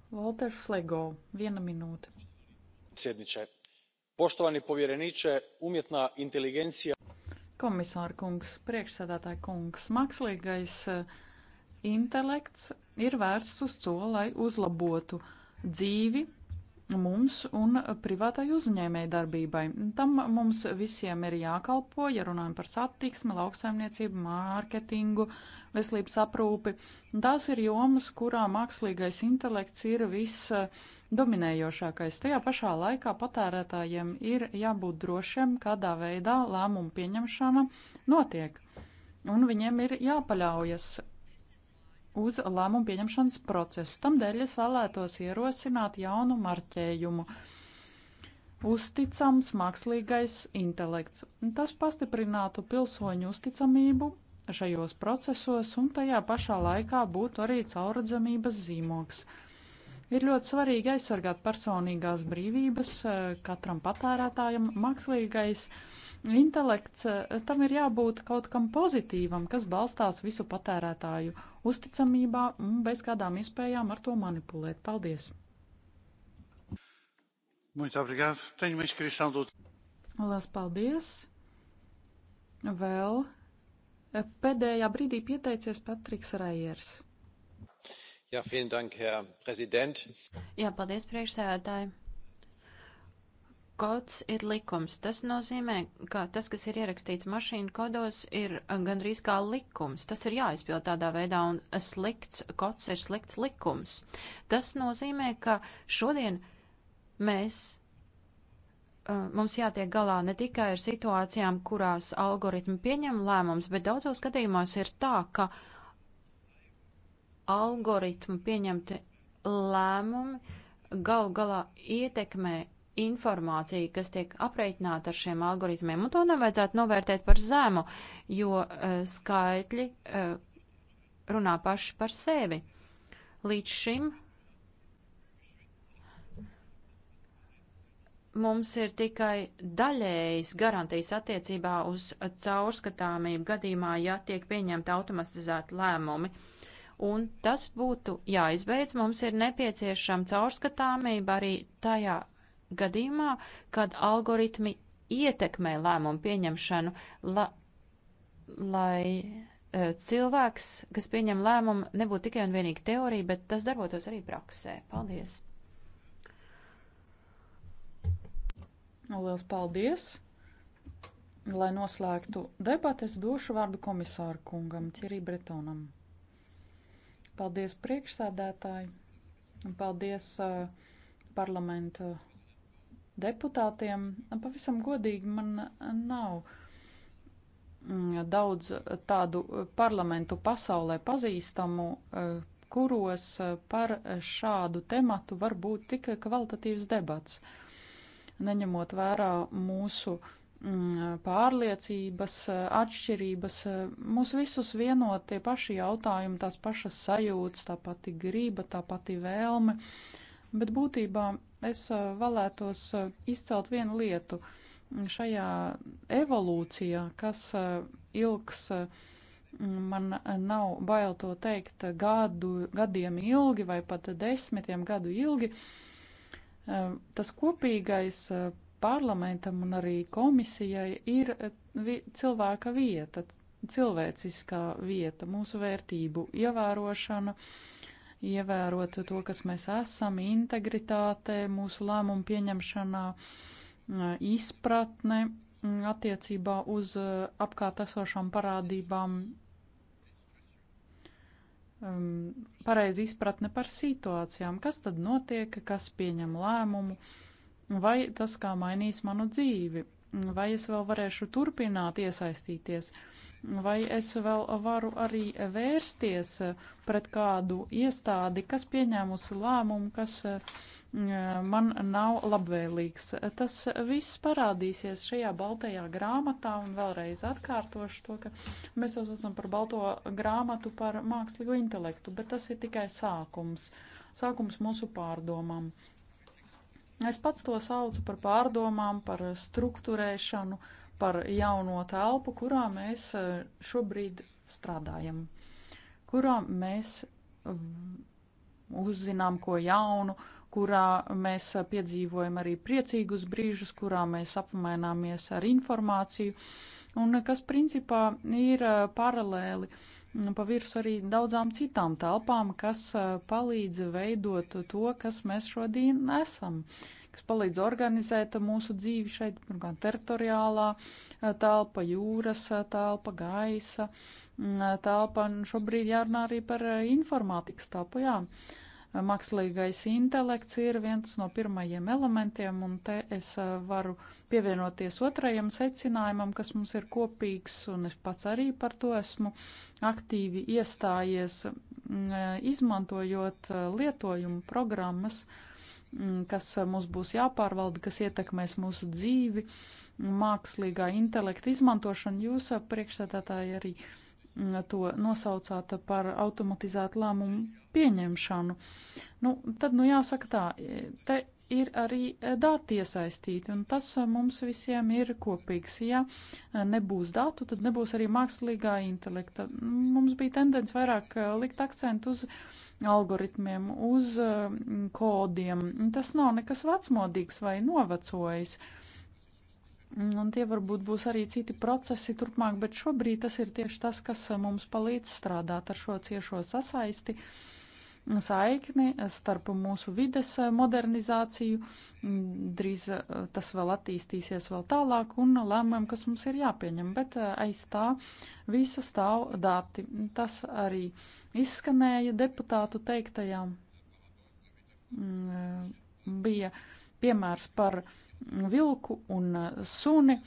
Valter Flego, viena minūte. Sēdniče, poštovani povjereniče, umjetna inteligencija. Komisāra kungs, priekšsēdētāja kungs, mākslīgais eh, intelekts ir vērsts uz to, lai uzlabotu dzīvi mums un privātai uzņēmēji darbībai. Tam mums visiem ir jākalpo, ja runājam par satiksmi, lauksaimniecību, mārketingu, veselības aprūpi. Tās ir jomas, kurā mākslīgais intelekts ir visdominējošākais. Tajā pašā laikā patērētājiem ir jābūt drošiem, kādā veidā lēmumu pieņemšana notiek. Un viņiem ir jāpaļaujas uz lēmumu pieņemšanas procesu. Tamdēļ es vēlētos ierosināt jaunu marķējumu. Uzticams mākslīgais intelekts. Tas pastiprinātu pilsoņu uzticamību šajos procesos un tajā pašā laikā būtu arī caurredzamības zīmoks. Ir ļoti svarīgi aizsargāt personīgās brīvības eh, katram patērētājam. Mākslīgais intelekts eh, tam ir jābūt kaut kam pozitīvam, kas balstās visu patērētāju uzticamībā un bez kādām iespējām ar to manipulēt. Paldies! Lielas paldies! Vēl pēdējā brīdī pieteicies Patriks Raiers. Jā, ja, dank, Jā, paldies priekšsēdētāji! kods ir likums. Tas nozīmē, ka tas, kas ir ierakstīts mašīnu kodos, ir eh, gandrīz kā likums. Tas ir jāizpild tādā veidā, un slikts kods ir slikts likums. Tas nozīmē, ka šodien mēs. Eh, mums jātiek galā ne tikai ar situācijām, kurās algoritmi pieņem lēmumus, bet daudzos gadījumos ir tā, ka algoritmu pieņemti lēmumi gal galā ietekmē informācija, kas tiek apreikināta ar šiem algoritmiem, un to nevajadzētu novērtēt par zemu, jo uh, skaitļi uh, runā paši par sevi. Līdz šim mums ir tikai daļējas garantijas attiecībā uz caurskatāmību gadījumā, ja tiek pieņemta automatizēta lēmumi. Un tas būtu jāizbeidz, mums ir nepieciešama caurskatāmība arī tajā gadījumā, kad algoritmi ietekmē lēmumu pieņemšanu, la, lai e, cilvēks, kas pieņem lēmumu, nebūtu tikai un vienīgi teorija, bet tas darbotos arī praksē. Paldies! Lielas paldies! Lai noslēgtu debates, došu vārdu komisāru kungam, Ķirī Bretonam. Paldies priekšsēdētāji un paldies uh, parlamenta deputātiem. Pavisam godīgi man nav mm, daudz tādu parlamentu pasaulē pazīstamu, eh, kuros eh, par šādu tematu var būt tik kvalitatīvs debats, neņemot vērā mūsu mm, pārliecības, atšķirības, mūs visus vieno tie paši jautājumi, tās pašas sajūtas, tā pati grība, tā pati vēlme, bet būtībā Es eh, vēlētos eh, izcelt vienu lietu šajā evolūcijā, kas eh, ilgs, man nav bail to teikt, gadu, gadiem ilgi vai pat desmitiem gadu ilgi. Tas kopīgais parlamentam un arī komisijai ir cilvēka vieta, cilvēciskā vieta, mūsu vērtību ievērošana, uh, ievērot to, kas mēs esam, integritāte mūsu lēmumu pieņemšanā, izpratne attiecībā uz e, apkārt esošām parādībām, pareizi izpratne par situācijām, kas tad notiek, kas pieņem lēmumu, vai tas kā mainīs manu dzīvi, vai es vēl varēšu turpināt iesaistīties. Uh, Vai es vēl varu arī vērsties eh, pret kādu iestādi, kas pieņēmusi lēmumu, kas eh, mm, man nav labvēlīgs? Tas viss parādīsies šajā baltajā grāmatā un vēlreiz atkārtošu to, ka mēs jau esam par balto grāmatu par mākslīgo intelektu, bet tas ir tikai sākums. Sākums mūsu pārdomām. Es pats to saucu par pārdomām, par struktūrēšanu. Uh, par jauno telpu, kurā mēs e, šobrīd strādājam, kurā mēs uzzinām ko jaunu, kurā mēs piedzīvojam arī priecīgus brīžus, kurā mēs apmaināmies ar informāciju, un e, kas principā ir e, paralēli pa virsu arī daudzām citām telpām, kas palīdz veidot to, kas mēs šodien esam. Uh, kas palīdz organizēt mūsu dzīvi šeit, nu, gan teritoriālā telpa, jūras telpa, gaisa telpa, un nu, šobrīd jārunā arī par informātikas telpu, jā. Mākslīgais intelekts ir viens no pirmajiem elementiem, un te es varu pievienoties otrajam secinājumam, kas mums ir kopīgs, un es pats arī par to esmu aktīvi iestājies, izmantojot lietojumu programmas, uh, Mm, kas mums būs jāpārvalda, kas ietekmēs mūsu dzīvi, mākslīgā intelekta izmantošanu. Jūs priekšstādātāji arī mm, to nosaucāt par automatizētu lēmumu pieņemšanu. Nu, tad, nu, jāsaka tā, te ir arī dati iesaistīti, un tas mums visiem ir kopīgs. Ja nebūs datu, tad nebūs arī mākslīgā intelekta. Mums bija tendence vairāk likt akcentu uz uh, algoritmiem, uz eh, kodiem. Tas nav nekas vecmodīgs vai novecojis. Un tie varbūt būs arī citi procesi turpmāk, bet šobrīd tas ir tieši tas, kas eh, mums palīdz strādāt ar šo ciešo sasaisti, saikni eh, starp mūsu vides modernizāciju. Drīz tas vēl attīstīsies vēl tālāk un lēmumiem, kas mums ir jāpieņem, bet aiz tā visa stāv dati. Tas arī ir izskanēja deputātu teiktajām. Mm, e, bija piemērs par vilku un suni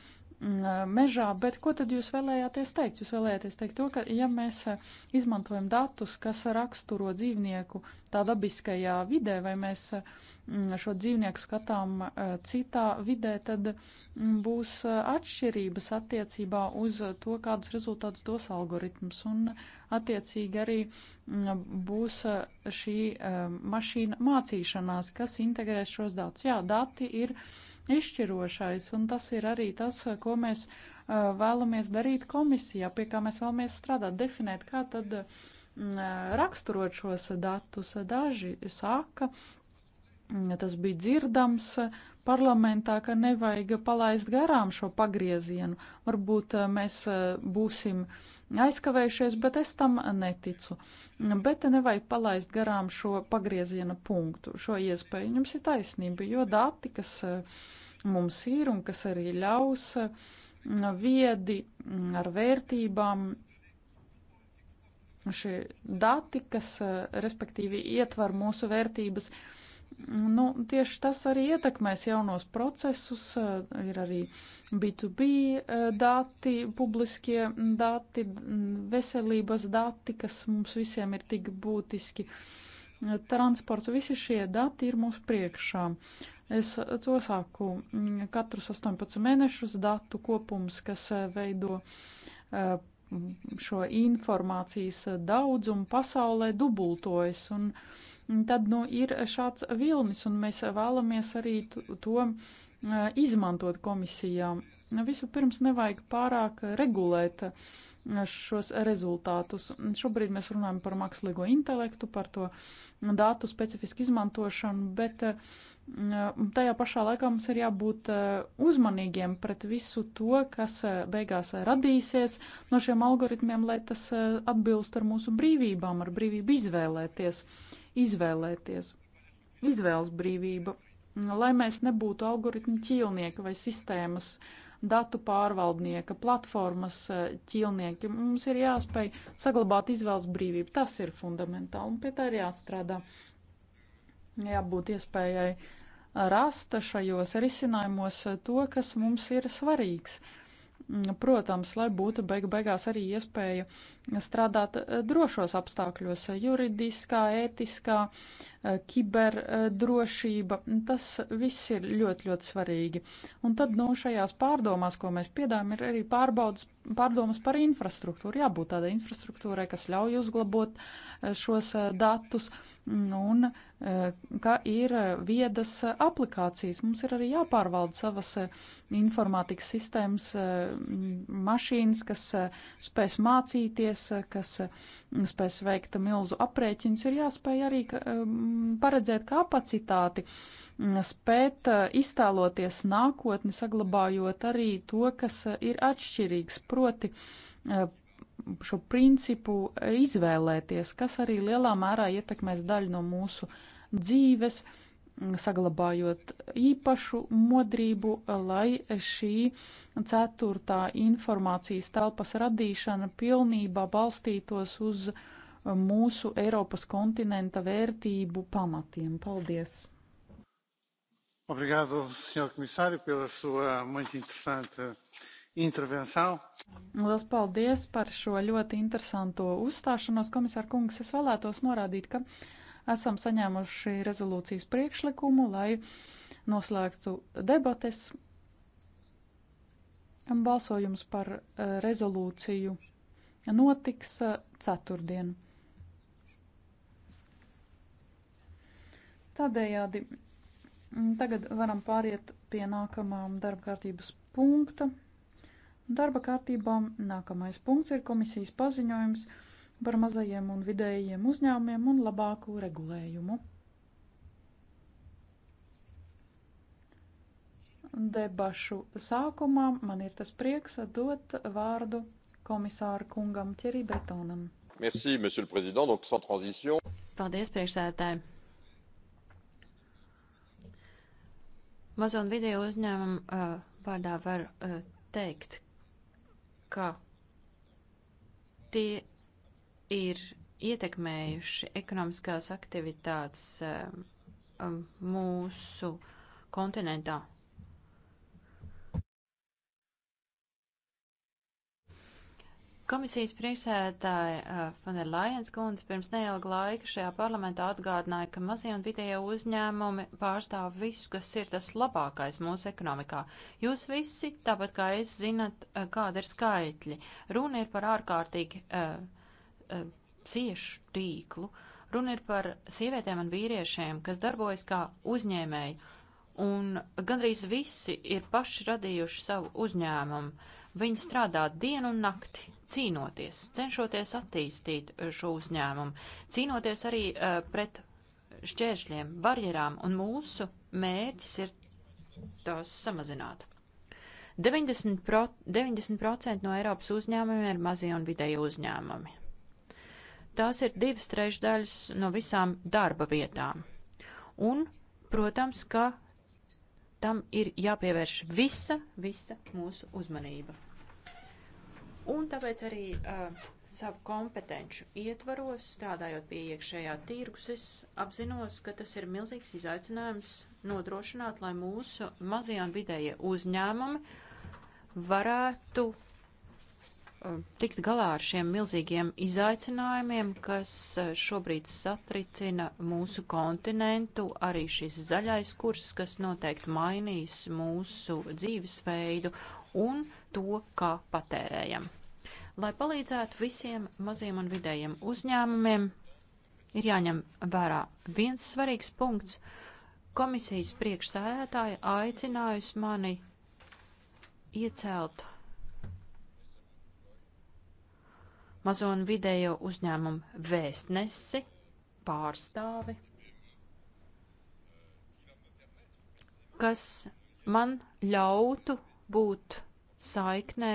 Mm, mežā, bet ko tad jūs vēlējāties teikt? Jūs vēlējāties teikt to, ka ja mēs eh, izmantojam datus, kas raksturo dzīvnieku tā dabiskajā vidē, vai mēs eh, mm, šo dzīvnieku skatām eh, citā vidē, tad mm, būs atšķirības attiecībā uz to, kādus rezultātus dos algoritms, un attiecīgi arī būs šī mašīna mācīšanās, kas integrēs šos datus. Jā, dati ir izšķirošais, un tas ir arī tas, ko mēs vēlamies darīt komisijā, pie kā mēs vēlamies strādāt, definēt, kā tad raksturot šos datus. Daži saka, tas bija dzirdams parlamentā, ka nevajag palaist garām šo pagriezienu. Varbūt mēs būsim uh, aizkavējušies, bet es tam neticu. Bet nevajag palaist garām šo pagrieziena punktu, šo iespēju. Jums ir taisnība, jo dati, kas eh, mums ir un kas arī ļaus eh, viedi mm, ar vērtībām, šie dati, kas eh, respektīvi ietver mūsu vērtības, uh, Nu, tieši tas arī ietekmēs jaunos procesus, eh, ir arī B2B eh, dati, publiskie dati, mm, veselības dati, kas mums visiem ir tik būtiski. Eh, transports, visi šie dati ir mūsu priekšā. Es to sāku mm, katrus 18 mēnešus datu kopums, kas veido šo informācijas daudzumu pasaulē dubultojas. Un, uh, tad nu, ir šāds vilnis, un mēs vēlamies arī to izmantot komisijām. Vispirms nevajag pārāk regulēt šos rezultātus. Šobrīd mēs runājam par mākslīgo intelektu, par to datu specifisku izmantošanu, bet tajā pašā laikā mums ir jābūt e, uzmanīgiem pret visu to, kas e, beigās radīsies no šiem algoritmiem, lai tas e, atbilst ar mūsu brīvībām, ar brīvību izvēlēties. Uh, izvēlēties. Izvēles brīvība, lai mēs nebūtu algoritmu ķīlnieki vai sistēmas datu pārvaldnieka, platformas eh, ķīlnieki. Mums ir jāspēj saglabāt izvēles brīvību. Tas ir fundamentāli un pie tā ir jāstrādā. Jābūt iespējai rast šajos risinājumos to, kas mums ir svarīgs. Uh, protams, lai būtu beigu beigās arī iespēja strādāt eh, drošos apstākļos - juridiskā, ētiskā, eh, kiberdrošība. Eh, tas viss ir ļoti, ļoti svarīgi. Un tad, nu, šajās pārdomās, ko mēs piedām, ir arī pārbaudas pārdomas par infrastruktūru. Jābūt tādai infrastruktūrai, kas ļauj uzglabot e, šos e, datus, un e, ka ir viedas aplikācijas. Mums ir arī jāpārvalda savas informātikas sistēmas, mašīnas, kas spēs mācīties, kas spēs veikt milzu aprēķinus. Ir jāspēj arī paredzēt kapacitāti Mm, spēt eh, iztēloties nākotni, saglabājot arī to, kas eh, ir atšķirīgs, proti eh, šo principu izvēlēties, kas arī lielā mērā ietekmēs daļu no mūsu dzīves, mm, saglabājot īpašu modrību, lai šī ceturtā informācijas telpas radīšana pilnībā balstītos uz mūsu Eiropas kontinenta vērtību pamatiem. Paldies! Obrigado, senhor komisāri, pela sua muito interesante intervenção. Lielas paldies par šo ļoti interesanto uzstāšanos, komisār kungs. Es vēlētos norādīt, ka esam saņēmuši rezolūcijas priekšlikumu, lai noslēgtu debates. Balsojums par eh, rezolūciju notiks eh, ceturtdien. Tādējādi Mm, tagad varam pāriet pie nākamām darba kārtības punkta. Darba kārtībām nākamais punkts ir komisijas paziņojums par mazajiem un vidējiem uzņēmumiem un labāku regulējumu. Debašu sākumā man ir tas prieks dot vārdu komisāru kungam Thierry Bretonam. Merci, monsieur le président, donc sans transition. Paldies, priekšsēdētāji. Mazo un vidēju uzņēmumu uh, vārdā var uh, teikt, ka tie ir ietekmējuši ekonomiskās aktivitātes uh, mūsu kontinentā Komisijas priekšsēdētāja Fanerlajens eh, kundze pirms neilga laika šajā parlamentā atgādināja, ka mazie un vidējie uzņēmumi pārstāv visu, kas ir tas labākais mūsu ekonomikā. Jūs visi, tāpat kā es, zinat, eh, kāda ir skaitļi. Runa ir par ārkārtīgi uh, uh, ciešu tīklu. Runa ir par sievietēm un vīriešiem, kas darbojas kā uzņēmēji. Un gandrīz visi ir paši radījuši savu uzņēmumu. Viņi strādā dienu un nakti, cīnoties, cenšoties attīstīt eh, šo uzņēmumu, cīnoties arī uh, pret šķēršļiem, barjerām, un mūsu mērķis ir tās samazināt. 90%, pro, 90 no Eiropas uzņēmumiem ir mazie un vidēji uzņēmumi. Tās ir divas trešdaļas no visām darba vietām. Un, protams, ka tam ir jāpievērš visa, visa mūsu uzmanība. Un tāpēc arī uh, savu kompetenču ietvaros, strādājot pie iekšējā tirgus, es apzinos, ka tas ir milzīgs izaicinājums nodrošināt, lai mūsu mazie un vidējie uzņēmumi varētu uh, tikt galā ar šiem milzīgiem izaicinājumiem, kas uh, šobrīd satricina mūsu kontinentu, arī šis zaļais kurs, kas noteikti mainīs mūsu dzīvesveidu un uh, to, kā patērējam. Lai palīdzētu visiem maziem un vidējiem uzņēmumiem, ir jāņem vērā viens svarīgs punkts. Komisijas priekšsēdētāja aicinājusi mani iecelt mazo un vidējo uzņēmumu vēstnesi, pārstāvi, kas man ļautu būt saiknē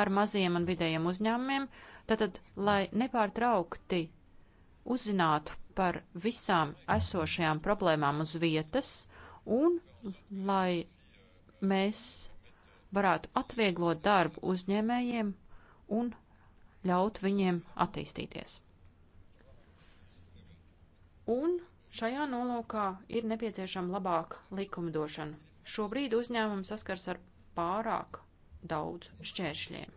ar maziem un vidējiem uzņēmumiem, tātad, lai nepārtraukti uzzinātu par visām esošajām problēmām uz vietas un lai mēs varētu atvieglot darbu uzņēmējiem un ļaut viņiem attīstīties. Un šajā nolūkā ir nepieciešama labāka likumdošana. Šobrīd uzņēmumi saskars ar pārāk daudz šķēršļiem.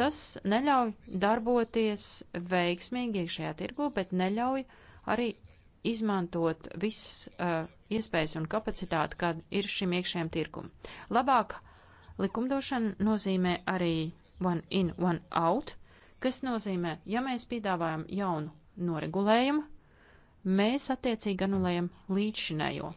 Tas neļauj darboties veiksmīgi iekšējā tirgu, bet neļauj arī izmantot visas uh, iespējas un kapacitāti, kāda ir šim iekšējam tirgum. Labāk likumdošana nozīmē arī one in, one out, kas nozīmē, ja mēs piedāvājam jaunu noregulējumu, mēs attiecīgi anulējam līdzšinējo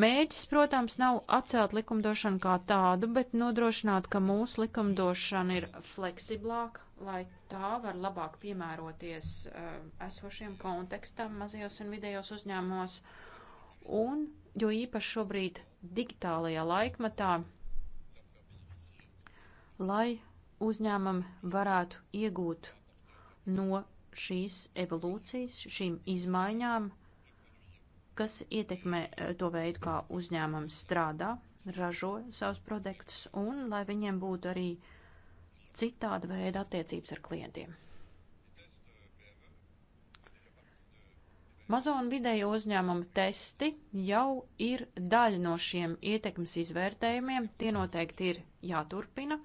Mēģis, protams, nav atcelt likumdošanu kā tādu, bet nodrošināt, ka mūsu likumdošana ir fleksiblāka, lai tā var labāk piemēroties uh, esošiem kontekstam mazajos un vidējos uzņēmumos. Un, jo īpaši šobrīd digitālajā laikmatā, lai uzņēmumi varētu iegūt no šīs evolūcijas, šīm izmaiņām, kas ietekmē eh, to veidu, kā uzņēmums strādā, ražo savus produktus un lai viņiem būtu arī citāda veida attiecības ar klientiem. Mazo un vidējo uzņēmumu testi jau ir daļa no šiem ietekmes izvērtējumiem. Tie noteikti ir jāturpina,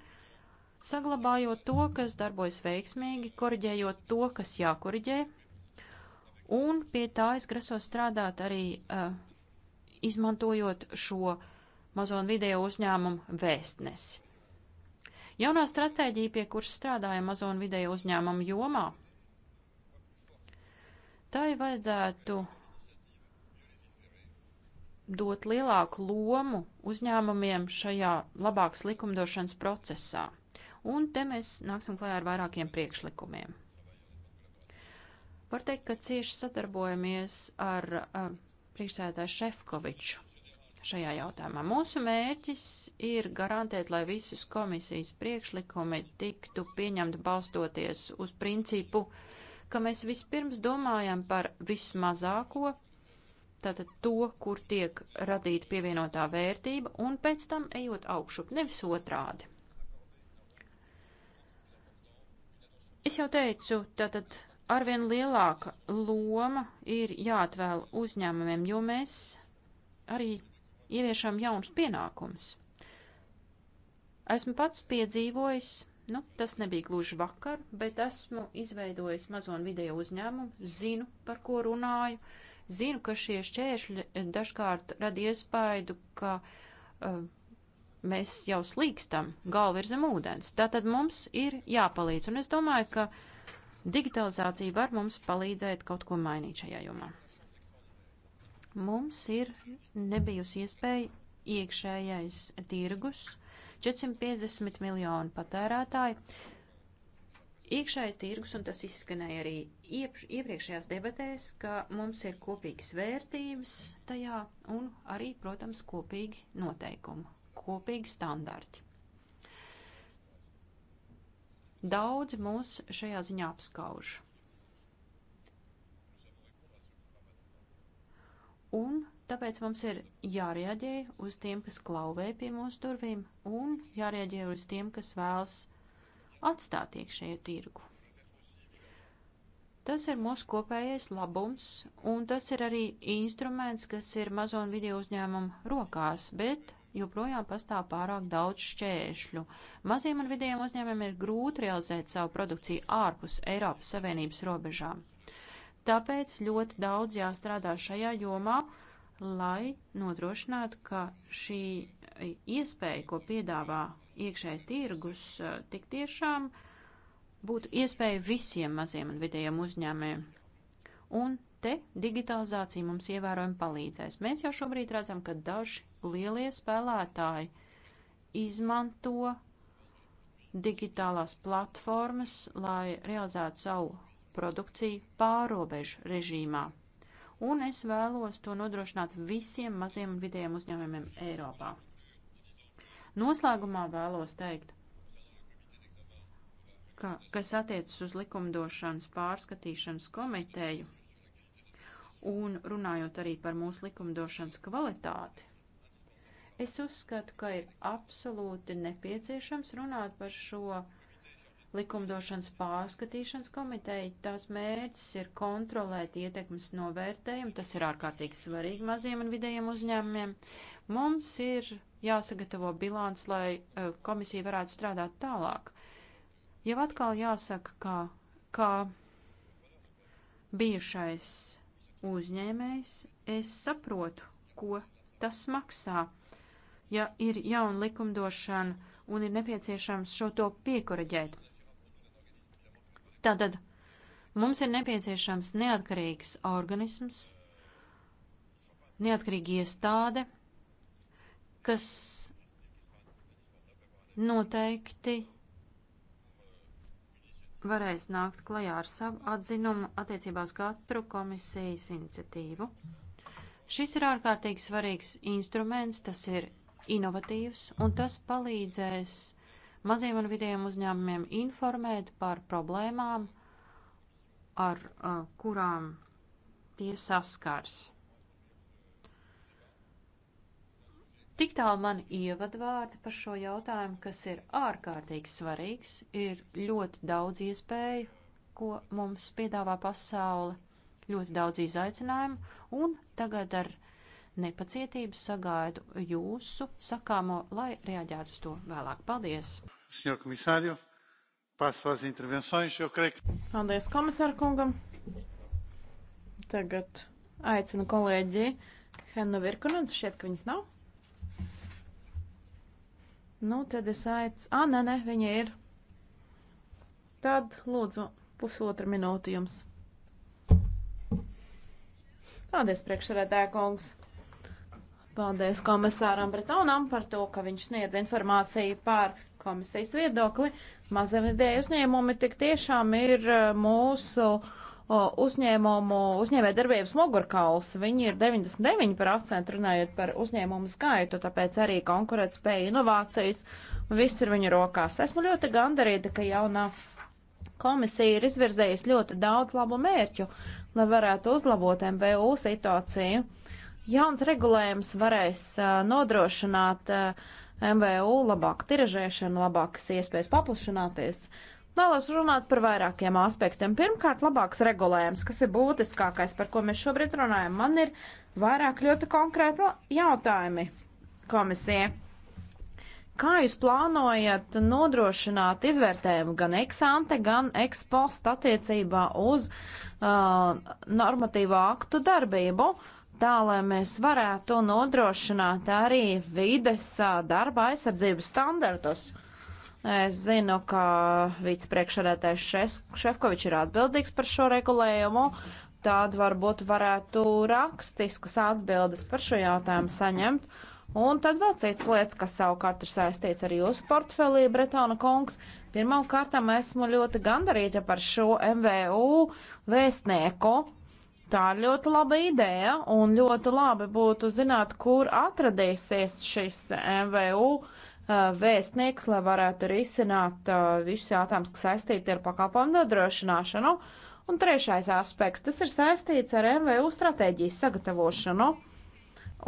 saglabājot to, kas darbojas veiksmīgi, korģējot to, kas jākorģē, Un pie tā es grasos strādāt arī uh, izmantojot šo mazo un vidējo uzņēmumu vēstnesi. Jaunā stratēģija, pie kuras strādāja mazo un vidējo uzņēmumu jomā, tai vajadzētu dot lielāku lomu uzņēmumiem šajā labākas likumdošanas procesā. Un te mēs nāksim klajā ar vairākiem priekšlikumiem. Var teikt, ka cieši sadarbojamies ar priekšsēdētāju Šefkoviču šajā jautājumā. Mūsu mērķis ir garantēt, lai visas komisijas priekšlikumi tiktu pieņemti balstoties uz principu, ka mēs vispirms domājam par vismazāko, tātad to, kur tiek radīta pievienotā vērtība, un pēc tam ejot augšup, nevis otrādi. Es jau teicu, tātad arvien lielāka loma ir jāatvēl uzņēmumiem, jo mēs arī ieviešam jaunus pienākumus. Esmu pats piedzīvojis, nu, tas nebija gluži vakar, bet esmu izveidojis mazo un vidējo uzņēmumu, zinu, par ko runāju, zinu, ka šie šķēršļi dažkārt rada iespaidu, ka uh, mēs jau slīkstam, galva ir zem ūdens. Tātad mums ir jāpalīdz, un es domāju, ka uh, Digitalizācija var mums palīdzēt kaut ko mainīt šajā jomā. Mums ir nebijusi iespēja iekšējais tirgus, 450 miljoni patērētāji. Iekšējais tirgus, un tas izskanēja arī iepriekšējās debatēs, ka mums ir kopīgas vērtības tajā un arī, protams, kopīgi noteikumi, kopīgi standarti. Daudzi mūs šajā ziņā apskauž. Un tāpēc mums ir jārēģē uz tiem, kas klauvē pie mūsu durvīm, un jārēģē uz tiem, kas vēlas atstāt iekšējo tirgu. Tas ir mūsu kopējais labums, un tas ir arī instruments, kas ir mazo un video uzņēmumu rokās, bet joprojām pastāv pārāk daudz šķēršļu. Maziem un vidējiem uzņēmumiem ir grūti realizēt savu produkciju ārpus Eiropas Savienības robežām. Tāpēc ļoti daudz jāstrādā šajā jomā, lai nodrošinātu, ka šī iespēja, ko piedāvā iekšējais tirgus, tik tiešām būtu iespēja visiem maziem un vidējiem uzņēmējiem. Un te digitalizācija mums ievērojami palīdzēs. Mēs jau šobrīd redzam, ka daži lielie spēlētāji izmanto digitālās platformas, lai realizētu savu produkciju pārobežu režīmā. Un es vēlos to nodrošināt visiem maziem un vidējiem uzņēmumiem Eiropā. Noslēgumā vēlos teikt, ka, kas attiecas uz likumdošanas pārskatīšanas komiteju, un runājot arī par mūsu likumdošanas kvalitāti, es uzskatu, ka ir absolūti nepieciešams runāt par šo likumdošanas pārskatīšanas komiteju. Tās mērķis ir kontrolēt ietekmes novērtējumu, tas ir ārkārtīgi svarīgi maziem un vidējiem uzņēmumiem. Mums ir jāsagatavo bilants, lai eh, komisija varētu strādāt tālāk. Jau atkal jāsaka, ka, ka bijušais uzņēmējs, es saprotu, ko tas maksā. Ja ir jauna likumdošana un ir nepieciešams šo to piekuraģēt. Tātad mums ir nepieciešams neatkarīgs organisms, neatkarīga iestāde, kas noteikti varēs nākt klajā ar savu atzinumu attiecībā uz katru komisijas iniciatīvu. Šis ir ārkārtīgi svarīgs instruments, tas ir inovatīvs un tas palīdzēs maziem un vidējiem uzņēmumiem informēt par problēmām, ar uh, kurām tie saskars. Tik tālu man ievadvārdi par šo jautājumu, kas ir ārkārtīgi svarīgs, ir ļoti daudz iespēju, ko mums piedāvā pasaule, ļoti daudz izaicinājumu, un tagad ar nepacietību sagaidu jūsu sakāmo, lai reaģētu uz to vēlāk. Paldies! Paldies komisāru kungam! Tagad aicinu kolēģi Hennu Virkunens, šķiet, ka viņas nav. Nu, tad es aicu. Ah, nē, nē, viņa ir. Tad, lūdzu, pusotra minūte jums. Paldies, priekšredētāja kungs. Paldies komisāram Bretonam par to, ka viņš sniedz informāciju par komisijas viedokli. Mazavidēju uzņēmumi tik tiešām ir eh, mūsu. Uh, uzņēmumu, uzņēmē darbības mugurkauls. Viņi ir 99% runājot par uzņēmumu skaitu, tāpēc arī konkurētspēja inovācijas, viss ir viņu rokās. Esmu ļoti gandarīta, ka jaunā komisija ir izvirzējusi ļoti daudz labu mērķu, lai varētu uzlabot MVU situāciju. Jauns regulējums varēs nodrošināt MVU labāku tiražēšanu, labākas iespējas paplašināties. Uh, Vēlos runāt par vairākiem aspektiem. Pirmkārt, labāks regulējums, kas ir būtiskākais, par ko mēs šobrīd runājam. Man ir vairāk ļoti konkrēti jautājumi komisijai. Kā jūs plānojat nodrošināt izvērtējumu gan eksante, gan ekspost attiecībā uz uh, normatīvo aktu darbību, tā lai mēs varētu nodrošināt arī vides uh, darba aizsardzības standartus? Uh, Es zinu, ka vicepriekšsēdētājs Šefkovičs ir atbildīgs par šo regulējumu. Tad varbūt varētu rakstiskas atbildes par šo jautājumu saņemt. Un tad vēl citas lietas, kas savukārt ir saistīts ar jūsu portfelī, Bretona kungs. Pirmkārt, esmu ļoti gandarīta par šo MVU vēstnieku. Tā ir ļoti laba ideja, un ļoti labi būtu zināt, kur atradīsies šis MVU vēstnieks vēstnieks, lai varētu risināt visus jautājumus, kas saistīti ar pakalpojumu nodrošināšanu. Un trešais aspekts, tas ir saistīts ar MVU stratēģijas sagatavošanu.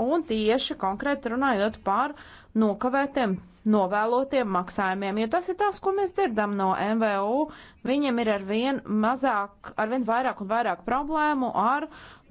Un tieši konkrēti runājot par nokavētiem novēlotiem maksājumiem, jo tas ir tas, ko mēs dzirdam no MVU. Viņiem ir arvien mazāk, arvien vairāk un vairāk problēmu ar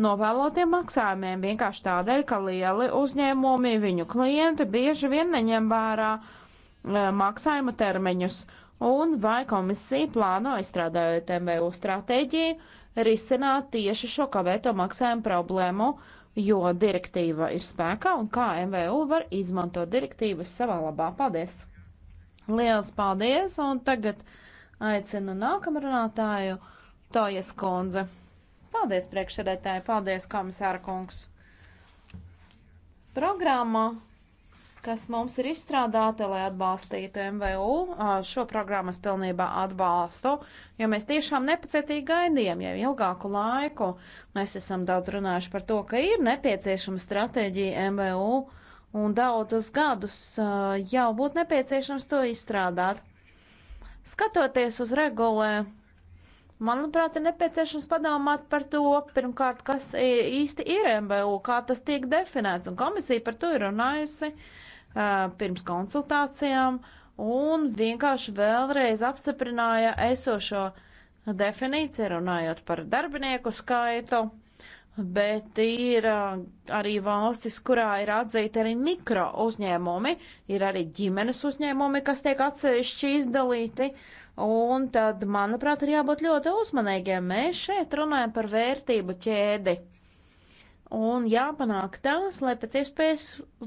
novēlotiem maksājumiem, vienkārši tādēļ, ka lieli uzņēmumi, viņu klienti bieži vien neņem vērā eh, maksājuma termiņus. Un vai komisija plāno, izstrādājot MVU stratēģiju, risināt tieši šo kavēto maksājumu problēmu? Uh, jo direktīva ir spēkā un kā MVU var izmantot direktīvas savā labā. Paldies! Liels paldies! Un tagad aicinu nākamu runātāju Tojas Konze. Paldies, priekšsēdētāji! Paldies, komisāra kungs! Programma kas mums ir izstrādāta, lai atbalstītu MVU. Šo programmu es pilnībā atbalstu, jo mēs tiešām nepacietīgi gaidījām jau ilgāku laiku. Mēs esam daudz runājuši par to, ka ir nepieciešama stratēģija MVU un daudzus gadus jau būtu nepieciešams to izstrādāt. Skatoties uz regulē, Manuprāt, ir nepieciešams padomāt par to, pirmkārt, kas īsti ir MBU, kā tas tiek definēts, un komisija par to ir runājusi. Uh, pirms konsultācijām un vienkārši vēlreiz apstiprināja esošo definīciju, runājot par darbinieku skaitu, bet ir arī valstis, kurā ir atzīti arī mikro uzņēmumi, ir arī ģimenes uzņēmumi, kas tiek atsevišķi izdalīti. Un tad, manuprāt, ir jābūt ļoti uzmanīgiem. Mēs šeit runājam par vērtību ķēdi un jāpanāk tās, lai pēc iespējas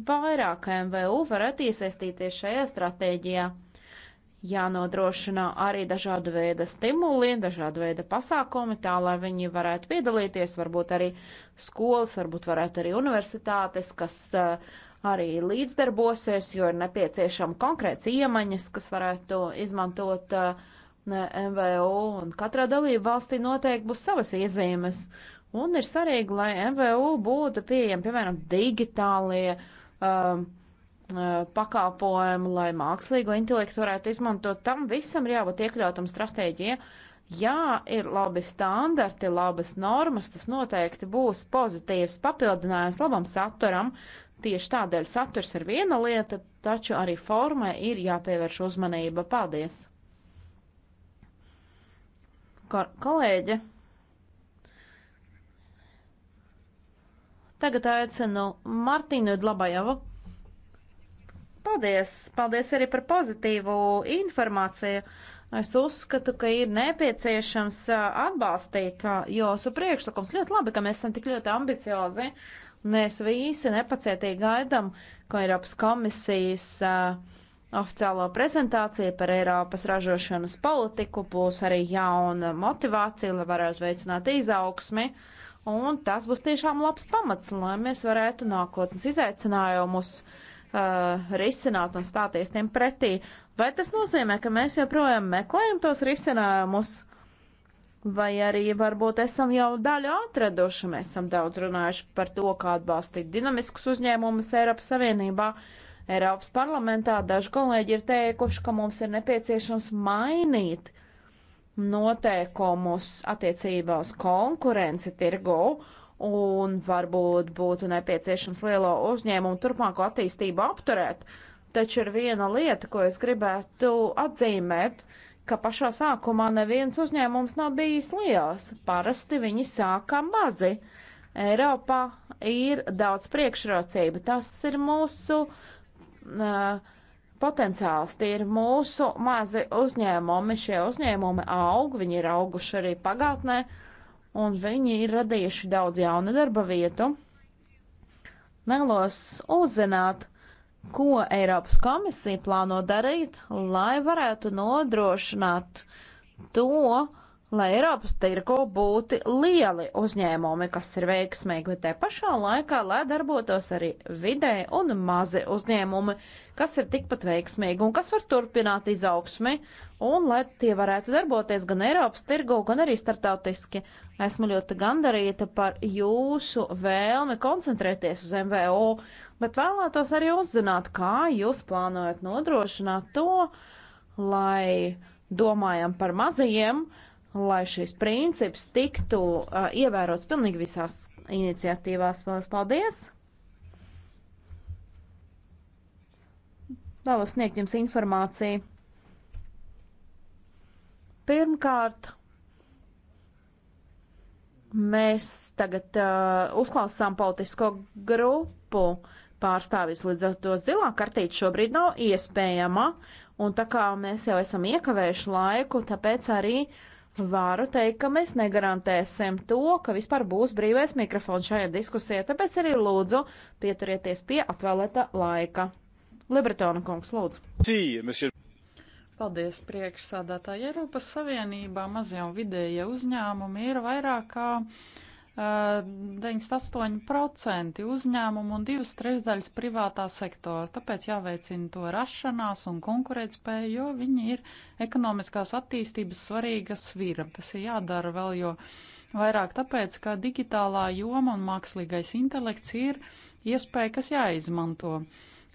vairāk MVU varētu iesaistīties šajā stratēģijā. Jānodrošina arī dažādu veidu stimuli, dažādu veidu pasākumi, tā lai viņi varētu piedalīties, varbūt arī skolas, varbūt varētu arī universitātes, kas uh, arī līdzdarbosies, jo ir nepieciešama konkrēts iemaņas, kas varētu izmantot uh, eh, MVU, un katrā dalība valstī noteikti būs savas iezīmes. Uh, Un ir svarīgi, lai MVU būtu pieejami, piemēram, digitālie um, uh, pakalpojumi, lai mākslīgo intelektu varētu izmantot. Tam visam ir jābūt iekļautam stratēģijai. Jā, ir labi standarti, labas normas, tas noteikti būs pozitīvs papildinājums labam saturam. Tieši tādēļ saturs ir viena lieta, taču arī formai ir jāpievērš uzmanība. Paldies! Kol kolēģi! Tagad aicinu Martīnu Dlabajavu. Paldies! Paldies arī par pozitīvu informāciju. Es uzskatu, ka ir nepieciešams atbalstīt jūsu priekšlikums. Ļoti labi, ka mēs esam tik ļoti ambiciozi. Mēs visi nepacietīgi gaidām, ko Eiropas komisijas uh, oficiālo prezentāciju par Eiropas ražošanas politiku. Būs arī jauna motivācija, lai varētu veicināt izaugsmi. Uh, Un tas būs tiešām labs pamats, lai mēs varētu nākotnes izaicinājumus uh, risināt un stāties tiem pretī. Vai tas nozīmē, ka mēs joprojām meklējam tos risinājumus, vai arī varbūt esam jau daļu atraduši? Mēs esam daudz runājuši par to, kā atbalstīt dinamiskus uzņēmumus Eiropas Savienībā. Eiropas parlamentā daži kolēģi ir teikuši, ka mums ir nepieciešams mainīt uh, noteikumus attiecībā uz konkurenci tirgu un varbūt būtu nepieciešams lielo uzņēmumu turpmāko attīstību apturēt. Taču ir viena lieta, ko es gribētu atzīmēt, ka pašā sākumā neviens uzņēmums nav bijis liels. Parasti viņi sāka mazi. Eiropā ir daudz priekšrocību. Tas ir mūsu uh, potenciāls. Tie ir mūsu mazi uzņēmumi. Šie uzņēmumi aug, viņi ir auguši arī pagātnē, un viņi ir radījuši daudz jaunu darba vietu. Vēlos uzzināt, ko Eiropas komisija plāno darīt, lai varētu nodrošināt to, lai Eiropas tirgu būtu lieli uzņēmumi, kas ir veiksmīgi, bet te pašā laikā, lai darbotos arī vidēji un mazi uzņēmumi, kas ir tikpat veiksmīgi un kas var turpināt izaugsmi, un lai tie varētu darboties gan Eiropas tirgu, gan arī startautiski. Esmu ļoti gandarīta par jūsu vēlmi koncentrēties uz MVO, bet vēlētos arī uzzināt, kā jūs plānojat nodrošināt to, lai domājam par mazajiem, uh, lai šis princips tiktu uh, ievērots pilnīgi visās iniciatīvās. Vēlas paldies! Vēlos sniegt jums informāciju. Pirmkārt, mēs tagad uh, uzklausām politisko grupu pārstāvis, līdz ar to zilā kartīte šobrīd nav iespējama, un tā kā mēs jau esam iekavējuši laiku, tāpēc arī uh, Varu teikt, ka mēs negarantēsim to, ka vispār būs brīvais mikrofons šajā diskusijā, tāpēc arī lūdzu pieturieties pie atvēlēta laika. Libretona kungs, lūdzu. Paldies, priekšsādātāji. Eiropas Savienībā mazie un vidējie uzņēmumi ir vairāk kā 98% uzņēmumu un divas trešdaļas privātā sektora. Tāpēc jāveicina to rašanās un konkurētspēja, jo viņi ir ekonomiskās attīstības svarīga svira. Tas ir jādara vēl jo vairāk tāpēc, ka digitālā joma un mākslīgais intelekts ir iespēja, kas jāizmanto.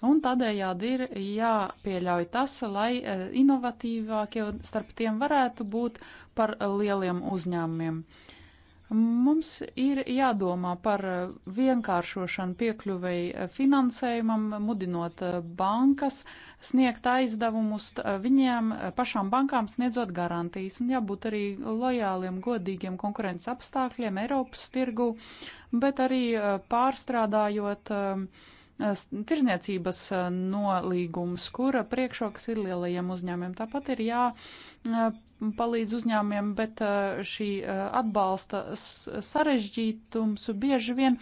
Un tādējādi ir jāpieļauj tas, lai e, inovatīvākie starp tiem varētu būt par lieliem uzņēmumiem. Uh, Mums ir jādomā par vienkāršošanu piekļuvēji finansējumam, mudinot bankas sniegt aizdevumus viņiem pašām bankām sniedzot garantijas un jābūt arī lojāliem, godīgiem konkurences apstākļiem Eiropas tirgu, bet arī pārstrādājot uh, tirzniecības eh, nolīgums, kura priekšroks ir lielajiem uzņēmiem. Tāpat ir jāpalīdz eh, uzņēmiem, bet eh, šī atbalsta sarežģītums bieži vien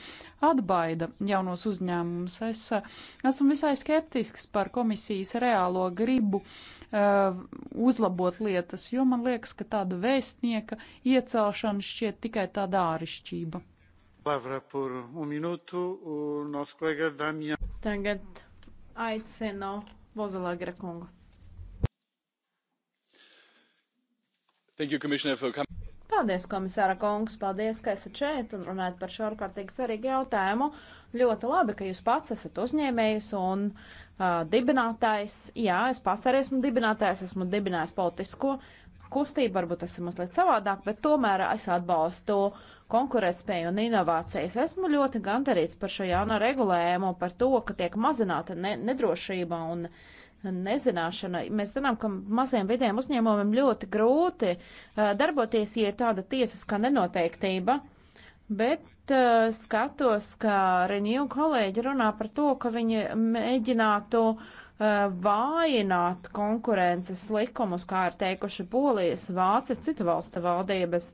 atbaida jaunos uzņēmumus. Es esmu visai skeptisks par komisijas reālo gribu uzlabot lietas, jo man liekas, ka tāda vēstnieka iecelšana šķiet tikai tāda ārišķība. Tagad aicinu Bozolagra kungu. You, paldies, komisāra kungs, paldies, ka esat šeit un runājat par šo ārkārtīgi svarīgu jautājumu. Ļoti labi, ka jūs pats esat uzņēmējs un uh, dibinātājs. Jā, es pats arī esmu dibinātājs, esmu dibinājis politisko uh, kustība, varbūt tas ir mazliet savādāk, bet tomēr es atbalstu konkurētspēju un inovācijas. Esmu ļoti gandarīts par šo jauno regulējumu, par to, ka tiek mazināta ne nedrošība un nezināšana. Mēs zinām, ka maziem vidiem uzņēmumiem ļoti grūti uh, darboties, ja ir tāda tiesiskā nenoteiktība, bet uh, skatos, ka Reniju kolēģi runā par to, ka viņi mēģinātu uh, Uh, vājināt konkurences likumus, kā ir teikuši Polijas, Vācijas, citu valstu valdības.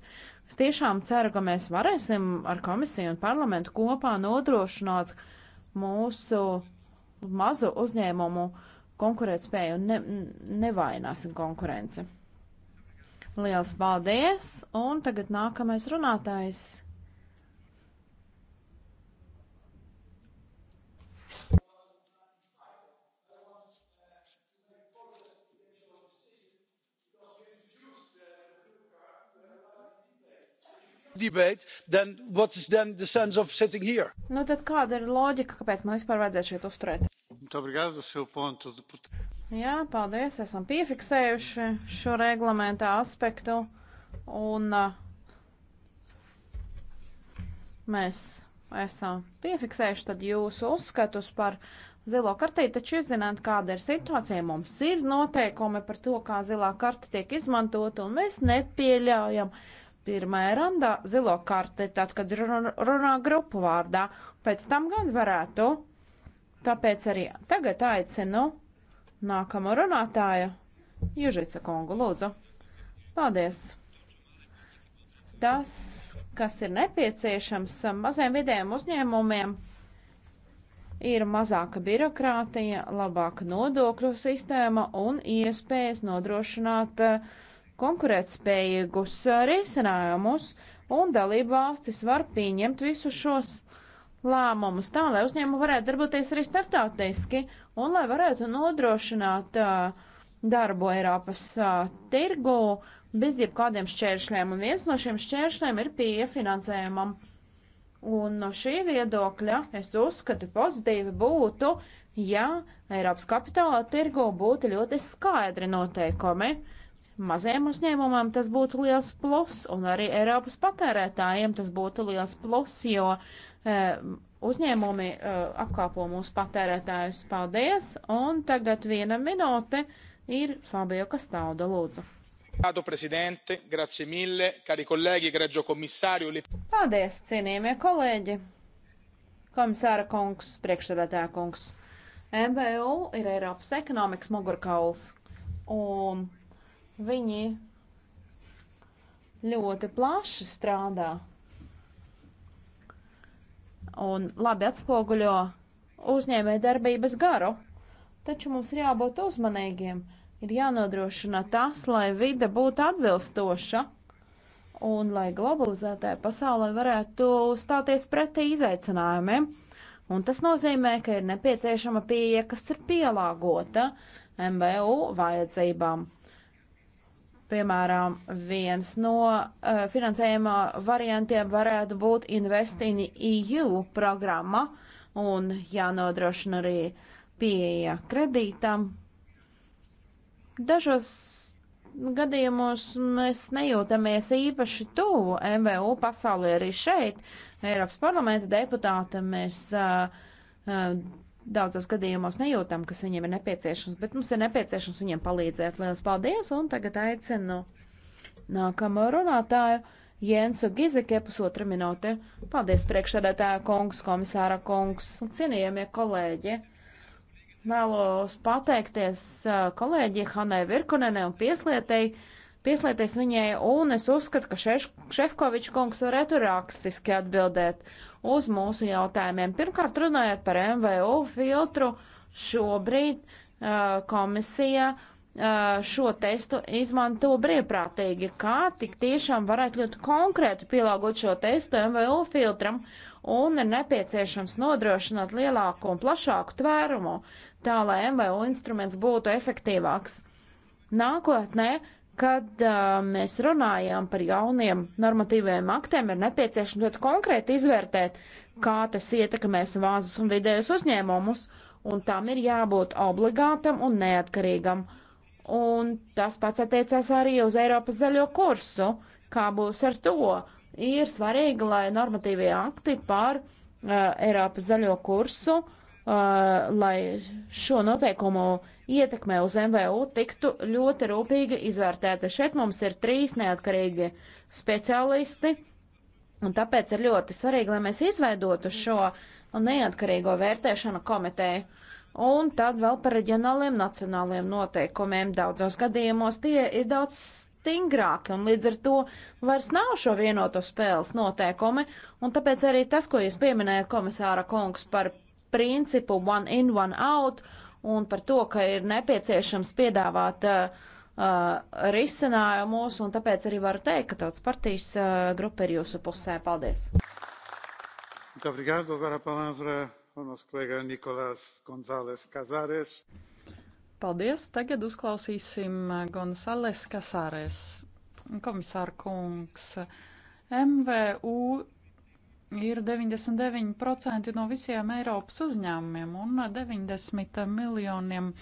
Es tiešām ceru, ka mēs varēsim ar komisiju un parlamentu kopā nodrošināt mūsu mazu uzņēmumu konkurētspēju un ne, nevaināsim konkurenci. Liels paldies! Un tagad nākamais runātājs Debate, then then the nu, tad kāda ir loģika, kāpēc man vispār vajadzētu šeit uzturēt? Jā, paldies, esam piefiksējuši šo reglamentā aspektu, un uh, mēs esam piefiksējuši tad jūsu uzskatus par zilo kartīti, taču jūs zināt, kāda ir situācija. Mums ir noteikumi par to, kā zilā karta tiek izmantota, un mēs nepieļaujam uh, Pirmajā randā zilo karti, tad, kad runā grupu vārdā, pēc tam gan varētu. Tāpēc arī tagad aicinu nākamo runātāju, Južica kungu, lūdzu. Paldies! Tas, kas ir nepieciešams maziem vidējiem uzņēmumiem, ir mazāka birokrātija, labāka nodokļu sistēma un iespējas nodrošināt uh, konkurētspējīgus eh, risinājumus, un dalību valstis var pieņemt visus šos lēmumus tā, lai uzņēmumi varētu darboties arī startautiski un lai varētu nodrošināt uh, darbu Eiropas uh, tirgu bez jebkādiem šķēršļiem, un viens no šiem šķēršļiem ir pieeja finansējumam. Un no šī viedokļa es uzskatu pozitīvi būtu, ja Eiropas kapitāla tirgu būtu ļoti skaidri noteikumi. Uh, Mazajam uzņēmumam tas būtu liels plus, un arī Eiropas patērētājiem tas būtu liels plus, jo e, uzņēmumi e, apkalpo mūsu patērētājus. Paldies! Un tagad viena minūte ir Fabio Kastauda lūdzu. Paldies, cienījamie kolēģi! Komisāra kungs, priekšsēdētāja kungs. MVU ir Eiropas ekonomikas mugurkauls. Un Viņi ļoti plaši strādā un labi atspoguļo uzņēmēja darbības garu. Taču mums ir jābūt uzmanīgiem, ir jānodrošina tas, lai vide būtu atbilstoša un lai globalizētajā pasaulē varētu stāties pretī izaicinājumiem. Un tas nozīmē, ka ir nepieciešama pieeja, kas ir pielāgota MBU vajadzībām. Piemēram, viens no uh, finansējuma variantiem varētu būt Investini EU programma un jānodrošina arī pieeja kredītam. Dažos gadījumos mēs nejūtamies īpaši tuvu MVU pasaulē arī šeit. Eiropas parlamenta deputāte mēs uh, uh, daudzos gadījumos nejūtam, kas viņiem ir nepieciešams, bet mums ir nepieciešams viņiem palīdzēt. Lielas paldies! Un tagad aicinu nākamo runātāju Jensu Gizekē pusotra minūte. Paldies priekšsēdētāja kungs, komisāra kungs, cienījamie kolēģi! Vēlos pateikties uh, kolēģi Hanai Virkunenei un pieslietēji pieslēgties viņai, un es uzskatu, ka Šefkoviča kungs varētu rakstiski atbildēt uz mūsu jautājumiem. Pirmkārt, runājot par MVU filtru, šobrīd uh, komisija uh, šo testu izmanto brīvprātīgi, kā tik tiešām varētu ļoti konkrēti pielāgot šo testu MVU filtram, un ir nepieciešams nodrošināt lielāku un plašāku tvērumu, tā lai MVU instruments būtu efektīvāks. Nākotnē Kad uh, mēs runājām par jauniem normatīviem aktiem, ir nepieciešams ļoti konkrēti izvērtēt, kā tas ietekmēs mazus un vidējos uzņēmumus, un tam ir jābūt obligātam un neatkarīgam. Un tas pats attiecās arī uz Eiropas zaļo kursu. Kā būs ar to? Ir svarīgi, lai normatīvie akti par uh, Eiropas zaļo kursu uh, Uh, lai šo noteikumu ietekmē uz MVU tiktu ļoti rūpīgi izvērtēta. Šeit mums ir trīs neatkarīgi speciālisti, un tāpēc ir ļoti svarīgi, lai mēs izveidotu šo neatkarīgo vērtēšanu komiteju. Un tad vēl par reģionāliem nacionāliem noteikumiem. Daudzos gadījumos tie ir daudz stingrāki, un līdz ar to vairs nav šo vienoto spēles noteikumi, un tāpēc arī tas, ko jūs pieminējat, komisāra kungs, par principu one in, one out un par to, ka ir nepieciešams piedāvāt uh, uh, risinājumus, un tāpēc arī varu teikt, ka tautas partijas uh, grupa ir jūsu pusē. Paldies! Obrigado, agora a palavra ao nosso colega Nicolás González Casares. Paldies! Tagad uzklausīsim uh, Gonzales Kasārēs. Komisāra kungs, MVU ir 99% no visiem Eiropas uzņēmumiem un 90 miljoniem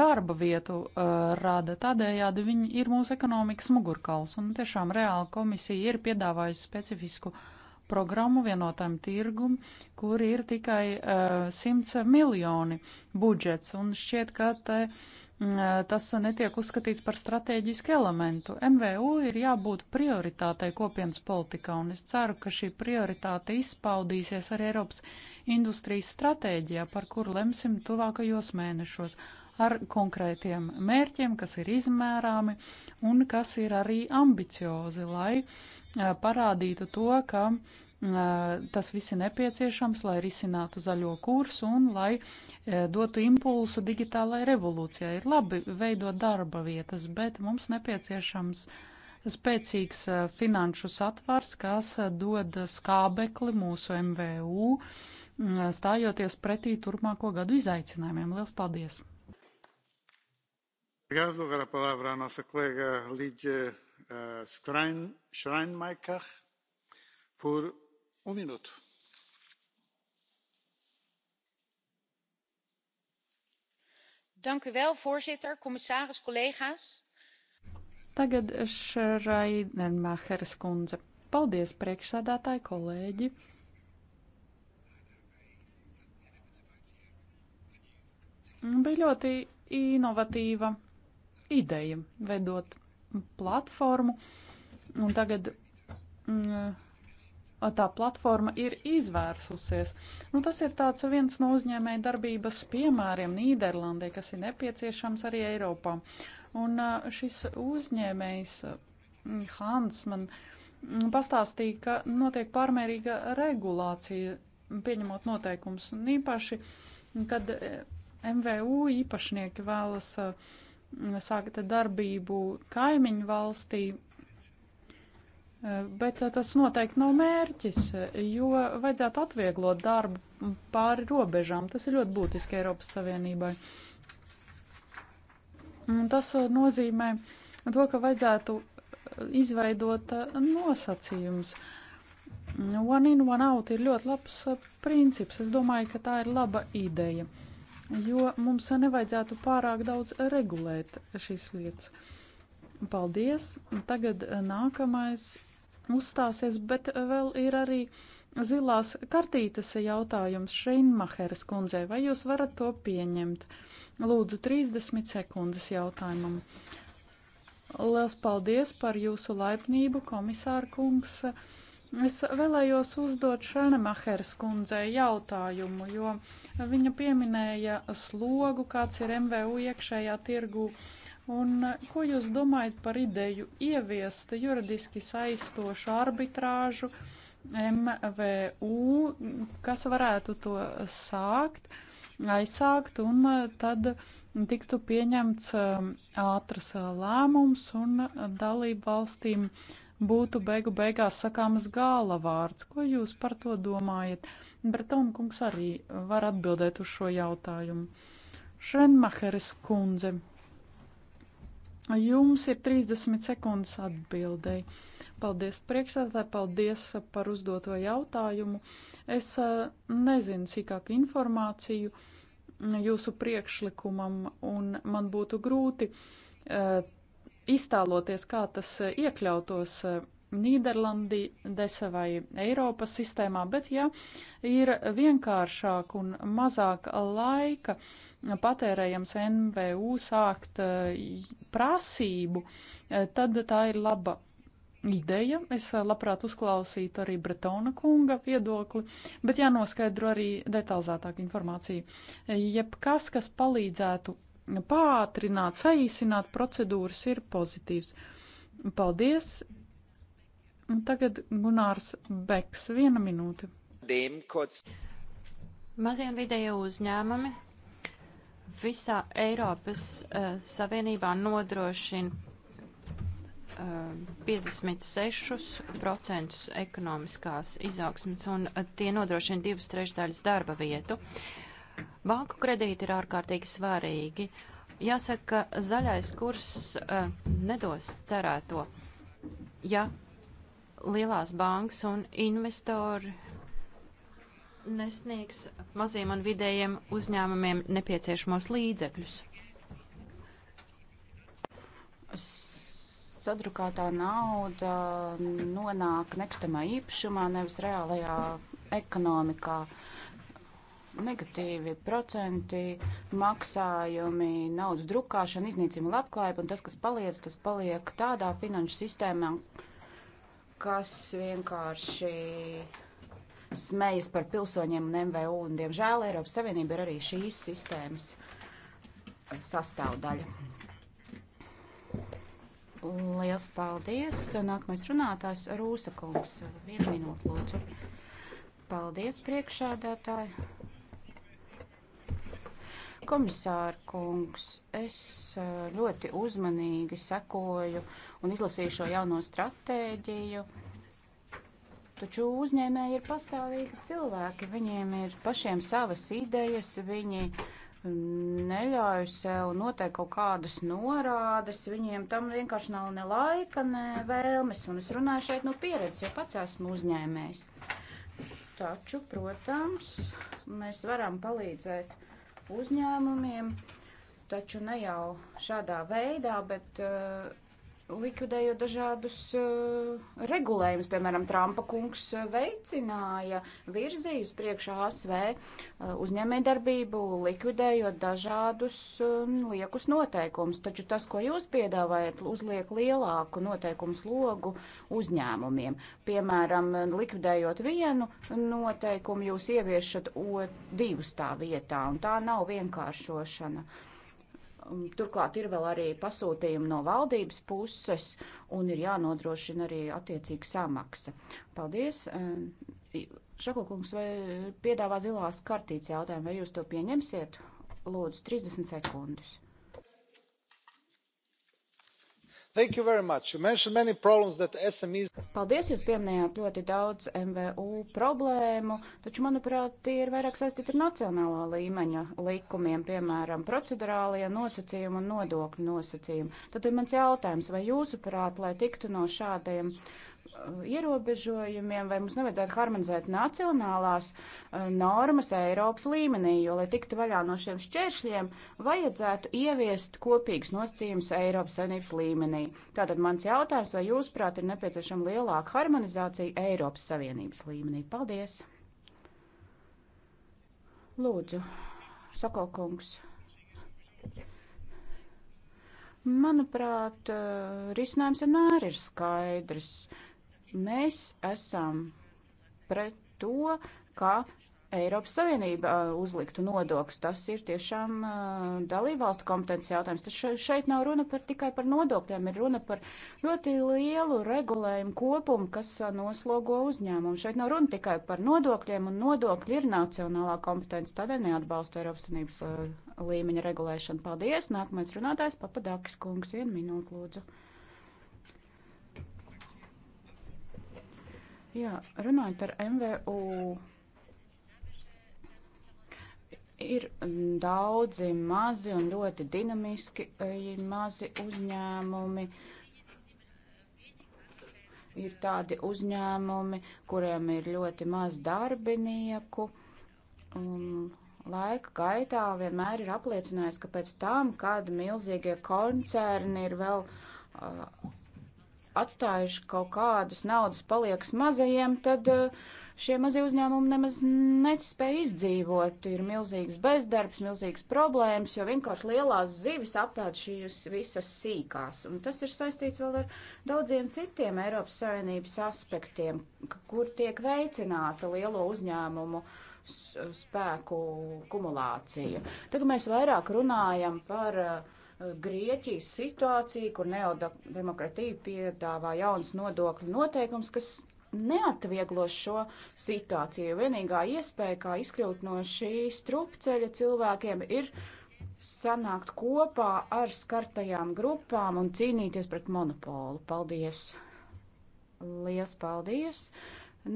darba vietu uh, rada. Tādējādi viņi ir mūsu ekonomikas mugurkauls un tiešām reāli komisija ir piedāvājusi specifisku programmu vienotam tirgum, kur ir tikai uh, 100 miljoni budžets un šķiet, ka te. Uh, Mm, tas netiek uzskatīts par strateģisku elementu. MVU ir jābūt prioritātei kopienas politikā, un es ceru, ka šī prioritāte izpaudīsies arī Eiropas industrijas stratēģijā, par kuru lemsim tuvākajos mēnešos, ar konkrētiem mērķiem, kas ir izmērāmi un kas ir arī ambiciozi, lai parādītu to, ka uh, Tas viss ir nepieciešams, lai risinātu zaļo kursu un lai dotu impulsu digitālajai revolūcijai. Ir labi veidot darba vietas, bet mums nepieciešams spēcīgs finanšu satvars, kas dod skābekli mūsu MVU, stājoties pretī turpmāko gadu izaicinājumiem. Lielas paldies! Obrigado. Agora a palavra à nossa colega Lídia uh, Schrein, Schreinmacher por Un minūtu. Dank u wel, voorzitter, commissaris, collega's. Tagad Šraidenmacheres kundze. Paldies, priekšsādātāji, kolēģi. Bija ļoti inovatīva ideja veidot platformu, un tagad mm, tā platforma ir izvērsusies. Nu, tas ir tāds viens no uzņēmēja darbības piemēriem Nīderlandē, kas ir nepieciešams arī Eiropā. Un šis uzņēmējs Hans man pastāstīja, ka notiek pārmērīga regulācija, pieņemot noteikumus, un īpaši, kad e, MVU īpašnieki vēlas sākt darbību kaimiņu valstī, Bet eh, tas noteikti nav mērķis, jo vajadzētu atvieglot darbu pāri robežām. Tas ir ļoti būtiski Eiropas Savienībai. Un tas eh, nozīmē to, ka vajadzētu eh, izveidot nosacījumus. One in, one out ir ļoti labs princips. Es domāju, ka tā ir laba ideja, jo mums nevajadzētu pārāk daudz regulēt šīs lietas. Paldies! Tagad nākamais uzstāsies, bet vēl ir arī zilās kartītes jautājums Šeinmaheres kundzei. Vai jūs varat to pieņemt? Lūdzu, 30 sekundes jautājumam. Lielas paldies par jūsu laipnību, komisāra kungs. Es vēlējos uzdot Šenemaheras kundzei jautājumu, jo viņa pieminēja slogu, kāds ir MVU iekšējā tirgu Un ko jūs domājat par ideju ieviest juridiski saistošu arbitrāžu MVU, kas varētu to sākt, aizsākt un tad tiktu pieņemts um, ātras lēmums un dalību valstīm būtu beigu beigās sakāmas gāla vārds. Ko jūs par to domājat? Bretona kungs arī var atbildēt uz šo jautājumu. Šrenmaheres kundze. Jums ir 30 sekundes atbildēji. Paldies priekšsēdētāji, paldies par uzdoto jautājumu. Es eh, nezinu sīkāku informāciju jūsu priekšlikumam, un man būtu grūti eh, iztēloties, kā tas eh, iekļautos Nīderlandese vai Eiropas sistēmā, bet ja ir vienkāršāk un mazāk laika patērējams NVU sākt eh, prasību, eh, tad tā ir laba ideja. Es eh, labprāt uzklausītu arī Bretona kunga viedokli, bet jānoskaidro arī detalizētāk informācija. Jebkas, kas palīdzētu pātrināt, saīsināt procedūras, ir pozitīvs. Paldies! Un tagad Gunārs Beks, viena minūte. Mazie un vidēji uzņēmumi visā Eiropas uh, Savienībā nodrošina uh, eh, 56% ekonomiskās izaugsmas, un uh, tie nodrošina divas trešdaļas darba vietu. Banku kredīti ir ārkārtīgi svarīgi. Jāsaka, ka zaļais kurs uh, nedos cerēto, ja lielās bankas un investori nesniegs maziem un vidējiem uzņēmumiem nepieciešamos līdzekļus. Sadrukātā nauda nonāk nekustamā īpašumā, nevis reālajā ekonomikā. Negatīvi procenti, maksājumi, naudas drukāšana, iznīcina labklājību, un tas, kas paliec, tas paliek tādā finanšu sistēmā, kas vienkārši smejas par pilsoņiem un MVU, un diemžēl Eiropas Savienība ir arī šīs sistēmas sastāvdaļa. Liels paldies! Nākamais runātājs Rūsa kungs. Vienu minūtu lūdzu. Paldies, priekšādātāji! Komisāra kungs, es eh, ļoti uzmanīgi sekoju un izlasīju šo jauno stratēģiju. Taču uzņēmēji ir pastāvīgi cilvēki, viņiem ir pašiem savas idejas, viņi neļauj sev noteikt kaut kādas norādes, viņiem tam vienkārši nav ne laika, ne vēlmes, un es runāju šeit no pieredzes, jo pats esmu uzņēmējs. Taču, protams, mēs varam palīdzēt uzņēmumiem, taču ne jau šādā veidā, bet uh, likvidējot dažādus uh, regulējumus. Piemēram, Trumpa kungs eh, veicināja virzīju uz priekšu ASV uh, eh, uzņēmējdarbību, likvidējot dažādus um, liekus noteikumus. Taču tas, ko jūs piedāvājat, uzliek lielāku noteikumu slogu uzņēmumiem. Piemēram, likvidējot vienu noteikumu, jūs ieviešat o, divus tā vietā, un tā nav vienkāršošana. Uh, Um, turklāt ir vēl arī pasūtījumi no valdības puses un ir jānodrošina arī attiecīga samaksa. Paldies! Um, Šakokungs vai piedāvā zilās kartītes jautājumu, vai jūs to pieņemsiet? Lūdzu, 30 sekundes. SMEs... Paldies, jūs pieminējāt ļoti daudz MVU problēmu, taču, manuprāt, tie ir vairāk saistīti ar nacionālā līmeņa likumiem, piemēram, procedurālie nosacījumi un nodokļu nosacījumi. Tad ir mans jautājums, vai jūsuprāt, lai tiktu no šādiem uh, ierobežojumiem, vai mums nevajadzētu harmonizēt nacionālās eh, normas Eiropas līmenī, jo, lai tiktu vaļā no šiem šķēršļiem, vajadzētu ieviest kopīgas nosacījumus Eiropas savinības līmenī. Tātad mans jautājums, vai jūs prāt ir nepieciešama lielāka harmonizācija Eiropas Savienības līmenī? Paldies! Lūdzu, Sokolkungs. Manuprāt, eh, risinājums vienmēr ir skaidrs. Mēs esam pret to, ka Eiropas Savienība uzliktu nodokļus. Tas ir tiešām dalībvalstu kompetences jautājums. Tas šeit nav runa par tikai par nodokļiem, ir runa par ļoti lielu regulējumu kopumu, kas noslogo uzņēmumu. Šeit nav runa tikai par nodokļiem, un nodokļi ir nacionālā kompetence. Tādēļ neatbalstu Eiropas Savienības līmeņa regulēšanu. Paldies! Nākamais runātājs Papadakis kungs, vienu minūtu lūdzu. Jā, runājot par MVU, ir daudzi mazi un ļoti dinamiski e, mazi uzņēmumi. Ir tādi uzņēmumi, kuriem ir ļoti maz darbinieku. Um, laika gaitā vienmēr ir apliecinājis, ka pēc tam, kad milzīgie koncerni ir vēl uh, atstājuši kaut kādus naudas paliekas mazajiem, tad eh, šie mazie uzņēmumi nemaz nespēja izdzīvot. Ir milzīgs bezdarbs, milzīgs problēmas, jo vienkārši lielās zivis apēd šīs visas sīkās. Un tas ir saistīts vēl ar daudziem citiem Eiropas Savienības aspektiem, kur tiek veicināta lielo uzņēmumu spēku kumulācija. Tagad mēs vairāk runājam par uh, Grieķijas situāciju, kur neodemokratija piedāvā jaunas nodokļu noteikums, kas neatvieglos šo situāciju. Vienīgā iespēja, kā izkļūt no šī strupceļa cilvēkiem, ir sanākt kopā ar skartajām grupām un cīnīties pret monopolu. Paldies! Lielas paldies!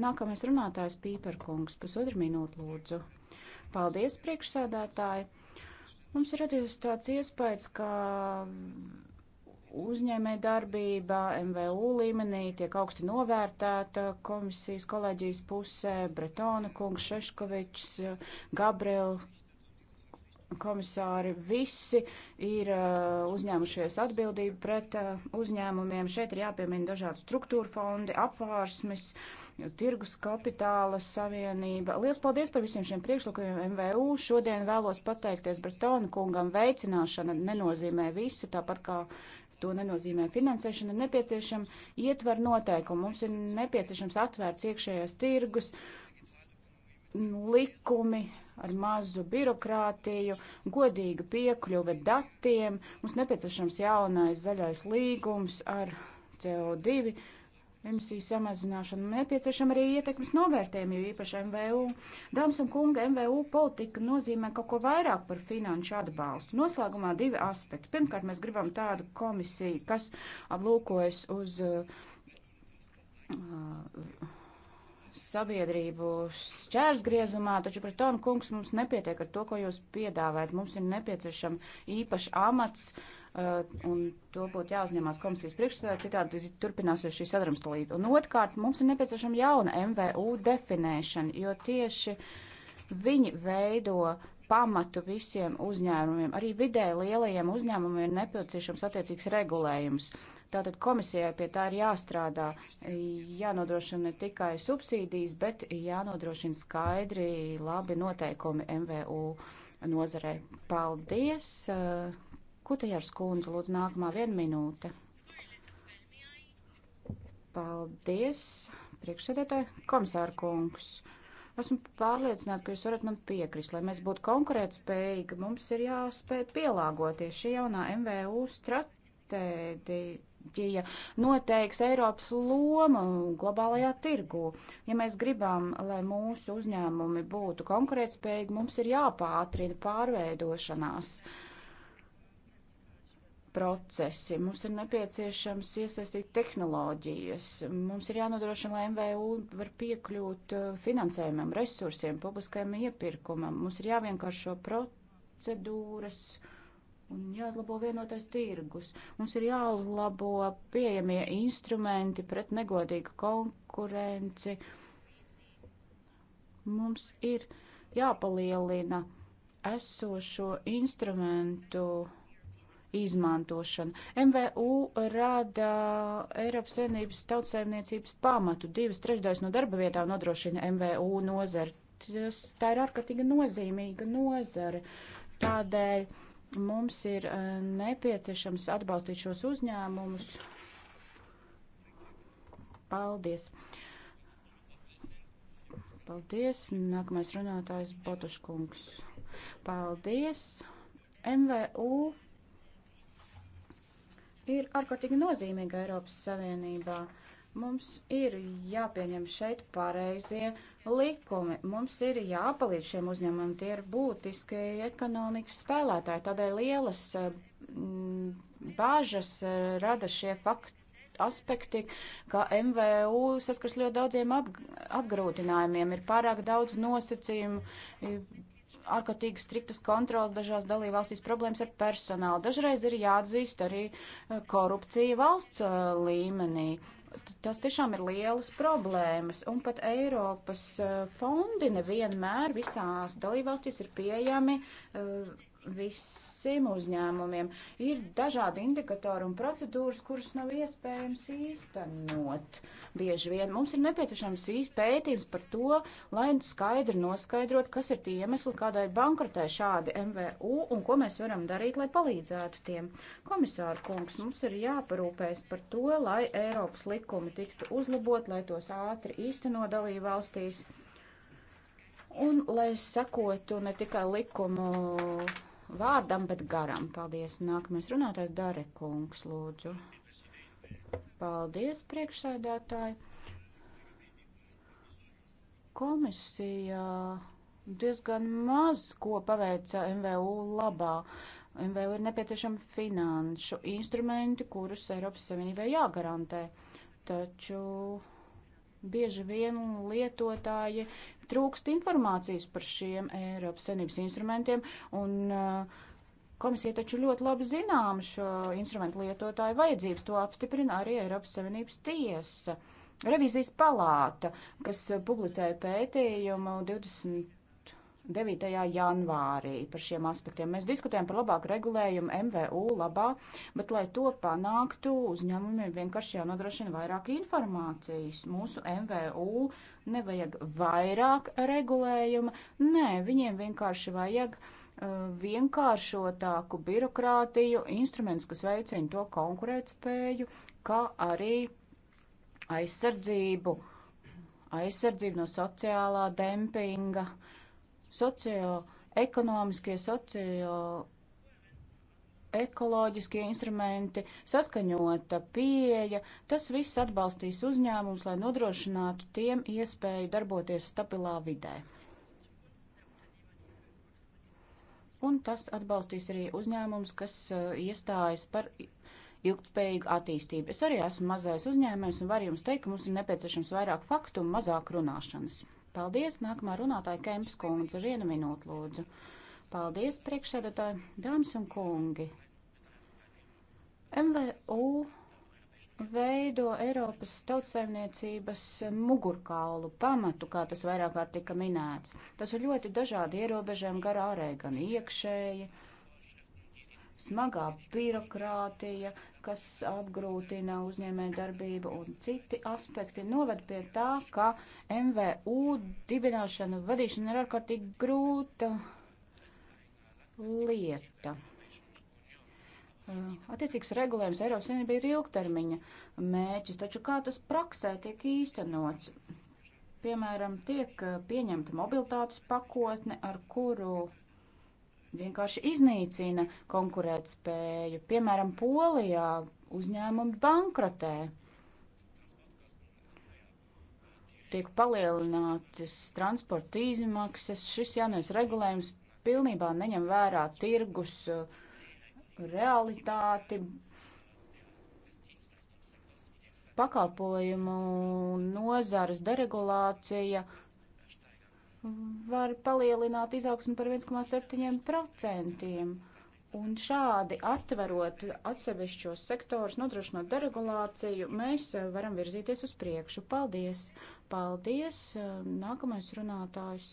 Nākamais runātājs Pīperkungs, pusotru minūtu lūdzu. Paldies, priekšsēdētāji! Mums radies tāds iespējas, ka mm, uzņēmē darbība MVU līmenī tiek augsti novērtēta komisijas kolēģijas pusē, Bretona kungs, Šeškovičs, Gabriela komisāri visi ir uh, uzņēmušies atbildību pret uh, uzņēmumiem. Šeit ir jāpiemina dažādi struktūra fondi, apvārsmes, tirgus kapitāla savienība. Lielas paldies par visiem šiem priekšlikumiem MVU. Šodien vēlos pateikties Bretona kungam. Veicināšana nenozīmē visu, tāpat kā to nenozīmē finansēšana, nepieciešama ietver noteikumu. Mums ir nepieciešams atvērts iekšējais tirgus, likumi, ar mazu birokrātiju, godīga piekļuve datiem. Mums nepieciešams jaunais zaļais līgums ar CO2 emisiju samazināšanu. Nepieciešama arī ietekmes novērtējumi, jo īpaši MVU. Dāmas un kunga, MVU politika nozīmē kaut ko vairāk par finanšu atbalstu. Noslēgumā divi aspekti. Pirmkārt, mēs gribam tādu komisiju, kas aplūkojas uz. Uh, uh, sabiedrību šķērsgriezumā, taču Bretona kungs mums nepietiek ar to, ko jūs piedāvājat. Mums ir nepieciešama īpaša amats, uh, un to būtu jāuzņemās komisijas priekšstādā, citādi turpināsies šī sadrumstalība. Un otrkārt, mums ir nepieciešama jauna MVU definēšana, jo tieši viņi veido pamatu visiem uzņēmumiem. Arī vidē lielajiem uzņēmumiem ir nepieciešams attiecīgs regulējums. Tātad komisijai pie tā ir jāstrādā, jānodrošina ne tikai subsīdijas, bet jānodrošina skaidri labi noteikumi MVU nozarē. Paldies! Eh, Kutajārs kundze, lūdzu, nākamā viena minūte. Paldies, priekšsēdētāji, komisāra kungs. Esmu pārliecināta, ka jūs varat man piekrist, lai mēs būtu konkurētspējīgi, mums ir jāspēj pielāgoties šī jaunā MVU stratēģija stratēģija noteiks Eiropas lomu globālajā tirgū. Ja mēs gribam, lai mūsu uzņēmumi būtu konkurētspējīgi, mums ir jāpātrina pārveidošanās procesi, mums ir nepieciešams iesaistīt tehnoloģijas, mums ir jānodrošina, lai MVU var piekļūt uh, finansējumam, resursiem, publiskajam iepirkumam, mums ir jāvienkāršo procedūras. Uh, un jāuzlabo vienotais tirgus. Mums ir jāuzlabo pieejamie instrumenti pret negodīgu konkurenci. Mums ir jāpalielina esošo instrumentu izmantošana. MVU rada Eiropas Savienības tautsēmniecības pamatu. Divas trešdaļas no darba vietām nodrošina MVU nozari. Tas, tā ir ārkārtīgi nozīmīga nozare. Tādēļ Mums ir eh, nepieciešams atbalstīt šos uzņēmumus. Paldies! Paldies! Nākamais runātājs Botuškungs. Paldies! MVU ir ārkārtīgi nozīmīga Eiropas Savienībā. Mums ir jāpieņem šeit pareizie likumi. Mums ir jāpalīdz šiem uzņēmumiem, tie ir būtiski ekonomikas spēlētāji. Tādēļ lielas eh, m, bāžas eh, rada šie fakti aspekti, ka MVU saskars ļoti daudziem ap, apgrūtinājumiem, ir pārāk daudz nosacījumu, ārkārtīgi striktas kontrolas dažās dalībvalstīs, problēmas ar personālu. Dažreiz ir jāatzīst arī eh, korupcija valsts līmenī. Tas tiešām ir lielas problēmas, un pat Eiropas eh, fondi nevienmēr visās dalībvalstīs ir pieejami uh, visiem uzņēmumiem. Ir dažādi indikatori un procedūras, kuras nav iespējams īstenot. Bieži vien mums ir nepieciešams pētījums par to, lai skaidri noskaidrot, kas ir tie iemesli, kādai bankrotē šādi MVU un ko mēs varam darīt, lai palīdzētu tiem. Komisāra kungs, mums ir jāparūpēs par to, lai Eiropas likumi tiktu uzlabot, lai tos ātri īsteno dalību valstīs. Un, lai sekotu ne tikai likumu vārdam, bet garam. Paldies. Nākamais runātājs Dare Kungs, lūdzu. Paldies, priekšsēdētāji. Komisija diezgan maz ko paveica MVU labā. MVU ir nepieciešami finanšu instrumenti, kurus Eiropas Savienībai jāgarantē. Taču bieži vien lietotāji trūkst informācijas par šiem Eiropas senības instrumentiem, un uh, komisija taču ļoti labi zinām šo instrumentu lietotāju vajadzības, to apstiprina arī Eiropas Savienības tiesa. Revizijas palāta, kas uh, publicēja pētījumu 20. 9. janvārī par šiem aspektiem. Mēs diskutējam par labāku regulējumu MVU labā, bet, lai to panāktu, uzņēmumiem vienkārši jānodrošina vairāk informācijas. Mūsu MVU nevajag vairāk regulējuma, nē, viņiem vienkārši vajag uh, vienkāršotāku birokrātiju, instruments, kas veicina to konkurētspēju, kā arī aizsardzību, aizsardzību no sociālā dempinga socioekonomiskie, socioekoloģiskie instrumenti, saskaņota pieeja. Tas viss atbalstīs uzņēmums, lai nodrošinātu tiem iespēju darboties stabilā vidē. Un tas atbalstīs arī uzņēmums, kas uh, iestājas par ilgtspējīgu attīstību. Es arī esmu mazais uzņēmējs un varu jums teikt, ka mums ir nepieciešams vairāk faktu un mazāk runāšanas. Paldies! Nākamā runātāja Kemps kundze. Vienu minūtu lūdzu. Paldies, priekšsēdētāji, dāmas un kungi. MVU veido Eiropas tautssaimniecības mugurkaulu pamatu, kā tas vairāk kārt tika minēts. Tas ir ļoti dažādi ierobežojumi garā ārēji, gan iekšēji smagā birokrātija, kas apgrūtina uzņēmē darbību un citi aspekti noved pie tā, ka MVU dibināšana, vadīšana ir ārkārtīgi grūta lieta. Uh, attiecīgs regulējums Eiropas Savienībā ir ilgtermiņa mēķis, taču kā tas praksē tiek īstenots? Piemēram, tiek uh, pieņemta mobilitātes pakotne, ar kuru vienkārši iznīcina konkurētspēju. Piemēram, Polijā uzņēmumi bankrotē. Tiek palielinātas transporta izmaksas, šis jaunais regulējums pilnībā neņem vērā tirgus uh, realitāti, pakalpojumu nozares deregulācija var palielināt izaugsmu par 1,7%. Un šādi atverot atsevišķos sektors, nodrošinot deregulāciju, mēs eh, varam virzīties uz priekšu. Paldies! Paldies! Eh, nākamais runātājs.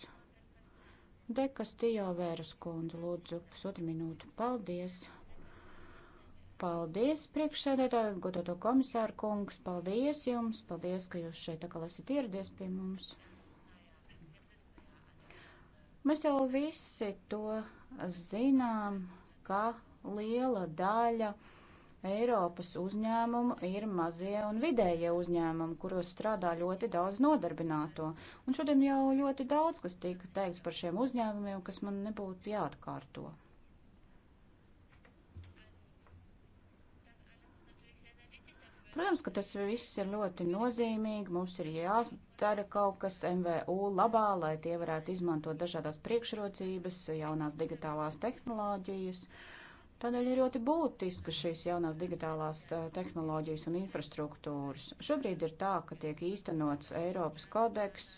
Dekas Tijā Vēras kundze, lūdzu, pusotru minūtu. Paldies! Paldies, priekšsēdētāji, godoto komisāru kungs, paldies jums, paldies, ka jūs šeit atkal esat ieradies pie mums. Mēs jau visi to zinām, ka liela daļa Eiropas uzņēmumu ir mazie un vidējie uzņēmumi, kuros strādā ļoti daudz nodarbināto. Un šodien jau ļoti daudz, kas tika teikts par šiem uzņēmumiem, kas man nebūtu jāatkārto. Protams, ka tas viss ir ļoti nozīmīgi. Mums ir jāsadara kaut kas MVU labā, lai tie varētu izmantot dažādās priekšrocības, jaunās digitālās tehnoloģijas. Tādēļ ir ļoti būtiska šīs jaunās digitālās tehnoloģijas un infrastruktūras. Šobrīd ir tā, ka tiek īstenots Eiropas kodeks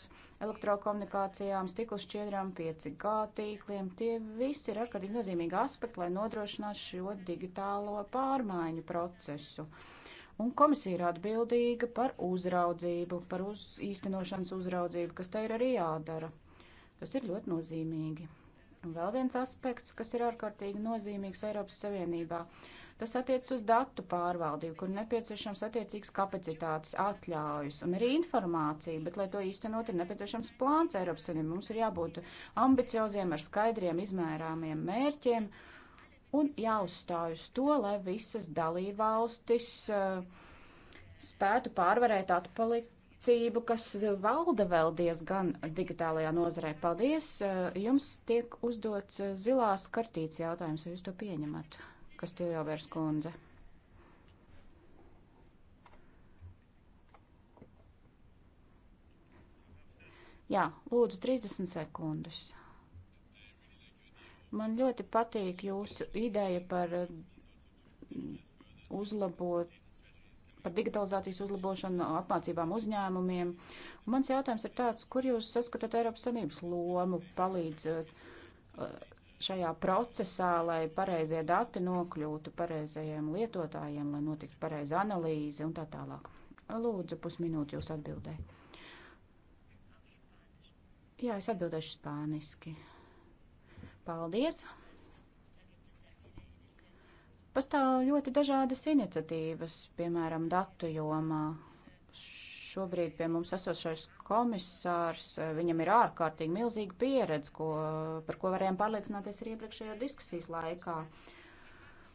elektrokomunikācijām, stikla šķiedrām, 5G tīkliem. Tie visi ir ārkārtīgi nozīmīgi aspekti, lai nodrošinātu šo digitālo pārmaiņu procesu. Uh, un komisija ir atbildīga par uzraudzību, par uz, īstenošanas uzraudzību, kas tai ir arī jādara. Tas ir ļoti nozīmīgi. Un vēl viens aspekts, kas ir ārkārtīgi nozīmīgs Eiropas Savienībā, tas attiecas uz datu pārvaldību, kur nepieciešams attiecīgs kapacitātes atļaujas un arī informācija, bet, lai to īstenot, ir nepieciešams plāns Eiropas Savienībā. Mums ir jābūt ambicioziem ar skaidriem, izmērāmiem mērķiem. Uh, un jāuzstāj uz to, lai visas dalībvalstis eh, spētu pārvarēt atpalicību, kas valda vēl diezgan digitālajā nozarē. Paldies! Eh, jums tiek uzdots eh, zilās kartītes jautājums, vai jūs to pieņemat, kas tie jau vērs kundze? Jā, lūdzu, 30 sekundes. Man ļoti patīk jūsu ideja par mm, uzlabot, par digitalizācijas uzlabošanu apmācībām uzņēmumiem. Un mans jautājums ir tāds, kur jūs saskatāt Eiropas Sanības lomu palīdzot eh, šajā procesā, lai pareizie dati nokļūtu pareizajiem lietotājiem, lai notiktu pareiza analīze un tā tālāk. Lūdzu, pusminūti jūs atbildē. Jā, es atbildēšu spāniski. Paldies! Pastāv ļoti dažādas iniciatīvas, piemēram, datu jomā. Šobrīd pie mums esošais komisārs, viņam ir ārkārtīgi milzīga pieredze, ko, par ko varējām pārliecināties arī iepriekšējā diskusijas laikā. Uh,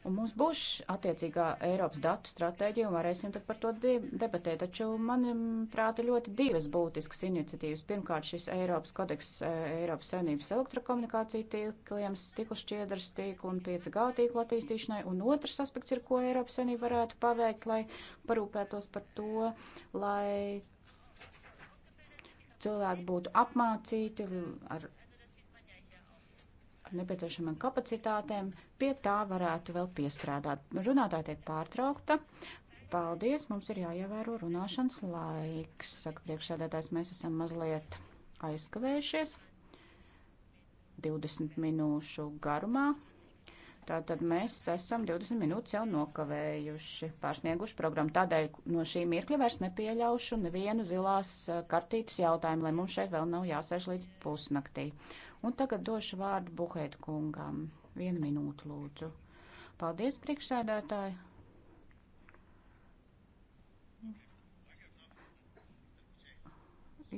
Un mums būs attiecīgā Eiropas datu stratēģija, un varēsim tad par to debatēt. Taču, manuprāt, ir ļoti divas būtiskas iniciatīvas. Pirmkārt, šis Eiropas kodeks e, Eiropas saimnības elektrokomunikāciju tīkliem, stikla šķiedras tīklu un 5G tīklu attīstīšanai, un otrs aspekts ir, ko Eiropas saimnība varētu paveikt, lai parūpētos par to, lai cilvēki būtu apmācīti ar nepieciešamiem kapacitātēm, pie tā varētu vēl piestrādāt. Runātāja tiek pārtraukta. Paldies, mums ir jāievēro runāšanas laiks. Saka priekšsēdētājs, mēs esam mazliet aizkavējušies 20 minūšu garumā. Tātad mēs esam 20 minūtes jau nokavējuši, pārsnieguši programmu. Tādēļ no šī mirkļa vairs nepieļaušu nevienu zilās kartītes jautājumu, lai mums šeit vēl nav jāsēž līdz pusnaktī. Un tagad došu vārdu Buhēt kungam. Vienu minūtu lūdzu. Paldies, priekšsēdētāji!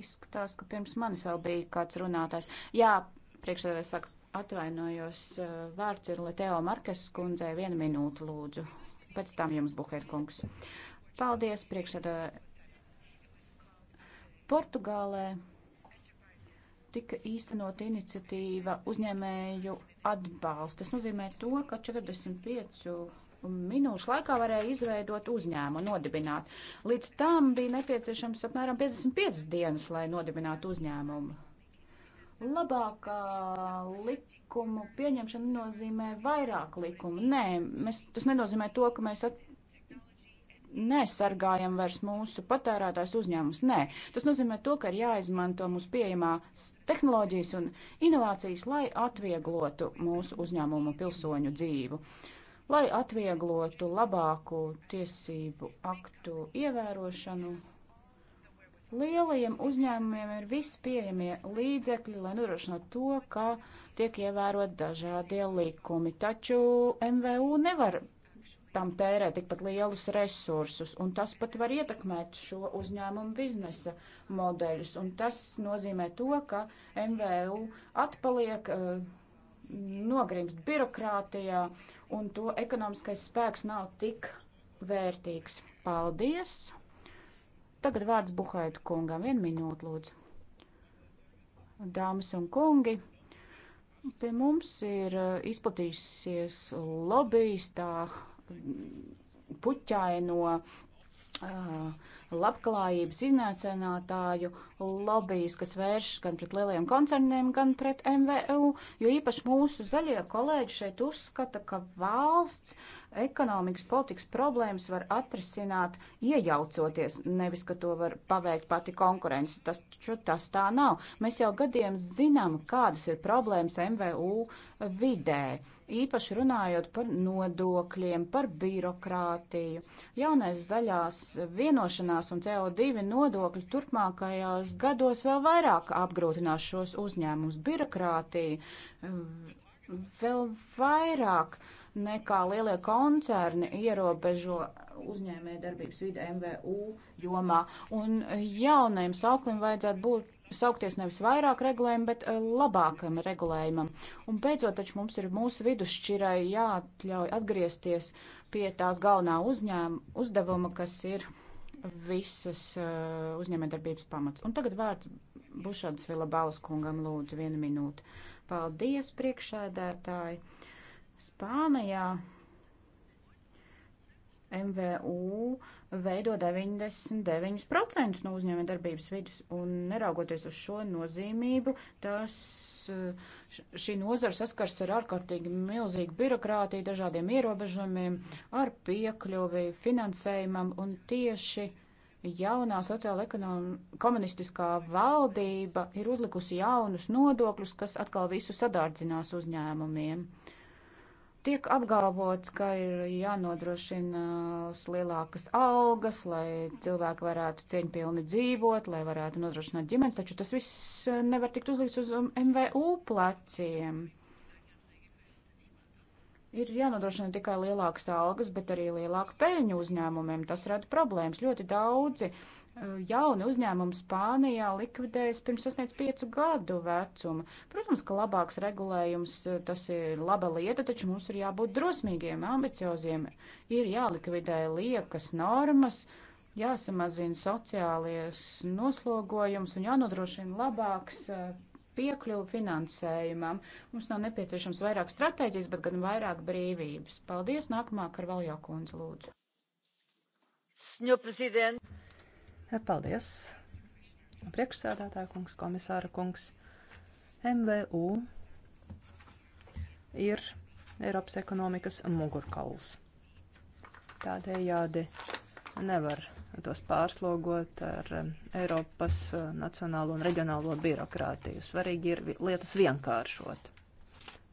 Izskatās, ka pirms manis vēl bija kāds runātājs. Jā, priekšsēdētājs saka, atvainojos, vārds ir Leteo Markes kundzei, vienu minūtu lūdzu. Pēc tam jums, Buhēt kungs. Paldies, priekšsēdētāji! Portugālē tika īstenot iniciatīva uzņēmēju atbalsts. Tas nozīmē to, ka 45 minūšu laikā varēja izveidot uzņēmumu, nodibināt. Līdz tam bija nepieciešams apmēram 55 dienas, lai nodibinātu uzņēmumu. Labākā likumu pieņemšana nozīmē vairāk likumu. Nē, mēs, tas nenozīmē to, ka mēs at, nesargājam vairs mūsu patērētājs uzņēmums. Nē, tas nozīmē to, ka ir jāizmanto mūsu pieejamās tehnoloģijas un inovācijas, lai atvieglotu mūsu uzņēmumu pilsoņu dzīvu. Lai atvieglotu labāku tiesību aktu ievērošanu, lielajiem uzņēmumiem ir visi pieejamie līdzekļi, lai nodrošinātu to, ka tiek ievērot dažādie likumi. Taču MVU nevar tam tērē tikpat lielus resursus, un tas pat var ietekmēt šo uzņēmumu biznesa modeļus. Un tas nozīmē to, ka MVU atpaliek, eh, nogrimst birokrātijā, un to ekonomiskais spēks nav tik vērtīgs. Paldies! Tagad vārds Buhaitu kungam. Vienu minūtu, lūdzu. Dāmas un kungi! Pie mums ir eh, izplatījusies lobbyistā puķaino labklājības iznācinātāju lobbyjas, kas vēršas gan pret lieliem koncerniem, gan pret MVU, jo īpaši mūsu zaļie kolēģi šeit uzskata, ka valsts ekonomikas politikas problēmas var atrisināt iejaucoties, nevis, ka to var paveikt pati konkurence. Tas, tas tā nav. Mēs jau gadiem zinām, kādas ir problēmas MVU vidē. Uh, īpaši runājot par nodokļiem, par birokrātiju. Jaunais zaļās vienošanās un CO2 nodokļi turpmākajos gados vēl vairāk apgrūtinās šos uzņēmumus. Birokrātija mm, vēl vairāk nekā lielie koncerni ierobežo uzņēmē darbības vidi MVU jomā. Un jaunajam sauklim vajadzētu būt saukties nevis vairāk regulējumu, bet eh, labākam regulējumam. Un beidzot, taču mums ir mūsu vidusšķirai jāatļauj atgriezties pie tās galvenā uzņēma, uzdevuma, kas ir visas uh, uzņēmējdarbības pamats. Un tagad vārds Bušādas Vila Bauskungam lūdzu vienu minūtu. Paldies, priekšēdētāji! Spānijā MVU veido 99% no uzņēmē darbības vidus, un neraugoties uz šo nozīmību, tas, šī nozara saskars ar ārkārtīgi milzīgu birokrātiju, dažādiem ierobežojumiem, ar piekļuvi finansējumam, un tieši jaunā sociāla komunistiskā valdība ir uzlikusi jaunus nodokļus, kas atkal visu sadārdzinās uzņēmumiem. Uh, Tiek apgalvots, ka ir jānodrošina lielākas algas, lai cilvēki varētu cieņpilni dzīvot, lai varētu nodrošināt ģimenes, taču tas viss nevar tikt uzlikts uz MVU um, pleciem. Ir jānodrošina tikai lielākas algas, bet arī lielāka peļņa uzņēmumiem. Tas rada problēmas. Ļoti daudzi jauni uzņēmumi Spānijā likvidējas pirms sasniedz piecu gadu vecumu. Protams, ka labāks regulējums eh, tas ir laba lieta, taču mums ir jābūt drosmīgiem, ambicioziem. Ir jālikvidē liekas normas, jāsamazina sociālies noslogojums un jānodrošina labāks eh, piekļuvu finansējumam. Mums nav nepieciešams vairāk stratēģijas, bet gan vairāk brīvības. Paldies! Nākamā Karvaljo kundze lūdzu. Senhor Presidente, Paldies! Priekšsēdētāja kungs, komisāra kungs, MVU ir Eiropas ekonomikas mugurkauls. Tādējādi nevar tos pārslogot ar um, Eiropas uh, nacionālo un reģionālo birokrātiju. Svarīgi ir lietas vienkāršot,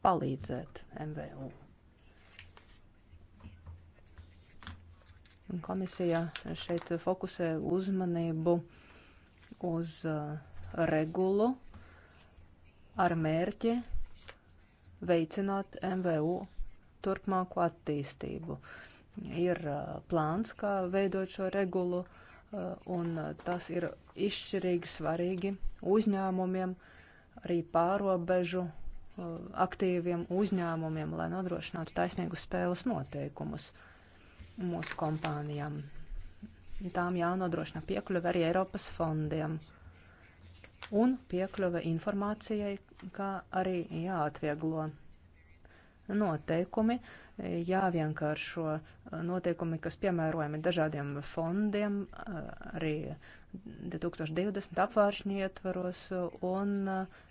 palīdzēt MVU. Komisija šeit fokusē uzmanību uz uh, regulu ar mērķi veicināt MVU turpmāko attīstību. Ir uh, plāns, kā veidot šo regulu, uh, un tas ir izšķirīgi svarīgi uzņēmumiem, arī pārobežu aktīviem uzņēmumiem, lai nodrošinātu taisnīgus spēles noteikumus. Uh, mūsu kompānijām. Tām jānodrošina piekļuve arī Eiropas fondiem un piekļuve informācijai, kā arī jāatvieglo noteikumi, jāvienkāršo noteikumi, kas piemērojami dažādiem fondiem, arī 2020 apvāršņi ietvaros un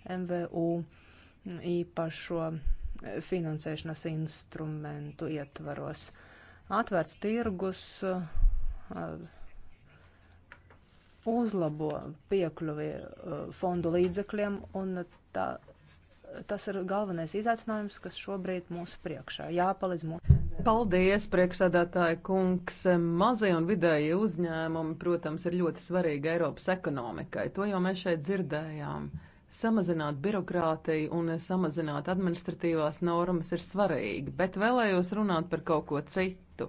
MVU īpašo finansēšanas instrumentu ietvaros. Uh, atvērts tirgus eh, uzlabo piekļuvi eh, fondu līdzekļiem, un tā, tas ir galvenais izaicinājums, kas šobrīd mūsu priekšā jāpalīdz mūsu. Paldies, priekšsēdētāji kungs. Mazie un vidēji uzņēmumi, protams, ir ļoti svarīgi Eiropas ekonomikai. To jau mēs šeit dzirdējām samazināt birokrātiju un samazināt administratīvās normas ir svarīgi, bet vēlējos runāt par kaut ko citu.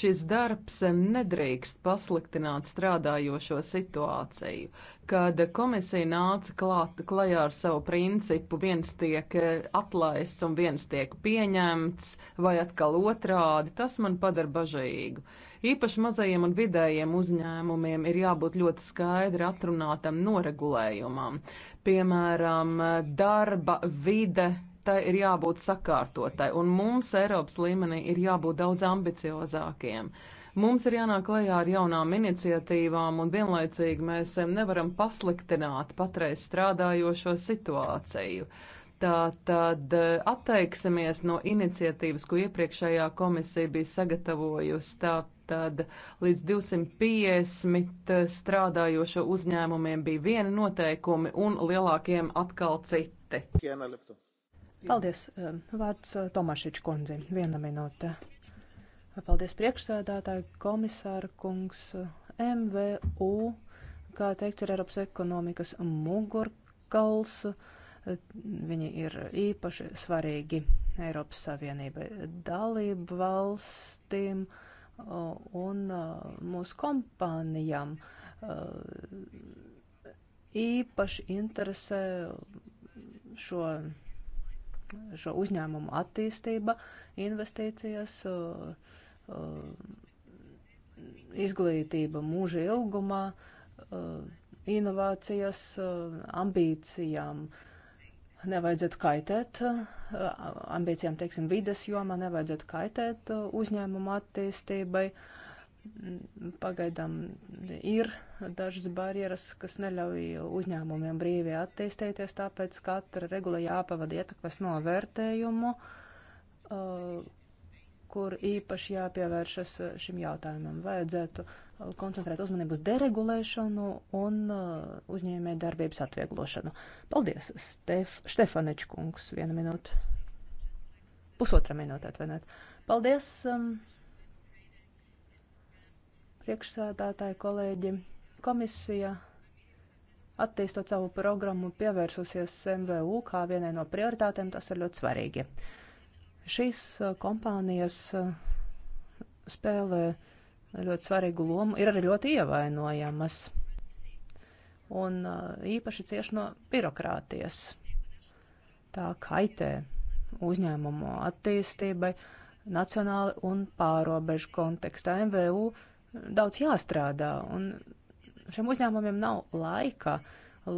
Šis darbs nedrīkst pasliktināt strādājošo situāciju. Kad komisija nāca klāt, klajā ar savu principu, viens tiek eh, atlaists un viens tiek pieņemts, vai atkal otrādi, tas man padara bažīgu. Īpaši mazajiem un vidējiem uzņēmumiem ir jābūt ļoti skaidri atrunātam noregulējumam. Piemēram, darba vide. Tai ir jābūt sakārtotai, un mums Eiropas līmenī ir jābūt daudz ambiciozākiem. Mums ir jānāk klajā ar jaunām iniciatīvām, un vienlaicīgi mēs nevaram pasliktināt patreiz strādājošo situāciju. Tā tad atteiksimies no iniciatīvas, ko iepriekšējā komisija bija sagatavojusi. Tā Tad līdz 250 strādājošo uzņēmumiem bija viena noteikumi un lielākiem atkal citi. Paldies. Um, vārds uh, Tomašiņš kundzi. Viena minūte. Paldies priekšsēdētāji, komisāra kungs. MVU, kā teikts, ir Eiropas ekonomikas mugurkauls. Viņi ir īpaši svarīgi Eiropas Savienībai dalību valstīm. Uh, Uh, un uh, mūsu kompānijām uh, īpaši interesē šo, šo uzņēmumu attīstība, investīcijas, izglītība mūža ilgumā, inovācijas ambīcijām. Uh, nevajadzētu kaitēt eh, ambīcijām, teiksim, vides jomā, nevajadzētu kaitēt eh, uzņēmumu attīstībai. Mm, pagaidām ir dažas barjeras, kas neļauj uzņēmumiem brīvi attīstīties, tāpēc katra regula jāpavada ietekmes novērtējumu, eh, kur īpaši jāpievēršas šim jautājumam. Vajadzētu uh, koncentrēt uzmanību uz deregulēšanu un uh, uzņēmē darbības atvieglošanu. Paldies, Stef Štefanečkungs, viena minūte. Pusotra minūte atvainot. Paldies, um, priekšsēdētāji kolēģi. Komisija attīstot savu programmu pievērsusies MVU kā vienai no prioritātēm, tas ir ļoti svarīgi. Šīs uh, kompānijas uh, spēlē uh, ļoti svarīgu lomu, ir arī ļoti ievainojamas un uh, īpaši cieši no birokrātijas. Tā kaitē uzņēmumu attīstībai nacionāli un pārobežu kontekstā. MVU daudz jāstrādā, un šiem uzņēmumiem nav laika,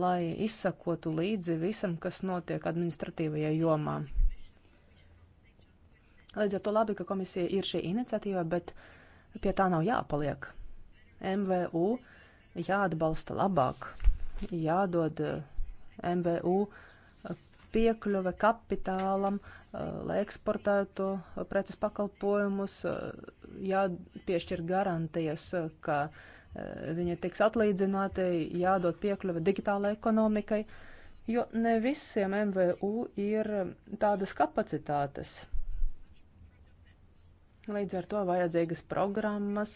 lai izsakotu līdzi visam, kas notiek administratīvajā jomā. Līdz ar to labi, ka komisija ir šī iniciatīva, bet uh, Pie tā nav jāpaliek. MVU jāatbalsta labāk, jādod eh, MVU eh, piekļuve kapitālam, eh, lai eksportētu preces pakalpojumus, jāpiešķir garantijas, ka viņi tiks atlīdzināti, jādod piekļuve digitālai ekonomikai, jo ne visiem MVU ir tādas kapacitātes Līdz ar to vajadzīgas programmas,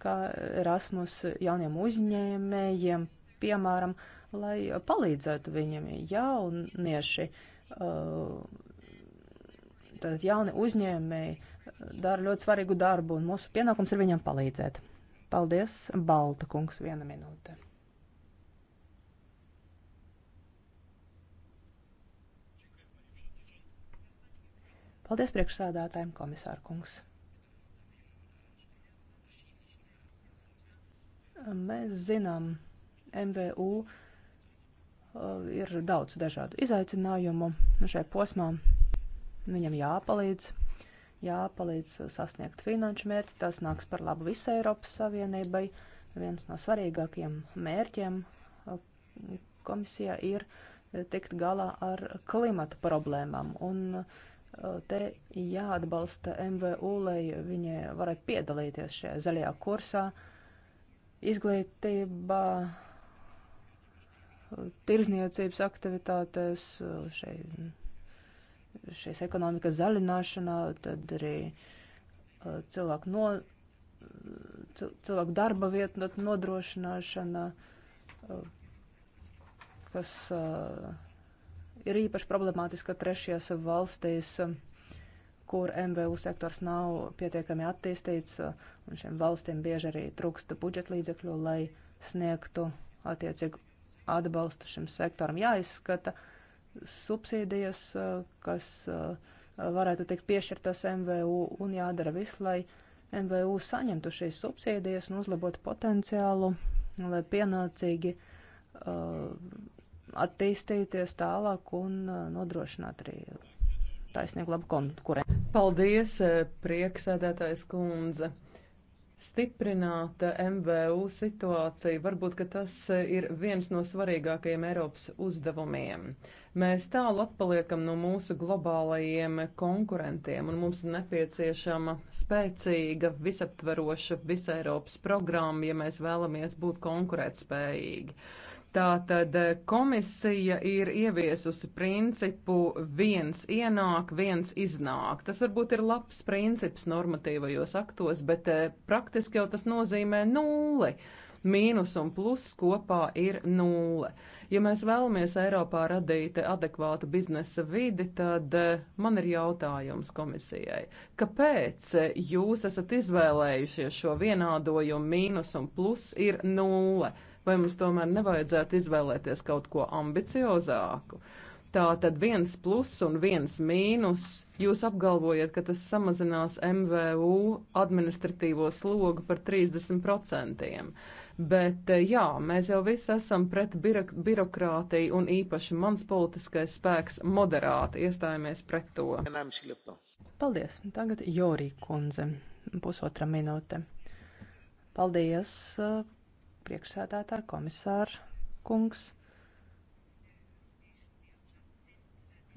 kā Erasmus jauniem uzņēmējiem, piemēram, lai palīdzētu viņiem jaunieši. Uh, tātad jauni uzņēmēji dara ļoti svarīgu darbu, un mūsu pienākums ir viņiem palīdzēt. Paldies, Balta kungs, viena minūte. Paldies priekšsādātājiem, komisārkungs. Mēs zinām, MVU uh, ir daudz dažādu izaicinājumu šai posmā. Viņam jāpalīdz, jāpalīdz sasniegt finanšu mērķi, tas nāks par labu visai Eiropas Savienībai. Viens no svarīgākajiem mērķiem uh, komisijā ir tikt galā ar klimata problēmām. Un uh, te jāatbalsta MVU, lai viņi varētu piedalīties šajā zaļajā kursā. Uh, izglītībā, tirzniecības aktivitātēs, šai, šais ekonomikas zaļināšanā, tad arī uh, cilvēku, no, cilvēku darba vietu nodrošināšana, uh, kas uh, ir īpaši problemātiska trešajās valstīs kur MVU sektors nav pietiekami attīstīts, un šiem valstīm bieži arī trūksta budžetlīdzekļu, lai sniegtu attiecīgu atbalstu šim sektoram. Jāizskata subsīdijas, kas eh, varētu tikt piešķirtas MVU, un jādara viss, lai MVU saņemtu šīs subsīdijas un uzlabotu potenciālu, lai pienācīgi uh, attīstīties tālāk un eh, nodrošināt arī tā sniegt labu konkurenci. Paldies, eh, prieksēdētājs kundze! Stiprināt eh, MVU situāciju, varbūt, ka tas eh, ir viens no svarīgākajiem Eiropas uzdevumiem. Mēs tālu atpaliekam no mūsu globālajiem konkurentiem, un mums nepieciešama spēcīga, visaptveroša visa Eiropas programma, ja mēs vēlamies būt konkurētspējīgi. spējīgi. Tātad eh, komisija ir ieviesusi principu viens ienāk, viens iznāk. Tas varbūt ir labs princips normatīvajos aktos, bet eh, praktiski jau tas nozīmē nulli. Mīnus un plus kopā ir nulle. Ja mēs vēlamies Eiropā radīt adekvātu biznesa vidi, tad eh, man ir jautājums komisijai. Kāpēc jūs esat izvēlējušies šo vienādojumu mīnus un plus ir nulle? vai mums tomēr nevajadzētu izvēlēties kaut ko ambiciozāku. Tā tad viens plus un viens mīnus. Jūs apgalvojat, ka tas samazinās MVU administratīvo slogu par 30%. Bet eh, jā, mēs jau visi esam pret birok birokrātiju un īpaši mans politiskais spēks moderāti iestājāmies pret to. Paldies. Tagad Jorī kundze. Pusotra minūte. Paldies eh, priekšsēdētāji, komisāri, kungs.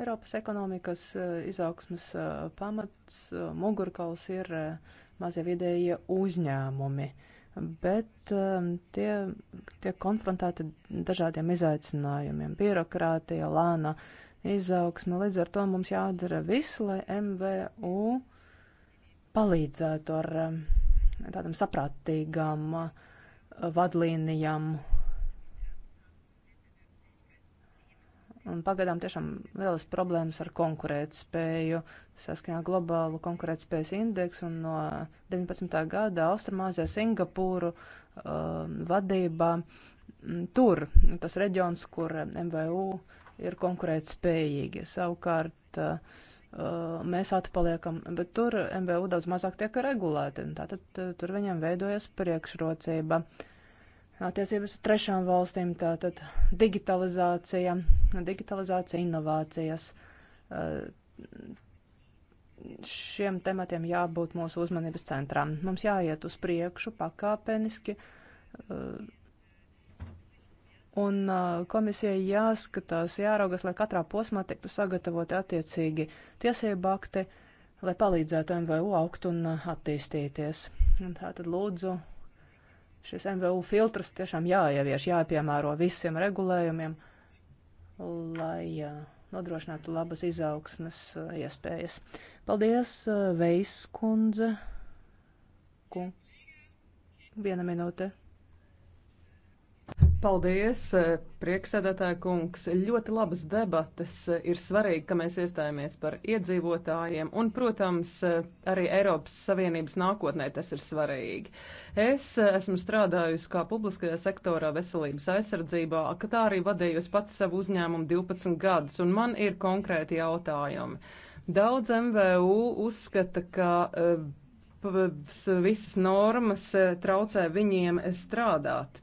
Eiropas ekonomikas eh, izaugsmas eh, pamats, eh, mugurkauls ir mazie vidējie uzņēmumi, bet tie tiek konfrontēti dažādiem izaicinājumiem - birokrātija, lāna izaugsme. Līdz ar to mums jādara viss, lai MVU palīdzētu ar tādām saprātīgām uh, vadlīnijām. Un pagaidām tiešām lielas problēmas ar konkurētspēju. Saskaņā globālu konkurētspējas indeksu un no 19. gada Austrumāzijā Singapūru uh, um, vadībā mm, tur tas reģions, kur MVU ir konkurētspējīgi. Savukārt uh, mēs atpaliekam, bet tur MVU daudz mazāk tiek regulēti. Tātad uh, tur viņiem veidojas priekšrocība. Uh, attiecības ar trešām valstīm, tātad digitalizācija, digitalizācija, inovācijas. Eh, šiem tematiem jābūt mūsu uzmanības centrā. Mums jāiet uz priekšu pakāpeniski, eh, un eh, komisijai jāskatās, jāraugas, lai katrā posmā tiktu sagatavoti attiecīgi tiesību akti, lai palīdzētu MVU augt un attīstīties. Un tā tad lūdzu šis MVU filtrs tiešām jāievieš, jāpiemēro visiem regulējumiem, lai nodrošinātu labas izaugsmes iespējas. Paldies, Veiskundze. Viena minūte. Paldies, eh, prieksēdētāja kungs. Ļoti labas debates. Eh, ir svarīgi, ka mēs iestājāmies par iedzīvotājiem, un, protams, eh, arī Eiropas Savienības nākotnē tas ir svarīgi. Es esmu strādājusi kā publiskajā sektorā veselības aizsardzībā, ka tā arī vadījusi pats savu uzņēmumu 12 gadus, un man ir konkrēti jautājumi. Daudz MVU uzskata, ka visas normas traucē viņiem strādāt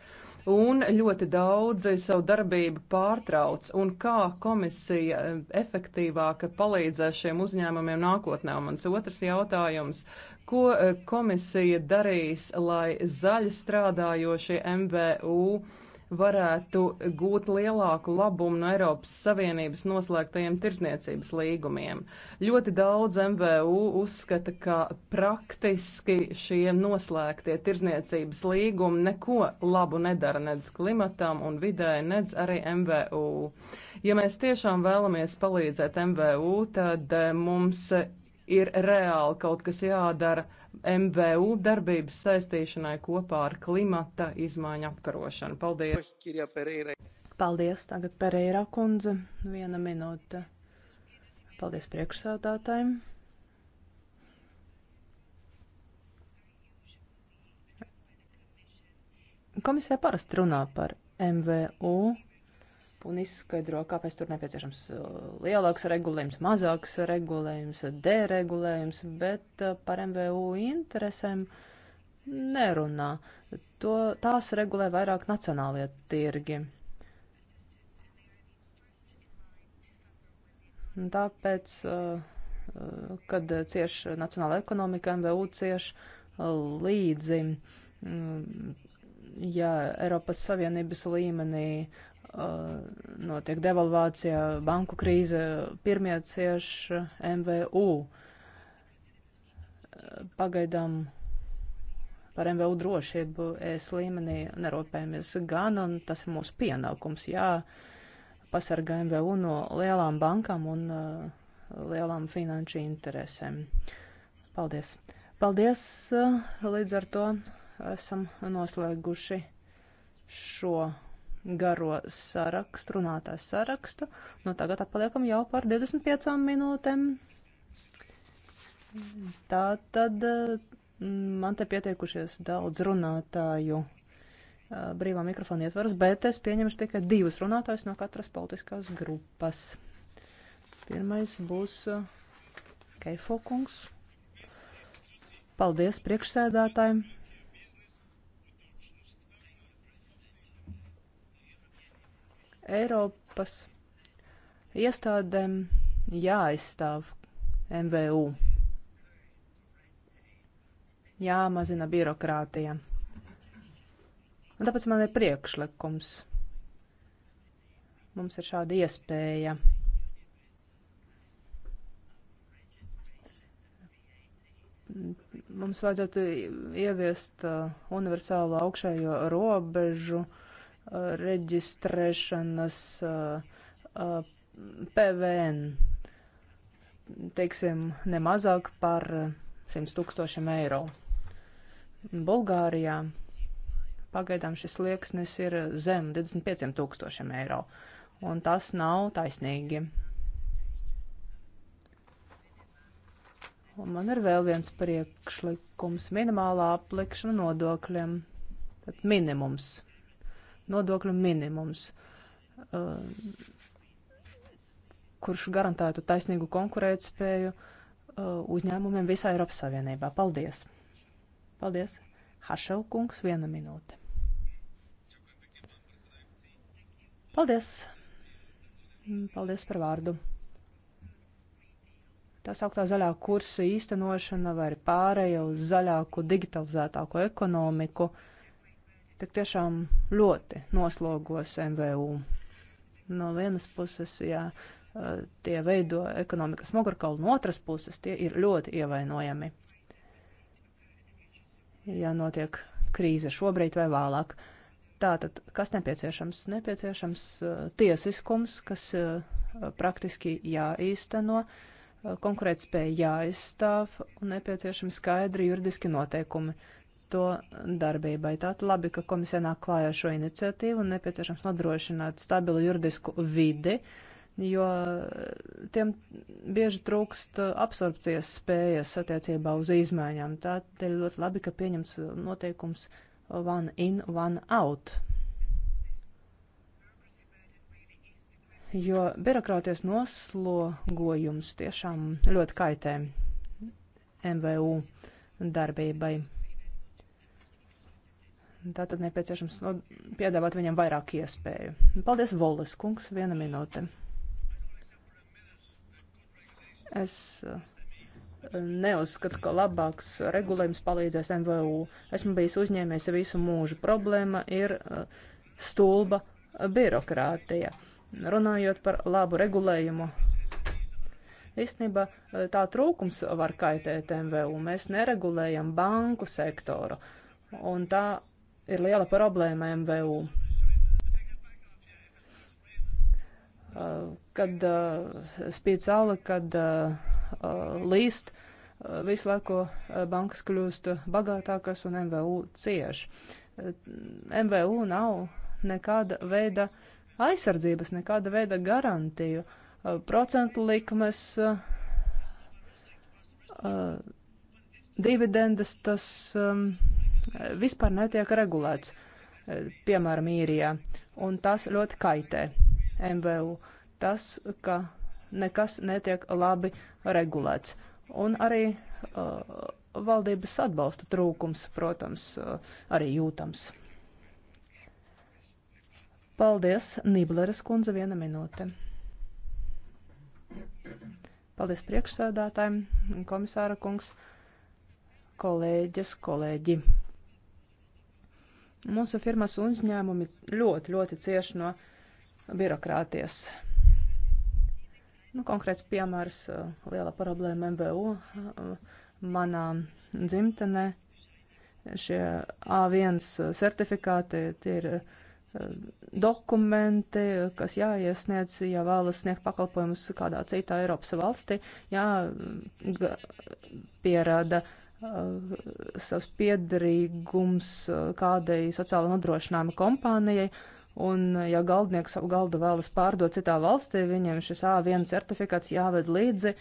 un ļoti daudzi savu darbību pārtrauc. Un kā komisija eh, efektīvāk palīdzēs šiem uzņēmumiem nākotnē? Un mans otrs jautājums. Ko eh, komisija darīs, lai zaļi strādājošie MVU varētu gūt lielāku labumu no Eiropas Savienības noslēgtajiem tirsniecības līgumiem. Ļoti daudz MVU uzskata, ka praktiski šie noslēgtie tirsniecības līgumi neko labu nedara nedz klimatam un vidē, nedz arī MVU. Ja mēs tiešām vēlamies palīdzēt MVU, tad eh, mums ir reāli kaut kas jādara MVU darbības saistīšanai kopā ar klimata izmaiņu apkarošanu. Paldies! Paldies, tagad Pereira kundze, viena minūte. Paldies priekšsādātājiem. Komisija parasti runā par MVU un izskaidro, kāpēc tur nepieciešams uh, lielāks regulējums, mazāks regulējums, deregulējums, bet uh, par MVU interesēm nerunā. To, tās regulē vairāk nacionālie tirgi. Tāpēc, uh, kad cieš nacionāla ekonomika, MVU cieš līdzi, mm, ja Eiropas Savienības līmenī uh, Uh, notiek devalvācija, banku krīze, pirmie cieši uh, MVU. Uh, pagaidām par MVU drošību es līmenī nerūpējamies gan, un tas ir mūsu pienākums, jā, pasargā MVU no lielām bankām un uh, lielām finanšu interesēm. Paldies! Paldies! Līdz ar to esam noslēguši šo garo sarakstu, runātājs sarakstu. Nu, tagad atpaliekam jau par 25 minūtēm. Tā tad mm, man te pieteikušies daudz runātāju brīvā mikrofona ietvaros, bet es pieņemšu tikai divus runātājus no katras politiskās grupas. Pirmais būs Keifokungs. Paldies priekšsēdātājiem! Eiropas iestādēm jāaizstāv MVU, jāmazina birokrātija. Un tāpēc man ir priekšlikums. Mums ir šāda iespēja. Mums vajadzētu ieviest uh, universālu augšējo robežu uh, reģistrēšanas PVN, teiksim, nemazāk par 100 tūkstošiem eiro. Bulgārijā pagaidām šis liekas ir zem 25 tūkstošiem eiro, un tas nav taisnīgi. Un man ir vēl viens priekšlikums - minimālā aplikšana nodokļiem. Tad minimums nodokļu minimums, eh, kurš garantētu taisnīgu konkurētspēju eh, uzņēmumiem visā Eiropas Savienībā. Paldies! Paldies! Hašel kungs, viena minūte. Paldies! Paldies par vārdu. Tā sauktā zaļā kursa īstenošana vai pārēja uz zaļāku, digitalizētāku ekonomiku. Uh, tik tiešām ļoti noslogos MVU. No vienas puses, jā, tie veido ekonomikas mugurkaulu, no otras puses tie ir ļoti ievainojami. Ja notiek krīze šobrīd vai vēlāk. Tātad, kas nepieciešams? Nepieciešams uh, tiesiskums, kas uh, praktiski jāīsteno, uh, konkurētspēja jāizstāv un nepieciešami skaidri juridiski noteikumi. Uh, to darbībai. Tātad labi, ka komisija nāk klājā šo iniciatīvu un nepieciešams nodrošināt stabilu juridisku vidi, jo tiem bieži trūkst absorpcijas spējas attiecībā uz izmaiņām. Tātad ļoti labi, ka pieņems noteikums one in, one out. Jo birokrātijas noslogojums tiešām ļoti kaitē MVU darbībai. Tātad nepieciešams no, nu, piedāvāt viņam vairāk iespēju. Paldies, Volis kungs, viena minūte. Es eh, neuzskatu, ka labāks regulējums palīdzēs MVU. Esmu bijis uzņēmējs visu mūžu. Problēma ir eh, stulba birokrātija. Runājot par labu regulējumu, īstenībā eh, tā trūkums var kaitēt MVU. Mēs neregulējam banku sektoru, un tā ir liela problēma MVU. Uh, kad uh, spīd saule, kad uh, līst, visu laiku bankas kļūst bagātākas un MVU cieši. MVU nav nekāda veida aizsardzības, nekāda veida garantiju. Procentu likmes, dividendes, tas. Um, Eh, vispār netiek regulēts, eh, piemēram, īrijā, un tas ļoti kaitē MVU. Tas, ka nekas netiek labi regulēts. Un arī uh, valdības atbalsta trūkums, protams, uh, arī jūtams. Paldies, Nībleres kundze, viena minūte. Paldies priekšsēdētājiem, komisāra kungs, kolēģis, kolēģi. Mūsu firmas uzņēmumi ļoti, ļoti cieši no birokrātijas. Nu, konkrēts piemērs uh, - liela problēma MBU uh, manā dzimtenē. Šie A1 uh, certifikāti tie ir dokumenti, kas jāiesniedz, ja vēlas sniegt pakalpojumus kādā citā Eiropas valstī, jāpierāda Uh, savs piedarīgums uh, kādai sociāla nodrošinājuma kompānijai. Un, uh, ja galdnieks savu galdu vēlas pārdot citā valstī, viņiem šis A1 certifikāts jāved līdzi,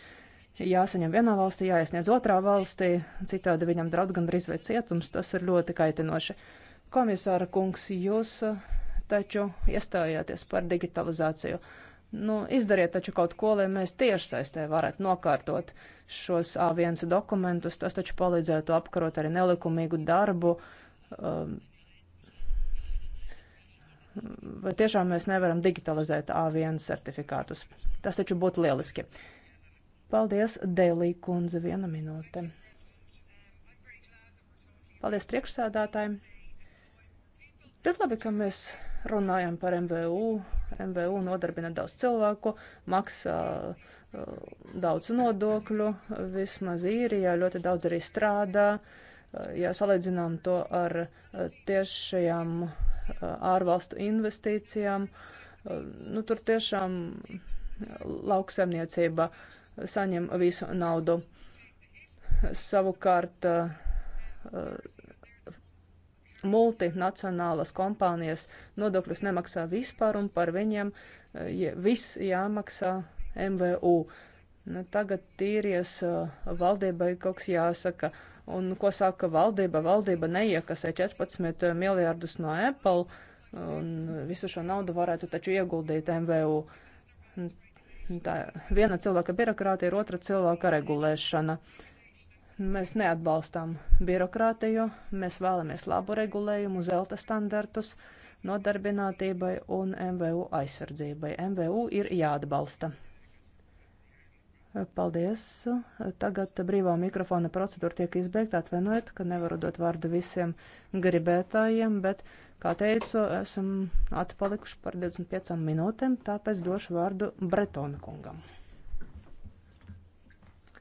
jāsaņem vienā valstī, jāiesniedz otrā valstī, citādi viņam draud gandrīz vai cietums, tas ir ļoti kaitinoši. Komisāra kungs, jūs taču iestājāties par digitalizāciju. Uh, Nu, izdariet taču kaut ko, lai mēs tiešsaistē varētu nokārtot šos A1 dokumentus. Tas taču palīdzētu apkarot arī nelikumīgu darbu. Um, vai tiešām mēs nevaram digitalizēt A1 certifikātus? Tas taču būtu lieliski. Paldies, Dēlī kundze, viena minūte. Paldies priekšsēdātājiem. Ļoti labi, ka mēs runājam par MVU. MVU nodarbina daudz cilvēku, maksā uh, daudz nodokļu, vismaz īrijā ļoti daudz arī strādā. Uh, ja salīdzinām to ar uh, tiešajām uh, ārvalstu investīcijām, uh, nu tur tiešām lauksaimniecība saņem visu naudu. Savukārt uh, multinacionālas kompānijas nodokļus nemaksā vispār un par viņiem eh, viss jāmaksā MVU. Nu, tagad tīries eh, valdībai kaut kas jāsaka. Un ko saka valdība? Valdība neiekasē 14 eh, miljārdus no Apple, un visu šo naudu varētu taču ieguldīt MVU. Tā viena cilvēka birokrātija ir otra cilvēka regulēšana. Uh, Mēs neatbalstām birokrātiju, mēs vēlamies labu regulējumu, zelta standartus nodarbinātībai un MVU aizsardzībai. MVU ir jāatbalsta. Paldies. Tagad brīvā mikrofona procedūra tiek izbeigta. Atvainojiet, ka nevaru dot vārdu visiem gribētājiem, bet, kā teicu, esam atpalikuši par 25 minūtēm, tāpēc došu vārdu Bretona kungam.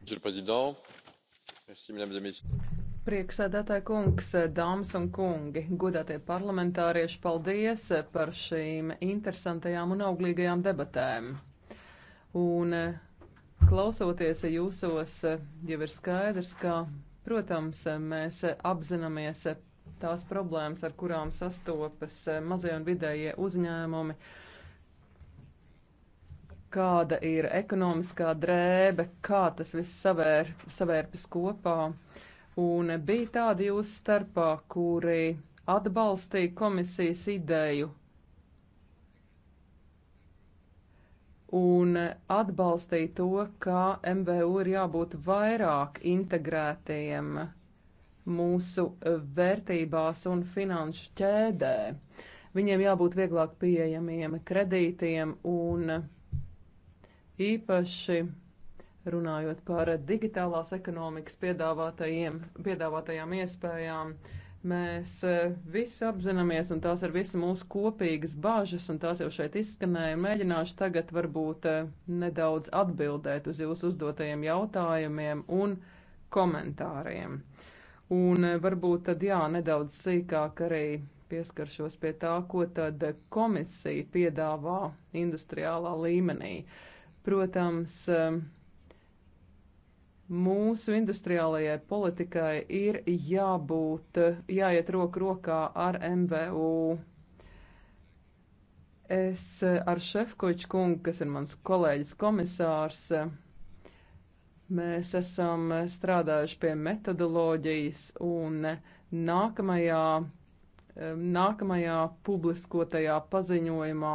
Monsieur le Président, Prieksēdētāji kungs, dāmas un kungi, godātie parlamentārieši, paldies par šīm interesantajām un auglīgajām debatēm. Un klausoties jūsos, jau ir skaidrs, ka, protams, mēs apzināmies tās problēmas, ar kurām sastopas mazie un vidējie uzņēmumi kāda ir ekonomiskā drēbe, kā tas viss savēr, savērpjas kopā. Un bija tādi jūs starpā, kuri atbalstīja komisijas ideju un atbalstīja to, ka MVU ir jābūt vairāk integrētiem mūsu vērtībās un finanšu ķēdē. Viņiem jābūt vieglāk pieejamiem kredītiem un īpaši runājot par digitālās ekonomikas piedāvātajām iespējām. Mēs e, visi apzināmies, un tās ir visu mūsu kopīgas bāžas, un tās jau šeit izskanēja. Mēģināšu tagad varbūt e, nedaudz atbildēt uz jūsu uzdotajiem jautājumiem un komentāriem. Un e, varbūt tad jā, nedaudz sīkāk arī pieskaršos pie tā, ko tad komisija piedāvā industriālā līmenī. Uh, Protams, eh, mūsu industriālajai politikai ir jābūt, jāiet roku rokā ar MVU. Es eh, ar Šefkoču kungu, kas ir mans kolēģis komisārs, eh, mēs esam strādājuši pie metodoloģijas un nākamajā, nākamajā publiskotajā paziņojumā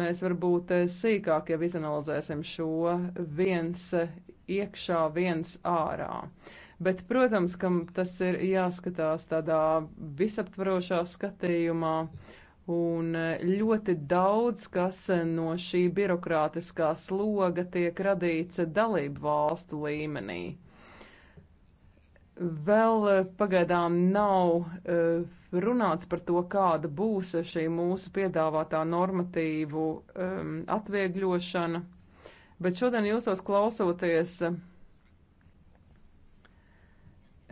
Mēs varbūt eh, sīkāk jau izanalizēsim šo viens eh, iekšā, viens ārā. Bet, protams, kam tas ir jāskatās tādā visaptvarošā skatījumā, un eh, ļoti daudz kas no šī birokrātiskā sloga tiek radīts dalību valstu līmenī. Vēl eh, pagaidām nav eh, runāts par to, kāda būs šī mūsu piedāvātā normatīvu ehm, atviegļošana, bet šodien jūsos klausoties,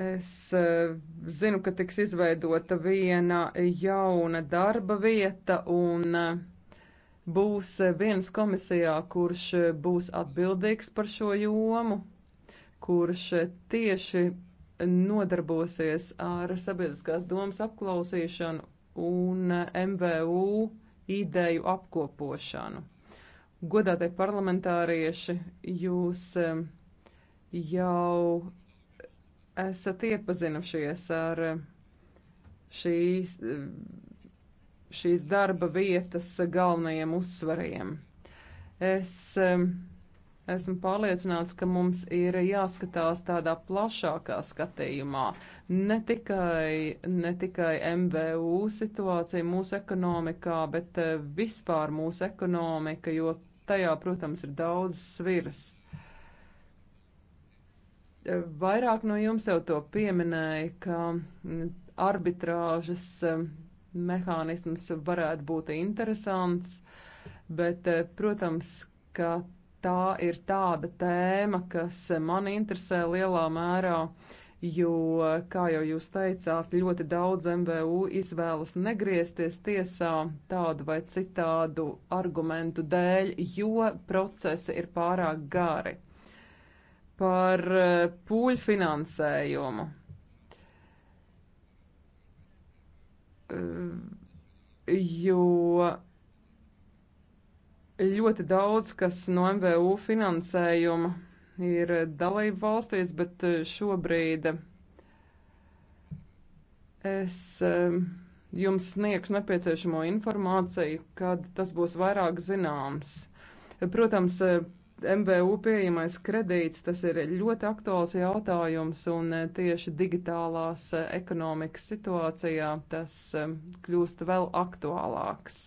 es eh, zinu, ka tiks izveidota viena jauna darba vieta un būs viens komisijā, kurš būs atbildīgs par šo jomu, kurš tieši nodarbosies ar sabiedriskās domas apklausīšanu un MVU ideju apkopošanu. Godātie parlamentārieši, jūs eh, jau esat iepazinušies ar eh, šīs, eh, šīs darba vietas galvenajiem uzsvariem. Es um, Esmu pārliecināts, ka mums ir jāskatās tādā plašākā skatījumā. Ne tikai, ne tikai MVU situācija mūsu ekonomikā, bet eh, vispār mūsu ekonomika, jo tajā, protams, ir daudz sviras. Vairāk no jums jau to pieminēja, ka mm, arbitrāžas eh, mehānisms varētu būt interesants, bet, eh, protams, ka tā ir tāda tēma, kas man interesē lielā mērā, jo, kā jau jūs teicāt, ļoti daudz MVU izvēlas negriezties tiesā tādu vai citādu argumentu dēļ, jo procesi ir pārāk gari. Par e, pūļu finansējumu. E, jo ļoti daudz, kas no MVU finansējuma ir dalību valstīs, bet eh, šobrīd es eh, jums sniegšu nepieciešamo informāciju, kad tas būs vairāk zināms. Protams, eh, MVU pieejamais kredīts, tas ir ļoti aktuāls jautājums, un tieši digitālās ekonomikas situācijā tas kļūst vēl aktuālāks.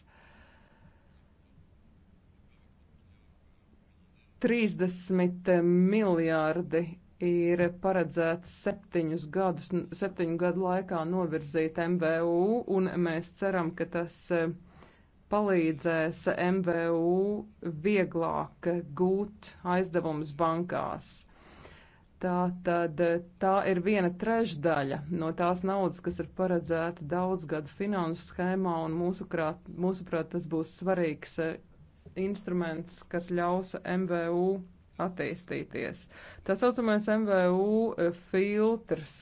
30 miljārdi ir paredzēts septiņus gadus, septiņu gadu laikā novirzīt MVU, un mēs ceram, ka tas e, palīdzēs MVU vieglāk gūt aizdevumus bankās. Tā tad e, tā ir viena trešdaļa no tās naudas, kas ir paredzēta daudzgadu finanšu schēmā, un mūsuprāt, mūsuprāt tas būs svarīgs e, instruments, kas ļaus MVU attīstīties. Tā saucamais MVU eh, filtrs.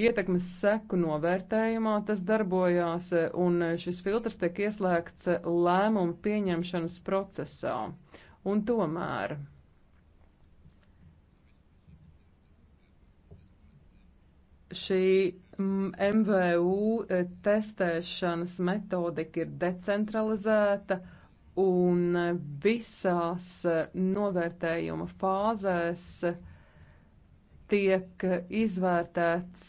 Ietekmes seku novērtējumā tas darbojās, eh, un eh, šis filtrs tiek ieslēgts lēmumu pieņemšanas procesā. Un tomēr šī MVU mm, testēšanas metodika ir decentralizēta un visās novērtējuma fāzēs tiek izvērtēts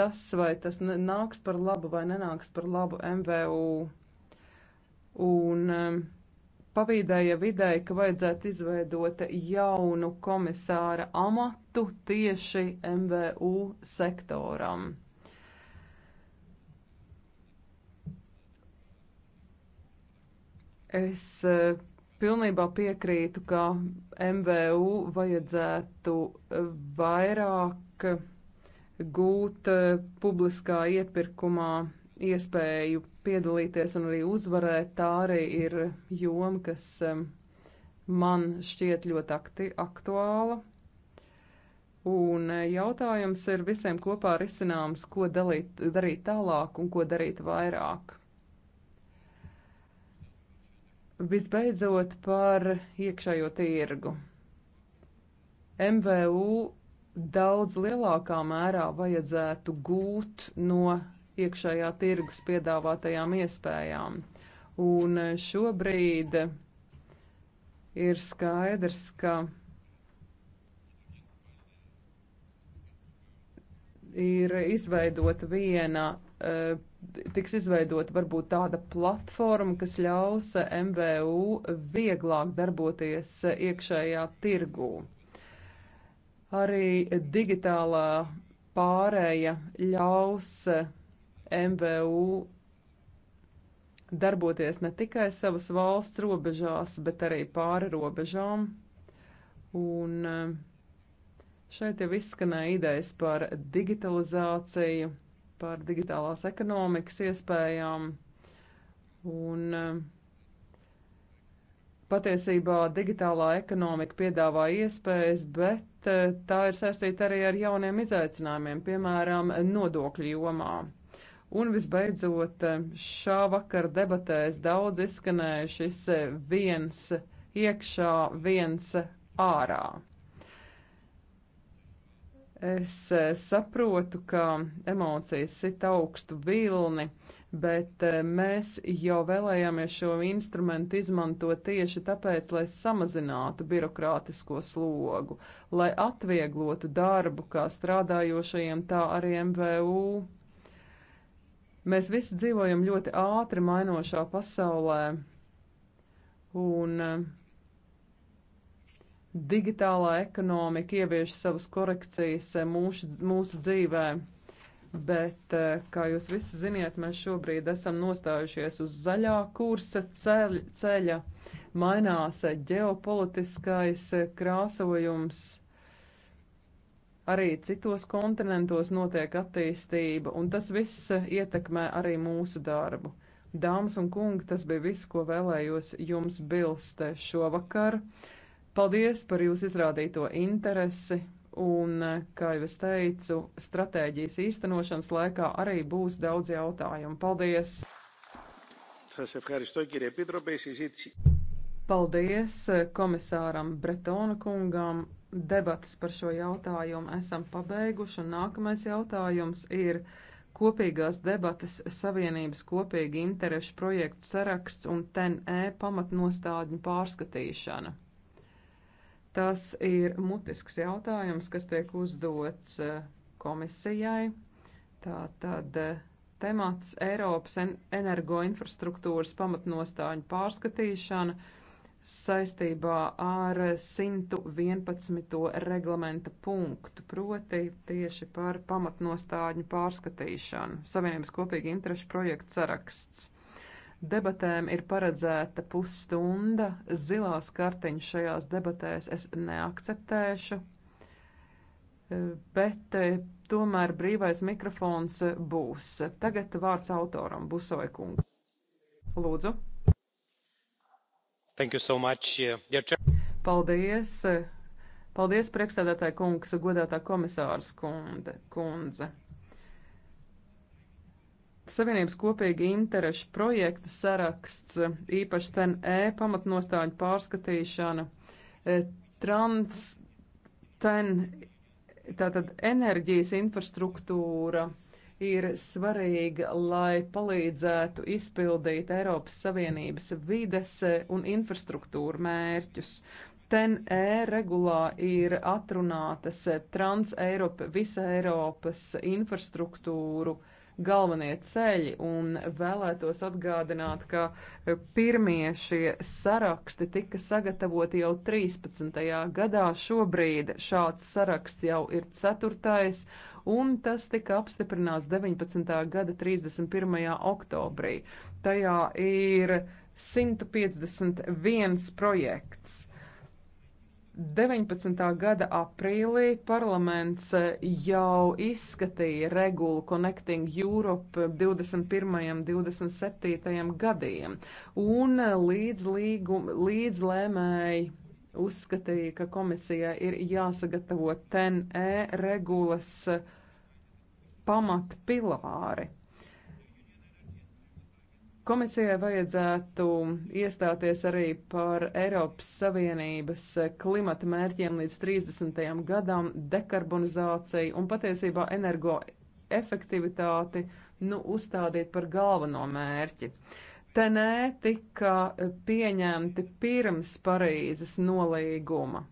tas, vai tas nāks par labu vai nenāks par labu MVU. Un um, pavīdēja vidēji, ka vajadzētu izveidot jaunu komisāra amatu tieši MVU sektoram. Es eh, pilnībā piekrītu, ka MVU vajadzētu eh, vairāk gūt eh, publiskā iepirkumā iespēju piedalīties un arī uzvarēt. Tā arī ir joma, kas man šķiet ļoti akti, aktuāla. Un jautājums ir visiem kopā risināms, ko dalīt, darīt tālāk un ko darīt vairāk. Visbeidzot par iekšējo tirgu. MVU daudz lielākā mērā vajadzētu gūt no iekšējā tirgus piedāvātajām iespējām. Un šobrīd ir skaidrs, ka ir izveidota viena uh, tiks izveidota varbūt tāda platforma, kas ļaus MVU vieglāk darboties iekšējā tirgū. Arī digitālā pārēja ļaus MVU darboties ne tikai savas valsts robežās, bet arī pāri robežām. Un eh, šeit jau izskanēja idejas par digitalizāciju, par digitālās ekonomikas iespējām. Un eh, patiesībā digitālā ekonomika piedāvā iespējas, bet eh, tā ir saistīta arī ar jauniem izaicinājumiem, piemēram, nodokļu jomā. Un visbeidzot, eh, šā vakara debatēs daudz izskanēja šis viens iekšā, viens ārā. Es e, saprotu, ka emocijas sit augstu vilni, bet e, mēs jau vēlējāmies šo instrumentu izmantot tieši tāpēc, lai samazinātu birokrātisko slogu, lai atvieglotu darbu kā strādājošajiem, tā arī MVU. Mēs visi dzīvojam ļoti ātri mainošā pasaulē, un e, digitālā ekonomika ievieš savas korekcijas eh, mūsu, mūsu dzīvē, bet, eh, kā jūs visi ziniet, mēs šobrīd esam nostājušies uz zaļā kursa ceļ, ceļa, mainās eh, ģeopolitiskais krāsojums. Arī citos kontinentos notiek attīstība, un tas viss ietekmē arī mūsu darbu. Dāmas un kungi, tas bija viss, ko vēlējos jums bilst šovakar. Uh, Paldies par jūsu izrādīto interesi, un, kā jau es teicu, stratēģijas īstenošanas laikā arī būs daudz jautājumu. Paldies! Paldies eh, komisāram Bretona kungam. Debatas par šo jautājumu esam pabeiguši, un nākamais jautājums ir kopīgās debatas Savienības kopīgi interešu projektu saraksts un TNE pamatnostādņu pārskatīšana. Tas ir mutisks jautājums, kas tiek uzdots eh, komisijai. Tā tad eh, temats Eiropas energoinfrastruktūras pamatnostāņu pārskatīšana saistībā ar 111. reglamenta punktu, proti tieši par pamatnostāņu pārskatīšanu. Savienības kopīgi interešu projekts saraksts. Debatēm ir paredzēta pusstunda. Zilās kartiņas šajās debatēs es neakceptēšu, bet eh, tomēr brīvais mikrofons būs. Tagad vārds autoram Busoja kungu. Lūdzu. Thank you so much. Yeah. Eh, paldies. Eh, paldies, priekšsēdētāja kungs, godātā komisārs kunde, kundze. Savienības kopīgi interešu projektu saraksts, īpaši TNE pamatnostāļu pārskatīšana, e, trans, ten, tātad enerģijas infrastruktūra ir svarīga, lai palīdzētu izpildīt Eiropas Savienības vides e, un infrastruktūra mērķus. TNE regulā ir atrunātas e, trans Eiropa, visa Eiropas infrastruktūru uh, galvenie ceļi un vēlētos atgādināt, ka eh, pirmie šie saraksti tika sagatavoti jau 13. gadā. Šobrīd šāds saraksts jau ir ceturtais un tas tika apstiprināts 19. gada 31. oktobrī. Tajā ir 151 projekts. 19. gada aprīlī parlaments eh, jau izskatīja regulu Connecting Europe 21. un 27. gadiem, un eh, līdz, līgum, līdz lēmēji uzskatīja, ka komisijai ir jāsagatavo TNE regulas eh, pamatpilāri. Komisijai vajadzētu iestāties arī par Eiropas Savienības klimata mērķiem līdz 30. gadam, dekarbonizāciju un patiesībā energoefektivitāti nu, uzstādīt par galveno mērķi. Te nē tika pieņemti pirms Parīzes nolīguma.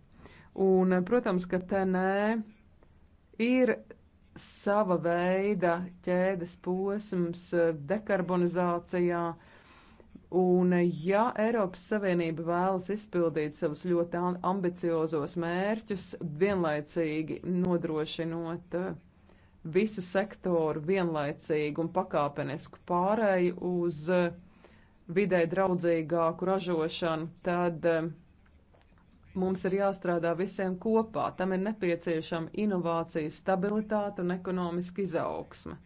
Un, protams, ka te nē ir sava veida ķēdes posms eh, dekarbonizācijā. Un, eh, ja Eiropas Savienība vēlas izpildīt savus ļoti ambiciozos mērķus, vienlaicīgi nodrošinot eh, visu sektoru vienlaicīgu un pakāpenisku pārēju uz vidē draudzīgāku ražošanu, tad mums ir jāstrādā visiem kopā. Tam ir nepieciešama inovācija, stabilitāte un ekonomiska izaugsme.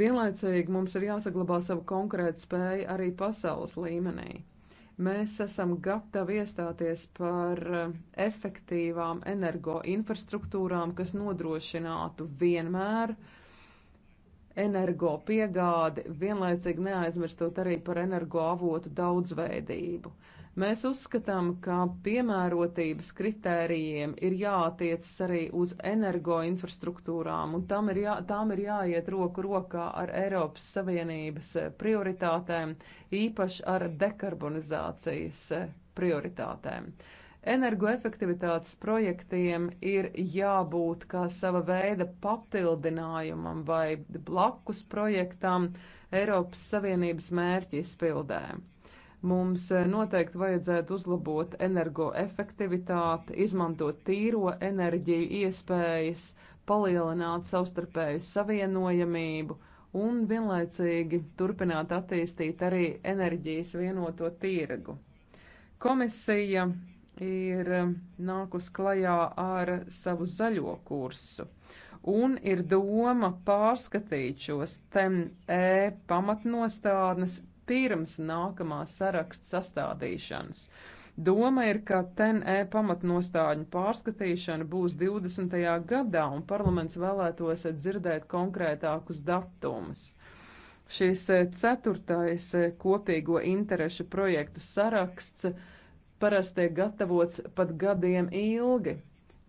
Vienlaicīgi mums ir jāsaglabā savu konkrētu spēju arī pasaules līmenī. Mēs esam gatavi iestāties par eh, efektīvām energoinfrastruktūrām, kas nodrošinātu vienmēr energo piegādi, vienlaicīgi neaizmirstot arī par energoavotu daudzveidību. Uh, Mēs uzskatām, ka piemērotības kritērijiem ir jātiecas arī uz energoinfrastruktūrām, un tam ir jā, tām ir jāiet roku rokā ar Eiropas Savienības prioritātēm, īpaši ar dekarbonizācijas prioritātēm. Energoefektivitātes projektiem ir jābūt kā sava veida papildinājumam vai blakus projektam Eiropas Savienības mērķi izpildēm. Mums eh, noteikti vajadzētu uzlabot energoefektivitāti, izmantot tīro enerģiju iespējas, palielināt savstarpēju savienojamību un vienlaicīgi turpināt attīstīt arī enerģijas vienoto tirgu. Komisija ir eh, nākus klajā ar savu zaļo kursu un ir doma pārskatīt šos TME pamatnostādnes pirms nākamā saraksta sastādīšanas. Doma ir, ka TNE pamatnostāļu pārskatīšana būs 20. gadā, un parlaments vēlētos dzirdēt konkrētākus datumus. Šis eh, ceturtais eh, kopīgo interešu projektu saraksts parasti tiek gatavots pat gadiem ilgi,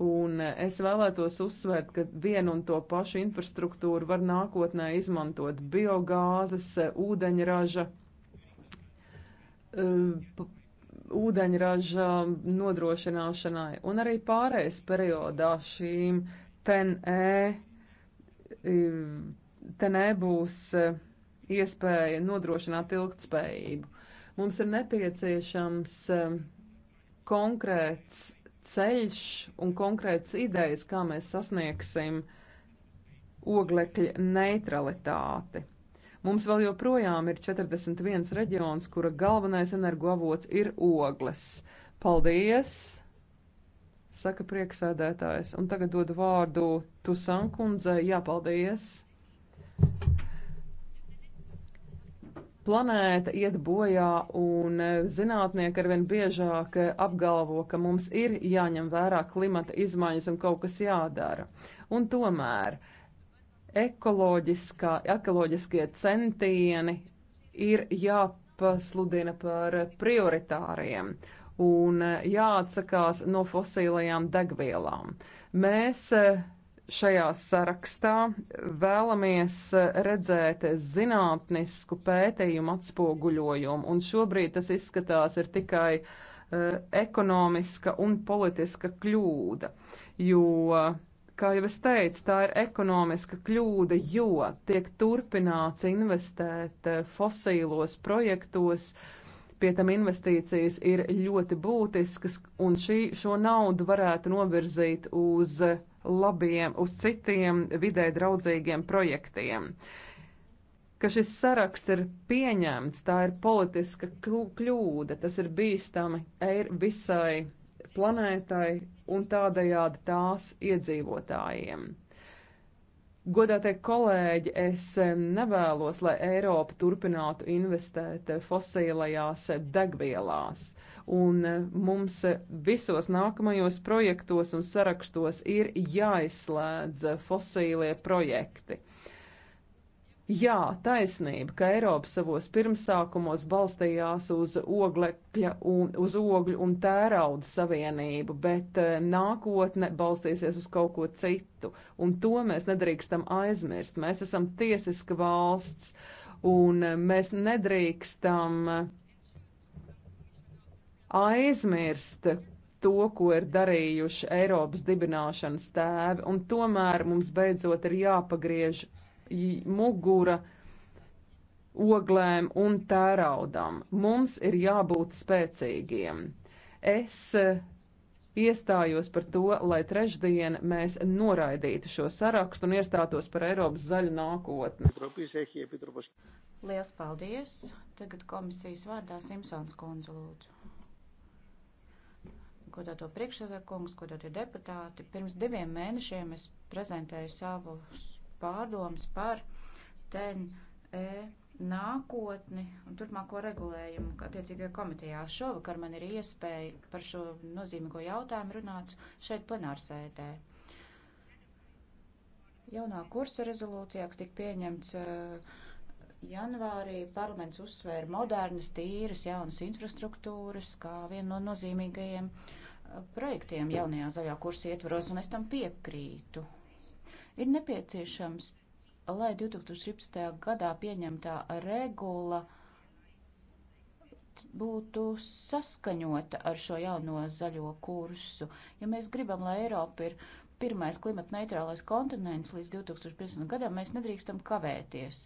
Un eh, es vēlētos uzsvērt, ka vienu un to pašu infrastruktūru var nākotnē izmantot biogāzes, ūdeņraža ūdeņraža nodrošināšanai un arī pārējais periodā šīm TNE, TNE būs e, iespēja nodrošināt ilgtspējību. Mums ir nepieciešams e, konkrēts ceļš un konkrēts idejas, kā mēs sasniegsim oglekļa neutralitāti. Mums vēl joprojām ir 41 reģions, kura galvenais energoavots ir ogles. Paldies! Saka prieksēdētājs. Un tagad dodu vārdu Tusankundzei. Jā, paldies! planēta iet bojā, un zinātnieki arvien biežāk apgalvo, ka mums ir jāņem vērā klimata izmaiņas un kaut kas jādara. Un tomēr ekoloģiskā, ekoloģiskie centieni ir jāpasludina par prioritāriem un jāatsakās no fosīlajām degvielām. Mēs e, šajā sarakstā vēlamies e, redzēt zinātnisku pētījumu atspoguļojumu, un šobrīd tas izskatās ir tikai uh, ekonomiska un politiska kļūda, jo uh, Kā jau es teicu, tā ir ekonomiska kļūda, jo tiek turpināts investēt eh, fosīlos projektos. Pie tam investīcijas ir ļoti būtiskas, un šī, šo naudu varētu novirzīt uz labiem, uz citiem vidē draudzīgiem projektiem. Ka šis saraksts ir pieņemts, tā ir politiska kļūda, tas ir bīstami ir visai planētai un tādējādi tās iedzīvotājiem. Godātie kolēģi, es nevēlos, lai Eiropa turpinātu investēt eh, fosilajās eh, degvielās, un eh, mums visos nākamajos projektos un sarakstos ir jāizslēdz fosīlie projekti. Jā, taisnība, ka Eiropa savos pirmsākumos balstījās uz, oglekļa un, uz ogļu un tērauda savienību, bet eh, nākotne balstīsies uz kaut ko citu, un to mēs nedrīkstam aizmirst. Mēs esam tiesiska valsts, un eh, mēs nedrīkstam eh, aizmirst, to, ko ir darījuši Eiropas dibināšanas tēvi, un tomēr mums beidzot ir jāpagriež mugura oglēm un tēraudam. Mums ir jābūt spēcīgiem. Es eh, iestājos par to, lai trešdien mēs noraidītu šo sarakstu un iestātos par Eiropas zaļu nākotni. Lielas paldies! Tagad komisijas vārdā Simpsons kundze lūdzu. Godāto priekšsēdētāju kungs, godātie deputāti, pirms diviem mēnešiem es prezentēju savus pārdomas par TNE nākotni un turpmāko regulējumu attiecīgajā komitejā. Šovakar man ir iespēja par šo nozīmīgo jautājumu runāt šeit plenārsēdē. Jaunā kursa rezolūcijā, kas tika pieņemts uh, janvārī, parlaments uzsvēra modernas, tīras, jaunas infrastruktūras kā vienu no nozīmīgajiem uh, projektiem jaunajā zaļā kursa ietvaros, un es tam piekrītu ir nepieciešams, lai 2017. gadā pieņemtā regula būtu saskaņota ar šo jauno zaļo kursu. Ja mēs gribam, lai Eiropa ir pirmais klimata neitrālais kontinents līdz 2050. gadam, mēs nedrīkstam kavēties.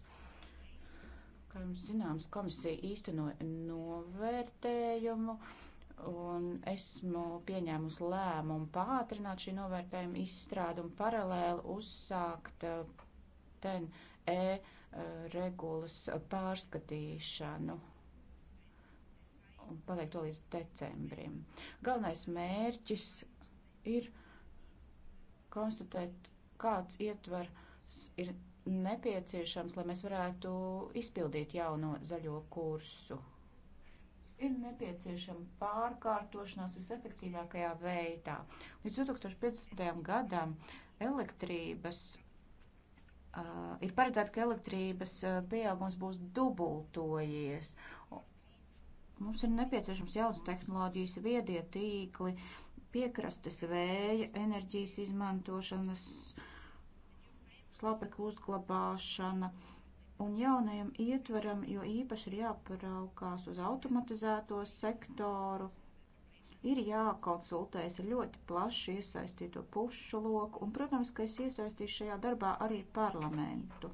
Kā jums zināms, komisija īstenoja novērtējumu. No un esmu pieņēmusi lēmumu pātrināt šī novērtējuma izstrādu un paralēli uzsākt uh, ten E uh, regulas pārskatīšanu un paliek to līdz decembrim. Galvenais mērķis ir konstatēt, kāds ietvars ir nepieciešams, lai mēs varētu izpildīt jauno zaļo kursu ir nepieciešama pārkārtošanās visefektīvākajā veidā. Līdz 2050. gadam elektrības uh, ir paredzēts, ka elektrības pieaugums būs dubultojies. Mums ir nepieciešams jaunas tehnoloģijas, viedie tīkli, piekrastes vēja, enerģijas izmantošanas, slāpekļu uzglabāšana. Uh, un jaunajam ietvaram, jo īpaši ir jāparaukās uz automatizēto sektoru, ir jākonsultējas ar ļoti plašu iesaistīto pušu loku, un, protams, ka es iesaistīšu šajā darbā arī parlamentu.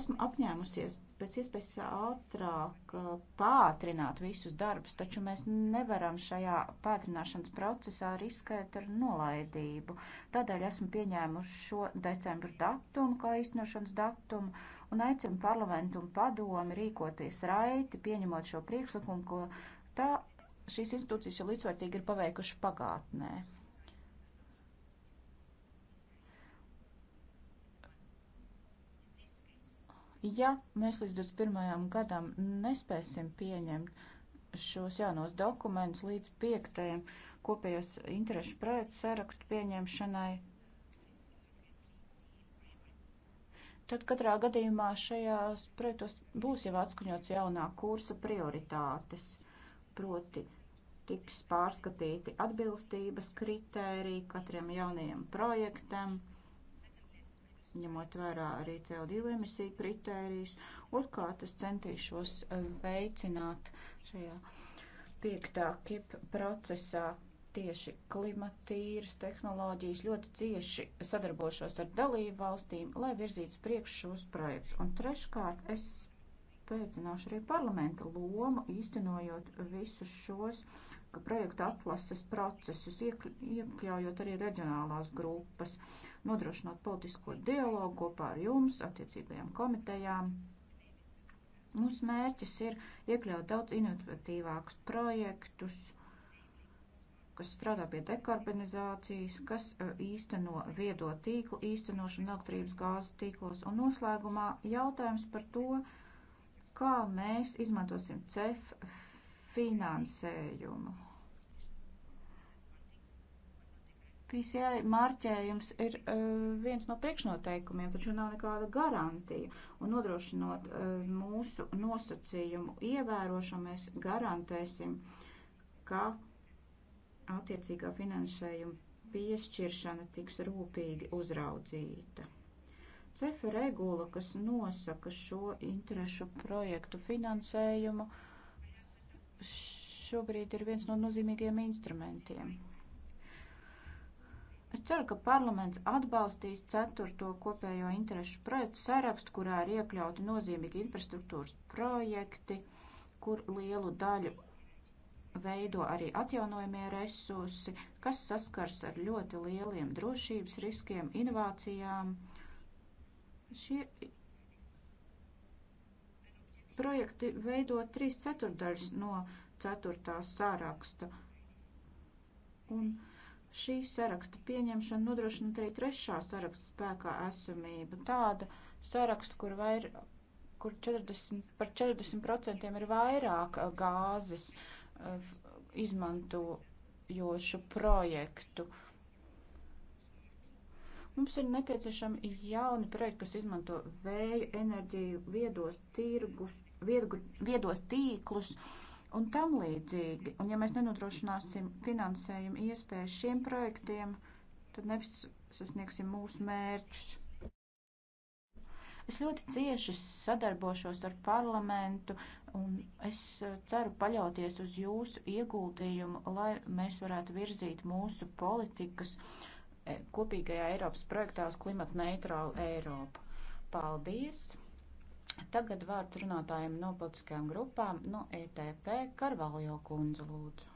Esmu apņēmusies pēc iespējas ātrāk uh, pātrināt visus darbus, taču mēs nevaram šajā pātrināšanas procesā riskēt ar nolaidību. Tādēļ esmu pieņēmuši šo decembra datumu kā īstenošanas datumu un aicinu parlamentu un padomi rīkoties raiti, pieņemot šo priekšlikumu, ko tā šīs institūcijas jau līdzvērtīgi ir paveikuši pagātnē. Ja mēs līdz 21. gadam nespēsim pieņemt šos jaunos dokumentus līdz 5. kopējos interešu projektu sarakstu pieņemšanai, tad katrā gadījumā šajās projektos būs jau atskaņots jaunā kursa prioritātes, proti tiks pārskatīti atbilstības kritēriji katriem jaunajiem projektam, ņemot vērā arī CO2 emisiju kritērijus. Otrkārt, es centīšos veicināt šajā piektā kip procesā tieši klimatīras tehnoloģijas ļoti cieši sadarbošos ar dalību valstīm, lai virzītu priekš šos projekts. Un treškārt, es spēcināšu arī parlamenta lomu, īstenojot visus šos projektu atlases procesus, iekļaujot arī reģionālās grupas, nodrošinot politisko dialogu kopā ar jums, attiecīgajām komitejām. Mūsu mērķis ir iekļaut daudz inovatīvākus projektus kas strādā pie dekarbonizācijas, kas e, īsteno viedo tīklu īstenošanu elektrības gāzes tīklos. Un noslēgumā jautājums par to, kā mēs izmantosim CEF finansējumu. PCI marķējums ir uh, viens no priekšnoteikumiem, taču nav nekāda garantija. Un nodrošinot uh, mūsu nosacījumu ievērošanu, mēs garantēsim, ka attiecīgā finansējuma piešķiršana tiks rūpīgi uzraudzīta. Cefa regula, kas nosaka šo interešu projektu finansējumu, šobrīd ir viens no nozīmīgiem instrumentiem. Es ceru, ka parlaments atbalstīs ceturto kopējo interešu projektu sarakstu, kurā ir iekļauti nozīmīgi infrastruktūras projekti, kur lielu daļu veido arī atjaunojamie resursi, kas saskars ar ļoti lieliem drošības riskiem, inovācijām. Šie projekti veido 3 ceturdaļas no ceturtās sāraksta. Un šī saraksta pieņemšana nodrošina arī trešā saraksta spēkā esamību. Tāda saraksta, kur, vair, kur 40, par 40% ir vairāk gāzes. Uh, izmantojošu projektu. Mums ir nepieciešami jauni projekti, kas izmanto vēju enerģiju, viedos tirgus, viedgu, viedos tīklus un tam līdzīgi. Un ja mēs nenodrošināsim finansējumu iespējas šiem projektiem, tad nesasniegsim mūsu mērķus. Es ļoti cieši sadarbošos ar parlamentu, Un es eh, ceru paļauties uz jūsu ieguldījumu, lai mēs varētu virzīt mūsu politikas eh, kopīgajā Eiropas projektā uz klimatu neitrālu Eiropu. Paldies! Tagad vārds runātājiem no politiskajām grupām no ETP Karvaljo kundze lūdzu.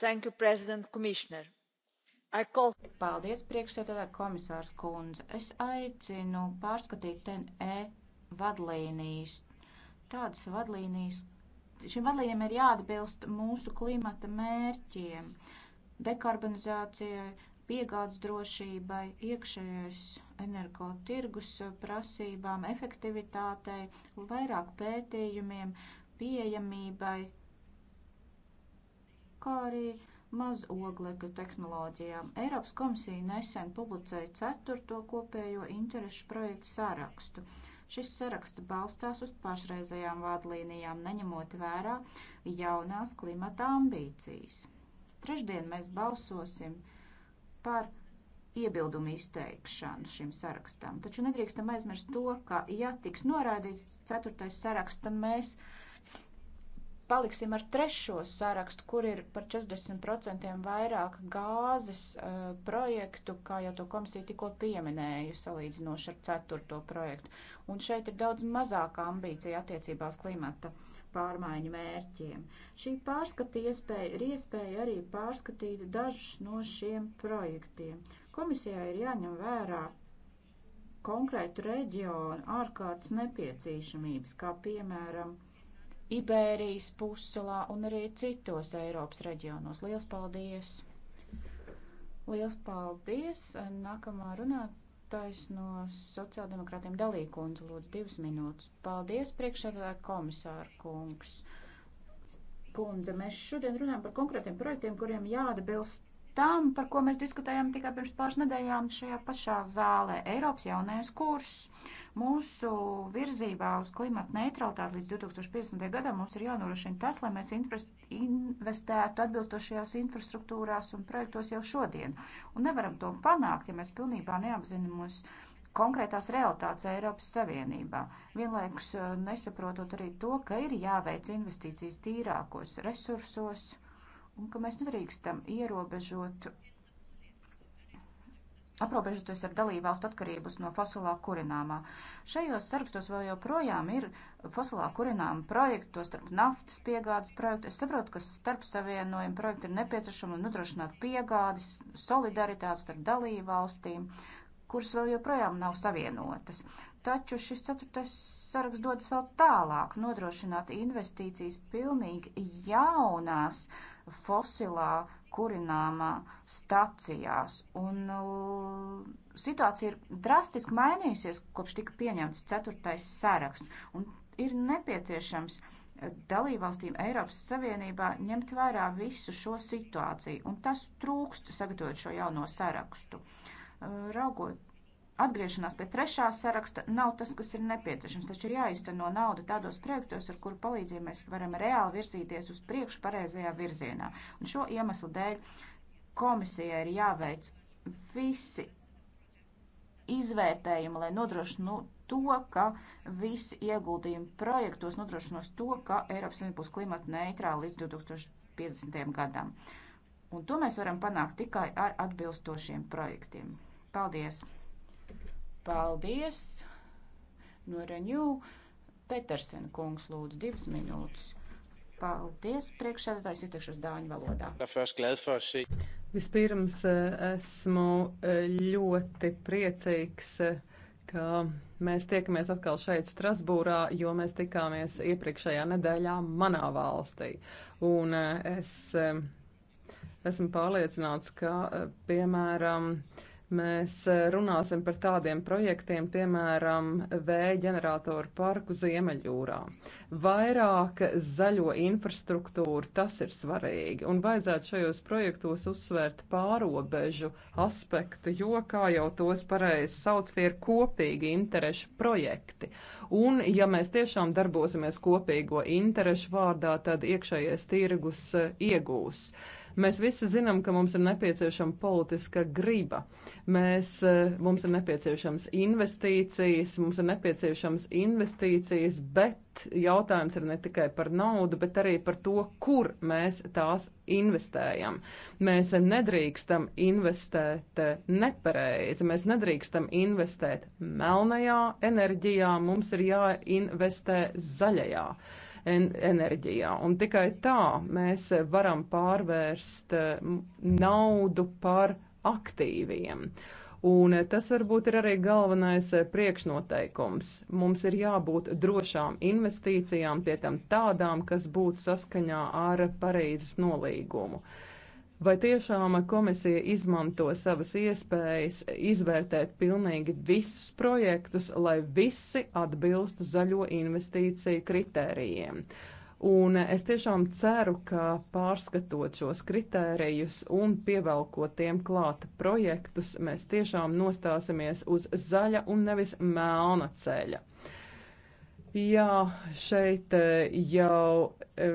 Thank you, President Commissioner. Call... Paldies, priekšsēdētāja komisārs kundze. Es aicinu pārskatīt TNE vadlīnijas. Tādas vadlīnijas, šīm vadlīnijām ir jāatbilst mūsu klimata mērķiem, dekarbonizācijai, piegādes drošībai, iekšējais energotirgus prasībām, efektivitātei, vairāk pētījumiem, pieejamībai, kā arī mazoglekļu tehnoloģijām. Eiropas komisija nesen publicēja ceturto kopējo interešu projektu sārakstu. Šis saraksts balstās uz pašreizējām vadlīnijām, neņemot vērā jaunās klimata ambīcijas. Trešdien mēs balsosim par iebildumu izteikšanu šim sarakstam. Taču nedrīkstam aizmirst to, ka, ja tiks noraidīts ceturtais saraksts, tad mēs paliksim ar trešo sarakstu, kur ir par 40% vairāk gāzes uh, projektu, kā jau to komisija tikko pieminēju, salīdzinoši ar ceturto projektu. Un šeit ir daudz mazāka ambīcija attiecībās klimata pārmaiņu mērķiem. Šī pārskata iespēja ir iespēja arī pārskatīt dažus no šiem projektiem. Komisijā ir jāņem vērā konkrētu reģionu ārkārtas nepieciešamības, kā piemēram Ibērijas pussalā un arī citos Eiropas reģionos. Liels paldies! Liels paldies! Nākamā runātais no sociāldemokrātiem dalīkundze lūdzu divas minūtes. Paldies, priekšsēdētāja komisāra kungs! Kundze, mēs šodien runājam par konkrētiem projektiem, kuriem jāatbilst tam, par ko mēs diskutējām tikai pirms pāris nedēļām šajā pašā zālē - Eiropas jaunais kurs. Uh, Mūsu virzībā uz klimatu neutralitāti līdz 2050. gadam mums ir jānorošina tas, lai mēs investētu atbilstošajās infrastruktūrās un projektos jau šodien. Un nevaram to panākt, ja mēs pilnībā neapzināmies konkrētās realitātes Eiropas Savienībā. Vienlaikus eh, nesaprotot arī to, ka ir jāveic investīcijas tīrākos resursos un ka mēs nedrīkstam ierobežot aprobežoties ar dalību valstu atkarības no fosilā kurināmā. Šajos sarakstos vēl joprojām ir fosilā kurināma projekti, to starp naftas piegādes projektu. Es saprotu, ka starp savienojumu projektu ir nepieciešama nodrošināt piegādes, solidaritātes starp dalību valstīm, kuras vēl joprojām nav savienotas. Taču šis ceturtais sargs dodas vēl tālāk - nodrošināt investīcijas pilnīgi jaunās fosilā kurināmā stacijās. Un situācija ir drastiski mainījusies, kopš tika pieņemts ceturtais saraksts. Un ir nepieciešams eh, dalībvalstīm Eiropas Savienībā ņemt vērā visu šo situāciju, un tas trūkst sagatavot šo jauno sarakstu. Eh, raugot Atgriešanās pie trešā saraksta nav tas, kas ir nepieciešams, taču ir jāizteno nauda tādos projektos, ar kuru palīdzību mēs varam reāli virzīties uz priekšu pareizajā virzienā. Un šo iemeslu dēļ komisijai ir jāveic visi izvērtējumi, lai nodrošinu to, ka visi ieguldījumi projektos nodrošinos to, ka Eiropas Savienība būs klimata neitrāla līdz 2050. gadam. Un to mēs varam panākt tikai ar atbilstošiem projektiem. Paldies! Paldies! No Reņū. Petersen kungs lūdzu divas minūtes. Paldies, priekšsēdētājs, izteikšos dāņu valodā. Er Vispirms eh, esmu eh, ļoti priecīgs, eh, ka mēs tiekamies atkal šeit Strasbūrā, jo mēs tikāmies iepriekšējā nedēļā manā valstī. Un es esmu pārliecināts, ka, piemēram, Mēs eh, runāsim par tādiem projektiem, piemēram, vēja ģeneratoru parku Ziemeļjūrā. Vairāk zaļo infrastruktūru, tas ir svarīgi, un vajadzētu šajos projektos uzsvērt pārobežu aspektu, jo, kā jau tos pareizi sauc, tie ir kopīgi interešu projekti. Un, ja mēs tiešām darbosimies kopīgo interešu vārdā, tad iekšējais tirgus eh, iegūs. Uh, Mēs visi zinām, ka mums ir nepieciešama politiska griba. Mēs, e, mums ir nepieciešams investīcijas, mums ir nepieciešams investīcijas, bet jautājums ir ne tikai par naudu, bet arī par to, kur mēs tās investējam. Mēs nedrīkstam investēt e, nepareizi, mēs nedrīkstam investēt melnajā enerģijā, mums ir jāinvestē zaļajā enerģijā enerģijā. Un tikai tā mēs varam pārvērst naudu par aktīviem. Un tas varbūt ir arī galvenais priekšnoteikums. Mums ir jābūt drošām investīcijām, pie tam tādām, kas būtu saskaņā ar Parīzes nolīgumu. Uh, Vai tiešām komisija izmanto savas iespējas izvērtēt pilnīgi visus projektus, lai visi atbilstu zaļo investīciju kritērijiem? Un es tiešām ceru, ka pārskatot šos kritērijus un pievelkot tiem klāta projektus, mēs tiešām nostāsimies uz zaļa un nevis melna ceļa. Jā, šeit eh, jau. E,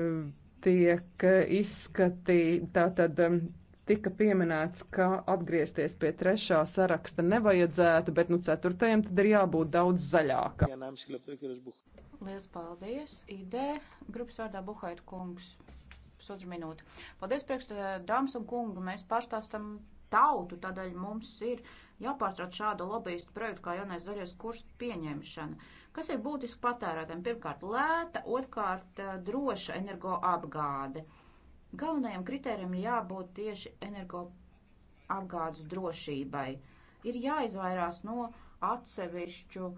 tiek izskatīta, tātad um, tika pieminēts, ka atgriezties pie trešā saraksta nevajadzētu, bet nu ceturtajam tad ir jābūt daudz zaļākam. Lielas paldies. Ideja grupas vārdā Buhaita kungs. Pusotru minūti. Paldies priekšstādā, dāmas un kungi. Mēs pārstāstam tautu, tādēļ mums ir jāpārtrauc šādu lobbyistu projektu kā jaunais zaļais kurs pieņemšana. Uh, Kas ir būtiski patērētājiem? Pirmkārt, lēta, otrkārt, eh, droša energoapgāde. Galvenajam kritērijam jābūt tieši energoapgādes drošībai. Ir jāizvairās no atsevišķu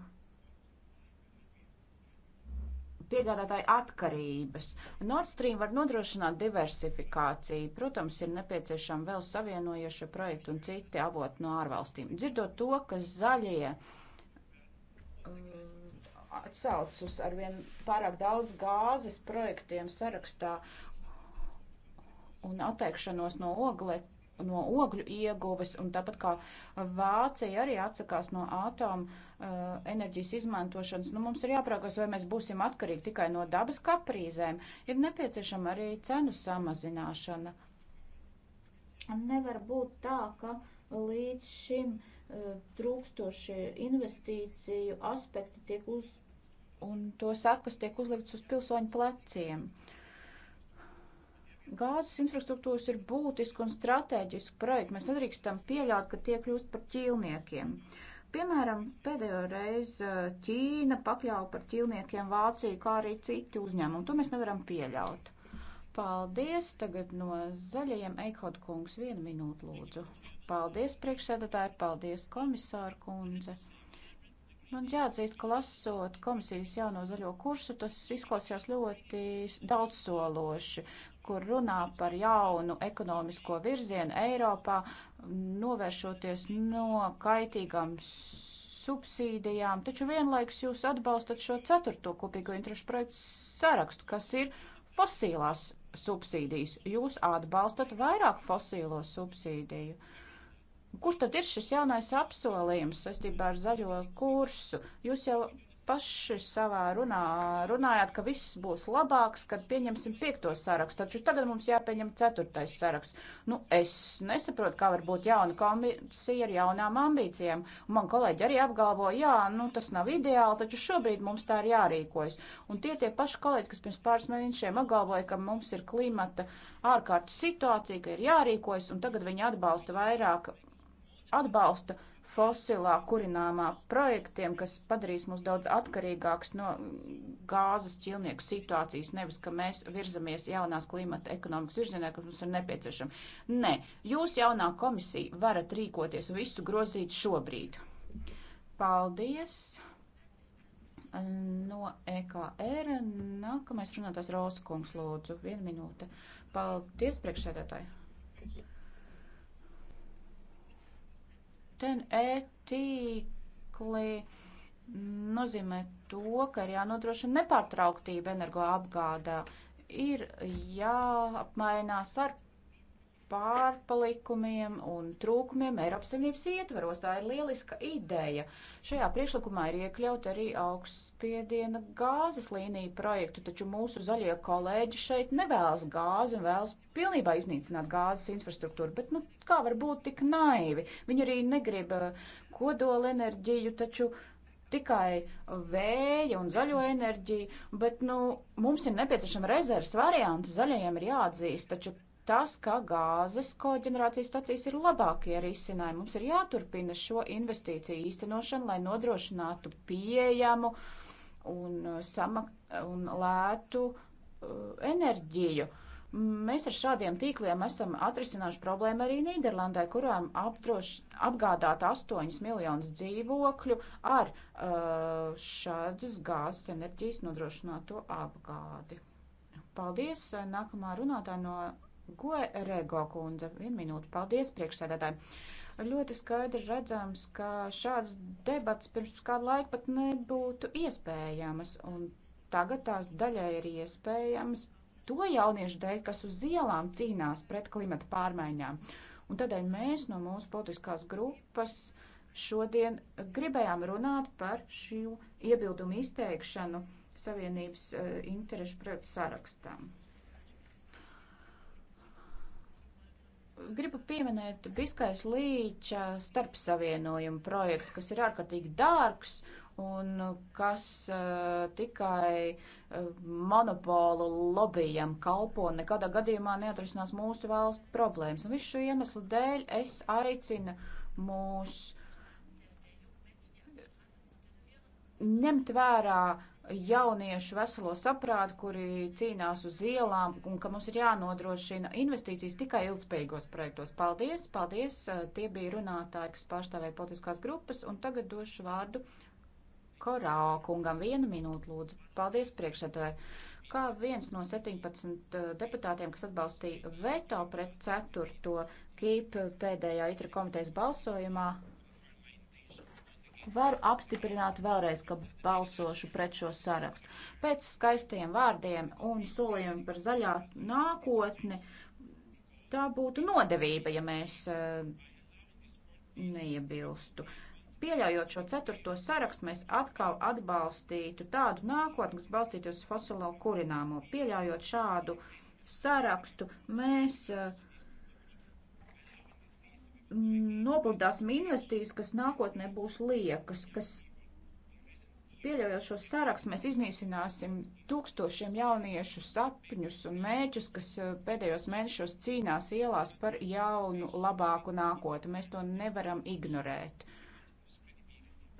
piegādātāju atkarības. Nord Stream var nodrošināt diversifikāciju. Protams, ir nepieciešama vēl savienojoša projekta un citi avoti no ārvalstīm. Dzirdot to, ka zaļie eh, atsaucas uz arvien pārāk daudz gāzes projektiem sarakstā un atteikšanos no ogle, no ogļu ieguves, un tāpat kā Vācija arī atsakās no ātoma uh, enerģijas izmantošanas, nu mums ir jāprākos, vai mēs būsim atkarīgi tikai no dabas kaprīzēm, ir nepieciešama arī cenu samazināšana. Nevar būt tā, ka līdz šim uh, trūkstošie investīciju aspekti tiek uz, un to sekas tiek uzliktas uz pilsoņu pleciem. Gāzes infrastruktūras ir būtiski un strateģiski projekti. Mēs nedrīkstam pieļaut, ka tie kļūst par ķīlniekiem. Piemēram, pēdējo reizi uh, Ķīna pakļāva par ķīlniekiem Vāciju, kā arī citi uzņēmumi. To mēs nevaram pieļaut. Paldies! Tagad no zaļajiem Eikhod kungs vienu minūtu lūdzu. Paldies, priekšsēdētāji, paldies, komisāra kundze! Man jāatzīst, ka lasot komisijas jauno zaļo kursu, tas izklausījās ļoti daudzsološi, kur runā par jaunu ekonomisko virzienu Eiropā, novēršoties no kaitīgām subsīdijām, taču vienlaiks jūs atbalstat šo ceturto kopīgo interešu projektu sarakstu, kas ir fosīlās subsīdijas. Jūs atbalstat vairāk fosīlo subsīdiju. Uh, Kur tad ir šis jaunais apsolījums saistībā ar zaļo kursu? Jūs jau paši savā runā runājāt, ka viss būs labāks, kad pieņemsim piekto sarakstu, taču tagad mums jāpieņem ceturtais saraksts. Nu, es nesaprotu, kā var būt jauna komisija ar jaunām ambīcijām. Man kolēģi arī apgalvo, jā, nu tas nav ideāli, taču šobrīd mums tā ir jārīkojas. Un tie tie paši kolēģi, kas pirms pāris mēnešiem apgalvoja, ka mums ir klimata ārkārtas situācija, ka ir jārīkojas, un tagad viņi atbalsta vairāk atbalsta fosilā kurināmā projektiem, kas padarīs mūs daudz atkarīgāks no mm, gāzes ķilnieku situācijas, nevis, ka mēs virzamies jaunās klimata ekonomikas virzienā, kas mums ir nepieciešama. Nē, jūs jaunā komisija varat rīkoties visu grozīt šobrīd. Paldies! No EKR nākamais runātājs Rosa Kungs, lūdzu, vienu minūte. Paldies, priekšsēdētāji! ten e-tīkli nozīmē to, ka ir jānodrošina nepārtrauktība energoapgādā. Ir jāapmainās ar pārpalikumiem un trūkumiem Eiropas Savienības ietvaros. Tā ir lieliska ideja. Šajā priekšlikumā ir iekļaut arī augstspiediena gāzes līniju projektu, taču mūsu zaļie kolēģi šeit nevēlas gāzi un vēlas pilnībā iznīcināt gāzes infrastruktūru, bet nu, kā var būt tik naivi? Viņi arī negrib uh, kodola enerģiju, taču tikai vēja un zaļo enerģiju, bet nu, mums ir nepieciešama rezerves varianti. Zaļajiem ir jāatzīst, taču tas, ka gāzes koģenerācijas stacijas ir labākie risinājumi. Mums ir jāturpina šo investīciju īstenošanu, lai nodrošinātu pieejamu un, uh, samak un lētu uh, enerģiju. Mēs ar šādiem tīkliem esam atrisinājuši problēmu arī Nīderlandē, kurām apdroš, apgādāt 8 miljonus dzīvokļu ar uh, šādas gāzes enerģijas nodrošināto apgādi. Paldies! Uh, nākamā runātāja no Go Rego kundze, vienu minūti, paldies priekšsēdētājiem. Ļoti skaidri redzams, ka šādas debats pirms kādu laiku pat nebūtu iespējamas, un tagad tās daļai ir iespējamas to jauniešu dēļ, kas uz ielām cīnās pret klimata pārmaiņām. Un tādēļ mēs no mūsu politiskās grupas šodien gribējām runāt par šo iebildumu izteikšanu Savienības uh, interešu projektu sarakstam. gribu pieminēt Biskais līča starpsavienojumu projektu, kas ir ārkārtīgi dārgs un kas uh, tikai uh, monopolu lobbyjam kalpo un nekādā gadījumā neatrisinās mūsu valsts problēmas. Un visu šo iemeslu dēļ es aicinu mūs ņemt vērā uh, jauniešu veselo saprātu, kuri cīnās uz ielām un ka mums ir jānodrošina investīcijas tikai ilgspējīgos projektos. Paldies, paldies, tie bija runātāji, kas pārstāvēja politiskās grupas un tagad došu vārdu Korā kungam vienu minūtu lūdzu. Paldies priekšsēdētāji. Kā viens no 17 eh, deputātiem, kas atbalstīja veto pret 4. kīp pēdējā itra komitejas balsojumā, Varu apstiprināt vēlreiz, ka balsošu pret šo sarakstu. Pēc skaistiem vārdiem un solījumi par zaļā nākotni, tā būtu nodevība, ja mēs eh, neiebilstu. Pieļaujot šo ceturto sarakstu, mēs atkal atbalstītu tādu nākotni, kas balstītos fosilo kurināmo. Pieļaujot šādu sarakstu, mēs uh, nopludāsim investīcijas, kas nākotnē būs liekas, kas pieļaujot šo sarakstu, mēs iznīcināsim tūkstošiem jauniešu sapņus un mēķus, kas eh, pēdējos mēnešos cīnās ielās par jaunu, labāku nākotni. Mēs to nevaram ignorēt.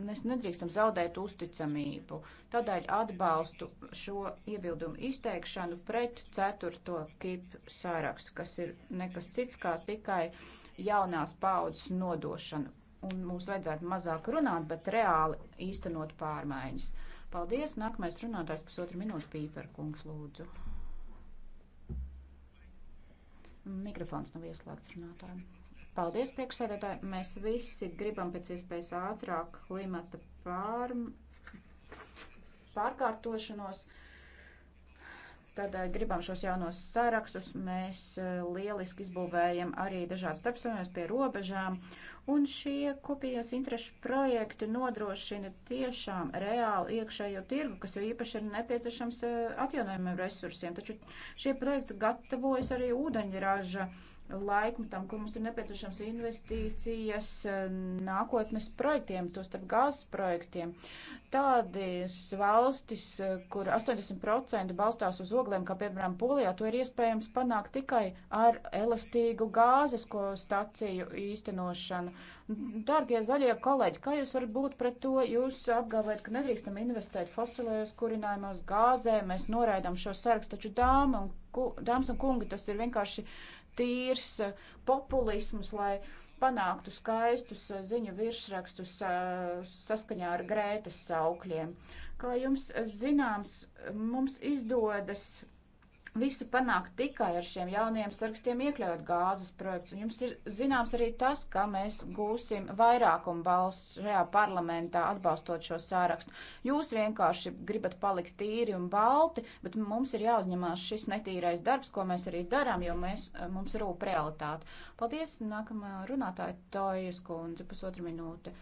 Mēs nedrīkstam zaudēt uzticamību. Tādēļ atbalstu šo iebildumu izteikšanu pret ceturto kipu sarakstu, kas ir nekas cits kā tikai uh, jaunās paudzes nodošanu. Un mums vajadzētu mazāk runāt, bet reāli īstenot pārmaiņas. Paldies! Nākamais runātājs pusotru minūtu pīperkungs lūdzu. Mikrofons nav ieslēgts runātājiem. Paldies, priekšsēdētāji. Mēs visi gribam pēc iespējas ātrāk klimata pār, pārkārtošanos. Uh, Tādēļ eh, gribam šos jaunos sārakstus. Mēs eh, lieliski izbūvējam arī dažādas starpsavienojumus pie robežām. Un šie kopējās interešu projekti nodrošina tiešām reāli iekšējo tirgu, kas jau īpaši ir nepieciešams eh, atjaunojumiem resursiem. Taču šie projekti gatavojas arī ūdeņraža. Uh, laikmetam, kur mums ir nepieciešams investīcijas eh, nākotnes projektiem, tostarp gāzes projektiem. Tādas valstis, eh, kur 80% balstās uz oglēm, kā piemēram Polijā, to ir iespējams panākt tikai ar elastīgu gāzes staciju īstenošanu. Dārgie zaļie kolēģi, kā jūs varat būt pret to? Jūs apgalvojat, ka nedrīkstam investēt fosilējos kurinājumos gāzē, mēs noraidām šo sarakstu, taču dāma un, ku, dāmas un kungi, tas ir vienkārši tīrs eh, populisms, lai panāktu skaistus eh, ziņu virsrakstus eh, saskaņā ar Grētas saukļiem. Kā jums zināms, mums izdodas visu panākt tikai ar šiem jaunajiem sarakstiem, iekļaut gāzes projekts. Un jums ir zināms arī tas, ka mēs gūsim vairākumu balsts šajā parlamentā atbalstot šo sārakstu. Jūs vienkārši gribat palikt tīri un balti, bet mums ir jāuzņemās šis netīrais darbs, ko mēs arī darām, jo mēs, eh, mums rūp realitāte. Paldies, nākamā runātāja Tojas kundze, pusotra minūte.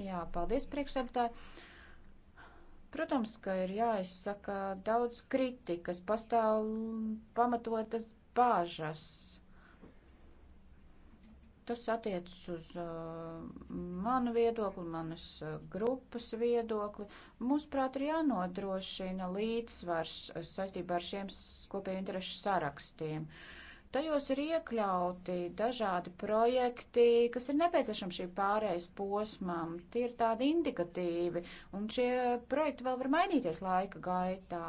Jā, paldies, priekšsēdētāji. Protams, ka ir jāizsaka daudz kritikas, pastāv pamatotas bāžas. Tas attiecas uz uh, manu viedokli, manas uh, grupas viedokli. Mūsuprāt, ir jānodrošina līdzsvars uh, saistībā ar šiem kopēju interešu sarakstiem. Uh, Tajos ir iekļauti dažādi projekti, kas ir nepieciešami šī pārējais posmam. Tie ir tādi indikatīvi, un šie projekti vēl var mainīties laika gaitā.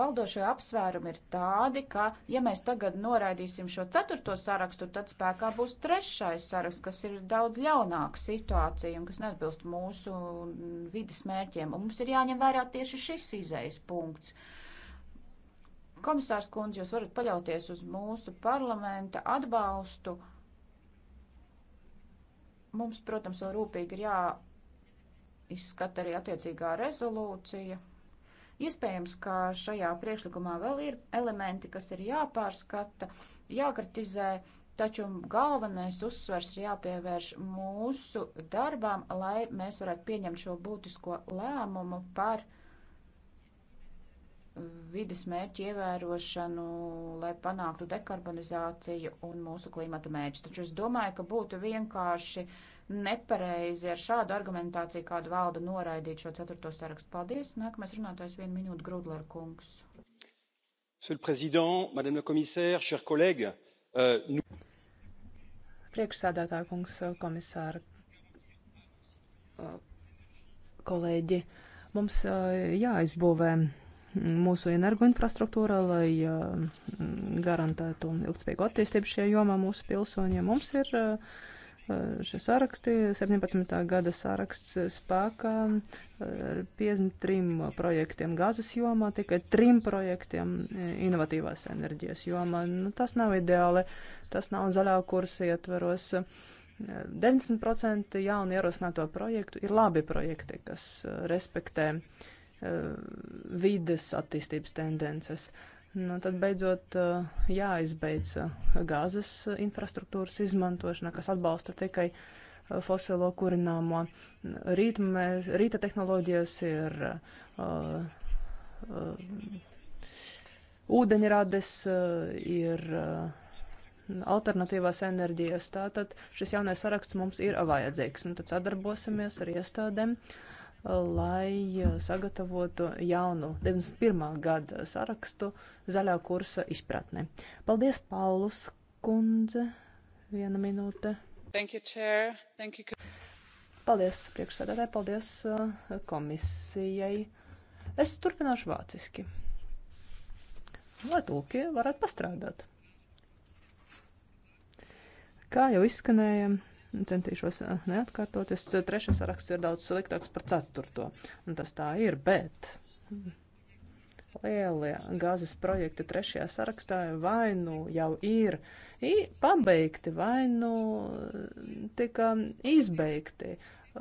Valdošie apsvērumi ir tādi, ka, ja mēs tagad noraidīsim šo ceturto sarakstu, tad spēkā būs trešais saraksts, kas ir daudz ļaunāka situācija un kas neatbilst mūsu vidas mērķiem. Un mums ir jāņem vērā tieši šis izejas punkts. Uh, Komisārs kundze, jūs varat paļauties uz mūsu parlamenta atbalstu. Mums, protams, vēl rūpīgi ir jāizskata arī attiecīgā rezolūcija. Iespējams, ka šajā priekšlikumā vēl ir elementi, kas ir jāpārskata, jākritizē, taču galvenais uzsvers ir jāpievērš mūsu darbām, lai mēs varētu pieņemt šo būtisko lēmumu par vides mērķu ievērošanu, lai panāktu dekarbonizāciju un mūsu klimata mērķus. Taču es domāju, ka būtu vienkārši nepareizi ar šādu argumentāciju, kādu valda noraidīt šo ceturto sarakstu. Paldies! Nākamais runātājs vienu minūtu Grudler kungs. Monsieur le Président, Madame la Commissaire, chers collègues, euh, nous... Priekšsādātā kungs, komisāra, kolēģi, mums euh, jāizbūvē mūsu energoinfrastruktūrā, lai mm, garantētu ilgspējīgu attīstību šajā jomā mūsu pilsoņiem. Mums ir eh, šie saraksti, 17. gada saraksts spēkā ar 53 projektiem gazas jomā, tikai 3 projektiem eh, inovatīvās enerģijas jomā. Nu, tas nav ideāli, tas nav zaļā kursa ietveros. 90% jaunu ierosināto projektu ir labi projekti, kas eh, respektē uh, Eh, vides attīstības tendences. Nu, tad beidzot eh, jāizbeidz eh, gāzes infrastruktūras izmantošana, kas atbalsta tikai fosilo kurināmo. Rīt mēs, rīta tehnoloģijas ir uh, uh, ūdeņrades, uh, ir uh, alternatīvās enerģijas. Tātad šis jaunais saraksts mums ir vajadzīgs. Un nu, tad sadarbosimies ar iestādēm. Uh, lai eh, sagatavotu jaunu 91. gada sarakstu zaļā kursa izpratnē. Paldies, Paulus kundze. Viena minūte. Thank you, Chair. Thank you. Paldies priekšsēdētāji, paldies eh, komisijai. Es turpināšu vāciski. Lai tulki varētu pastrādāt. Kā jau izskanēja, Centīšos eh, neatkārtoties. Eh, trešais saraksts ir daudz sliktāks par ceturto. Un tas tā ir, bet lielie gāzes projekti trešajā sarakstā vai nu jau ir pabeigti, vai nu eh, tika izbeigti.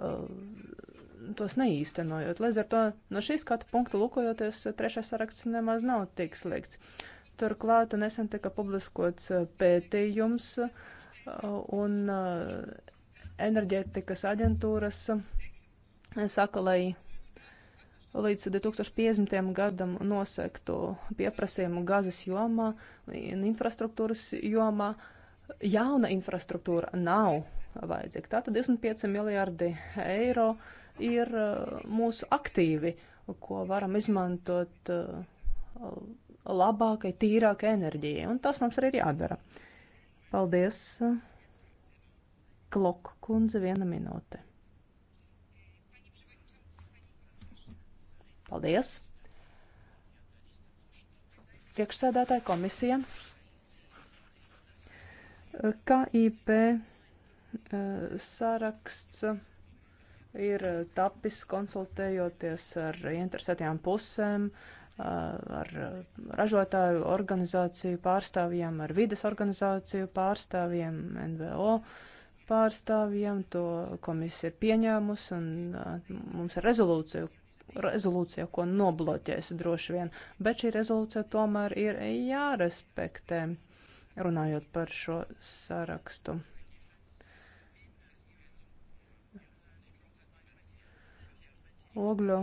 Uh, tos neīstenojot. Līdz ar to no šīs skatu punkta lūkojoties, trešais saraksts nemaz nav tik slikts. Turklāt nesen tika publiskots pētījums un uh, enerģētikas aģentūras saka, lai līdz 2050. gadam nosektu pieprasījumu gazas jomā un infrastruktūras jomā. Jauna infrastruktūra nav vajadzīga. Tātad 25 miljārdi eiro ir uh, mūsu aktīvi, ko varam izmantot uh, labākai, tīrākai enerģijai. Un tas mums arī ir jādara. Uh, Paldies. Klok kundze, viena minūte. Paldies. Priekšsēdētāja komisija. KIP eh, saraksts ir tapis konsultējoties ar interesētajām pusēm. Uh, ar ražotāju organizāciju pārstāvjiem, ar vides organizāciju pārstāvjiem, NVO pārstāvjiem. To komisija ir pieņēmusi un mums ir rezolūcija, rezolūcija, ko nobloķēs droši vien. Bet šī rezolūcija tomēr ir jārespektē, runājot par šo sarakstu. Ogļu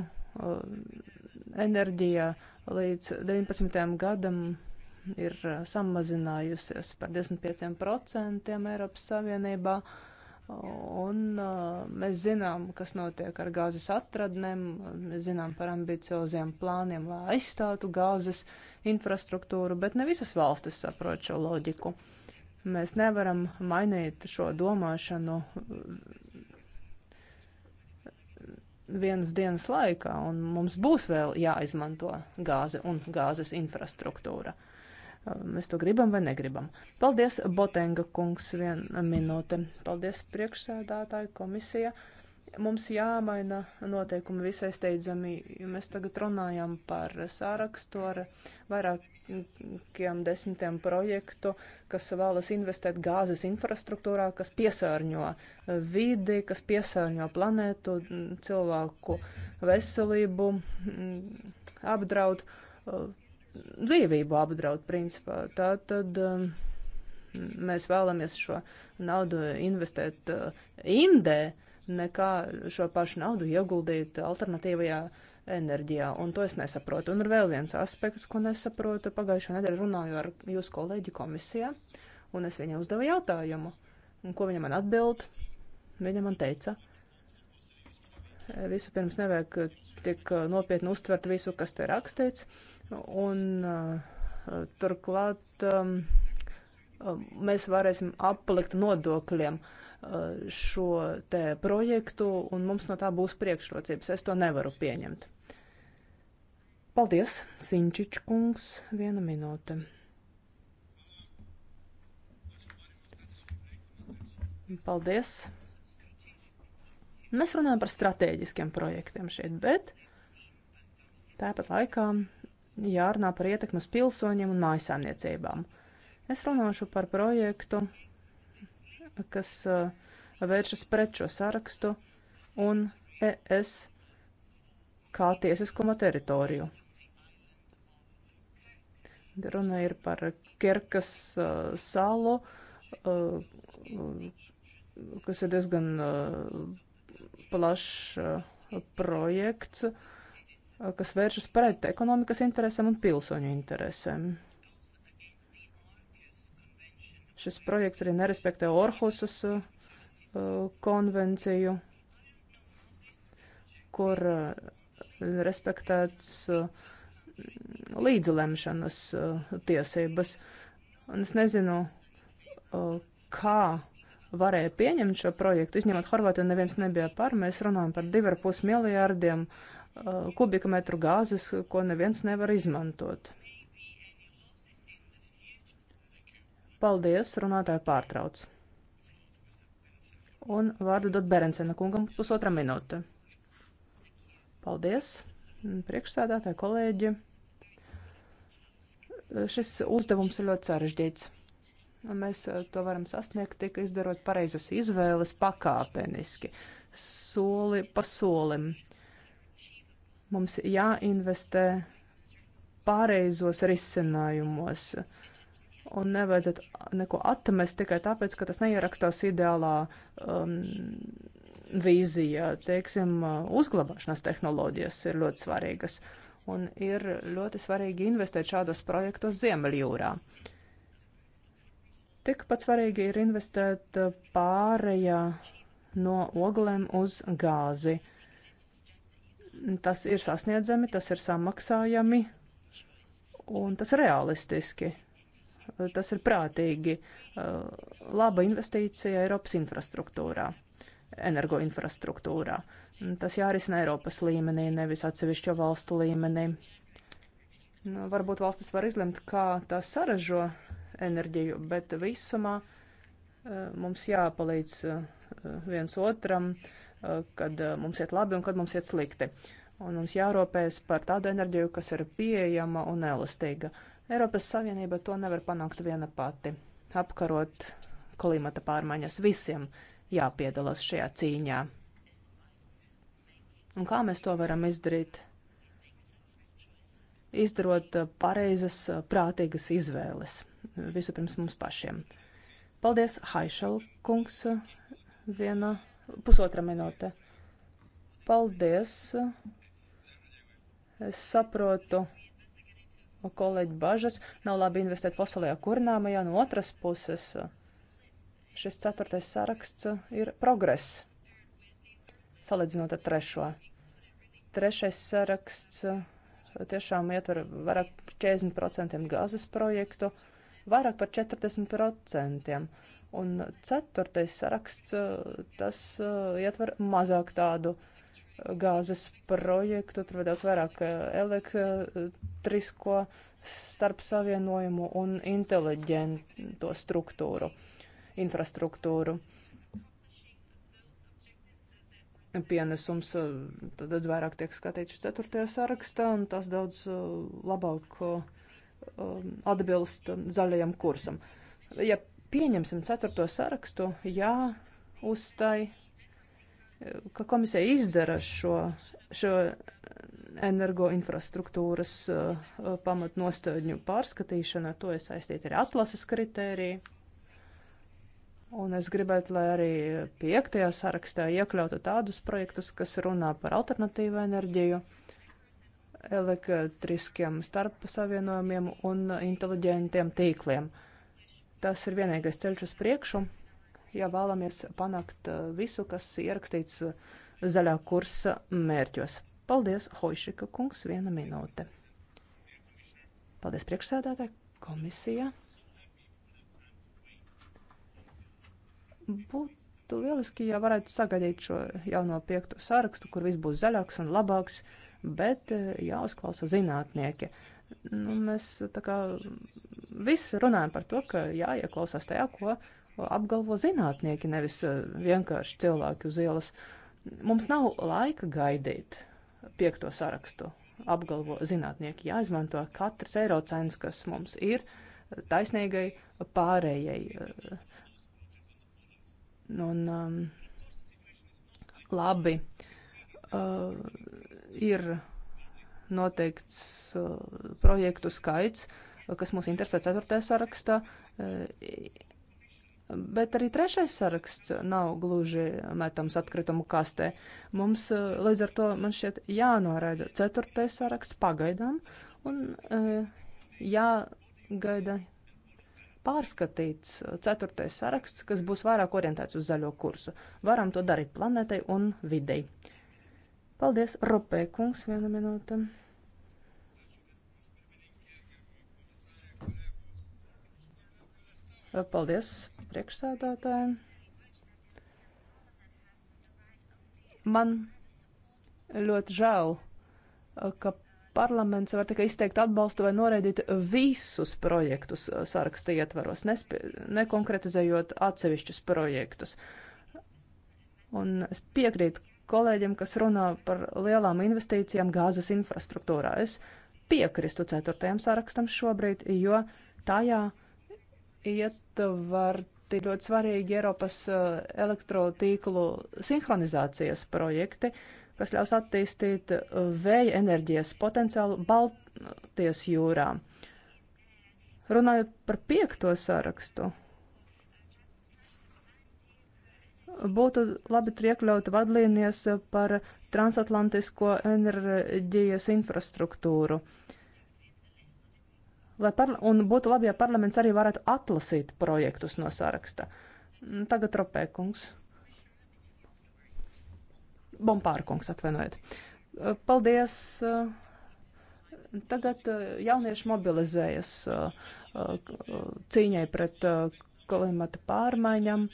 enerģija līdz 19. gadam ir uh, samazinājusies par 15% Eiropas Savienībā. Un uh, mēs zinām, kas notiek ar gāzes atradnēm, mēs zinām par ambicioziem plāniem, lai aizstātu gāzes infrastruktūru, bet ne visas valstis saprot šo loģiku. Mēs nevaram mainīt šo domāšanu vienas dienas laikā, un mums būs vēl jāizmanto gāze un gāzes infrastruktūra. Um, mēs to gribam vai negribam. Paldies, Botenga kungs, viena minūte. Paldies, priekšsēdātāja komisija. Uh, Mums jāmaina noteikumi visai steidzami. Mēs tagad runājam par sārakstu ar vairākiem desmitiem projektu, kas vēlas investēt gāzes infrastruktūrā, kas piesārņo vidi, kas piesārņo planētu, cilvēku veselību, apdraud dzīvību apdraud, principā. Tā tad um, mēs vēlamies šo naudu investēt uh, Indē, nekā šo pašu naudu ieguldīt alternatīvajā enerģijā. Un to es nesaprotu. Un ir vēl viens aspekts, ko nesaprotu. Pagājušā nedēļa runāju ar jūsu kolēģi komisijā, un es viņai uzdevu jautājumu. Un ko viņa man atbild? Viņa man teica, visu pirms nevajag tik uh, nopietni uztvert visu, kas te rakstīts. Un uh, turklāt um, uh, mēs varēsim aplikt nodokļiem. Uh, Eh, šo te projektu, un mums no tā būs priekšrocības. Es to nevaru pieņemt. Paldies, Sinčič kungs, viena minūte. Paldies. Mēs runājam par strateģiskiem projektiem šeit, bet tāpat laikā jārunā par ietekmi uz pilsoņiem un mājasēmniecībām. Es runāšu par projektu, kas eh, vēršas pret šo sarakstu un ES kā tiesiskuma teritoriju. Runa ir par Kirkas uh, eh, salu, uh, kas ir diezgan uh, plašs uh, projekts, uh, kas vēršas pret ekonomikas interesēm un pilsoņu interesēm. Šis projekts arī nerespektē Orhusas uh, konvenciju, kur uh, respektēts uh, līdzlemšanas uh, tiesības. Un es nezinu, uh, kā varēja pieņemt šo projektu, izņemot Horvātiju, neviens nebija par. Mēs runājam par 2,5 miljārdiem uh, kubikmetru gāzes, ko neviens nevar izmantot. Paldies, runātāja pārtrauc. Un vārdu dot Berencena kungam pusotra minūte. Paldies, priekšsēdētāji, kolēģi. Šis uzdevums ir ļoti sarežģīts. Un mēs eh, to varam sasniegt tikai izdarot pareizas izvēles pakāpeniski, soli pa solim. Mums jāinvestē pareizos risinājumos. Uh, un nevajadzētu neko atmest tikai tāpēc, ka tas neierakstās ideālā um, vīzijā. Teiksim, uh, uzglabāšanas tehnoloģijas ir ļoti svarīgas, un ir ļoti svarīgi investēt šādos projektos Ziemeļjūrā. Tikpat svarīgi ir investēt uh, pārējā no oglēm uz gāzi. Tas ir sasniedzami, tas ir samaksājami, un tas ir realistiski tas ir prātīgi. Uh, laba investīcija Eiropas infrastruktūrā, energoinfrastruktūrā. Tas jārisina Eiropas līmenī, nevis atsevišķo valstu līmenī. Nu, varbūt valstis var izlemt, kā tā saražo enerģiju, bet visumā uh, mums jāpalīdz uh, viens otram, kad mums iet labi un kad mums iet slikti. Un mums jārūpējas par tādu enerģiju, kas ir pieejama un elastīga. Uh, Eiropas Savienība to nevar panākt viena pati. Apkarot klimata pārmaiņas visiem jāpiedalās šajā cīņā. Un kā mēs to varam izdarīt? Izdarot pareizas, prātīgas izvēles. Vispirms mums pašiem. Paldies, Haišel kungs. Viena pusotra minūte. Paldies. Es saprotu kolēģi bažas, nav labi investēt fosilajā kurināmajā. No otras puses, eh, šis ceturtais saraksts eh, ir progress, salīdzinot ar trešo. Trešais saraksts eh, tiešām ietver vairāk par 40% gāzes projektu, vairāk par 40%. Un ceturtais saraksts, tas ietver mazāk tādu uh, gāzes projektu, tur vedās vairāk eh, elektrisko starp savienojumu un inteliģento struktūru, infrastruktūru. Pienesums eh, tad vairāk tiek skatīts ceturtajā sarakstā, un tas daudz eh, labāk atbilst zaļajam kursam. Ja pieņemsim ceturto sarakstu, jā, uzstāj ka komisija izdara šo, šo energoinfrastruktūras uh, pamatnostādņu pārskatīšanu, ar to ir saistīti arī atlases kritēriji. Un es gribētu, lai arī piektajā sarakstā iekļautu tādus projektus, kas runā par alternatīvu enerģiju, elektriskiem starpsavienojumiem un inteliģentiem tīkliem. Tas ir vienīgais ceļš uz priekšu ja vēlamies panākt uh, visu, kas ierakstīts uh, zaļā kursa mērķos. Paldies, Hoišika kungs, viena minūte. Paldies, priekšsēdētāji, komisija. Būtu lieliski, ja varētu sagaidīt šo jauno piekto sarakstu, kur viss būs zaļāks un labāks, bet uh, jāuzklausa zinātnieki. Nu, mēs tā kā visi runājam par to, ka jāieklausās tajā, ko apgalvo zinātnieki, nevis eh, vienkārši cilvēki uz ielas. Mums nav laika gaidīt piekto sarakstu, apgalvo zinātnieki. Jāizmanto katrs eiro cents, kas mums ir, eh, taisnīgai pārējai. Eh, un, um, labi, uh, ir noteikts uh, projektu skaits, kas mūs interesē ceturtajā sarakstā. Uh, Bet arī trešais saraksts nav gluži metams atkritumu kastē. Mums eh, līdz ar to man šķiet jānoraida ceturtais saraksts pagaidām un eh, jāgaida pārskatīts ceturtais saraksts, kas būs vairāk orientēts uz zaļo kursu. Varam to darīt planētai un videi. Paldies, Ropē kungs, viena minūte. Paldies priekšsēdētājiem. Man ļoti žēl, ka parlaments var tikai izteikt atbalstu vai noraidīt visus projektus saraksta ietvaros, nekonkretizējot atsevišķus projektus. Un es piekrītu kolēģiem, kas runā par lielām investīcijām gāzes infrastruktūrā. Es piekrītu ceturtajam sarakstam šobrīd, jo tajā ietverti ļoti svarīgi Eiropas eh, elektrotīklu sinhronizācijas projekti, kas ļaus attīstīt eh, vēja enerģijas potenciālu Baltijas jūrā. Runājot par piekto sarakstu, būtu labi iekļaut vadlīnijas par transatlantisko enerģijas infrastruktūru. Uh, lai par, un būtu labi, ja parlaments arī varētu atlasīt projektus no saraksta. Mm, tagad Ropēkungs. Bompārkungs, atvainojiet. Paldies. Tagad jaunieši mobilizējas cīņai pret klimata pārmaiņām.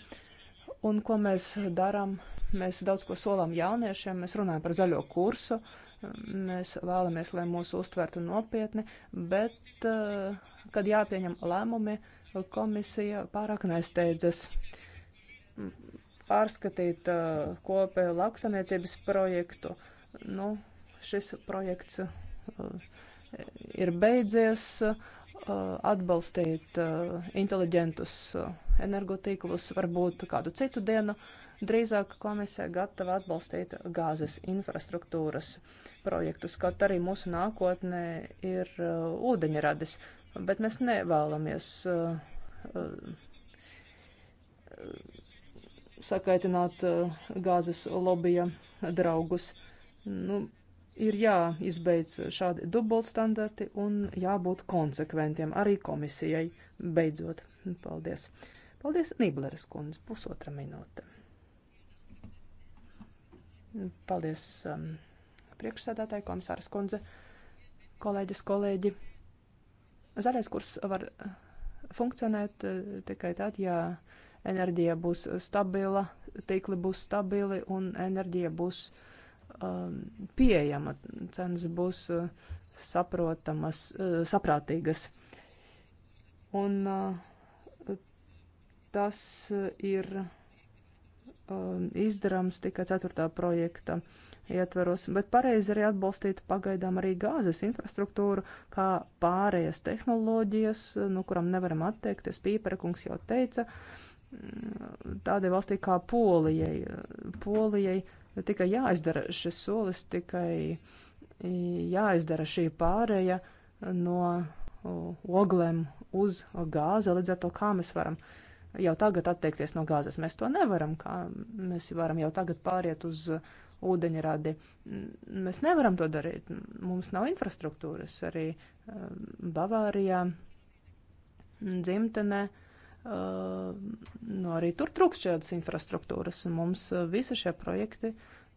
Un ko mēs darām? Mēs daudz ko solām jauniešiem, mēs runājam par zaļo kursu. Uh, Mēs vēlamies, lai mūsu uztvertu nopietni, bet, eh, kad jāpieņem lēmumi, komisija pārāk nesteidzas pārskatīt eh, kopēju lauksaniecības projektu. Nu, šis projekts eh, ir beidzies atbalstīt inteliģentus energotīklus, varbūt kādu citu dienu Drīzāk komisija gatava atbalstīt gāzes infrastruktūras projektus, kaut arī mūsu nākotnē ir uh, ūdeņradis, bet mēs nevēlamies uh, uh, sakaitināt uh, gāzes lobija draugus. Nu, ir jāizbeidz šādi dubultstandarti un jābūt konsekventiem arī komisijai beidzot. Paldies! Paldies, Nībleres kundze, pusotra minūte. Paldies um, priekšsēdētāji, komisāras kundze, kolēģis, kolēģi. Zaļais kurs var uh, funkcionēt uh, tikai tad, ja enerģija būs stabila, tīkli būs stabili un enerģija būs um, pieejama, cenas būs uh, saprotamas, uh, saprātīgas. Un uh, tas ir. Uh, um, izdarāms tikai ceturtā projekta ietveros, bet pareizi arī atbalstīt pagaidām arī gāzes infrastruktūru, kā pārējas tehnoloģijas, no nu, kurām nevaram atteikties. Pīperkungs jau teica, mm, tādai valstī kā Polijai. Polijai tikai jāizdara šis solis, tikai jāizdara šī pārēja no oglēm uz gāzi, līdz ar to kā mēs varam uh, jau tagad atteikties no gāzes. Mēs to nevaram, kā mēs varam jau tagad pāriet uz ūdeņradi. Mēs nevaram to darīt. Mums nav infrastruktūras arī um, Bavārijā, dzimtenē. Um, no nu, arī tur trūks šādas infrastruktūras, un mums uh, visi šie projekti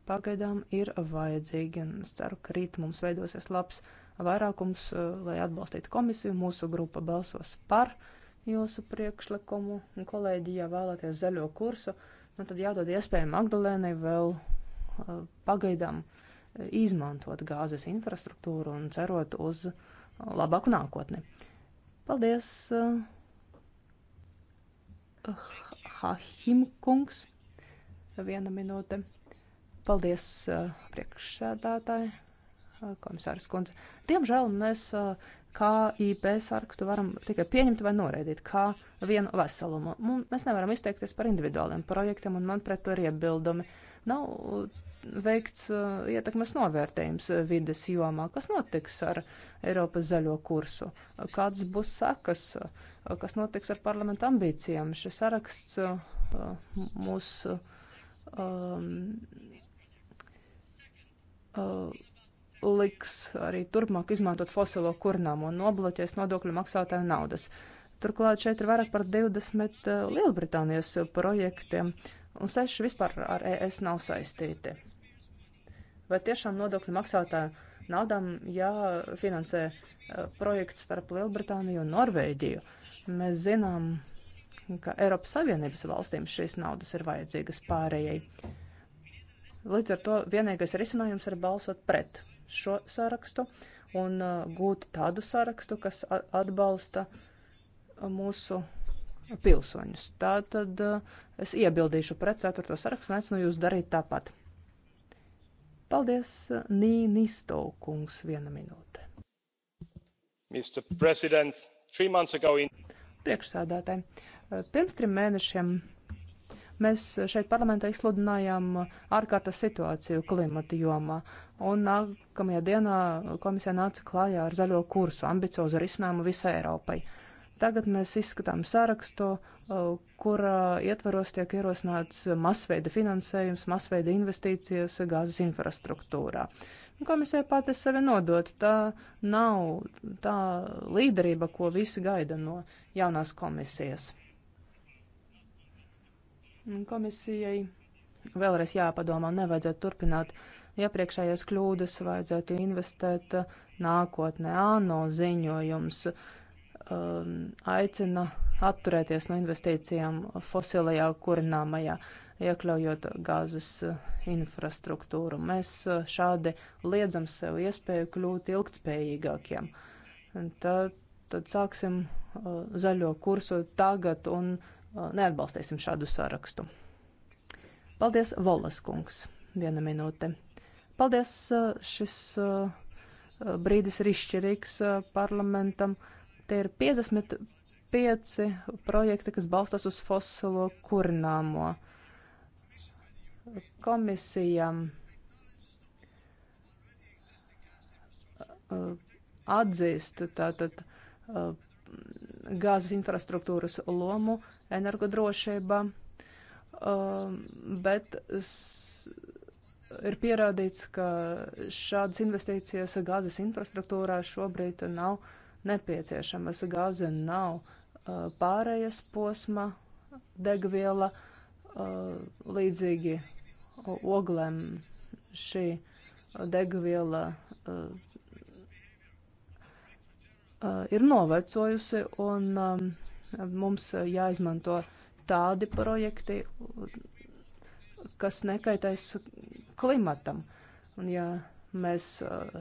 pagaidām ir vajadzīgi, un es ceru, ka rīt mums veidosies labs vairākums, uh, lai atbalstītu komisiju. Mūsu grupa balsos par uh, jūsu priekšlikumu. Un, kolēģi, ja vēlaties zaļo kursu, nu, tad jādod iespēja Magdalēnai vēl uh, pagaidām uh, izmantot gāzes infrastruktūru un cerot uz uh, labāku nākotni. Paldies, uh, Hahim kungs. Viena minūte. Paldies, uh, priekšsēdētāji, uh, komisārs kundze. Diemžēl mēs uh, KIP sarakstu varam tikai pieņemt vai noraidīt kā vienu veselumu. Mums, mēs nevaram izteikties par individuāliem projektiem, un man pret to ir iebildumi. Nav uh, veikts uh, ietekmes novērtējums uh, vides jomā, kas notiks ar Eiropas zaļo kursu, uh, kādas būs sekas, kas notiks ar parlamentu ambīcijām. Šis saraksts uh, mūs um, uh, liks arī turpmāk izmantot fosilo kurnām un nobloķēs nodokļu maksātāju naudas. Turklāt šeit ir vairāk par 20 eh, Lielbritānijas projektiem, un seši vispār ar ES nav saistīti. Vai tiešām nodokļu maksātāju naudām jāfinansē eh, projekts starp Lielbritāniju un Norvēģiju? Mēs zinām, ka Eiropas Savienības valstīm šīs naudas ir vajadzīgas pārējai. Līdz ar to vienīgais risinājums ir balsot pret šo sarakstu un uh, gūt tādu sarakstu, kas atbalsta uh, mūsu pilsoņus. Tā tad uh, es iebildīšu pret ceturto sarakstu un aicinu jūs darīt tāpat. Paldies, Nīnisto kungs, viena minūte. Mr. President, three months ago in... Priekšsādātāji, pirms trim mēnešiem Mēs šeit parlamentā izsludinājām ārkārtas situāciju klimata jomā, un nākamajā dienā komisija nāca klājā ar zaļo kursu, ambiciozu risinājumu visai Eiropai. Tagad mēs izskatām sarakstu, uh, kur ietvaros tiek ierosināts masveida finansējums, masveida investīcijas gāzes infrastruktūrā. Komisija pati sevi nodot. Tā nav tā līderība, ko visi gaida no jaunās komisijas. Komisijai vēlreiz jāpadomā, nevajadzētu turpināt iepriekšējās kļūdas, vajadzētu investēt nākotnē. ANO ziņojums um, aicina atturēties no investīcijām fosilajā kurināmajā, iekļaujot gāzes infrastruktūru. Mēs šādi liedzam sev iespēju kļūt ilgtspējīgākiem. Tad, tad sāksim uh, zaļo kursu tagad un uh, Uh, neatbalstīsim šādu sarakstu. Paldies, Volas kungs. Viena minūte. Paldies, uh, šis uh, brīdis ir izšķirīgs parlamentam. Te ir 55 projekti, kas balstās uz fosilo kurināmo. Komisijam atzīst tātad gāzes infrastruktūras lomu energodrošībā, um, bet ir pierādīts, ka šādas investīcijas gāzes infrastruktūrā šobrīd nav nepieciešamas. Gāze nav uh, pārējas posma degviela, uh, līdzīgi oglēm šī degviela uh, Eh, ir novecojusi un um, mums jāizmanto tādi projekti, kas nekaitais klimatam. Un ja mēs eh,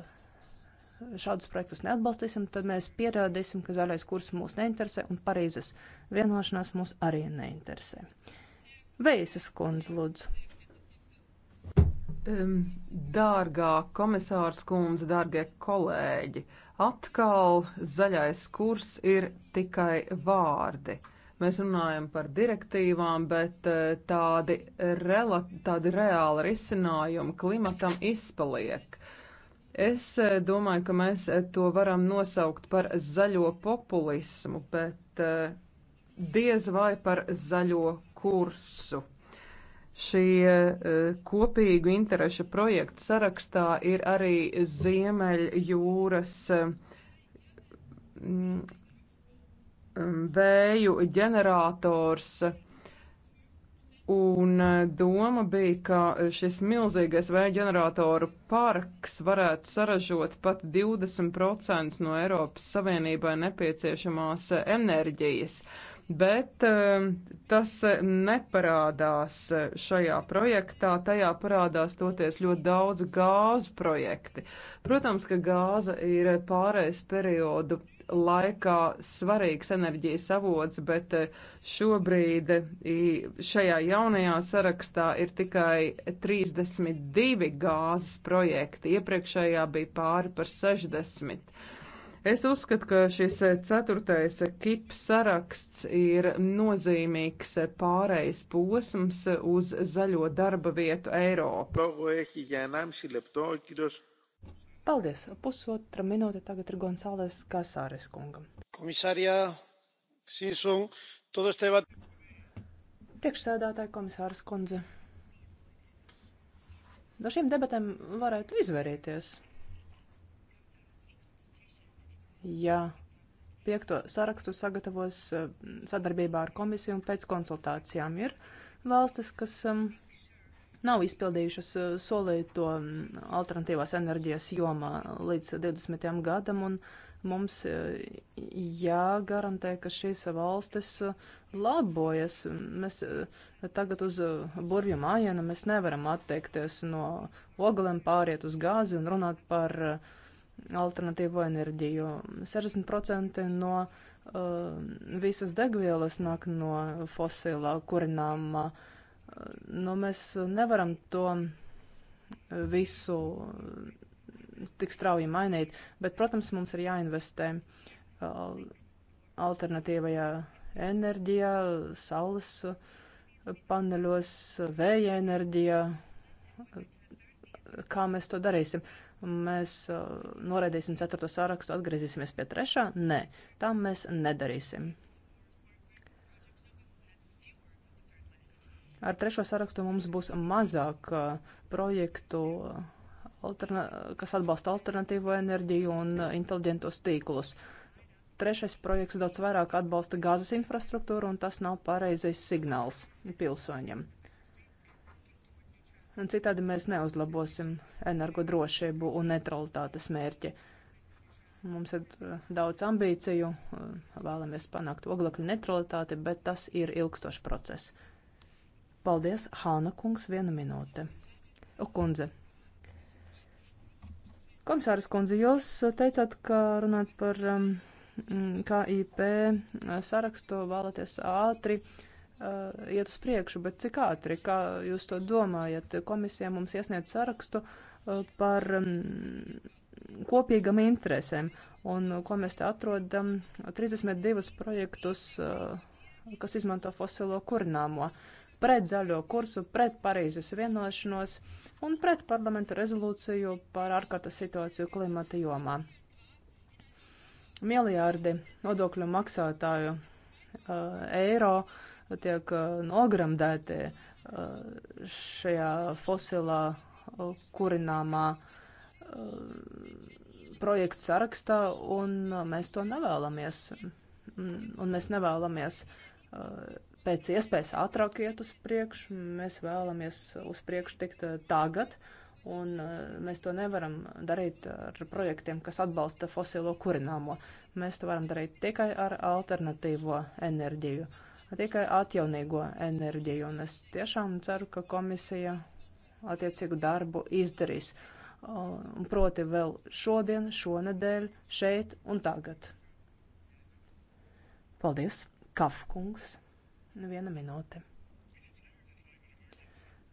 šādus projektus neatbalstīsim, tad mēs pierādīsim, ka zaļais kurs mūs neinteresē un Parīzes vienošanās mūs arī neinteresē. Veisas kundze, lūdzu. Dārgā komisārs kundze, dārgie kolēģi, atkal zaļais kurs ir tikai vārdi. Mēs runājam par direktīvām, bet eh, tādi, rela, tādi reāli risinājumi klimatam izpaliek. Es eh, domāju, ka mēs eh, to varam nosaukt par zaļo populismu, bet diez vai par zaļo kursu. Šie e, kopīgu interešu projektu sarakstā ir arī Ziemeļjūras e, vēju ģenerators. Un e, doma bija, ka šis milzīgais vēja ģeneratoru parks varētu saražot pat 20% no Eiropas Savienībai nepieciešamās enerģijas. Uh, bet ehm, tas eh, neparādās eh, šajā projektā. Tajā parādās toties ļoti daudz gāzu projekti. Protams, ka gāza ir pārējais periodu laikā svarīgs enerģijas avots, bet eh, šobrīd šajā jaunajā sarakstā ir tikai 32 gāzes projekti. Iepriekšējā bija pāri par 60. Es uzskatu, ka šis eh, ceturtais eh, kips saraksts ir nozīmīgs eh, pārejas posms uz zaļo darba vietu Eiropu. Paldies! Pusotra minūte tagad ir Gonzāles Kasāres kungam. Komisārijā, Sīsum, todos tev at... Priekšsēdātāja komisāras kundze. No šīm debatēm varētu izvairīties ja piekto sarakstu sagatavos eh, sadarbībā ar komisiju un pēc konsultācijām ir valstis, kas nav izpildījušas eh, solīto alternatīvās enerģijas jomā līdz 20. gadam, un mums eh, jāgarantē, ka šīs valstis labojas. Mēs tagad uz burvju mājiena mēs nevaram atteikties no ogliem, pāriet uz gāzi un runāt par uh, alternatīvo enerģiju. 60% no uh, visas degvielas nāk no fosilā kurināmā. Uh, nu, mēs nevaram to visu uh, tik strauji mainīt, bet, protams, mums ir jāinvestē uh, alternatīvajā enerģijā, saules uh, paneļos, uh, vēja enerģijā. Kā mēs to darīsim? Uh, mēs noraidīsim ceturto sārakstu, atgriezīsimies pie trešā? Nē, tā mēs nedarīsim. Ar trešo sarakstu mums būs mazāk projektu, alterna, kas atbalsta alternatīvo enerģiju un inteliģentos tīklus. Trešais projekts daudz vairāk atbalsta gāzes infrastruktūru, un tas nav pareizais signāls pilsoņiem un citādi mēs neuzlabosim energodrošību un neutralitātes mērķi. Mums ir eh, daudz ambīciju, eh, vēlamies panākt oglekļa neutralitāti, bet tas ir ilgstošs process. Paldies, Hāna kungs, viena minūte. O, kundze. Komisāras kundze, jūs teicāt, ka runāt par um, mm, KIP eh, sarakstu vēlaties ātri. Uh, Uh, iet uz priekšu, bet cik ātri, kā jūs to domājat? Komisija mums iesniedz sarakstu uh, par um, kopīgam interesēm, un uh, ko mēs te atrodam 32 projektus, kas izmanto fosilo kurināmo, pret zaļo kursu, pret Parīzes vienošanos un pret parlamenta rezolūciju par ārkārtas situāciju klimata jomā. Miliārdi nodokļu maksātāju uh, eiro uh, tiek nogramdēti šajā fosilā kurināmā projektu sarakstā, un mēs to nevēlamies. Un mēs nevēlamies pēc iespējas ātrāk iet uz priekšu, mēs vēlamies uz priekšu tikt tagad, un mēs to nevaram darīt ar projektiem, kas atbalsta fosilo kurināmo. Mēs to varam darīt tikai ar alternatīvo enerģiju. Uh, tikai atjaunīgo enerģiju. Un es tiešām ceru, ka komisija attiecīgu darbu izdarīs. Proti vēl šodien, šonadēļ, šeit un tagad. Paldies, Kafkungs. Viena minūte.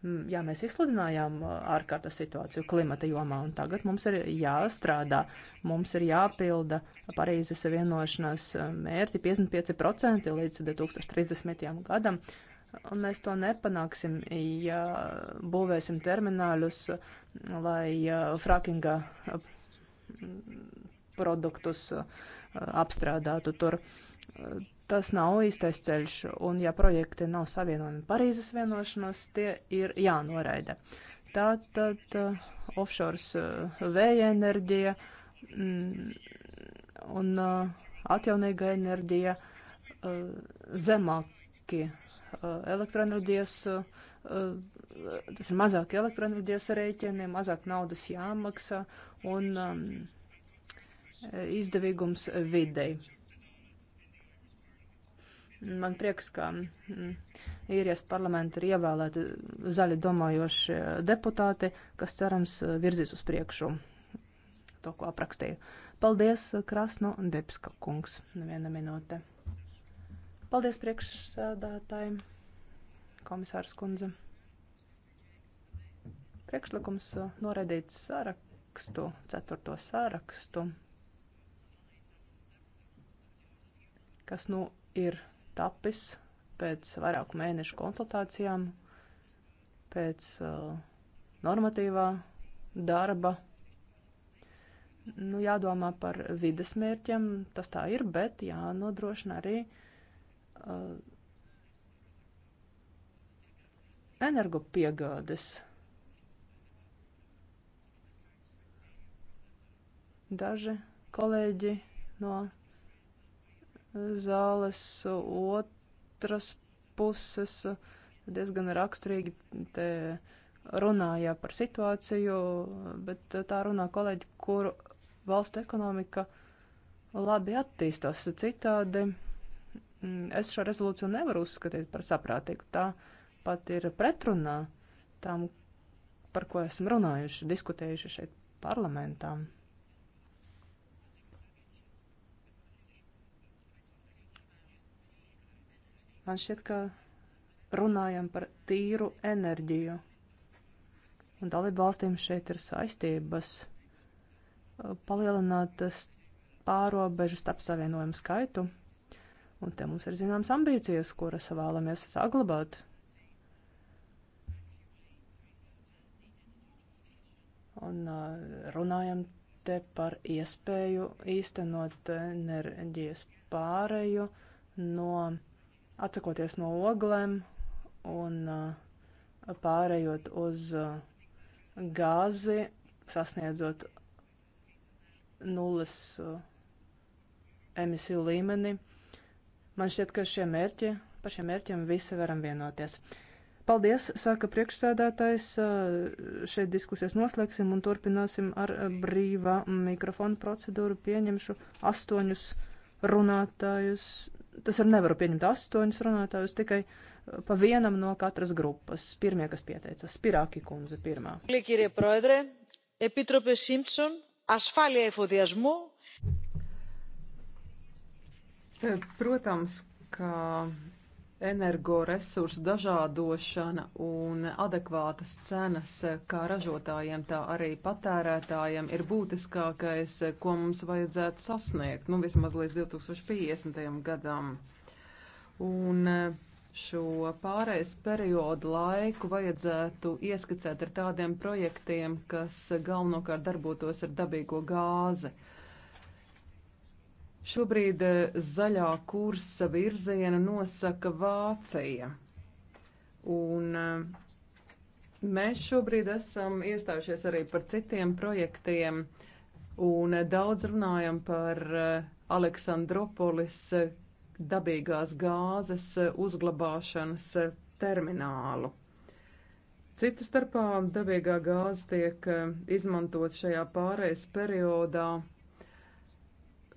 Mm, jā, mēs izsludinājām uh, ārkārtas situāciju klimata jomā, un tagad mums ir jāstrādā, mums ir jāpilda Parīzes vienošanās uh, mērķi 55% līdz 2030. gadam. Un mēs to nepanāksim, ja būvēsim termināļus, uh, lai frakinga produktus apstrādātu tur tas nav īstais ceļš, un ja projekti nav savienojami Parīzes vienošanos, tie ir jānoraida. Tātad uh, offshore uh, vēja enerģija mm, un uh, atjaunīga enerģija, uh, zemāki uh, elektroenerģijas, uh, uh tas ir mazāki elektroenerģijas rēķini, mazāk naudas jāmaksā un um, izdevīgums videi Man prieks, ka mm, īrijas parlamenta ir ievēlēti zaļi domājošie deputāti, kas cerams eh, virzīs uz priekšu to, ko aprakstīju. Paldies, eh, Krasno Debska kungs. Viena minūte. Paldies priekšsēdātājiem, komisārs kundze. Priekšlikums eh, noraidīt sārakstu, ceturto sārakstu, kas nu ir tapis pēc vairāku mēnešu konsultācijām, pēc uh, normatīvā darba. Nu, jādomā par vides mērķiem, tas tā ir, bet jānodrošina arī uh, energopiegādes. Daži kolēģi no zāles uh, otras puses uh, diezgan raksturīgi te runāja par situāciju, bet uh, tā runā kolēģi, kuru valstu ekonomika labi attīstās citādi. Mm, es šo rezolūciju nevaru uzskatīt par saprātīgu. Tā pat ir pretrunā tām, par ko esam runājuši, diskutējuši šeit parlamentām. Man šķiet, ka runājam par tīru enerģiju. Un dalību valstīm šeit ir saistības uh, palielināt pārobežu starp savienojumu skaitu. Un te mums ir zināmas ambīcijas, kuras vēlamies saglabāt. Un uh, runājam te par iespēju īstenot enerģijas pāreju no atsakoties no oglēm un uh, pārējot uz uh, gāzi, sasniedzot nulles uh, emisiju līmeni. Man šķiet, ka šie mērķi, par šiem mērķiem visi varam vienoties. Paldies, saka priekšsēdētājs. Šeit diskusijas noslēgsim un turpināsim ar brīvā mikrofona procedūru. Pieņemšu astoņus runātājus tas ir nevaru pieņemt astoņus runātājus, tikai uh, pa vienam no katras grupas. Pirmie, kas pieteicās, Spirāki kundze pirmā. Kīrie proedre, Epitrope Simpson, asfālija efodiasmu. Protams, ka energoresursu dažādošana un adekvātas cenas kā ražotājiem, tā arī patērētājiem ir būtiskākais, ko mums vajadzētu sasniegt, nu vismaz līdz 2050. gadam. Un eh, šo pārejas periodu laiku vajadzētu ieskicēt ar tādiem projektiem, kas galvenokārt darbotos ar dabīgo gāzi. Uh, Šobrīd eh, zaļā kursa virziena nosaka Vācija. Un eh, mēs šobrīd esam iestājušies arī par citiem projektiem un eh, daudz runājam par Aleksandropolis dabīgās gāzes uzglabāšanas terminālu. Citu starpā dabīgā gāze tiek izmantot šajā pārejas periodā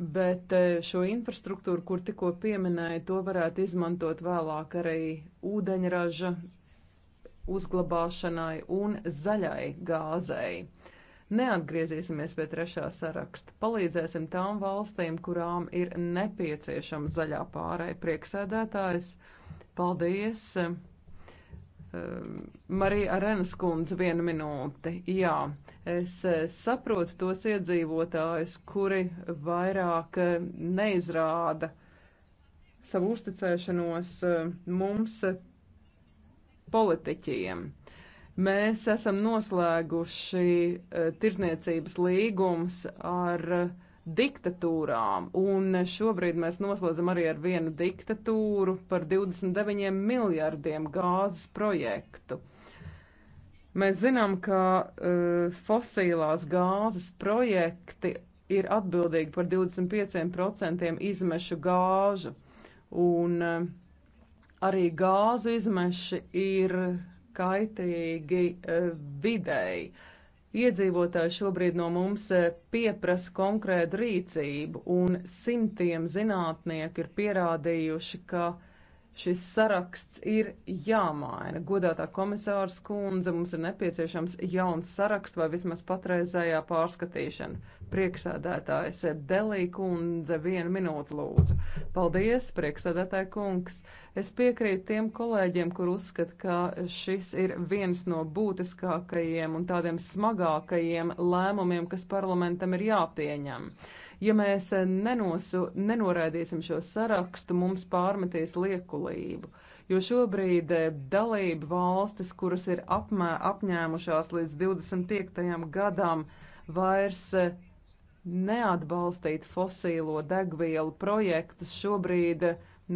bet e, šo infrastruktūru, kur tikko pieminēju, to varētu izmantot vēlāk arī ūdeņraža uzglabāšanai un zaļai gāzei. Neatgriezīsimies pie trešā saraksta. Palīdzēsim tām valstīm, kurām ir nepieciešama zaļā pārēja prieksēdētājs. Paldies! Ehm, Marija Arenas kundze, viena minūte. Jā, es eh, saprotu tos iedzīvotājus, kuri vairāk eh, neizrāda savu uzticēšanos eh, mums politiķiem. Mēs esam noslēguši tirzniecības līgums ar uh, diktatūrām, un šobrīd mēs noslēdzam arī ar vienu diktatūru par 29 miljardiem gāzes projektu. Mēs zinām, ka uh, eh, fosīlās gāzes projekti ir atbildīgi par 25% izmešu gāžu, un uh, arī gāzu izmeši ir kaitīgi uh, eh, videi. Uh, Iedzīvotāji šobrīd no mums eh, pieprasa konkrētu rīcību, un simtiem zinātnieku ir pierādījuši, ka šis saraksts ir jāmaina. Godātā komisāra skundze mums ir nepieciešams jauns saraksts vai vismaz patreizējā pārskatīšana. Prieksēdētājs Delī kundze, vienu minūtu lūdzu. Paldies, prieksēdētāja kungs. Es piekrītu tiem kolēģiem, kur uzskata, ka šis ir viens no būtiskākajiem un tādiem smagākajiem lēmumiem, kas parlamentam ir jāpieņem. Ja mēs nenosu, nenoraidīsim šo sarakstu, mums pārmetīs liekulību jo šobrīd eh, dalība valstis, kuras ir apmē, apņēmušās līdz 25. gadam, vairs eh, neatbalstīt fosīlo degvielu projektus. Šobrīd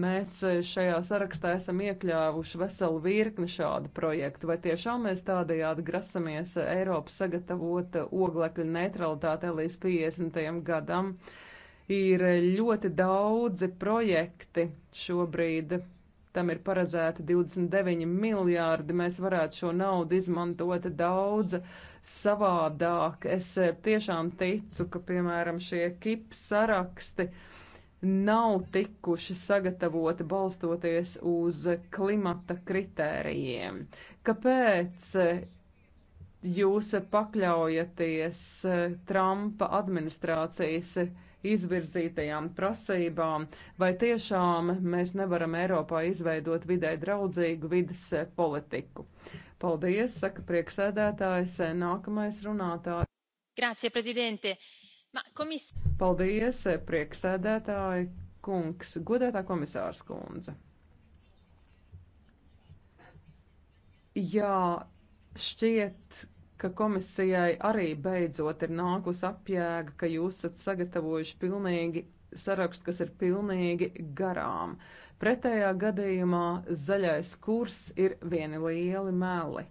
mēs šajā sarakstā esam iekļāvuši veselu virkni šādu projektu. Vai tiešām mēs tādējādi grasamies Eiropu sagatavot oglekļa neutralitātei līdz 50. gadam? Ir ļoti daudzi projekti šobrīd tam ir paredzēti 29 miljārdi. Mēs varētu šo naudu izmantot daudz savādāk. Es eh, tiešām ticu, ka, piemēram, šie kip saraksti nav tikuši sagatavoti balstoties uz klimata kritērijiem. Kāpēc eh, jūs pakļaujaties eh, Trumpa administrācijas izvirzītajām prasībām, vai tiešām mēs nevaram Eiropā izveidot vidē draudzīgu vidas politiku. Paldies, saka prieksēdētājs, nākamais runātājs. Grācie, prezidente. Ma, komis... Paldies, prieksēdētāji, kungs, godētā komisārs kundze. Jā, šķiet, ka komisijai arī beidzot ir nākus apjēga, ka jūs esat sagatavojuši pilnīgi sarakstu, kas ir pilnīgi garām. Pretējā gadījumā zaļais kurs ir vieni lieli meli.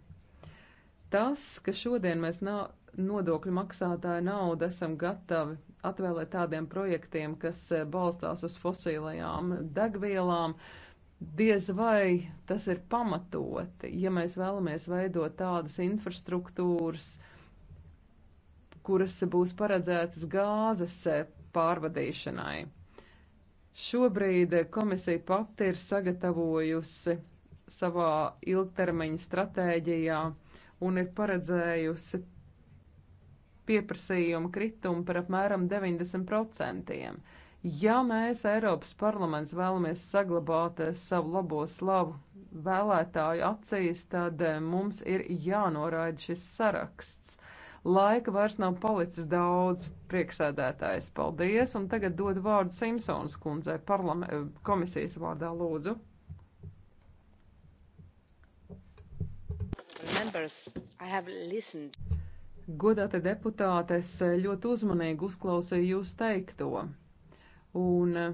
Tas, ka šodien mēs nav nodokļu maksātāju naudu esam gatavi atvēlēt tādiem projektiem, kas balstās uz fosīlajām degvielām, uh, diez vai tas ir pamatoti, ja mēs vēlamies veidot tādas infrastruktūras, kuras būs paredzētas gāzes pārvadīšanai. Šobrīd komisija pati ir sagatavojusi savā ilgtermiņa stratēģijā un ir paredzējusi pieprasījuma kritumu par apmēram 90%. Ja mēs Eiropas parlaments vēlamies saglabāt eh, savu labo slavu vēlētāju acīs, tad eh, mums ir jānoraida šis saraksts. Laika vairs nav palicis daudz, prieksēdētājs, paldies, un tagad dod vārdu Simpsons kundzei eh, komisijas vārdā lūdzu. Members, I have listened. Godāte deputātes, ļoti uzmanīgi uzklausīju jūs teikto un eh,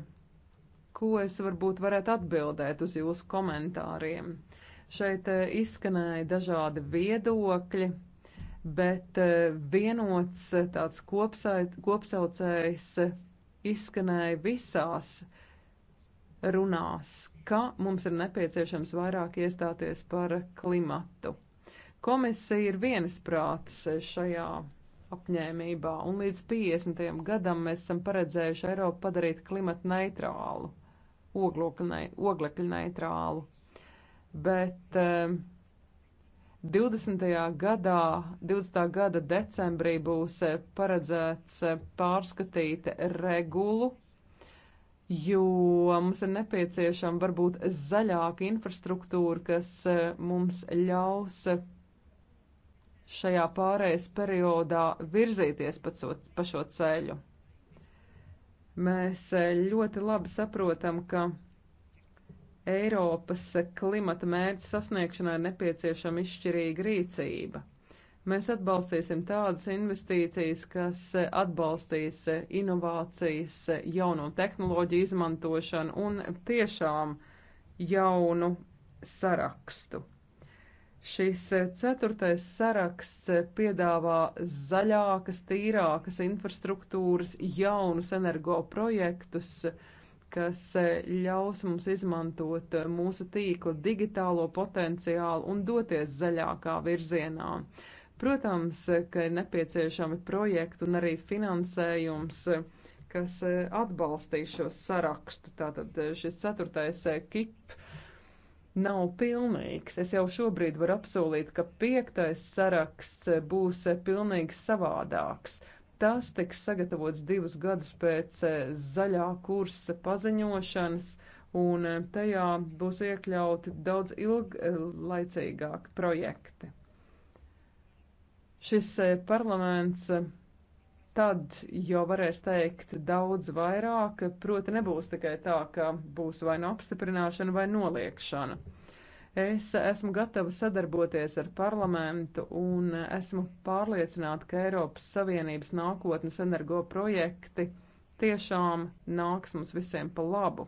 ko es varbūt varētu atbildēt uz jūsu komentāriem. Šeit eh, izskanēja dažādi viedokļi, bet eh, vienots tāds kopsait, kopsaucējs izskanēja visās runās, ka mums ir nepieciešams vairāk iestāties par klimatu. Komisija ir vienisprātis šajā apņēmībā, un līdz 50. gadam mēs esam paredzējuši Eiropu padarīt klimatu neitrālu, ne, oglekļu neitrālu. Bet eh, 20. gadā, 20. gada decembrī būs eh, paredzēts eh, pārskatīt regulu, jo mums ir nepieciešama varbūt zaļāka infrastruktūra, kas eh, mums ļaus šajā pārējais periodā virzīties pa, so, pa šo ceļu. Mēs eh, ļoti labi saprotam, ka Eiropas klimata mērķu sasniegšanai ir nepieciešama izšķirīga rīcība. Mēs atbalstīsim tādas investīcijas, kas eh, atbalstīs eh, inovācijas, jauno tehnoloģiju izmantošanu un tiešām jaunu sarakstu. Šis eh, ceturtais saraksts eh, piedāvā zaļākas, tīrākas infrastruktūras, jaunus energoprojektus, kas eh, ļaus mums izmantot mūsu tīkla digitālo potenciālu un doties zaļākā virzienā. Protams, ka ir nepieciešami projekti un arī finansējums, kas atbalstīs šo sarakstu. Tātad šis ceturtais kips nav pilnīgs. Es jau šobrīd varu apsolīt, ka piektais saraksts būs pilnīgi savādāks. Tas tiks sagatavots divus gadus pēc eh, zaļā kursa paziņošanas, un eh, tajā būs iekļauti daudz ilglaicīgāki eh, projekti. Šis parlaments tad jau varēs teikt daudz vairāk, proti nebūs tikai tā, ka būs vai nu apstiprināšana vai noliekšana. Es esmu gatava sadarboties ar parlamentu un esmu pārliecināta, ka Eiropas Savienības nākotnes energo projekti tiešām nāks mums visiem pa labu.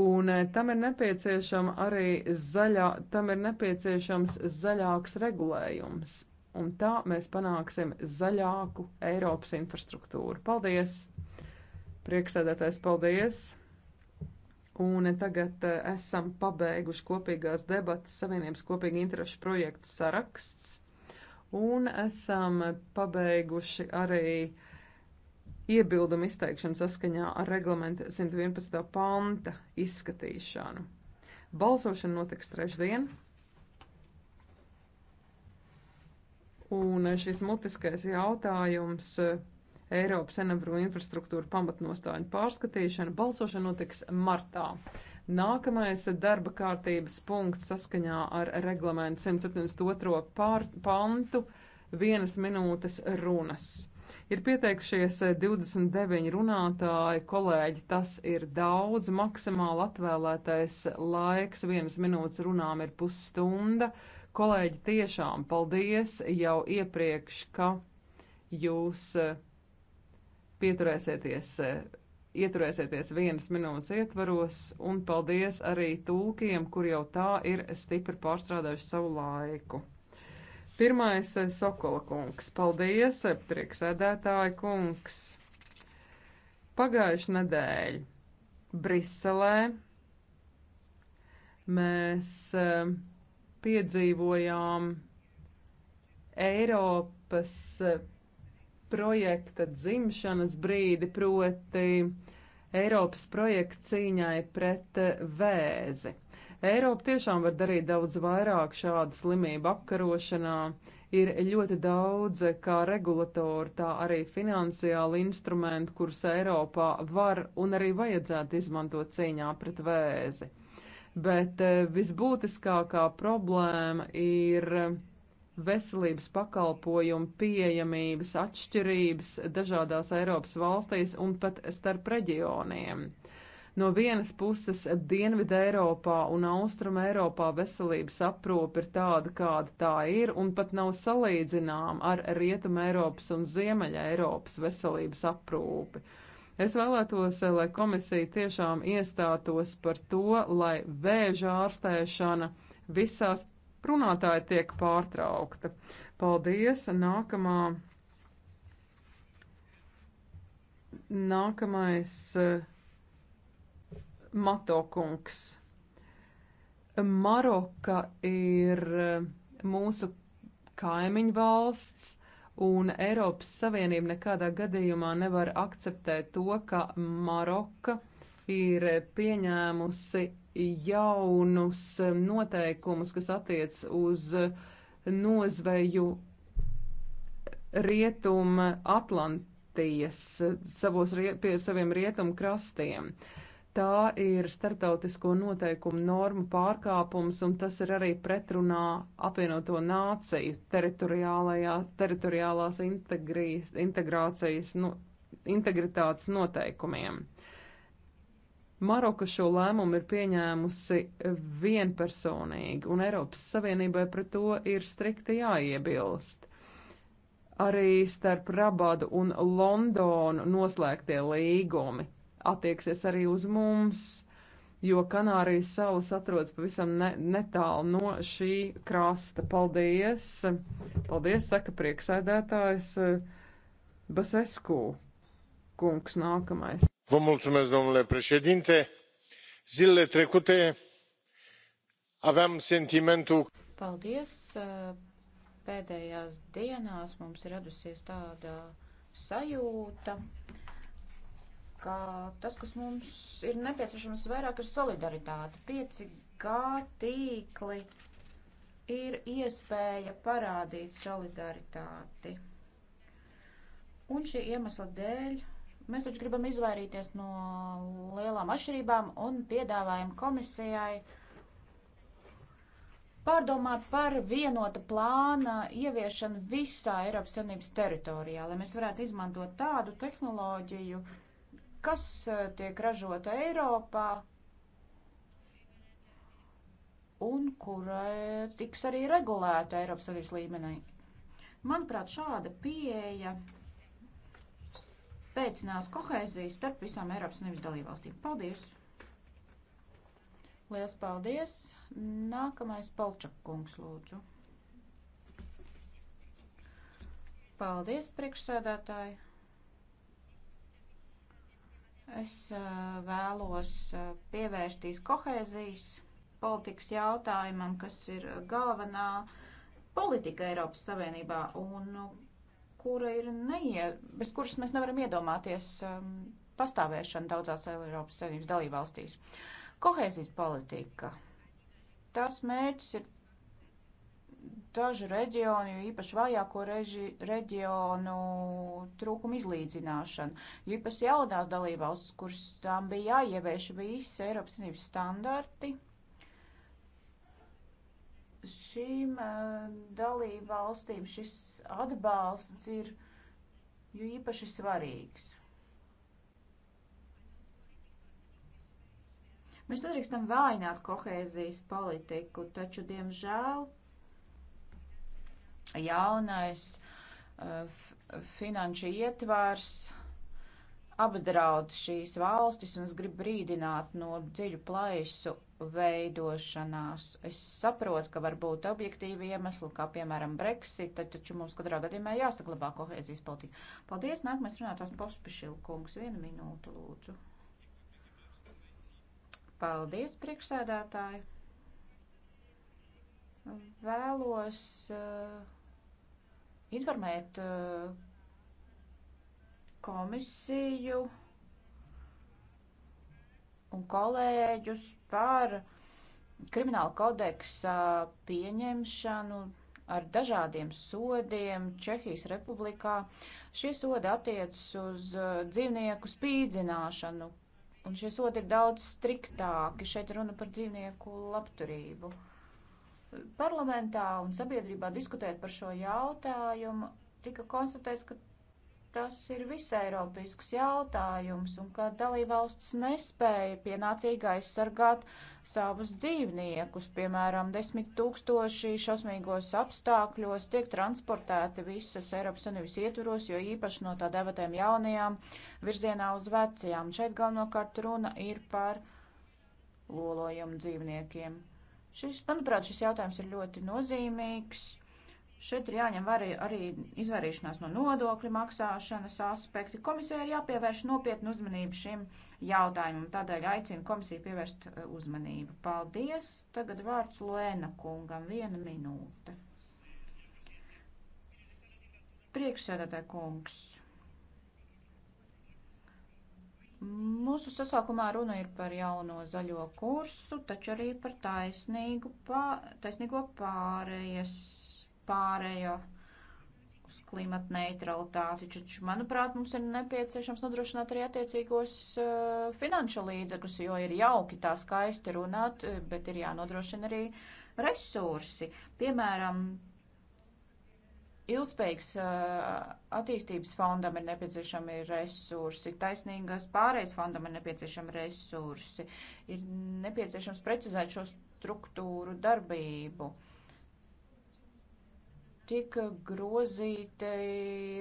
Un eh, tam ir nepieciešama arī zaļā, tam ir nepieciešams zaļāks regulējums un tā mēs panāksim zaļāku Eiropas infrastruktūru. Paldies! Prieksēdētais, paldies! Un tagad eh, esam pabeiguši kopīgās debatas Savienības kopīgi interešu projektu saraksts. Un esam pabeiguši arī iebildumu izteikšanu saskaņā ar reglamenta 111. panta izskatīšanu. Balsošana notiks trešdien, Un šis mutiskais jautājums eh, Eiropas enabru infrastruktūra pamatnostāļu pārskatīšana balsošana notiks martā. Nākamais darba kārtības punkts saskaņā ar reglamentu 172. Pār, pantu vienas minūtes runas. Ir pieteikušies 29 eh, runātāji, kolēģi, tas ir daudz, maksimāli atvēlētais laiks, vienas minūtes runām ir pusstunda. Uh, Kolēģi, tiešām paldies jau iepriekš, ka jūs eh, pieturēsieties eh, ieturēsieties vienas minūtes ietvaros, un paldies arī tulkiem, kur jau tā ir stipri pārstrādājuši savu laiku. Pirmais eh, - Sokola kungs. Paldies, prieksēdētāja kungs. Pagājuši nedēļa Briselē mēs uh, piedzīvojām Eiropas eh, projekta dzimšanas brīdi, proti Eiropas projekta cīņai pret eh, vēzi. Eiropa tiešām var darīt daudz vairāk šādu slimību apkarošanā. Ir ļoti daudz eh, kā regulatoru, tā arī finansiāli instrumentu, kurus Eiropā var un arī vajadzētu izmantot cīņā pret vēzi bet e, visbūtiskākā problēma ir e, veselības pakalpojumu pieejamības atšķirības dažādās Eiropas valstīs un pat starp reģioniem. No vienas puses, Dienvidu Eiropā un Austrumē Eiropā veselības aprūpe ir tāda, kāda tā ir, un pat nav salīdzināma ar Rietumē Eiropas un Ziemeļa Eiropas veselības aprūpi. Uh, Es vēlētos, eh, lai komisija tiešām iestātos par to, lai vēža ārstēšana visās runātāji tiek pārtraukta. Paldies! Nākamā. Nākamais eh, Matokungs. Maroka ir eh, mūsu kaimiņu valsts, un Eiropas Savienība nekādā gadījumā nevar akceptēt to, ka Maroka ir pieņēmusi jaunus noteikumus, kas attiec uz nozveju rietuma Atlantijas, savos, pie saviem rietumu krastiem. Uh, Tā ir starptautisko noteikumu normu pārkāpums, un tas ir arī pretrunā apvienoto nāciju teritoriālās integrācijas, nu, integritātes noteikumiem. Maroka šo lēmumu ir pieņēmusi vienpersonīgi, un Eiropas Savienībai pret to ir strikti jāiebilst. Arī starp Rabadu un Londonu noslēgtie līgumi attieksies arī uz mums, jo Kanārijas salas atrodas pavisam ne, netālu no šī krasta. Paldies! Paldies, saka prieksēdētājs eh, Basesku kungs nākamais. domnule președinte zilele trecute aveam sentimentul. Paldies! Eh, pēdējās dienās mums ir radusies tāda sajūta, ka tas, kas mums ir nepieciešams vairāk, ir solidaritāte. 5G tīkli ir iespēja parādīt solidaritāti. Un šī iemesla dēļ mēs taču gribam izvairīties no lielām atšķirībām un piedāvājam komisijai pārdomāt par vienota plāna ieviešanu visā Eiropas Savienības teritorijā, lai mēs varētu izmantot tādu tehnoloģiju, uh, kas eh, tiek ražota Eiropā un kurai eh, tiks arī regulēta Eiropas Savienības līmenī. Manuprāt, šāda pieeja veicinās kohēzijas starp visām Eiropas Savienības dalībvalstīm. Paldies! Lielas paldies! Nākamais Palčakungs lūdzu. Paldies, priekšsēdētāji! Es eh, vēlos eh, pievērsties kohēzijas politikas jautājumam, kas ir galvenā politika Eiropas Savienībā un nu, kura ir neie, bez kuras mēs nevaram iedomāties ehm, pastāvēšanu daudzās Eiropas Savienības dalībvalstīs. Kohēzijas politika. Tās mērķis ir dažu reģionu, īpaši vājāko reži, reģionu trūkumu izlīdzināšanu. Īpaši jaunās dalībvalstis, kuras tām bija jāievieš visi Eiropas Savienības standarti, šīm eh, dalībvalstīm šis atbalsts ir jo īpaši svarīgs. Mēs nedrīkstam vājināt kohēzijas politiku, taču, diemžēl, jaunais eh, finanšu ietvars apdraud šīs valstis un es gribu brīdināt no dziļu plaisu veidošanās. Es saprotu, ka var būt objektīvi iemesli, kā piemēram Brexit, taču mums katrā gadījumā jāsaglabā kohēzijas politika. Paldies, nākamais runātājs Pospišilkungs. Vienu minūtu, lūdzu. Paldies, priekšsēdētāji. Vēlos. Uh, informēt uh, komisiju un kolēģus par krimināla kodeksa pieņemšanu ar dažādiem sodiem Čehijas republikā. Šie sodi attiecas uz uh, dzīvnieku spīdzināšanu, un šie sodi ir daudz striktāki. Šeit runa par dzīvnieku labturību parlamentā un sabiedrībā diskutēt par šo jautājumu, tika konstatēts, ka tas ir visairopisks jautājums un ka dalībvalsts nespēja pienācīgi aizsargāt savus dzīvniekus. Piemēram, desmit tūkstoši šausmīgos apstākļos tiek transportēti visas Eiropas Unības ietvaros, jo īpaši no tā devatēm jaunajām virzienā uz vecajām. Šeit galvenokārt runa ir par lolojumu dzīvniekiem. Šis, manuprāt, šis jautājums ir ļoti nozīmīgs. Šeit ir jāņem vērā arī izvairīšanās no nodokļu maksāšanas aspekti. Komisija ir jāpievērš nopietnu uzmanību šim jautājumam, tādēļ aicinu komisiju pievērst e, uzmanību. Paldies! Tagad vārds Lēna kungam. Viena minūte. Priekšsēdētāja kungs. Mūsu sasaukumā runa ir par jauno zaļo kursu, taču arī par taisnīgu pā, taisnīgo pārējas, pārējo uz klimata neutralitāti. Taču, manuprāt, mums ir nepieciešams nodrošināt arī attiecīgos uh, finanšu līdzekļus, jo ir jauki tā skaisti runāt, eh, bet ir jānodrošina arī resursi. Piemēram, Ilgspējīgs attīstības fondam ir nepieciešami resursi, taisnīgas pārējais fondam ir nepieciešami resursi, ir nepieciešams precizēt šo struktūru darbību. Uh, tika grozīti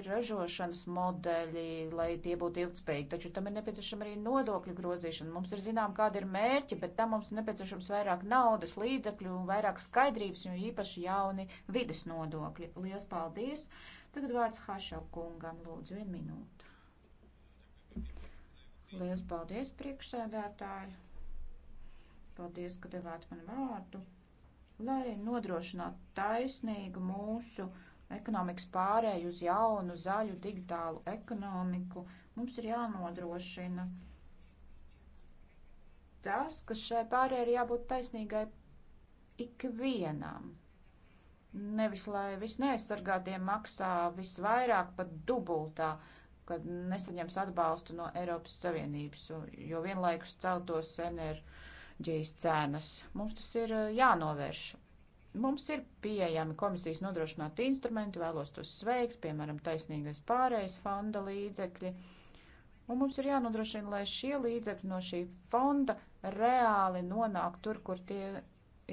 ražošanas modeļi, lai tie būtu ilgspējīgi, taču tam ir nepieciešama arī nodokļu grozīšana. Mums ir zinām, kāda ir mērķi, bet tam mums nepieciešams vairāk naudas, līdzekļu un vairāk skaidrības, jo īpaši jauni vides nodokļi. Lielas paldies! Tagad vārds Hašau kungam, lūdzu, vienu minūtu. Lielas paldies, priekšsēdētāji! Paldies, ka devāt man vārdu! lai nodrošinātu taisnīgu mūsu ekonomikas pārēju uz jaunu, zaļu, digitālu ekonomiku, mums ir jānodrošina tas, ka šai pārējai ir jābūt taisnīgai ikvienam. Nevis, lai visneaizsargātie maksā visvairāk pat dubultā, kad nesaņems atbalstu no Eiropas Savienības, jo vienlaikus celtos enerģijas enerģijas cenas. Mums tas ir eh, jānovērš. Mums ir pieejami komisijas nodrošināti instrumenti, vēlos tos sveikt, piemēram, taisnīgais pārējais fonda līdzekļi. Un mums ir jānodrošina, lai šie līdzekļi no šī fonda reāli nonāk tur, kur tie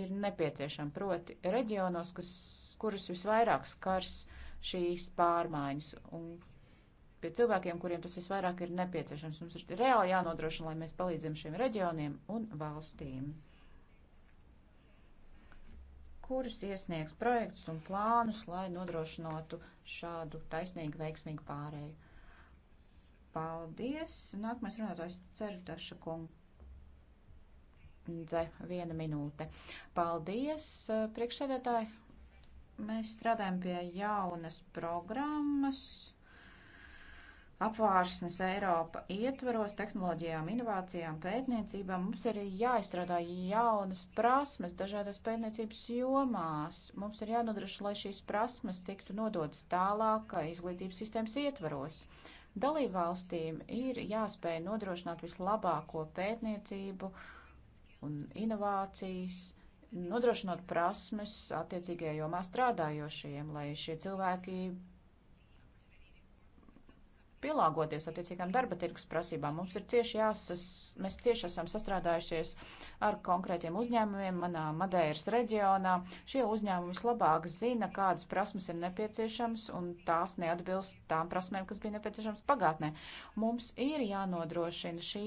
ir nepieciešami, proti reģionos, kas, kurus visvairāk skars šīs pārmaiņas un pie cilvēkiem, kuriem tas visvairāk ir nepieciešams. Mums ir reāli jānodrošina, lai mēs palīdzam šiem reģioniem un valstīm, kurus iesniegs projektus un plānus, lai nodrošinātu šādu taisnīgu, veiksmīgu pārēju. Paldies! Nākamais runātājs Cerdaša kungs. Dze, viena minūte. Paldies, priekšsēdētāji. Mēs strādājam pie jaunas programmas apvāršanas Eiropa ietveros tehnoloģijām, inovācijām, pētniecībām. Mums ir jāizstrādā jaunas prasmes dažādās pētniecības jomās. Mums ir jānodrošina, lai šīs prasmes tiktu nodotas tālāk izglītības sistēmas ietveros. Dalībvalstīm ir jāspēj nodrošināt vislabāko pētniecību un inovācijas, nodrošinot prasmes attiecīgajā jomā strādājošajiem, lai šie cilvēki pielāgoties attiecīgām darba tirgus prasībām. Mums ir cieši jāsas, mēs cieši esam sastrādājušies ar konkrētiem uzņēmumiem manā Madeiras reģionā. Šie uzņēmumi vislabāk zina, kādas prasmes ir nepieciešams, un tās neatbilst tām prasmēm, kas bija nepieciešams pagātnē. Mums ir jānodrošina šī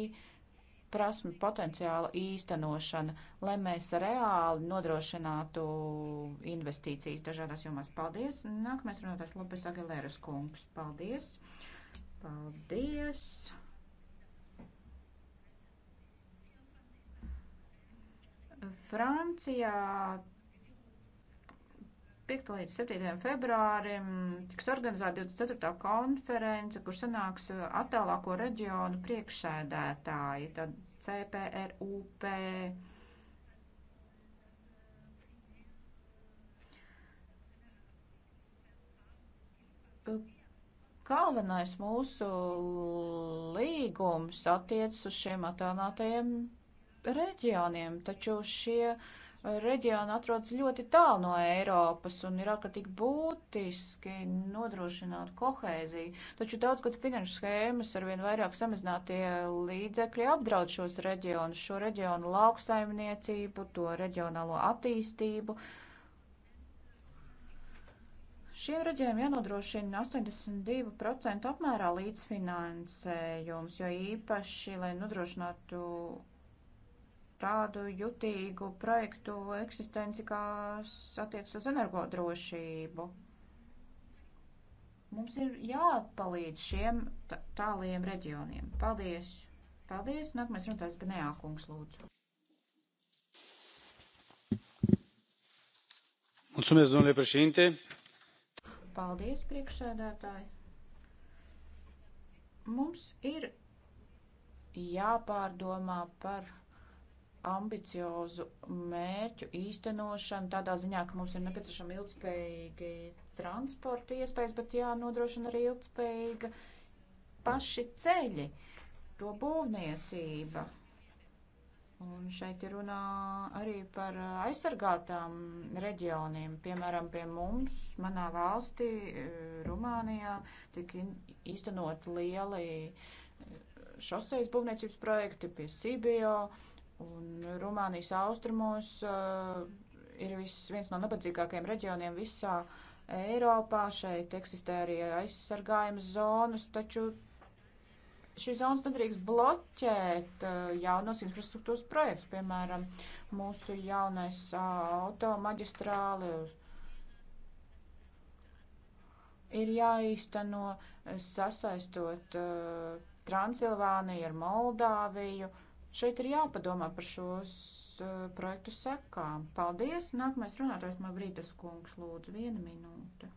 prasmu potenciāla īstenošana, lai mēs reāli nodrošinātu investīcijas dažādās jomās. Paldies! Nākamais runātājs Lopes Agilēras kungs. Paldies! Paldies! Francijā 5. līdz 7. februārim tiks organizēta 24. konference, kur sanāks attālāko reģionu priekšsēdētāji, tad CPRUP. Uh, Galvenais mūsu līgums attiecas uz šiem attālinātajiem reģioniem, taču šie reģioni atrodas ļoti tālu no Eiropas un ir ārkārtīgi būtiski nodrošināt kohēziju. Taču daudzgad finanšu schēmas ar vien vairāk samazinātie līdzekļi apdraud šos reģionus, šo reģionu lauksaimniecību, to reģionālo attīstību. Uh, Šiem reģiem jānodrošina 82% apmērā līdzfinansējums, jo īpaši, lai nodrošinātu tādu jutīgu projektu eksistenci, kas attiecas uz energodrošību. Mums ir jāatpalīdz šiem tāliem reģioniem. Paldies! Paldies! Nākamais runātājs Benējā kungs lūdzu. Mulțumesc, domnule președinte. Paldies, priekšsēdētāji. Mums ir jāpārdomā par ambiciozu mērķu īstenošanu tādā ziņā, ka mums ir nepieciešama ilgspējīgi transporta iespējas, bet jānodrošina arī ilgspējīga paši ceļi, to būvniecība. Un šeit ir runā arī par aizsargātām reģioniem. Piemēram, pie mums, manā valstī, eh, Rumānijā, tika īstenot lieli eh, šoseis būvniecības projekti pie Sibio, un Rumānijas austrumos uh, ir viss, viens no nabadzīgākajiem reģioniem visā Eiropā. Šeit eksistē arī aizsargājums zonas, taču šīs zonas nedrīkst bloķēt eh, jaunos infrastruktūras projekts, piemēram, mūsu jaunais eh, automaģistrāli ir jāīsteno eh, sasaistot Transilvāniju ar Moldāviju. Šeit ir jāpadomā par šos projektu sekām. Paldies! Nākamais runātājs Mavrītas kungs, lūdzu, viena minūte.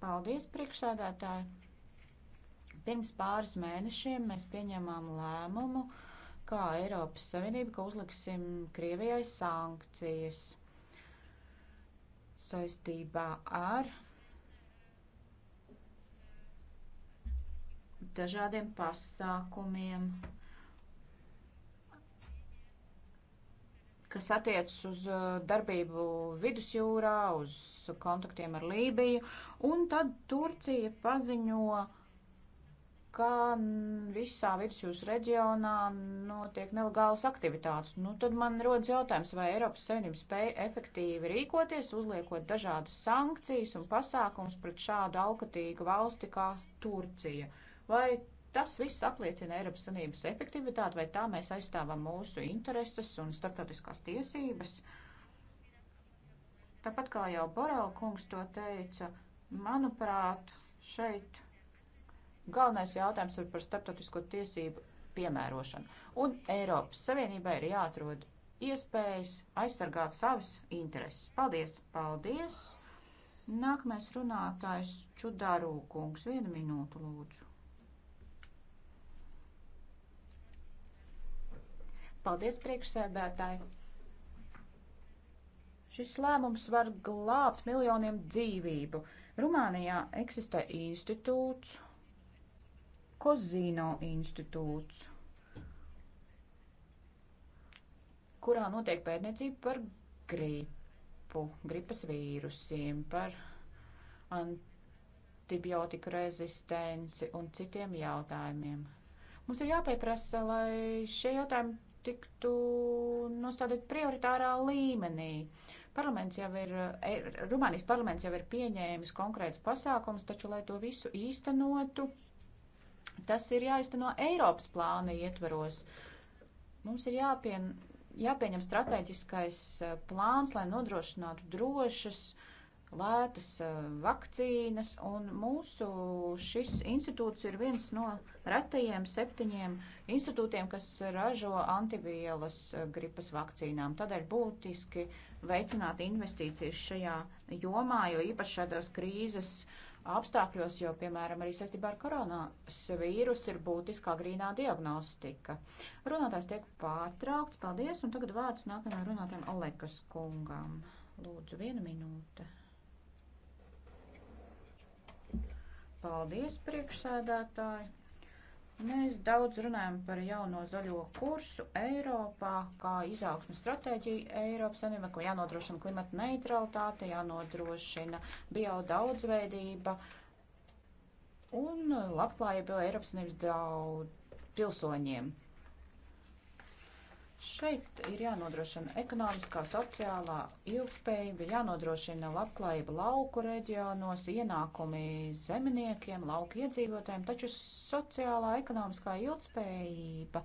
Paldies, priekšsēdētāji! Pirms pāris mēnešiem mēs pieņēmām lēmumu, kā Eiropas Savienība, ka uzliksim Krievijai sankcijas saistībā ar dažādiem pasākumiem, kas attiecas uz uh, darbību vidusjūrā, uz kontaktiem ar Lībiju, un tad Turcija paziņo, uh, ka visā vidusjūras reģionā notiek nelegālas aktivitātes. Nu, tad man rodas jautājums, vai Eiropas Savienība spēja efektīvi rīkoties, uzliekot dažādas sankcijas un pasākums pret šādu alkatīgu valsti kā Turcija. Vai tas viss apliecina Eiropas Savienības efektivitāti, vai tā mēs aizstāvam mūsu intereses un starptautiskās tiesības? Tāpat kā jau Borel kungs to teica, manuprāt, šeit Galvenais jautājums ir par starptautisko tiesību piemērošanu. Un Eiropas Savienībai ir jāatrod iespējas aizsargāt savas intereses. Paldies! Paldies! Nākamais runātājs Čudārū kungs. Vienu minūtu lūdzu. Paldies, priekšsēdētāji! Šis lēmums var glābt miljoniem dzīvību. Rumānijā eksistē institūts, Kozīno institūts, kurā notiek pētniecība par gripu, gripas vīrusiem, par antibiotiku rezistenci un citiem jautājumiem. Mums ir jāpieprasa, lai šie jautājumi tiktu nostādīt prioritārā līmenī. Parlaments jau ir, e, Rumānijas parlaments jau ir pieņēmis konkrēts pasākums, taču, lai to visu īstenotu, Tas ir jāizteno Eiropas plāna ietveros. Mums ir jāpien, jāpieņem strateģiskais eh, plāns, lai nodrošinātu drošas, lētas eh, vakcīnas, un mūsu šis institūts ir viens no retajiem septiņiem institūtiem, kas ražo antivielas eh, gripas vakcīnām. Tādēļ būtiski veicināt investīcijas šajā jomā, jo īpaši šādos krīzes uh, apstākļos, jo, piemēram, arī saistībā ar koronas vīrusu ir būtiskā grīnā diagnostika. Runātājs tiek pārtraukts. Paldies, un tagad vārds nākamajam runātājam Olekas kungam. Lūdzu, viena minūte. Paldies, priekšsēdētāji! Mēs daudz runājam par jauno zaļo kursu Eiropā, kā izaugsmu stratēģiju Eiropas Savienībā, ko jānodrošina klimata neutralitāte, jānodrošina biodaudzveidība un labklājība Eiropas Savienības daudz pilsoņiem. Šeit ir jānodrošina ekonomiskā, sociālā ilgspējība, jānodrošina labklājība lauku reģionos, ienākumi zemniekiem, lauku iedzīvotājiem, taču sociālā, ekonomiskā ilgspējība,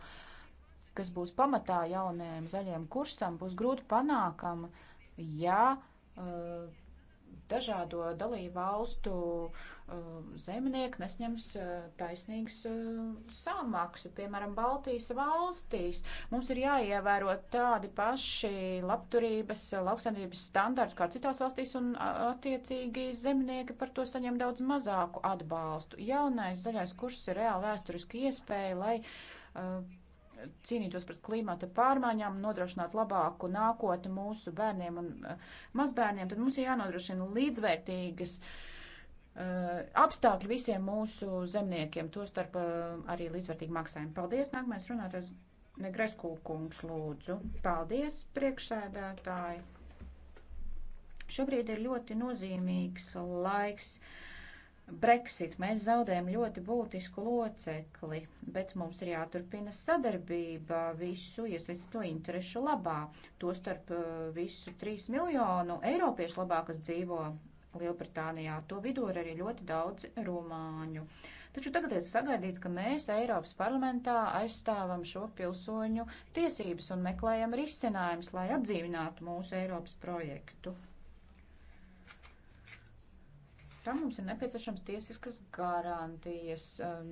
kas būs pamatā jaunajam zaļajam kursam, būs grūti panākama, ja uh, dažādo dalību valstu uh, zemnieki nesņems uh, taisnīgas uh, samaksu. Piemēram, Baltijas valstīs mums ir jāievēro tādi paši labturības, lauksaimniecības standarti kā citās valstīs, un attiecīgi zemnieki par to saņem daudz mazāku atbalstu. Jaunais zaļais kurs ir reāli vēsturiski iespēja, lai cīnītos pret klimata pārmaiņām, nodrošināt labāku nākotni mūsu bērniem un eh, mazbērniem, tad mums ir jānodrošina līdzvērtīgas eh, apstākļi visiem mūsu zemniekiem, to starp eh, arī līdzvērtīgi maksājumi. Paldies, nākamais runātājs Negresku kungs lūdzu. Paldies, priekšsēdētāji. Šobrīd ir ļoti nozīmīgs laiks. Uh, Brexit mēs zaudējam ļoti būtisku locekli, bet mums ir jāturpina sadarbība visu iesaistīto interešu labā, to starp eh, visu 3 miljonu eiropiešu labā, kas dzīvo Lielbritānijā. To vidū ir arī ļoti daudz rumāņu. Taču tagad ir sagaidīts, ka mēs Eiropas parlamentā aizstāvam šo pilsoņu tiesības un meklējam risinājumus, lai atdzīvinātu mūsu Eiropas projektu. Tam mums ir nepieciešams tiesiskas garantijas, um,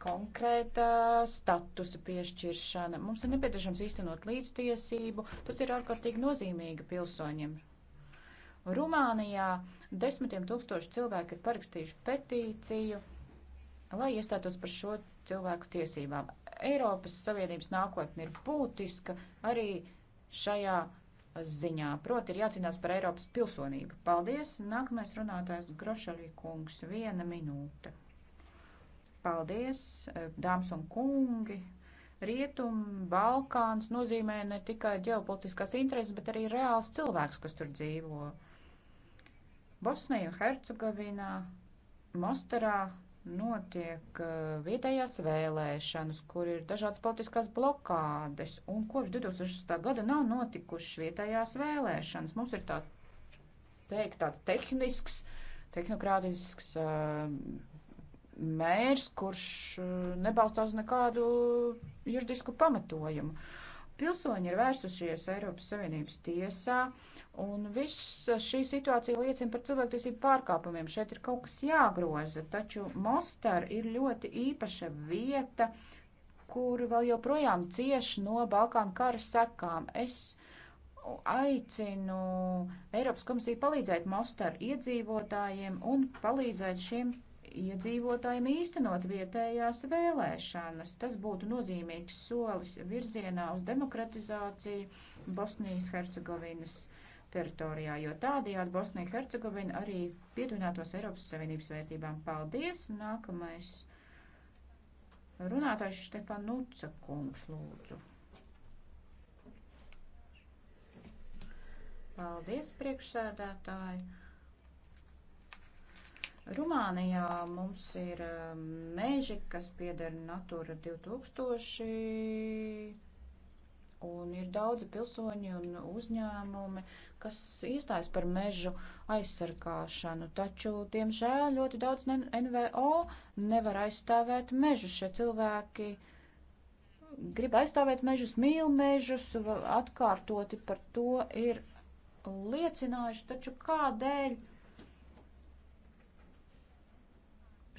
konkrēta statusa piešķiršana. Mums ir nepieciešams īstenot līdztiesību. Tas ir ārkārtīgi nozīmīgi pilsoņiem. Rumānijā desmitiem tūkstoši cilvēku ir parakstījuši petīciju, lai iestātos par šo cilvēku tiesībām. Eiropas Savienības nākotne ir būtiska arī šajā ziņā. Proti ir jācīnās par Eiropas pilsonību. Paldies! Nākamais runātājs Grošalī kungs, viena minūte. Paldies, e, dāmas un kungi! Rietum, Balkāns nozīmē ne tikai ģeopolitiskās intereses, bet arī reāls cilvēks, kas tur dzīvo. Bosnija un Hercegovinā, Mostarā notiek eh, vietējās vēlēšanas, kur ir dažādas politiskās blokādes, un kopš 2006. gada nav notikušas vietējās vēlēšanas. Mums ir tā teikt tāds tehnisks, tehnokrātisks uh, mērs, kurš eh, nebalstās nekādu juridisku pamatojumu. Uh, Pilsoņi ir vērsušies Eiropas Savienības tiesā, un viss uh, šī situācija liecina par cilvēktiesību pārkāpumiem. Šeit ir kaut kas jāgroza, taču Mostar ir ļoti īpaša vieta, kur vēl joprojām cieš no Balkānu kara sekām. Es aicinu Eiropas komisiju palīdzēt Mostar iedzīvotājiem un palīdzēt šiem iedzīvotājiem īstenot vietējās vēlēšanas. Tas būtu nozīmīgs solis virzienā uz demokratizāciju Bosnijas Hercegovinas teritorijā, jo tādējādi Bosnija Hercegovina arī pietuvinātos Eiropas Savienības vērtībām. Paldies! Nākamais runātājs Štefan Nuca kungs lūdzu. Paldies, priekšsēdētāji! Rumānijā mums ir um, meži, kas pieder Natura 2000, un ir daudzi pilsoņi un uzņēmumi, kas iestājas par mežu aizsargāšanu, taču, diemžēl, ļoti daudz NVO nevar aizstāvēt mežu. Šie cilvēki grib aizstāvēt mežus, mīl mežus, atkārtoti par to ir liecinājuši, taču kādēļ?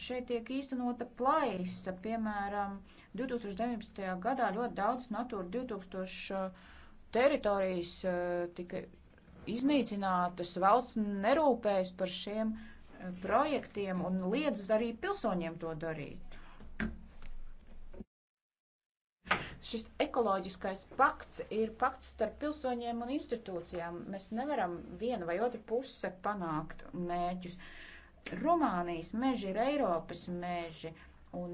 šeit tiek īstenota plaisa. Piemēram, 2019. gadā ļoti daudz Natūra 2000 uh, teritorijas uh, tika iznīcinātas, valsts nerūpējas par šiem uh, projektiem un liedz arī pilsoņiem to darīt. Šis ekoloģiskais pakts ir pakts starp pilsoņiem un institūcijām. Mēs nevaram viena vai otra puse panākt mērķus. Uh, Rumānijas meži ir Eiropas meži, un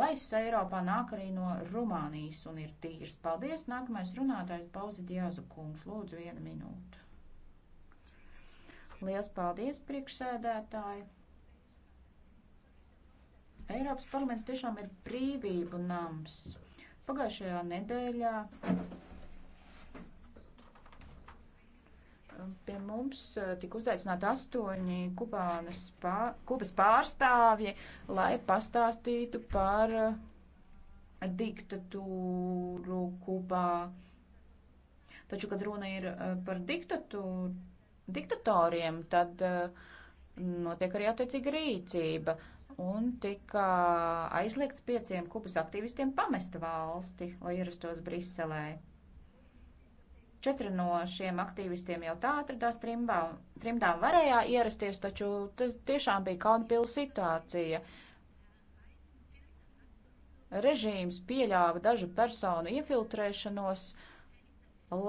gaiss Eiropā nāk arī no Rumānijas un ir tīrs. Paldies, nākamais runātājs Pauzidijāzu kungs, lūdzu vienu minūtu. Liels paldies, priekšsēdētāji! Eiropas parlaments tiešām ir brīvību nams. Pagājušajā nedēļā pie mums eh, tika uzaicināti astoņi Kubānas pār, Kubas pārstāvji, lai pastāstītu par eh, diktatūru Kubā. Taču, kad runa ir eh, par diktatūru, diktatoriem, tad notiek arī attiecīga rīcība. Un tika aizliegts pieciem Kubas aktīvistiem pamest valsti, lai ierastos Briselē. Četri no šiem aktīvistiem jau tā atradās trimdā, trimdā varēja ierasties, taču tas tiešām bija kaunpila situācija. Režīms pieļāva dažu personu iefiltrēšanos,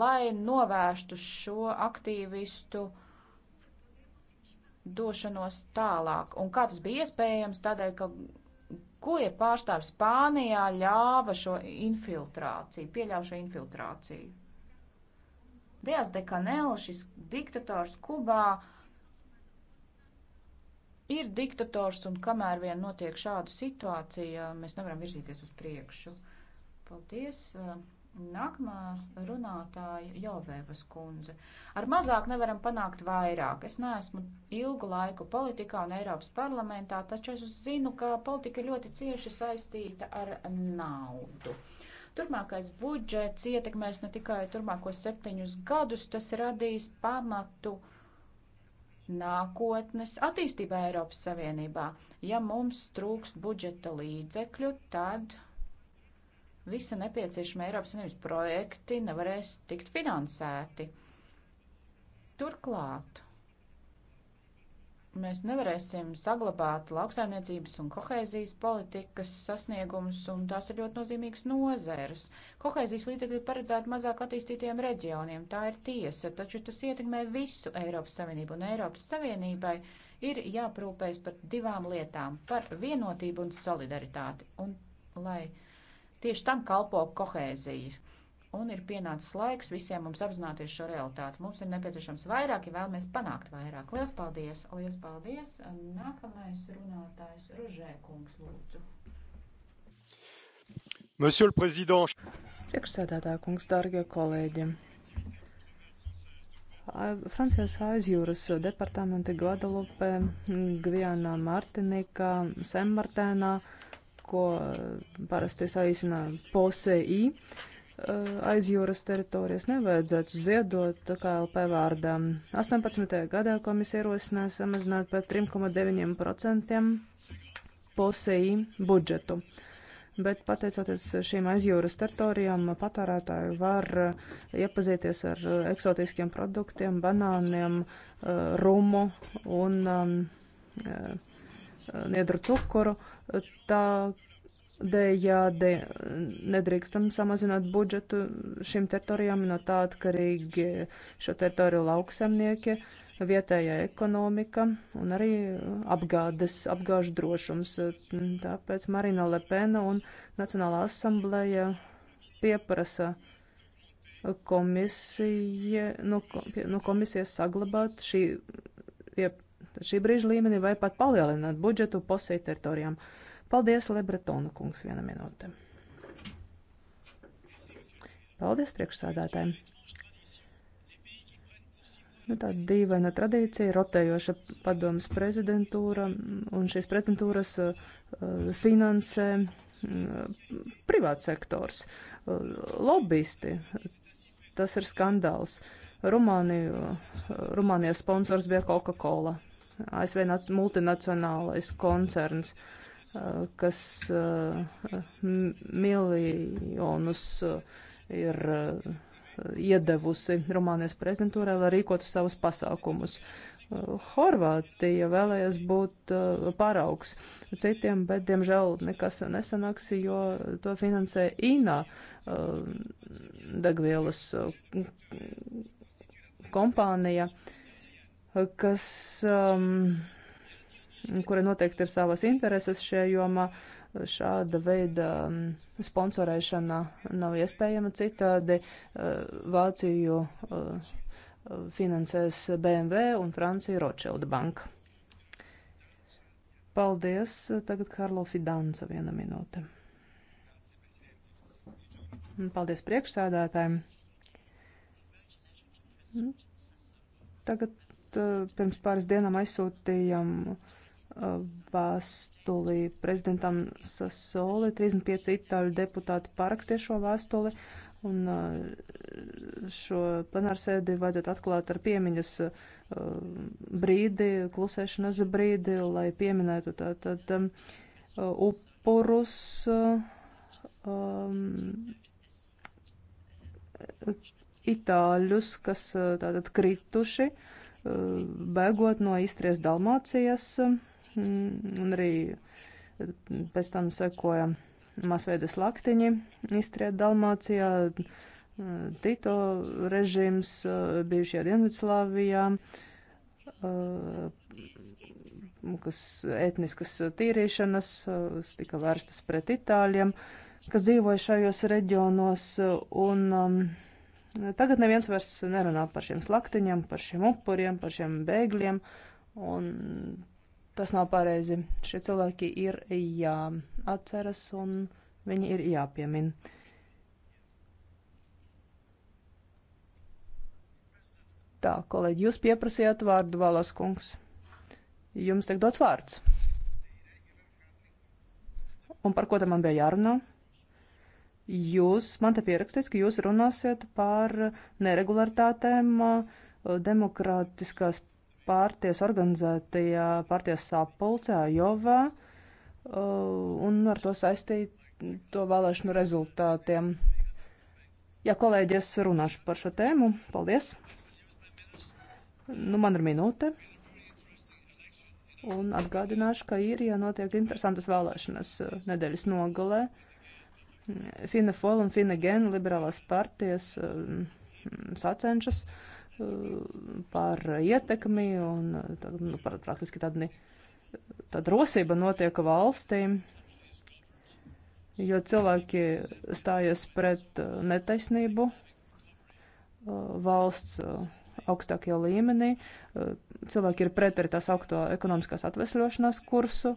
lai novērstu šo aktīvistu došanos tālāk. Un kā tas bija iespējams? Tādēļ, ka kuja pārstāvis Spānijā ļāva šo infiltrāciju, pieļāva šo infiltrāciju. Dievs de Kanela, šis diktators Kubā, ir diktators, un kamēr vien notiek šāda situācija, mēs nevaram virzīties uz priekšu. Paldies! Nākamā runātāja Jovēvas kundze. Ar mazāk nevaram panākt vairāk. Es neesmu ilgu laiku politikā un Eiropas parlamentā, taču es zinu, ka politika ļoti cieši saistīta ar naudu. Uh, Turmākais budžets ietekmēs ne tikai turmākos septiņus gadus, tas radīs pamatu nākotnes attīstībā Eiropas Savienībā. Ja mums trūkst budžeta līdzekļu, tad visa nepieciešama Eiropas Savienības projekti nevarēs tikt finansēti. Turklāt mēs nevarēsim saglabāt lauksaimniecības un kohēzijas politikas sasniegumus, un tās ir ļoti nozīmīgas nozeres. Kohēzijas līdzekļi paredzēti mazāk attīstītiem reģioniem, tā ir tiesa, taču tas ietekmē visu Eiropas Savienību, un Eiropas Savienībai ir jāprūpējas par divām lietām - par vienotību un solidaritāti, un lai tieši tam kalpo kohēzija un ir pienācis laiks visiem mums apzināties šo realitāti. Mums ir nepieciešams vairāk, ja vēlamies panākt vairāk. Lielas paldies! Lielas paldies! Nākamais runātājs Ružēkungs lūdzu. Monsieur le Président! Priekšsēdētāja kungs, dārgie kolēģi! Francijas aizjūras departamenti Guadalupe, Gvianā, Martinikā, Semmartēnā, ko parasti saīsina POSEI, Eh, aiz jūras teritorijas nevajadzētu ziedot KLP vārdām. 18. gadā komisija ierosināja samazināt par 3,9% posei budžetu. Bet pateicoties šīm aizjūras teritorijām, patērētāji var eh, iepazīties ar eh, eksotiskiem produktiem, banāniem, rumu un um, niedru cukuru. Tā Dējādi nedrīkstam samazināt budžetu šīm teritorijām, no tā atkarīgi šo teritoriju lauksemnieki, vietējā ekonomika un arī apgādes, apgāžu drošums. Tāpēc Marina Lepena un Nacionālā asambleja pieprasa komisija, nu, nu, komisijas saglabāt šī, šī brīža līmeni vai pat palielināt budžetu posēju teritorijām. Uh, Paldies, Lebretona kungs, viena minūte. Paldies priekšsādātājiem. Nu, tā dīvaina tradīcija, rotējoša padomas prezidentūra un šīs prezidentūras uh, finansē uh, privāts sektors, uh, lobbyisti. Tas ir skandāls. Rumāniju, uh, Rumānijas sponsors bija Coca-Cola, ASV multinacionālais koncerns. Uh, kas eh, miljonus eh, ir eh, iedevusi Rumānijas prezidentūrai, lai rīkotu savus pasākumus. Horvātija vēlējās būt paraugs citiem, bet, diemžēl, nekas nesanāks, jo to finansē INA degvielas kompānija, kas. Um, kuri noteikti ir savas intereses šajā jomā. Šāda veida mm, sponsorēšana nav iespējama citādi. Eh, Vāciju eh, finansēs BMW un Francija Rothschild banka. Paldies. Tagad Karlo Fidanca viena minūte. Paldies priekšsēdētājiem. Tagad eh, pirms pāris dienām aizsūtījām uh, vēstuli prezidentam Sasoli. 35 itāļu deputāti parakstīja šo vēstuli. Un eh, šo plenārsēdi vajadzētu atklāt ar piemiņas eh, brīdi, klusēšanas brīdi, lai pieminētu tātad tā, um, upurus, um, itāļus, kas eh, tātad krituši, bēgot no Istrijas Dalmācijas. Um, Mm, un arī eh, pēc tam sekoja masveida slaktiņi izstriet Dalmācijā, mm, Tito režīms eh, bijušajā Dienvidslāvijā, eh, kas etniskas tīrīšanas, kas tika vērstas pret Itāļiem, kas dzīvoja šajos reģionos, un um, tagad neviens vairs nerunā par šiem slaktiņiem, par šiem upuriem, par šiem bēgļiem, un Tas nav pareizi. Šie cilvēki ir jāatceras un viņi ir jāpiemin. Tā, kolēģi, jūs pieprasījāt vārdu, Valas kungs. Jums tiek dots vārds. Un par ko tam man bija jārunā? Jūs, man te pierakstīts, ka jūs runāsiet par neregulārtātēm uh, demokrātiskās partijas organizētajā partijas sapulcē Jovā uh, un ar to saistīt to vēlēšanu rezultātiem. Jā, kolēģi, es runāšu par šo tēmu. Paldies! Nu, man ir minūte. Un atgādināšu, ka īrijā notiek interesantas vēlēšanas uh, nedēļas nogalē. Fina Fola un Fina Gena liberālās partijas um, sacenšas. Uh, par ietekmi un nu, par, praktiski tad, tad rosība notiek valstīm, jo cilvēki stājas pret netaisnību valsts augstākajā līmenī. Eh, cilvēki ir pret arī tās augto ekonomiskās atvesļošanās kursu.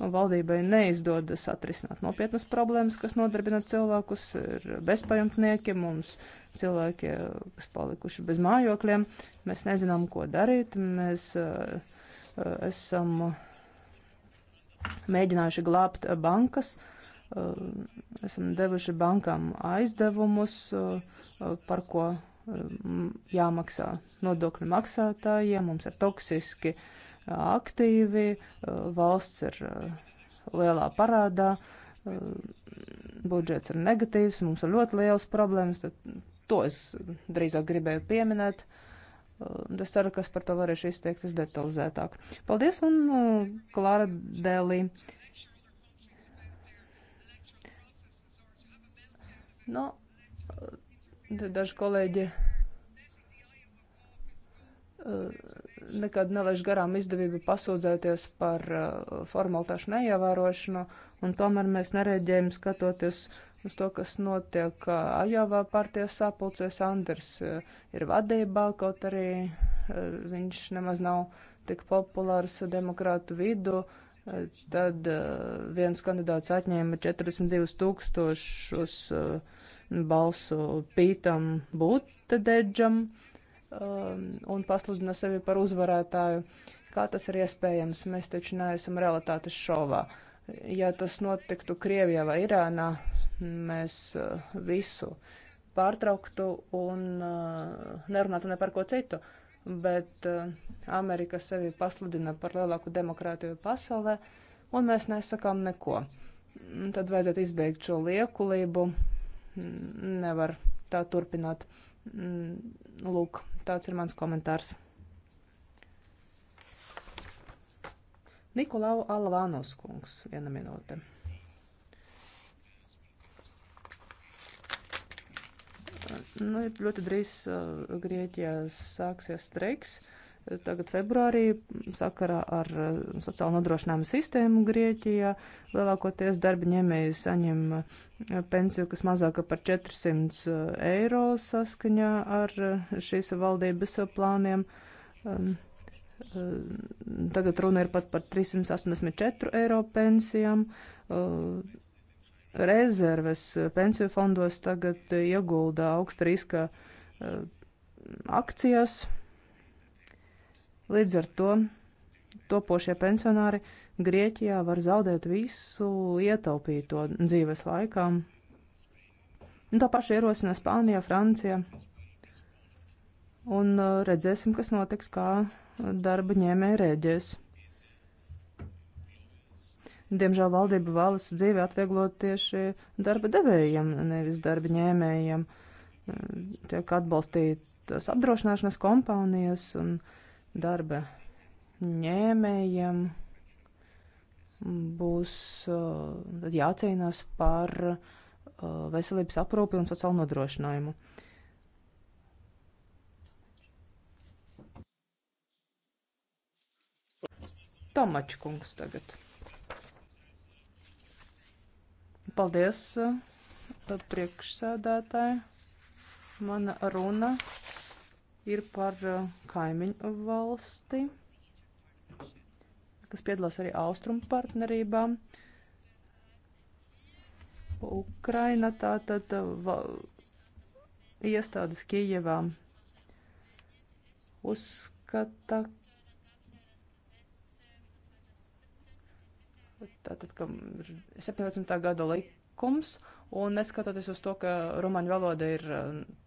Valdībai neizdodas atrisināt nopietnas problēmas, kas nodarbina cilvēkus, ir bezpajumtnieki, mums cilvēki, eh, kas palikuši bez mājokļiem. Mēs nezinām, ko darīt. Mēs uh, esam mēģinājuši glābt bankas. Uh, esam devuši bankām aizdevumus, uh, par ko Um, jāmaksā nodokļu maksātājiem, mums ir toksiski uh, aktīvi, uh, valsts ir uh, lielā parādā, budžets ir negatīvs, mums ir ļoti liels problēmas, tad to es drīzāk gribēju pieminēt. Es ceru, ka es par to varēšu izteikties detalizētāk. Paldies un Klāra Dēlī. Nu, Daži kolēģi eh, nekad nelaiž garām izdevību pasūdzēties par eh, formalitāšu neievērošanu, un tomēr mēs nereģējam skatoties uz to, kas notiek eh, Ajovā partijas sapulcēs. Anders ir vadībā, kaut arī viņš nemaz nav tik populārs demokrātu vidu. Tad viens kandidāts atņēma 42 tūkstošus. 000 balsu Pītam Būtededžam um, un pasludina sevi par uzvarētāju. Kā tas ir iespējams? Mēs taču neesam realitātes šovā. Ja tas notiktu Krievijā vai Irānā, mēs uh, visu pārtrauktu un uh, nerunātu ne par ko citu. Bet uh, Amerika sevi pasludina par lielāku demokrātiju pasaulē, un mēs nesakām neko. Tad vajadzētu izbeigt šo liekulību nevar tā turpināt. Mm, lūk, tāds ir mans komentārs. Nikolau Alvānos kungs, viena minūte. Nu, ļoti drīz uh, Grieķijā sāksies streiks. Uh, tagad februārī sakarā ar uh, sociālo nodrošinājumu sistēmu Grieķijā. Lielākoties darba ņēmēji saņem uh, pensiju, kas mazāka par 400 uh, eiro saskaņā ar šīs valdības plāniem. Um, tagad runa ir pat par 384 eiro pensijām. Rezerves pensiju fondos tagad iegulda augsta riska akcijas, Līdz ar to topošie pensionāri Grieķijā var zaudēt visu ietaupīto dzīves laikā. Un tā paša ierosina Spānija, Francija. Un uh, redzēsim, kas notiks, kā darba ņēmēji rēģēs. Diemžēl valdība vēlas dzīvi atvieglot tieši darba devējiem, nevis darba ņēmējiem. Tiek atbalstītas apdrošināšanas kompānijas un uh, darba ņēmējiem būs uh, jācīnās par uh, veselības aprūpi un sociālo nodrošinājumu. Tomačkungs tagad. Paldies, uh, priekšsēdētāji. Mana runa ir par uh, kaimiņu valsti, kas piedalās arī austrumu partnerībā. Ukraina tātad uh, iestādes Kijevā uzskata, tātad, ka 17. gada likums, un neskatoties uz to, ka romāņu valoda ir uh,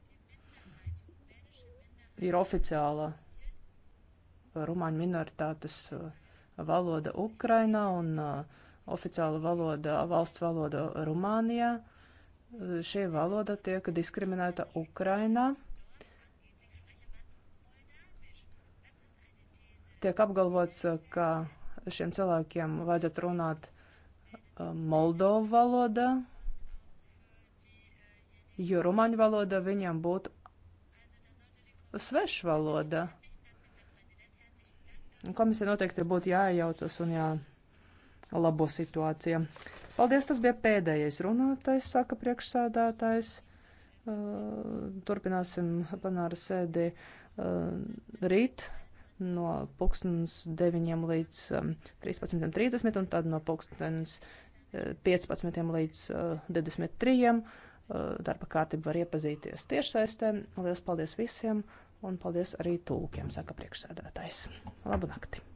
ir oficiāla uh, rumāņu minoritātes uh, valoda Ukrainā un uh, oficiāla valoda, valsts valoda Rumānijā. Šī valoda tiek diskriminēta Ukrainā. Tiek apgalvots, ka šiem cilvēkiem vajadzētu runāt Moldovu valodā, jo rumāņu valoda viņiem būtu svešu valoda. Komisija noteikti būtu jāiejaucas un jālabo situācija. Paldies, tas bija pēdējais runātais, saka priekšsēdētājs. Uh, turpināsim panāra sēdi uh, rīt no pulkstens 9 līdz 13.30 um, un tad no pulkstens 15 uh, līdz 23. Darba kārtība var iepazīties tiešsaistē. Lielas paldies visiem! Un paldies arī tūkiem, saka priekšsēdētājs. Labu nakti!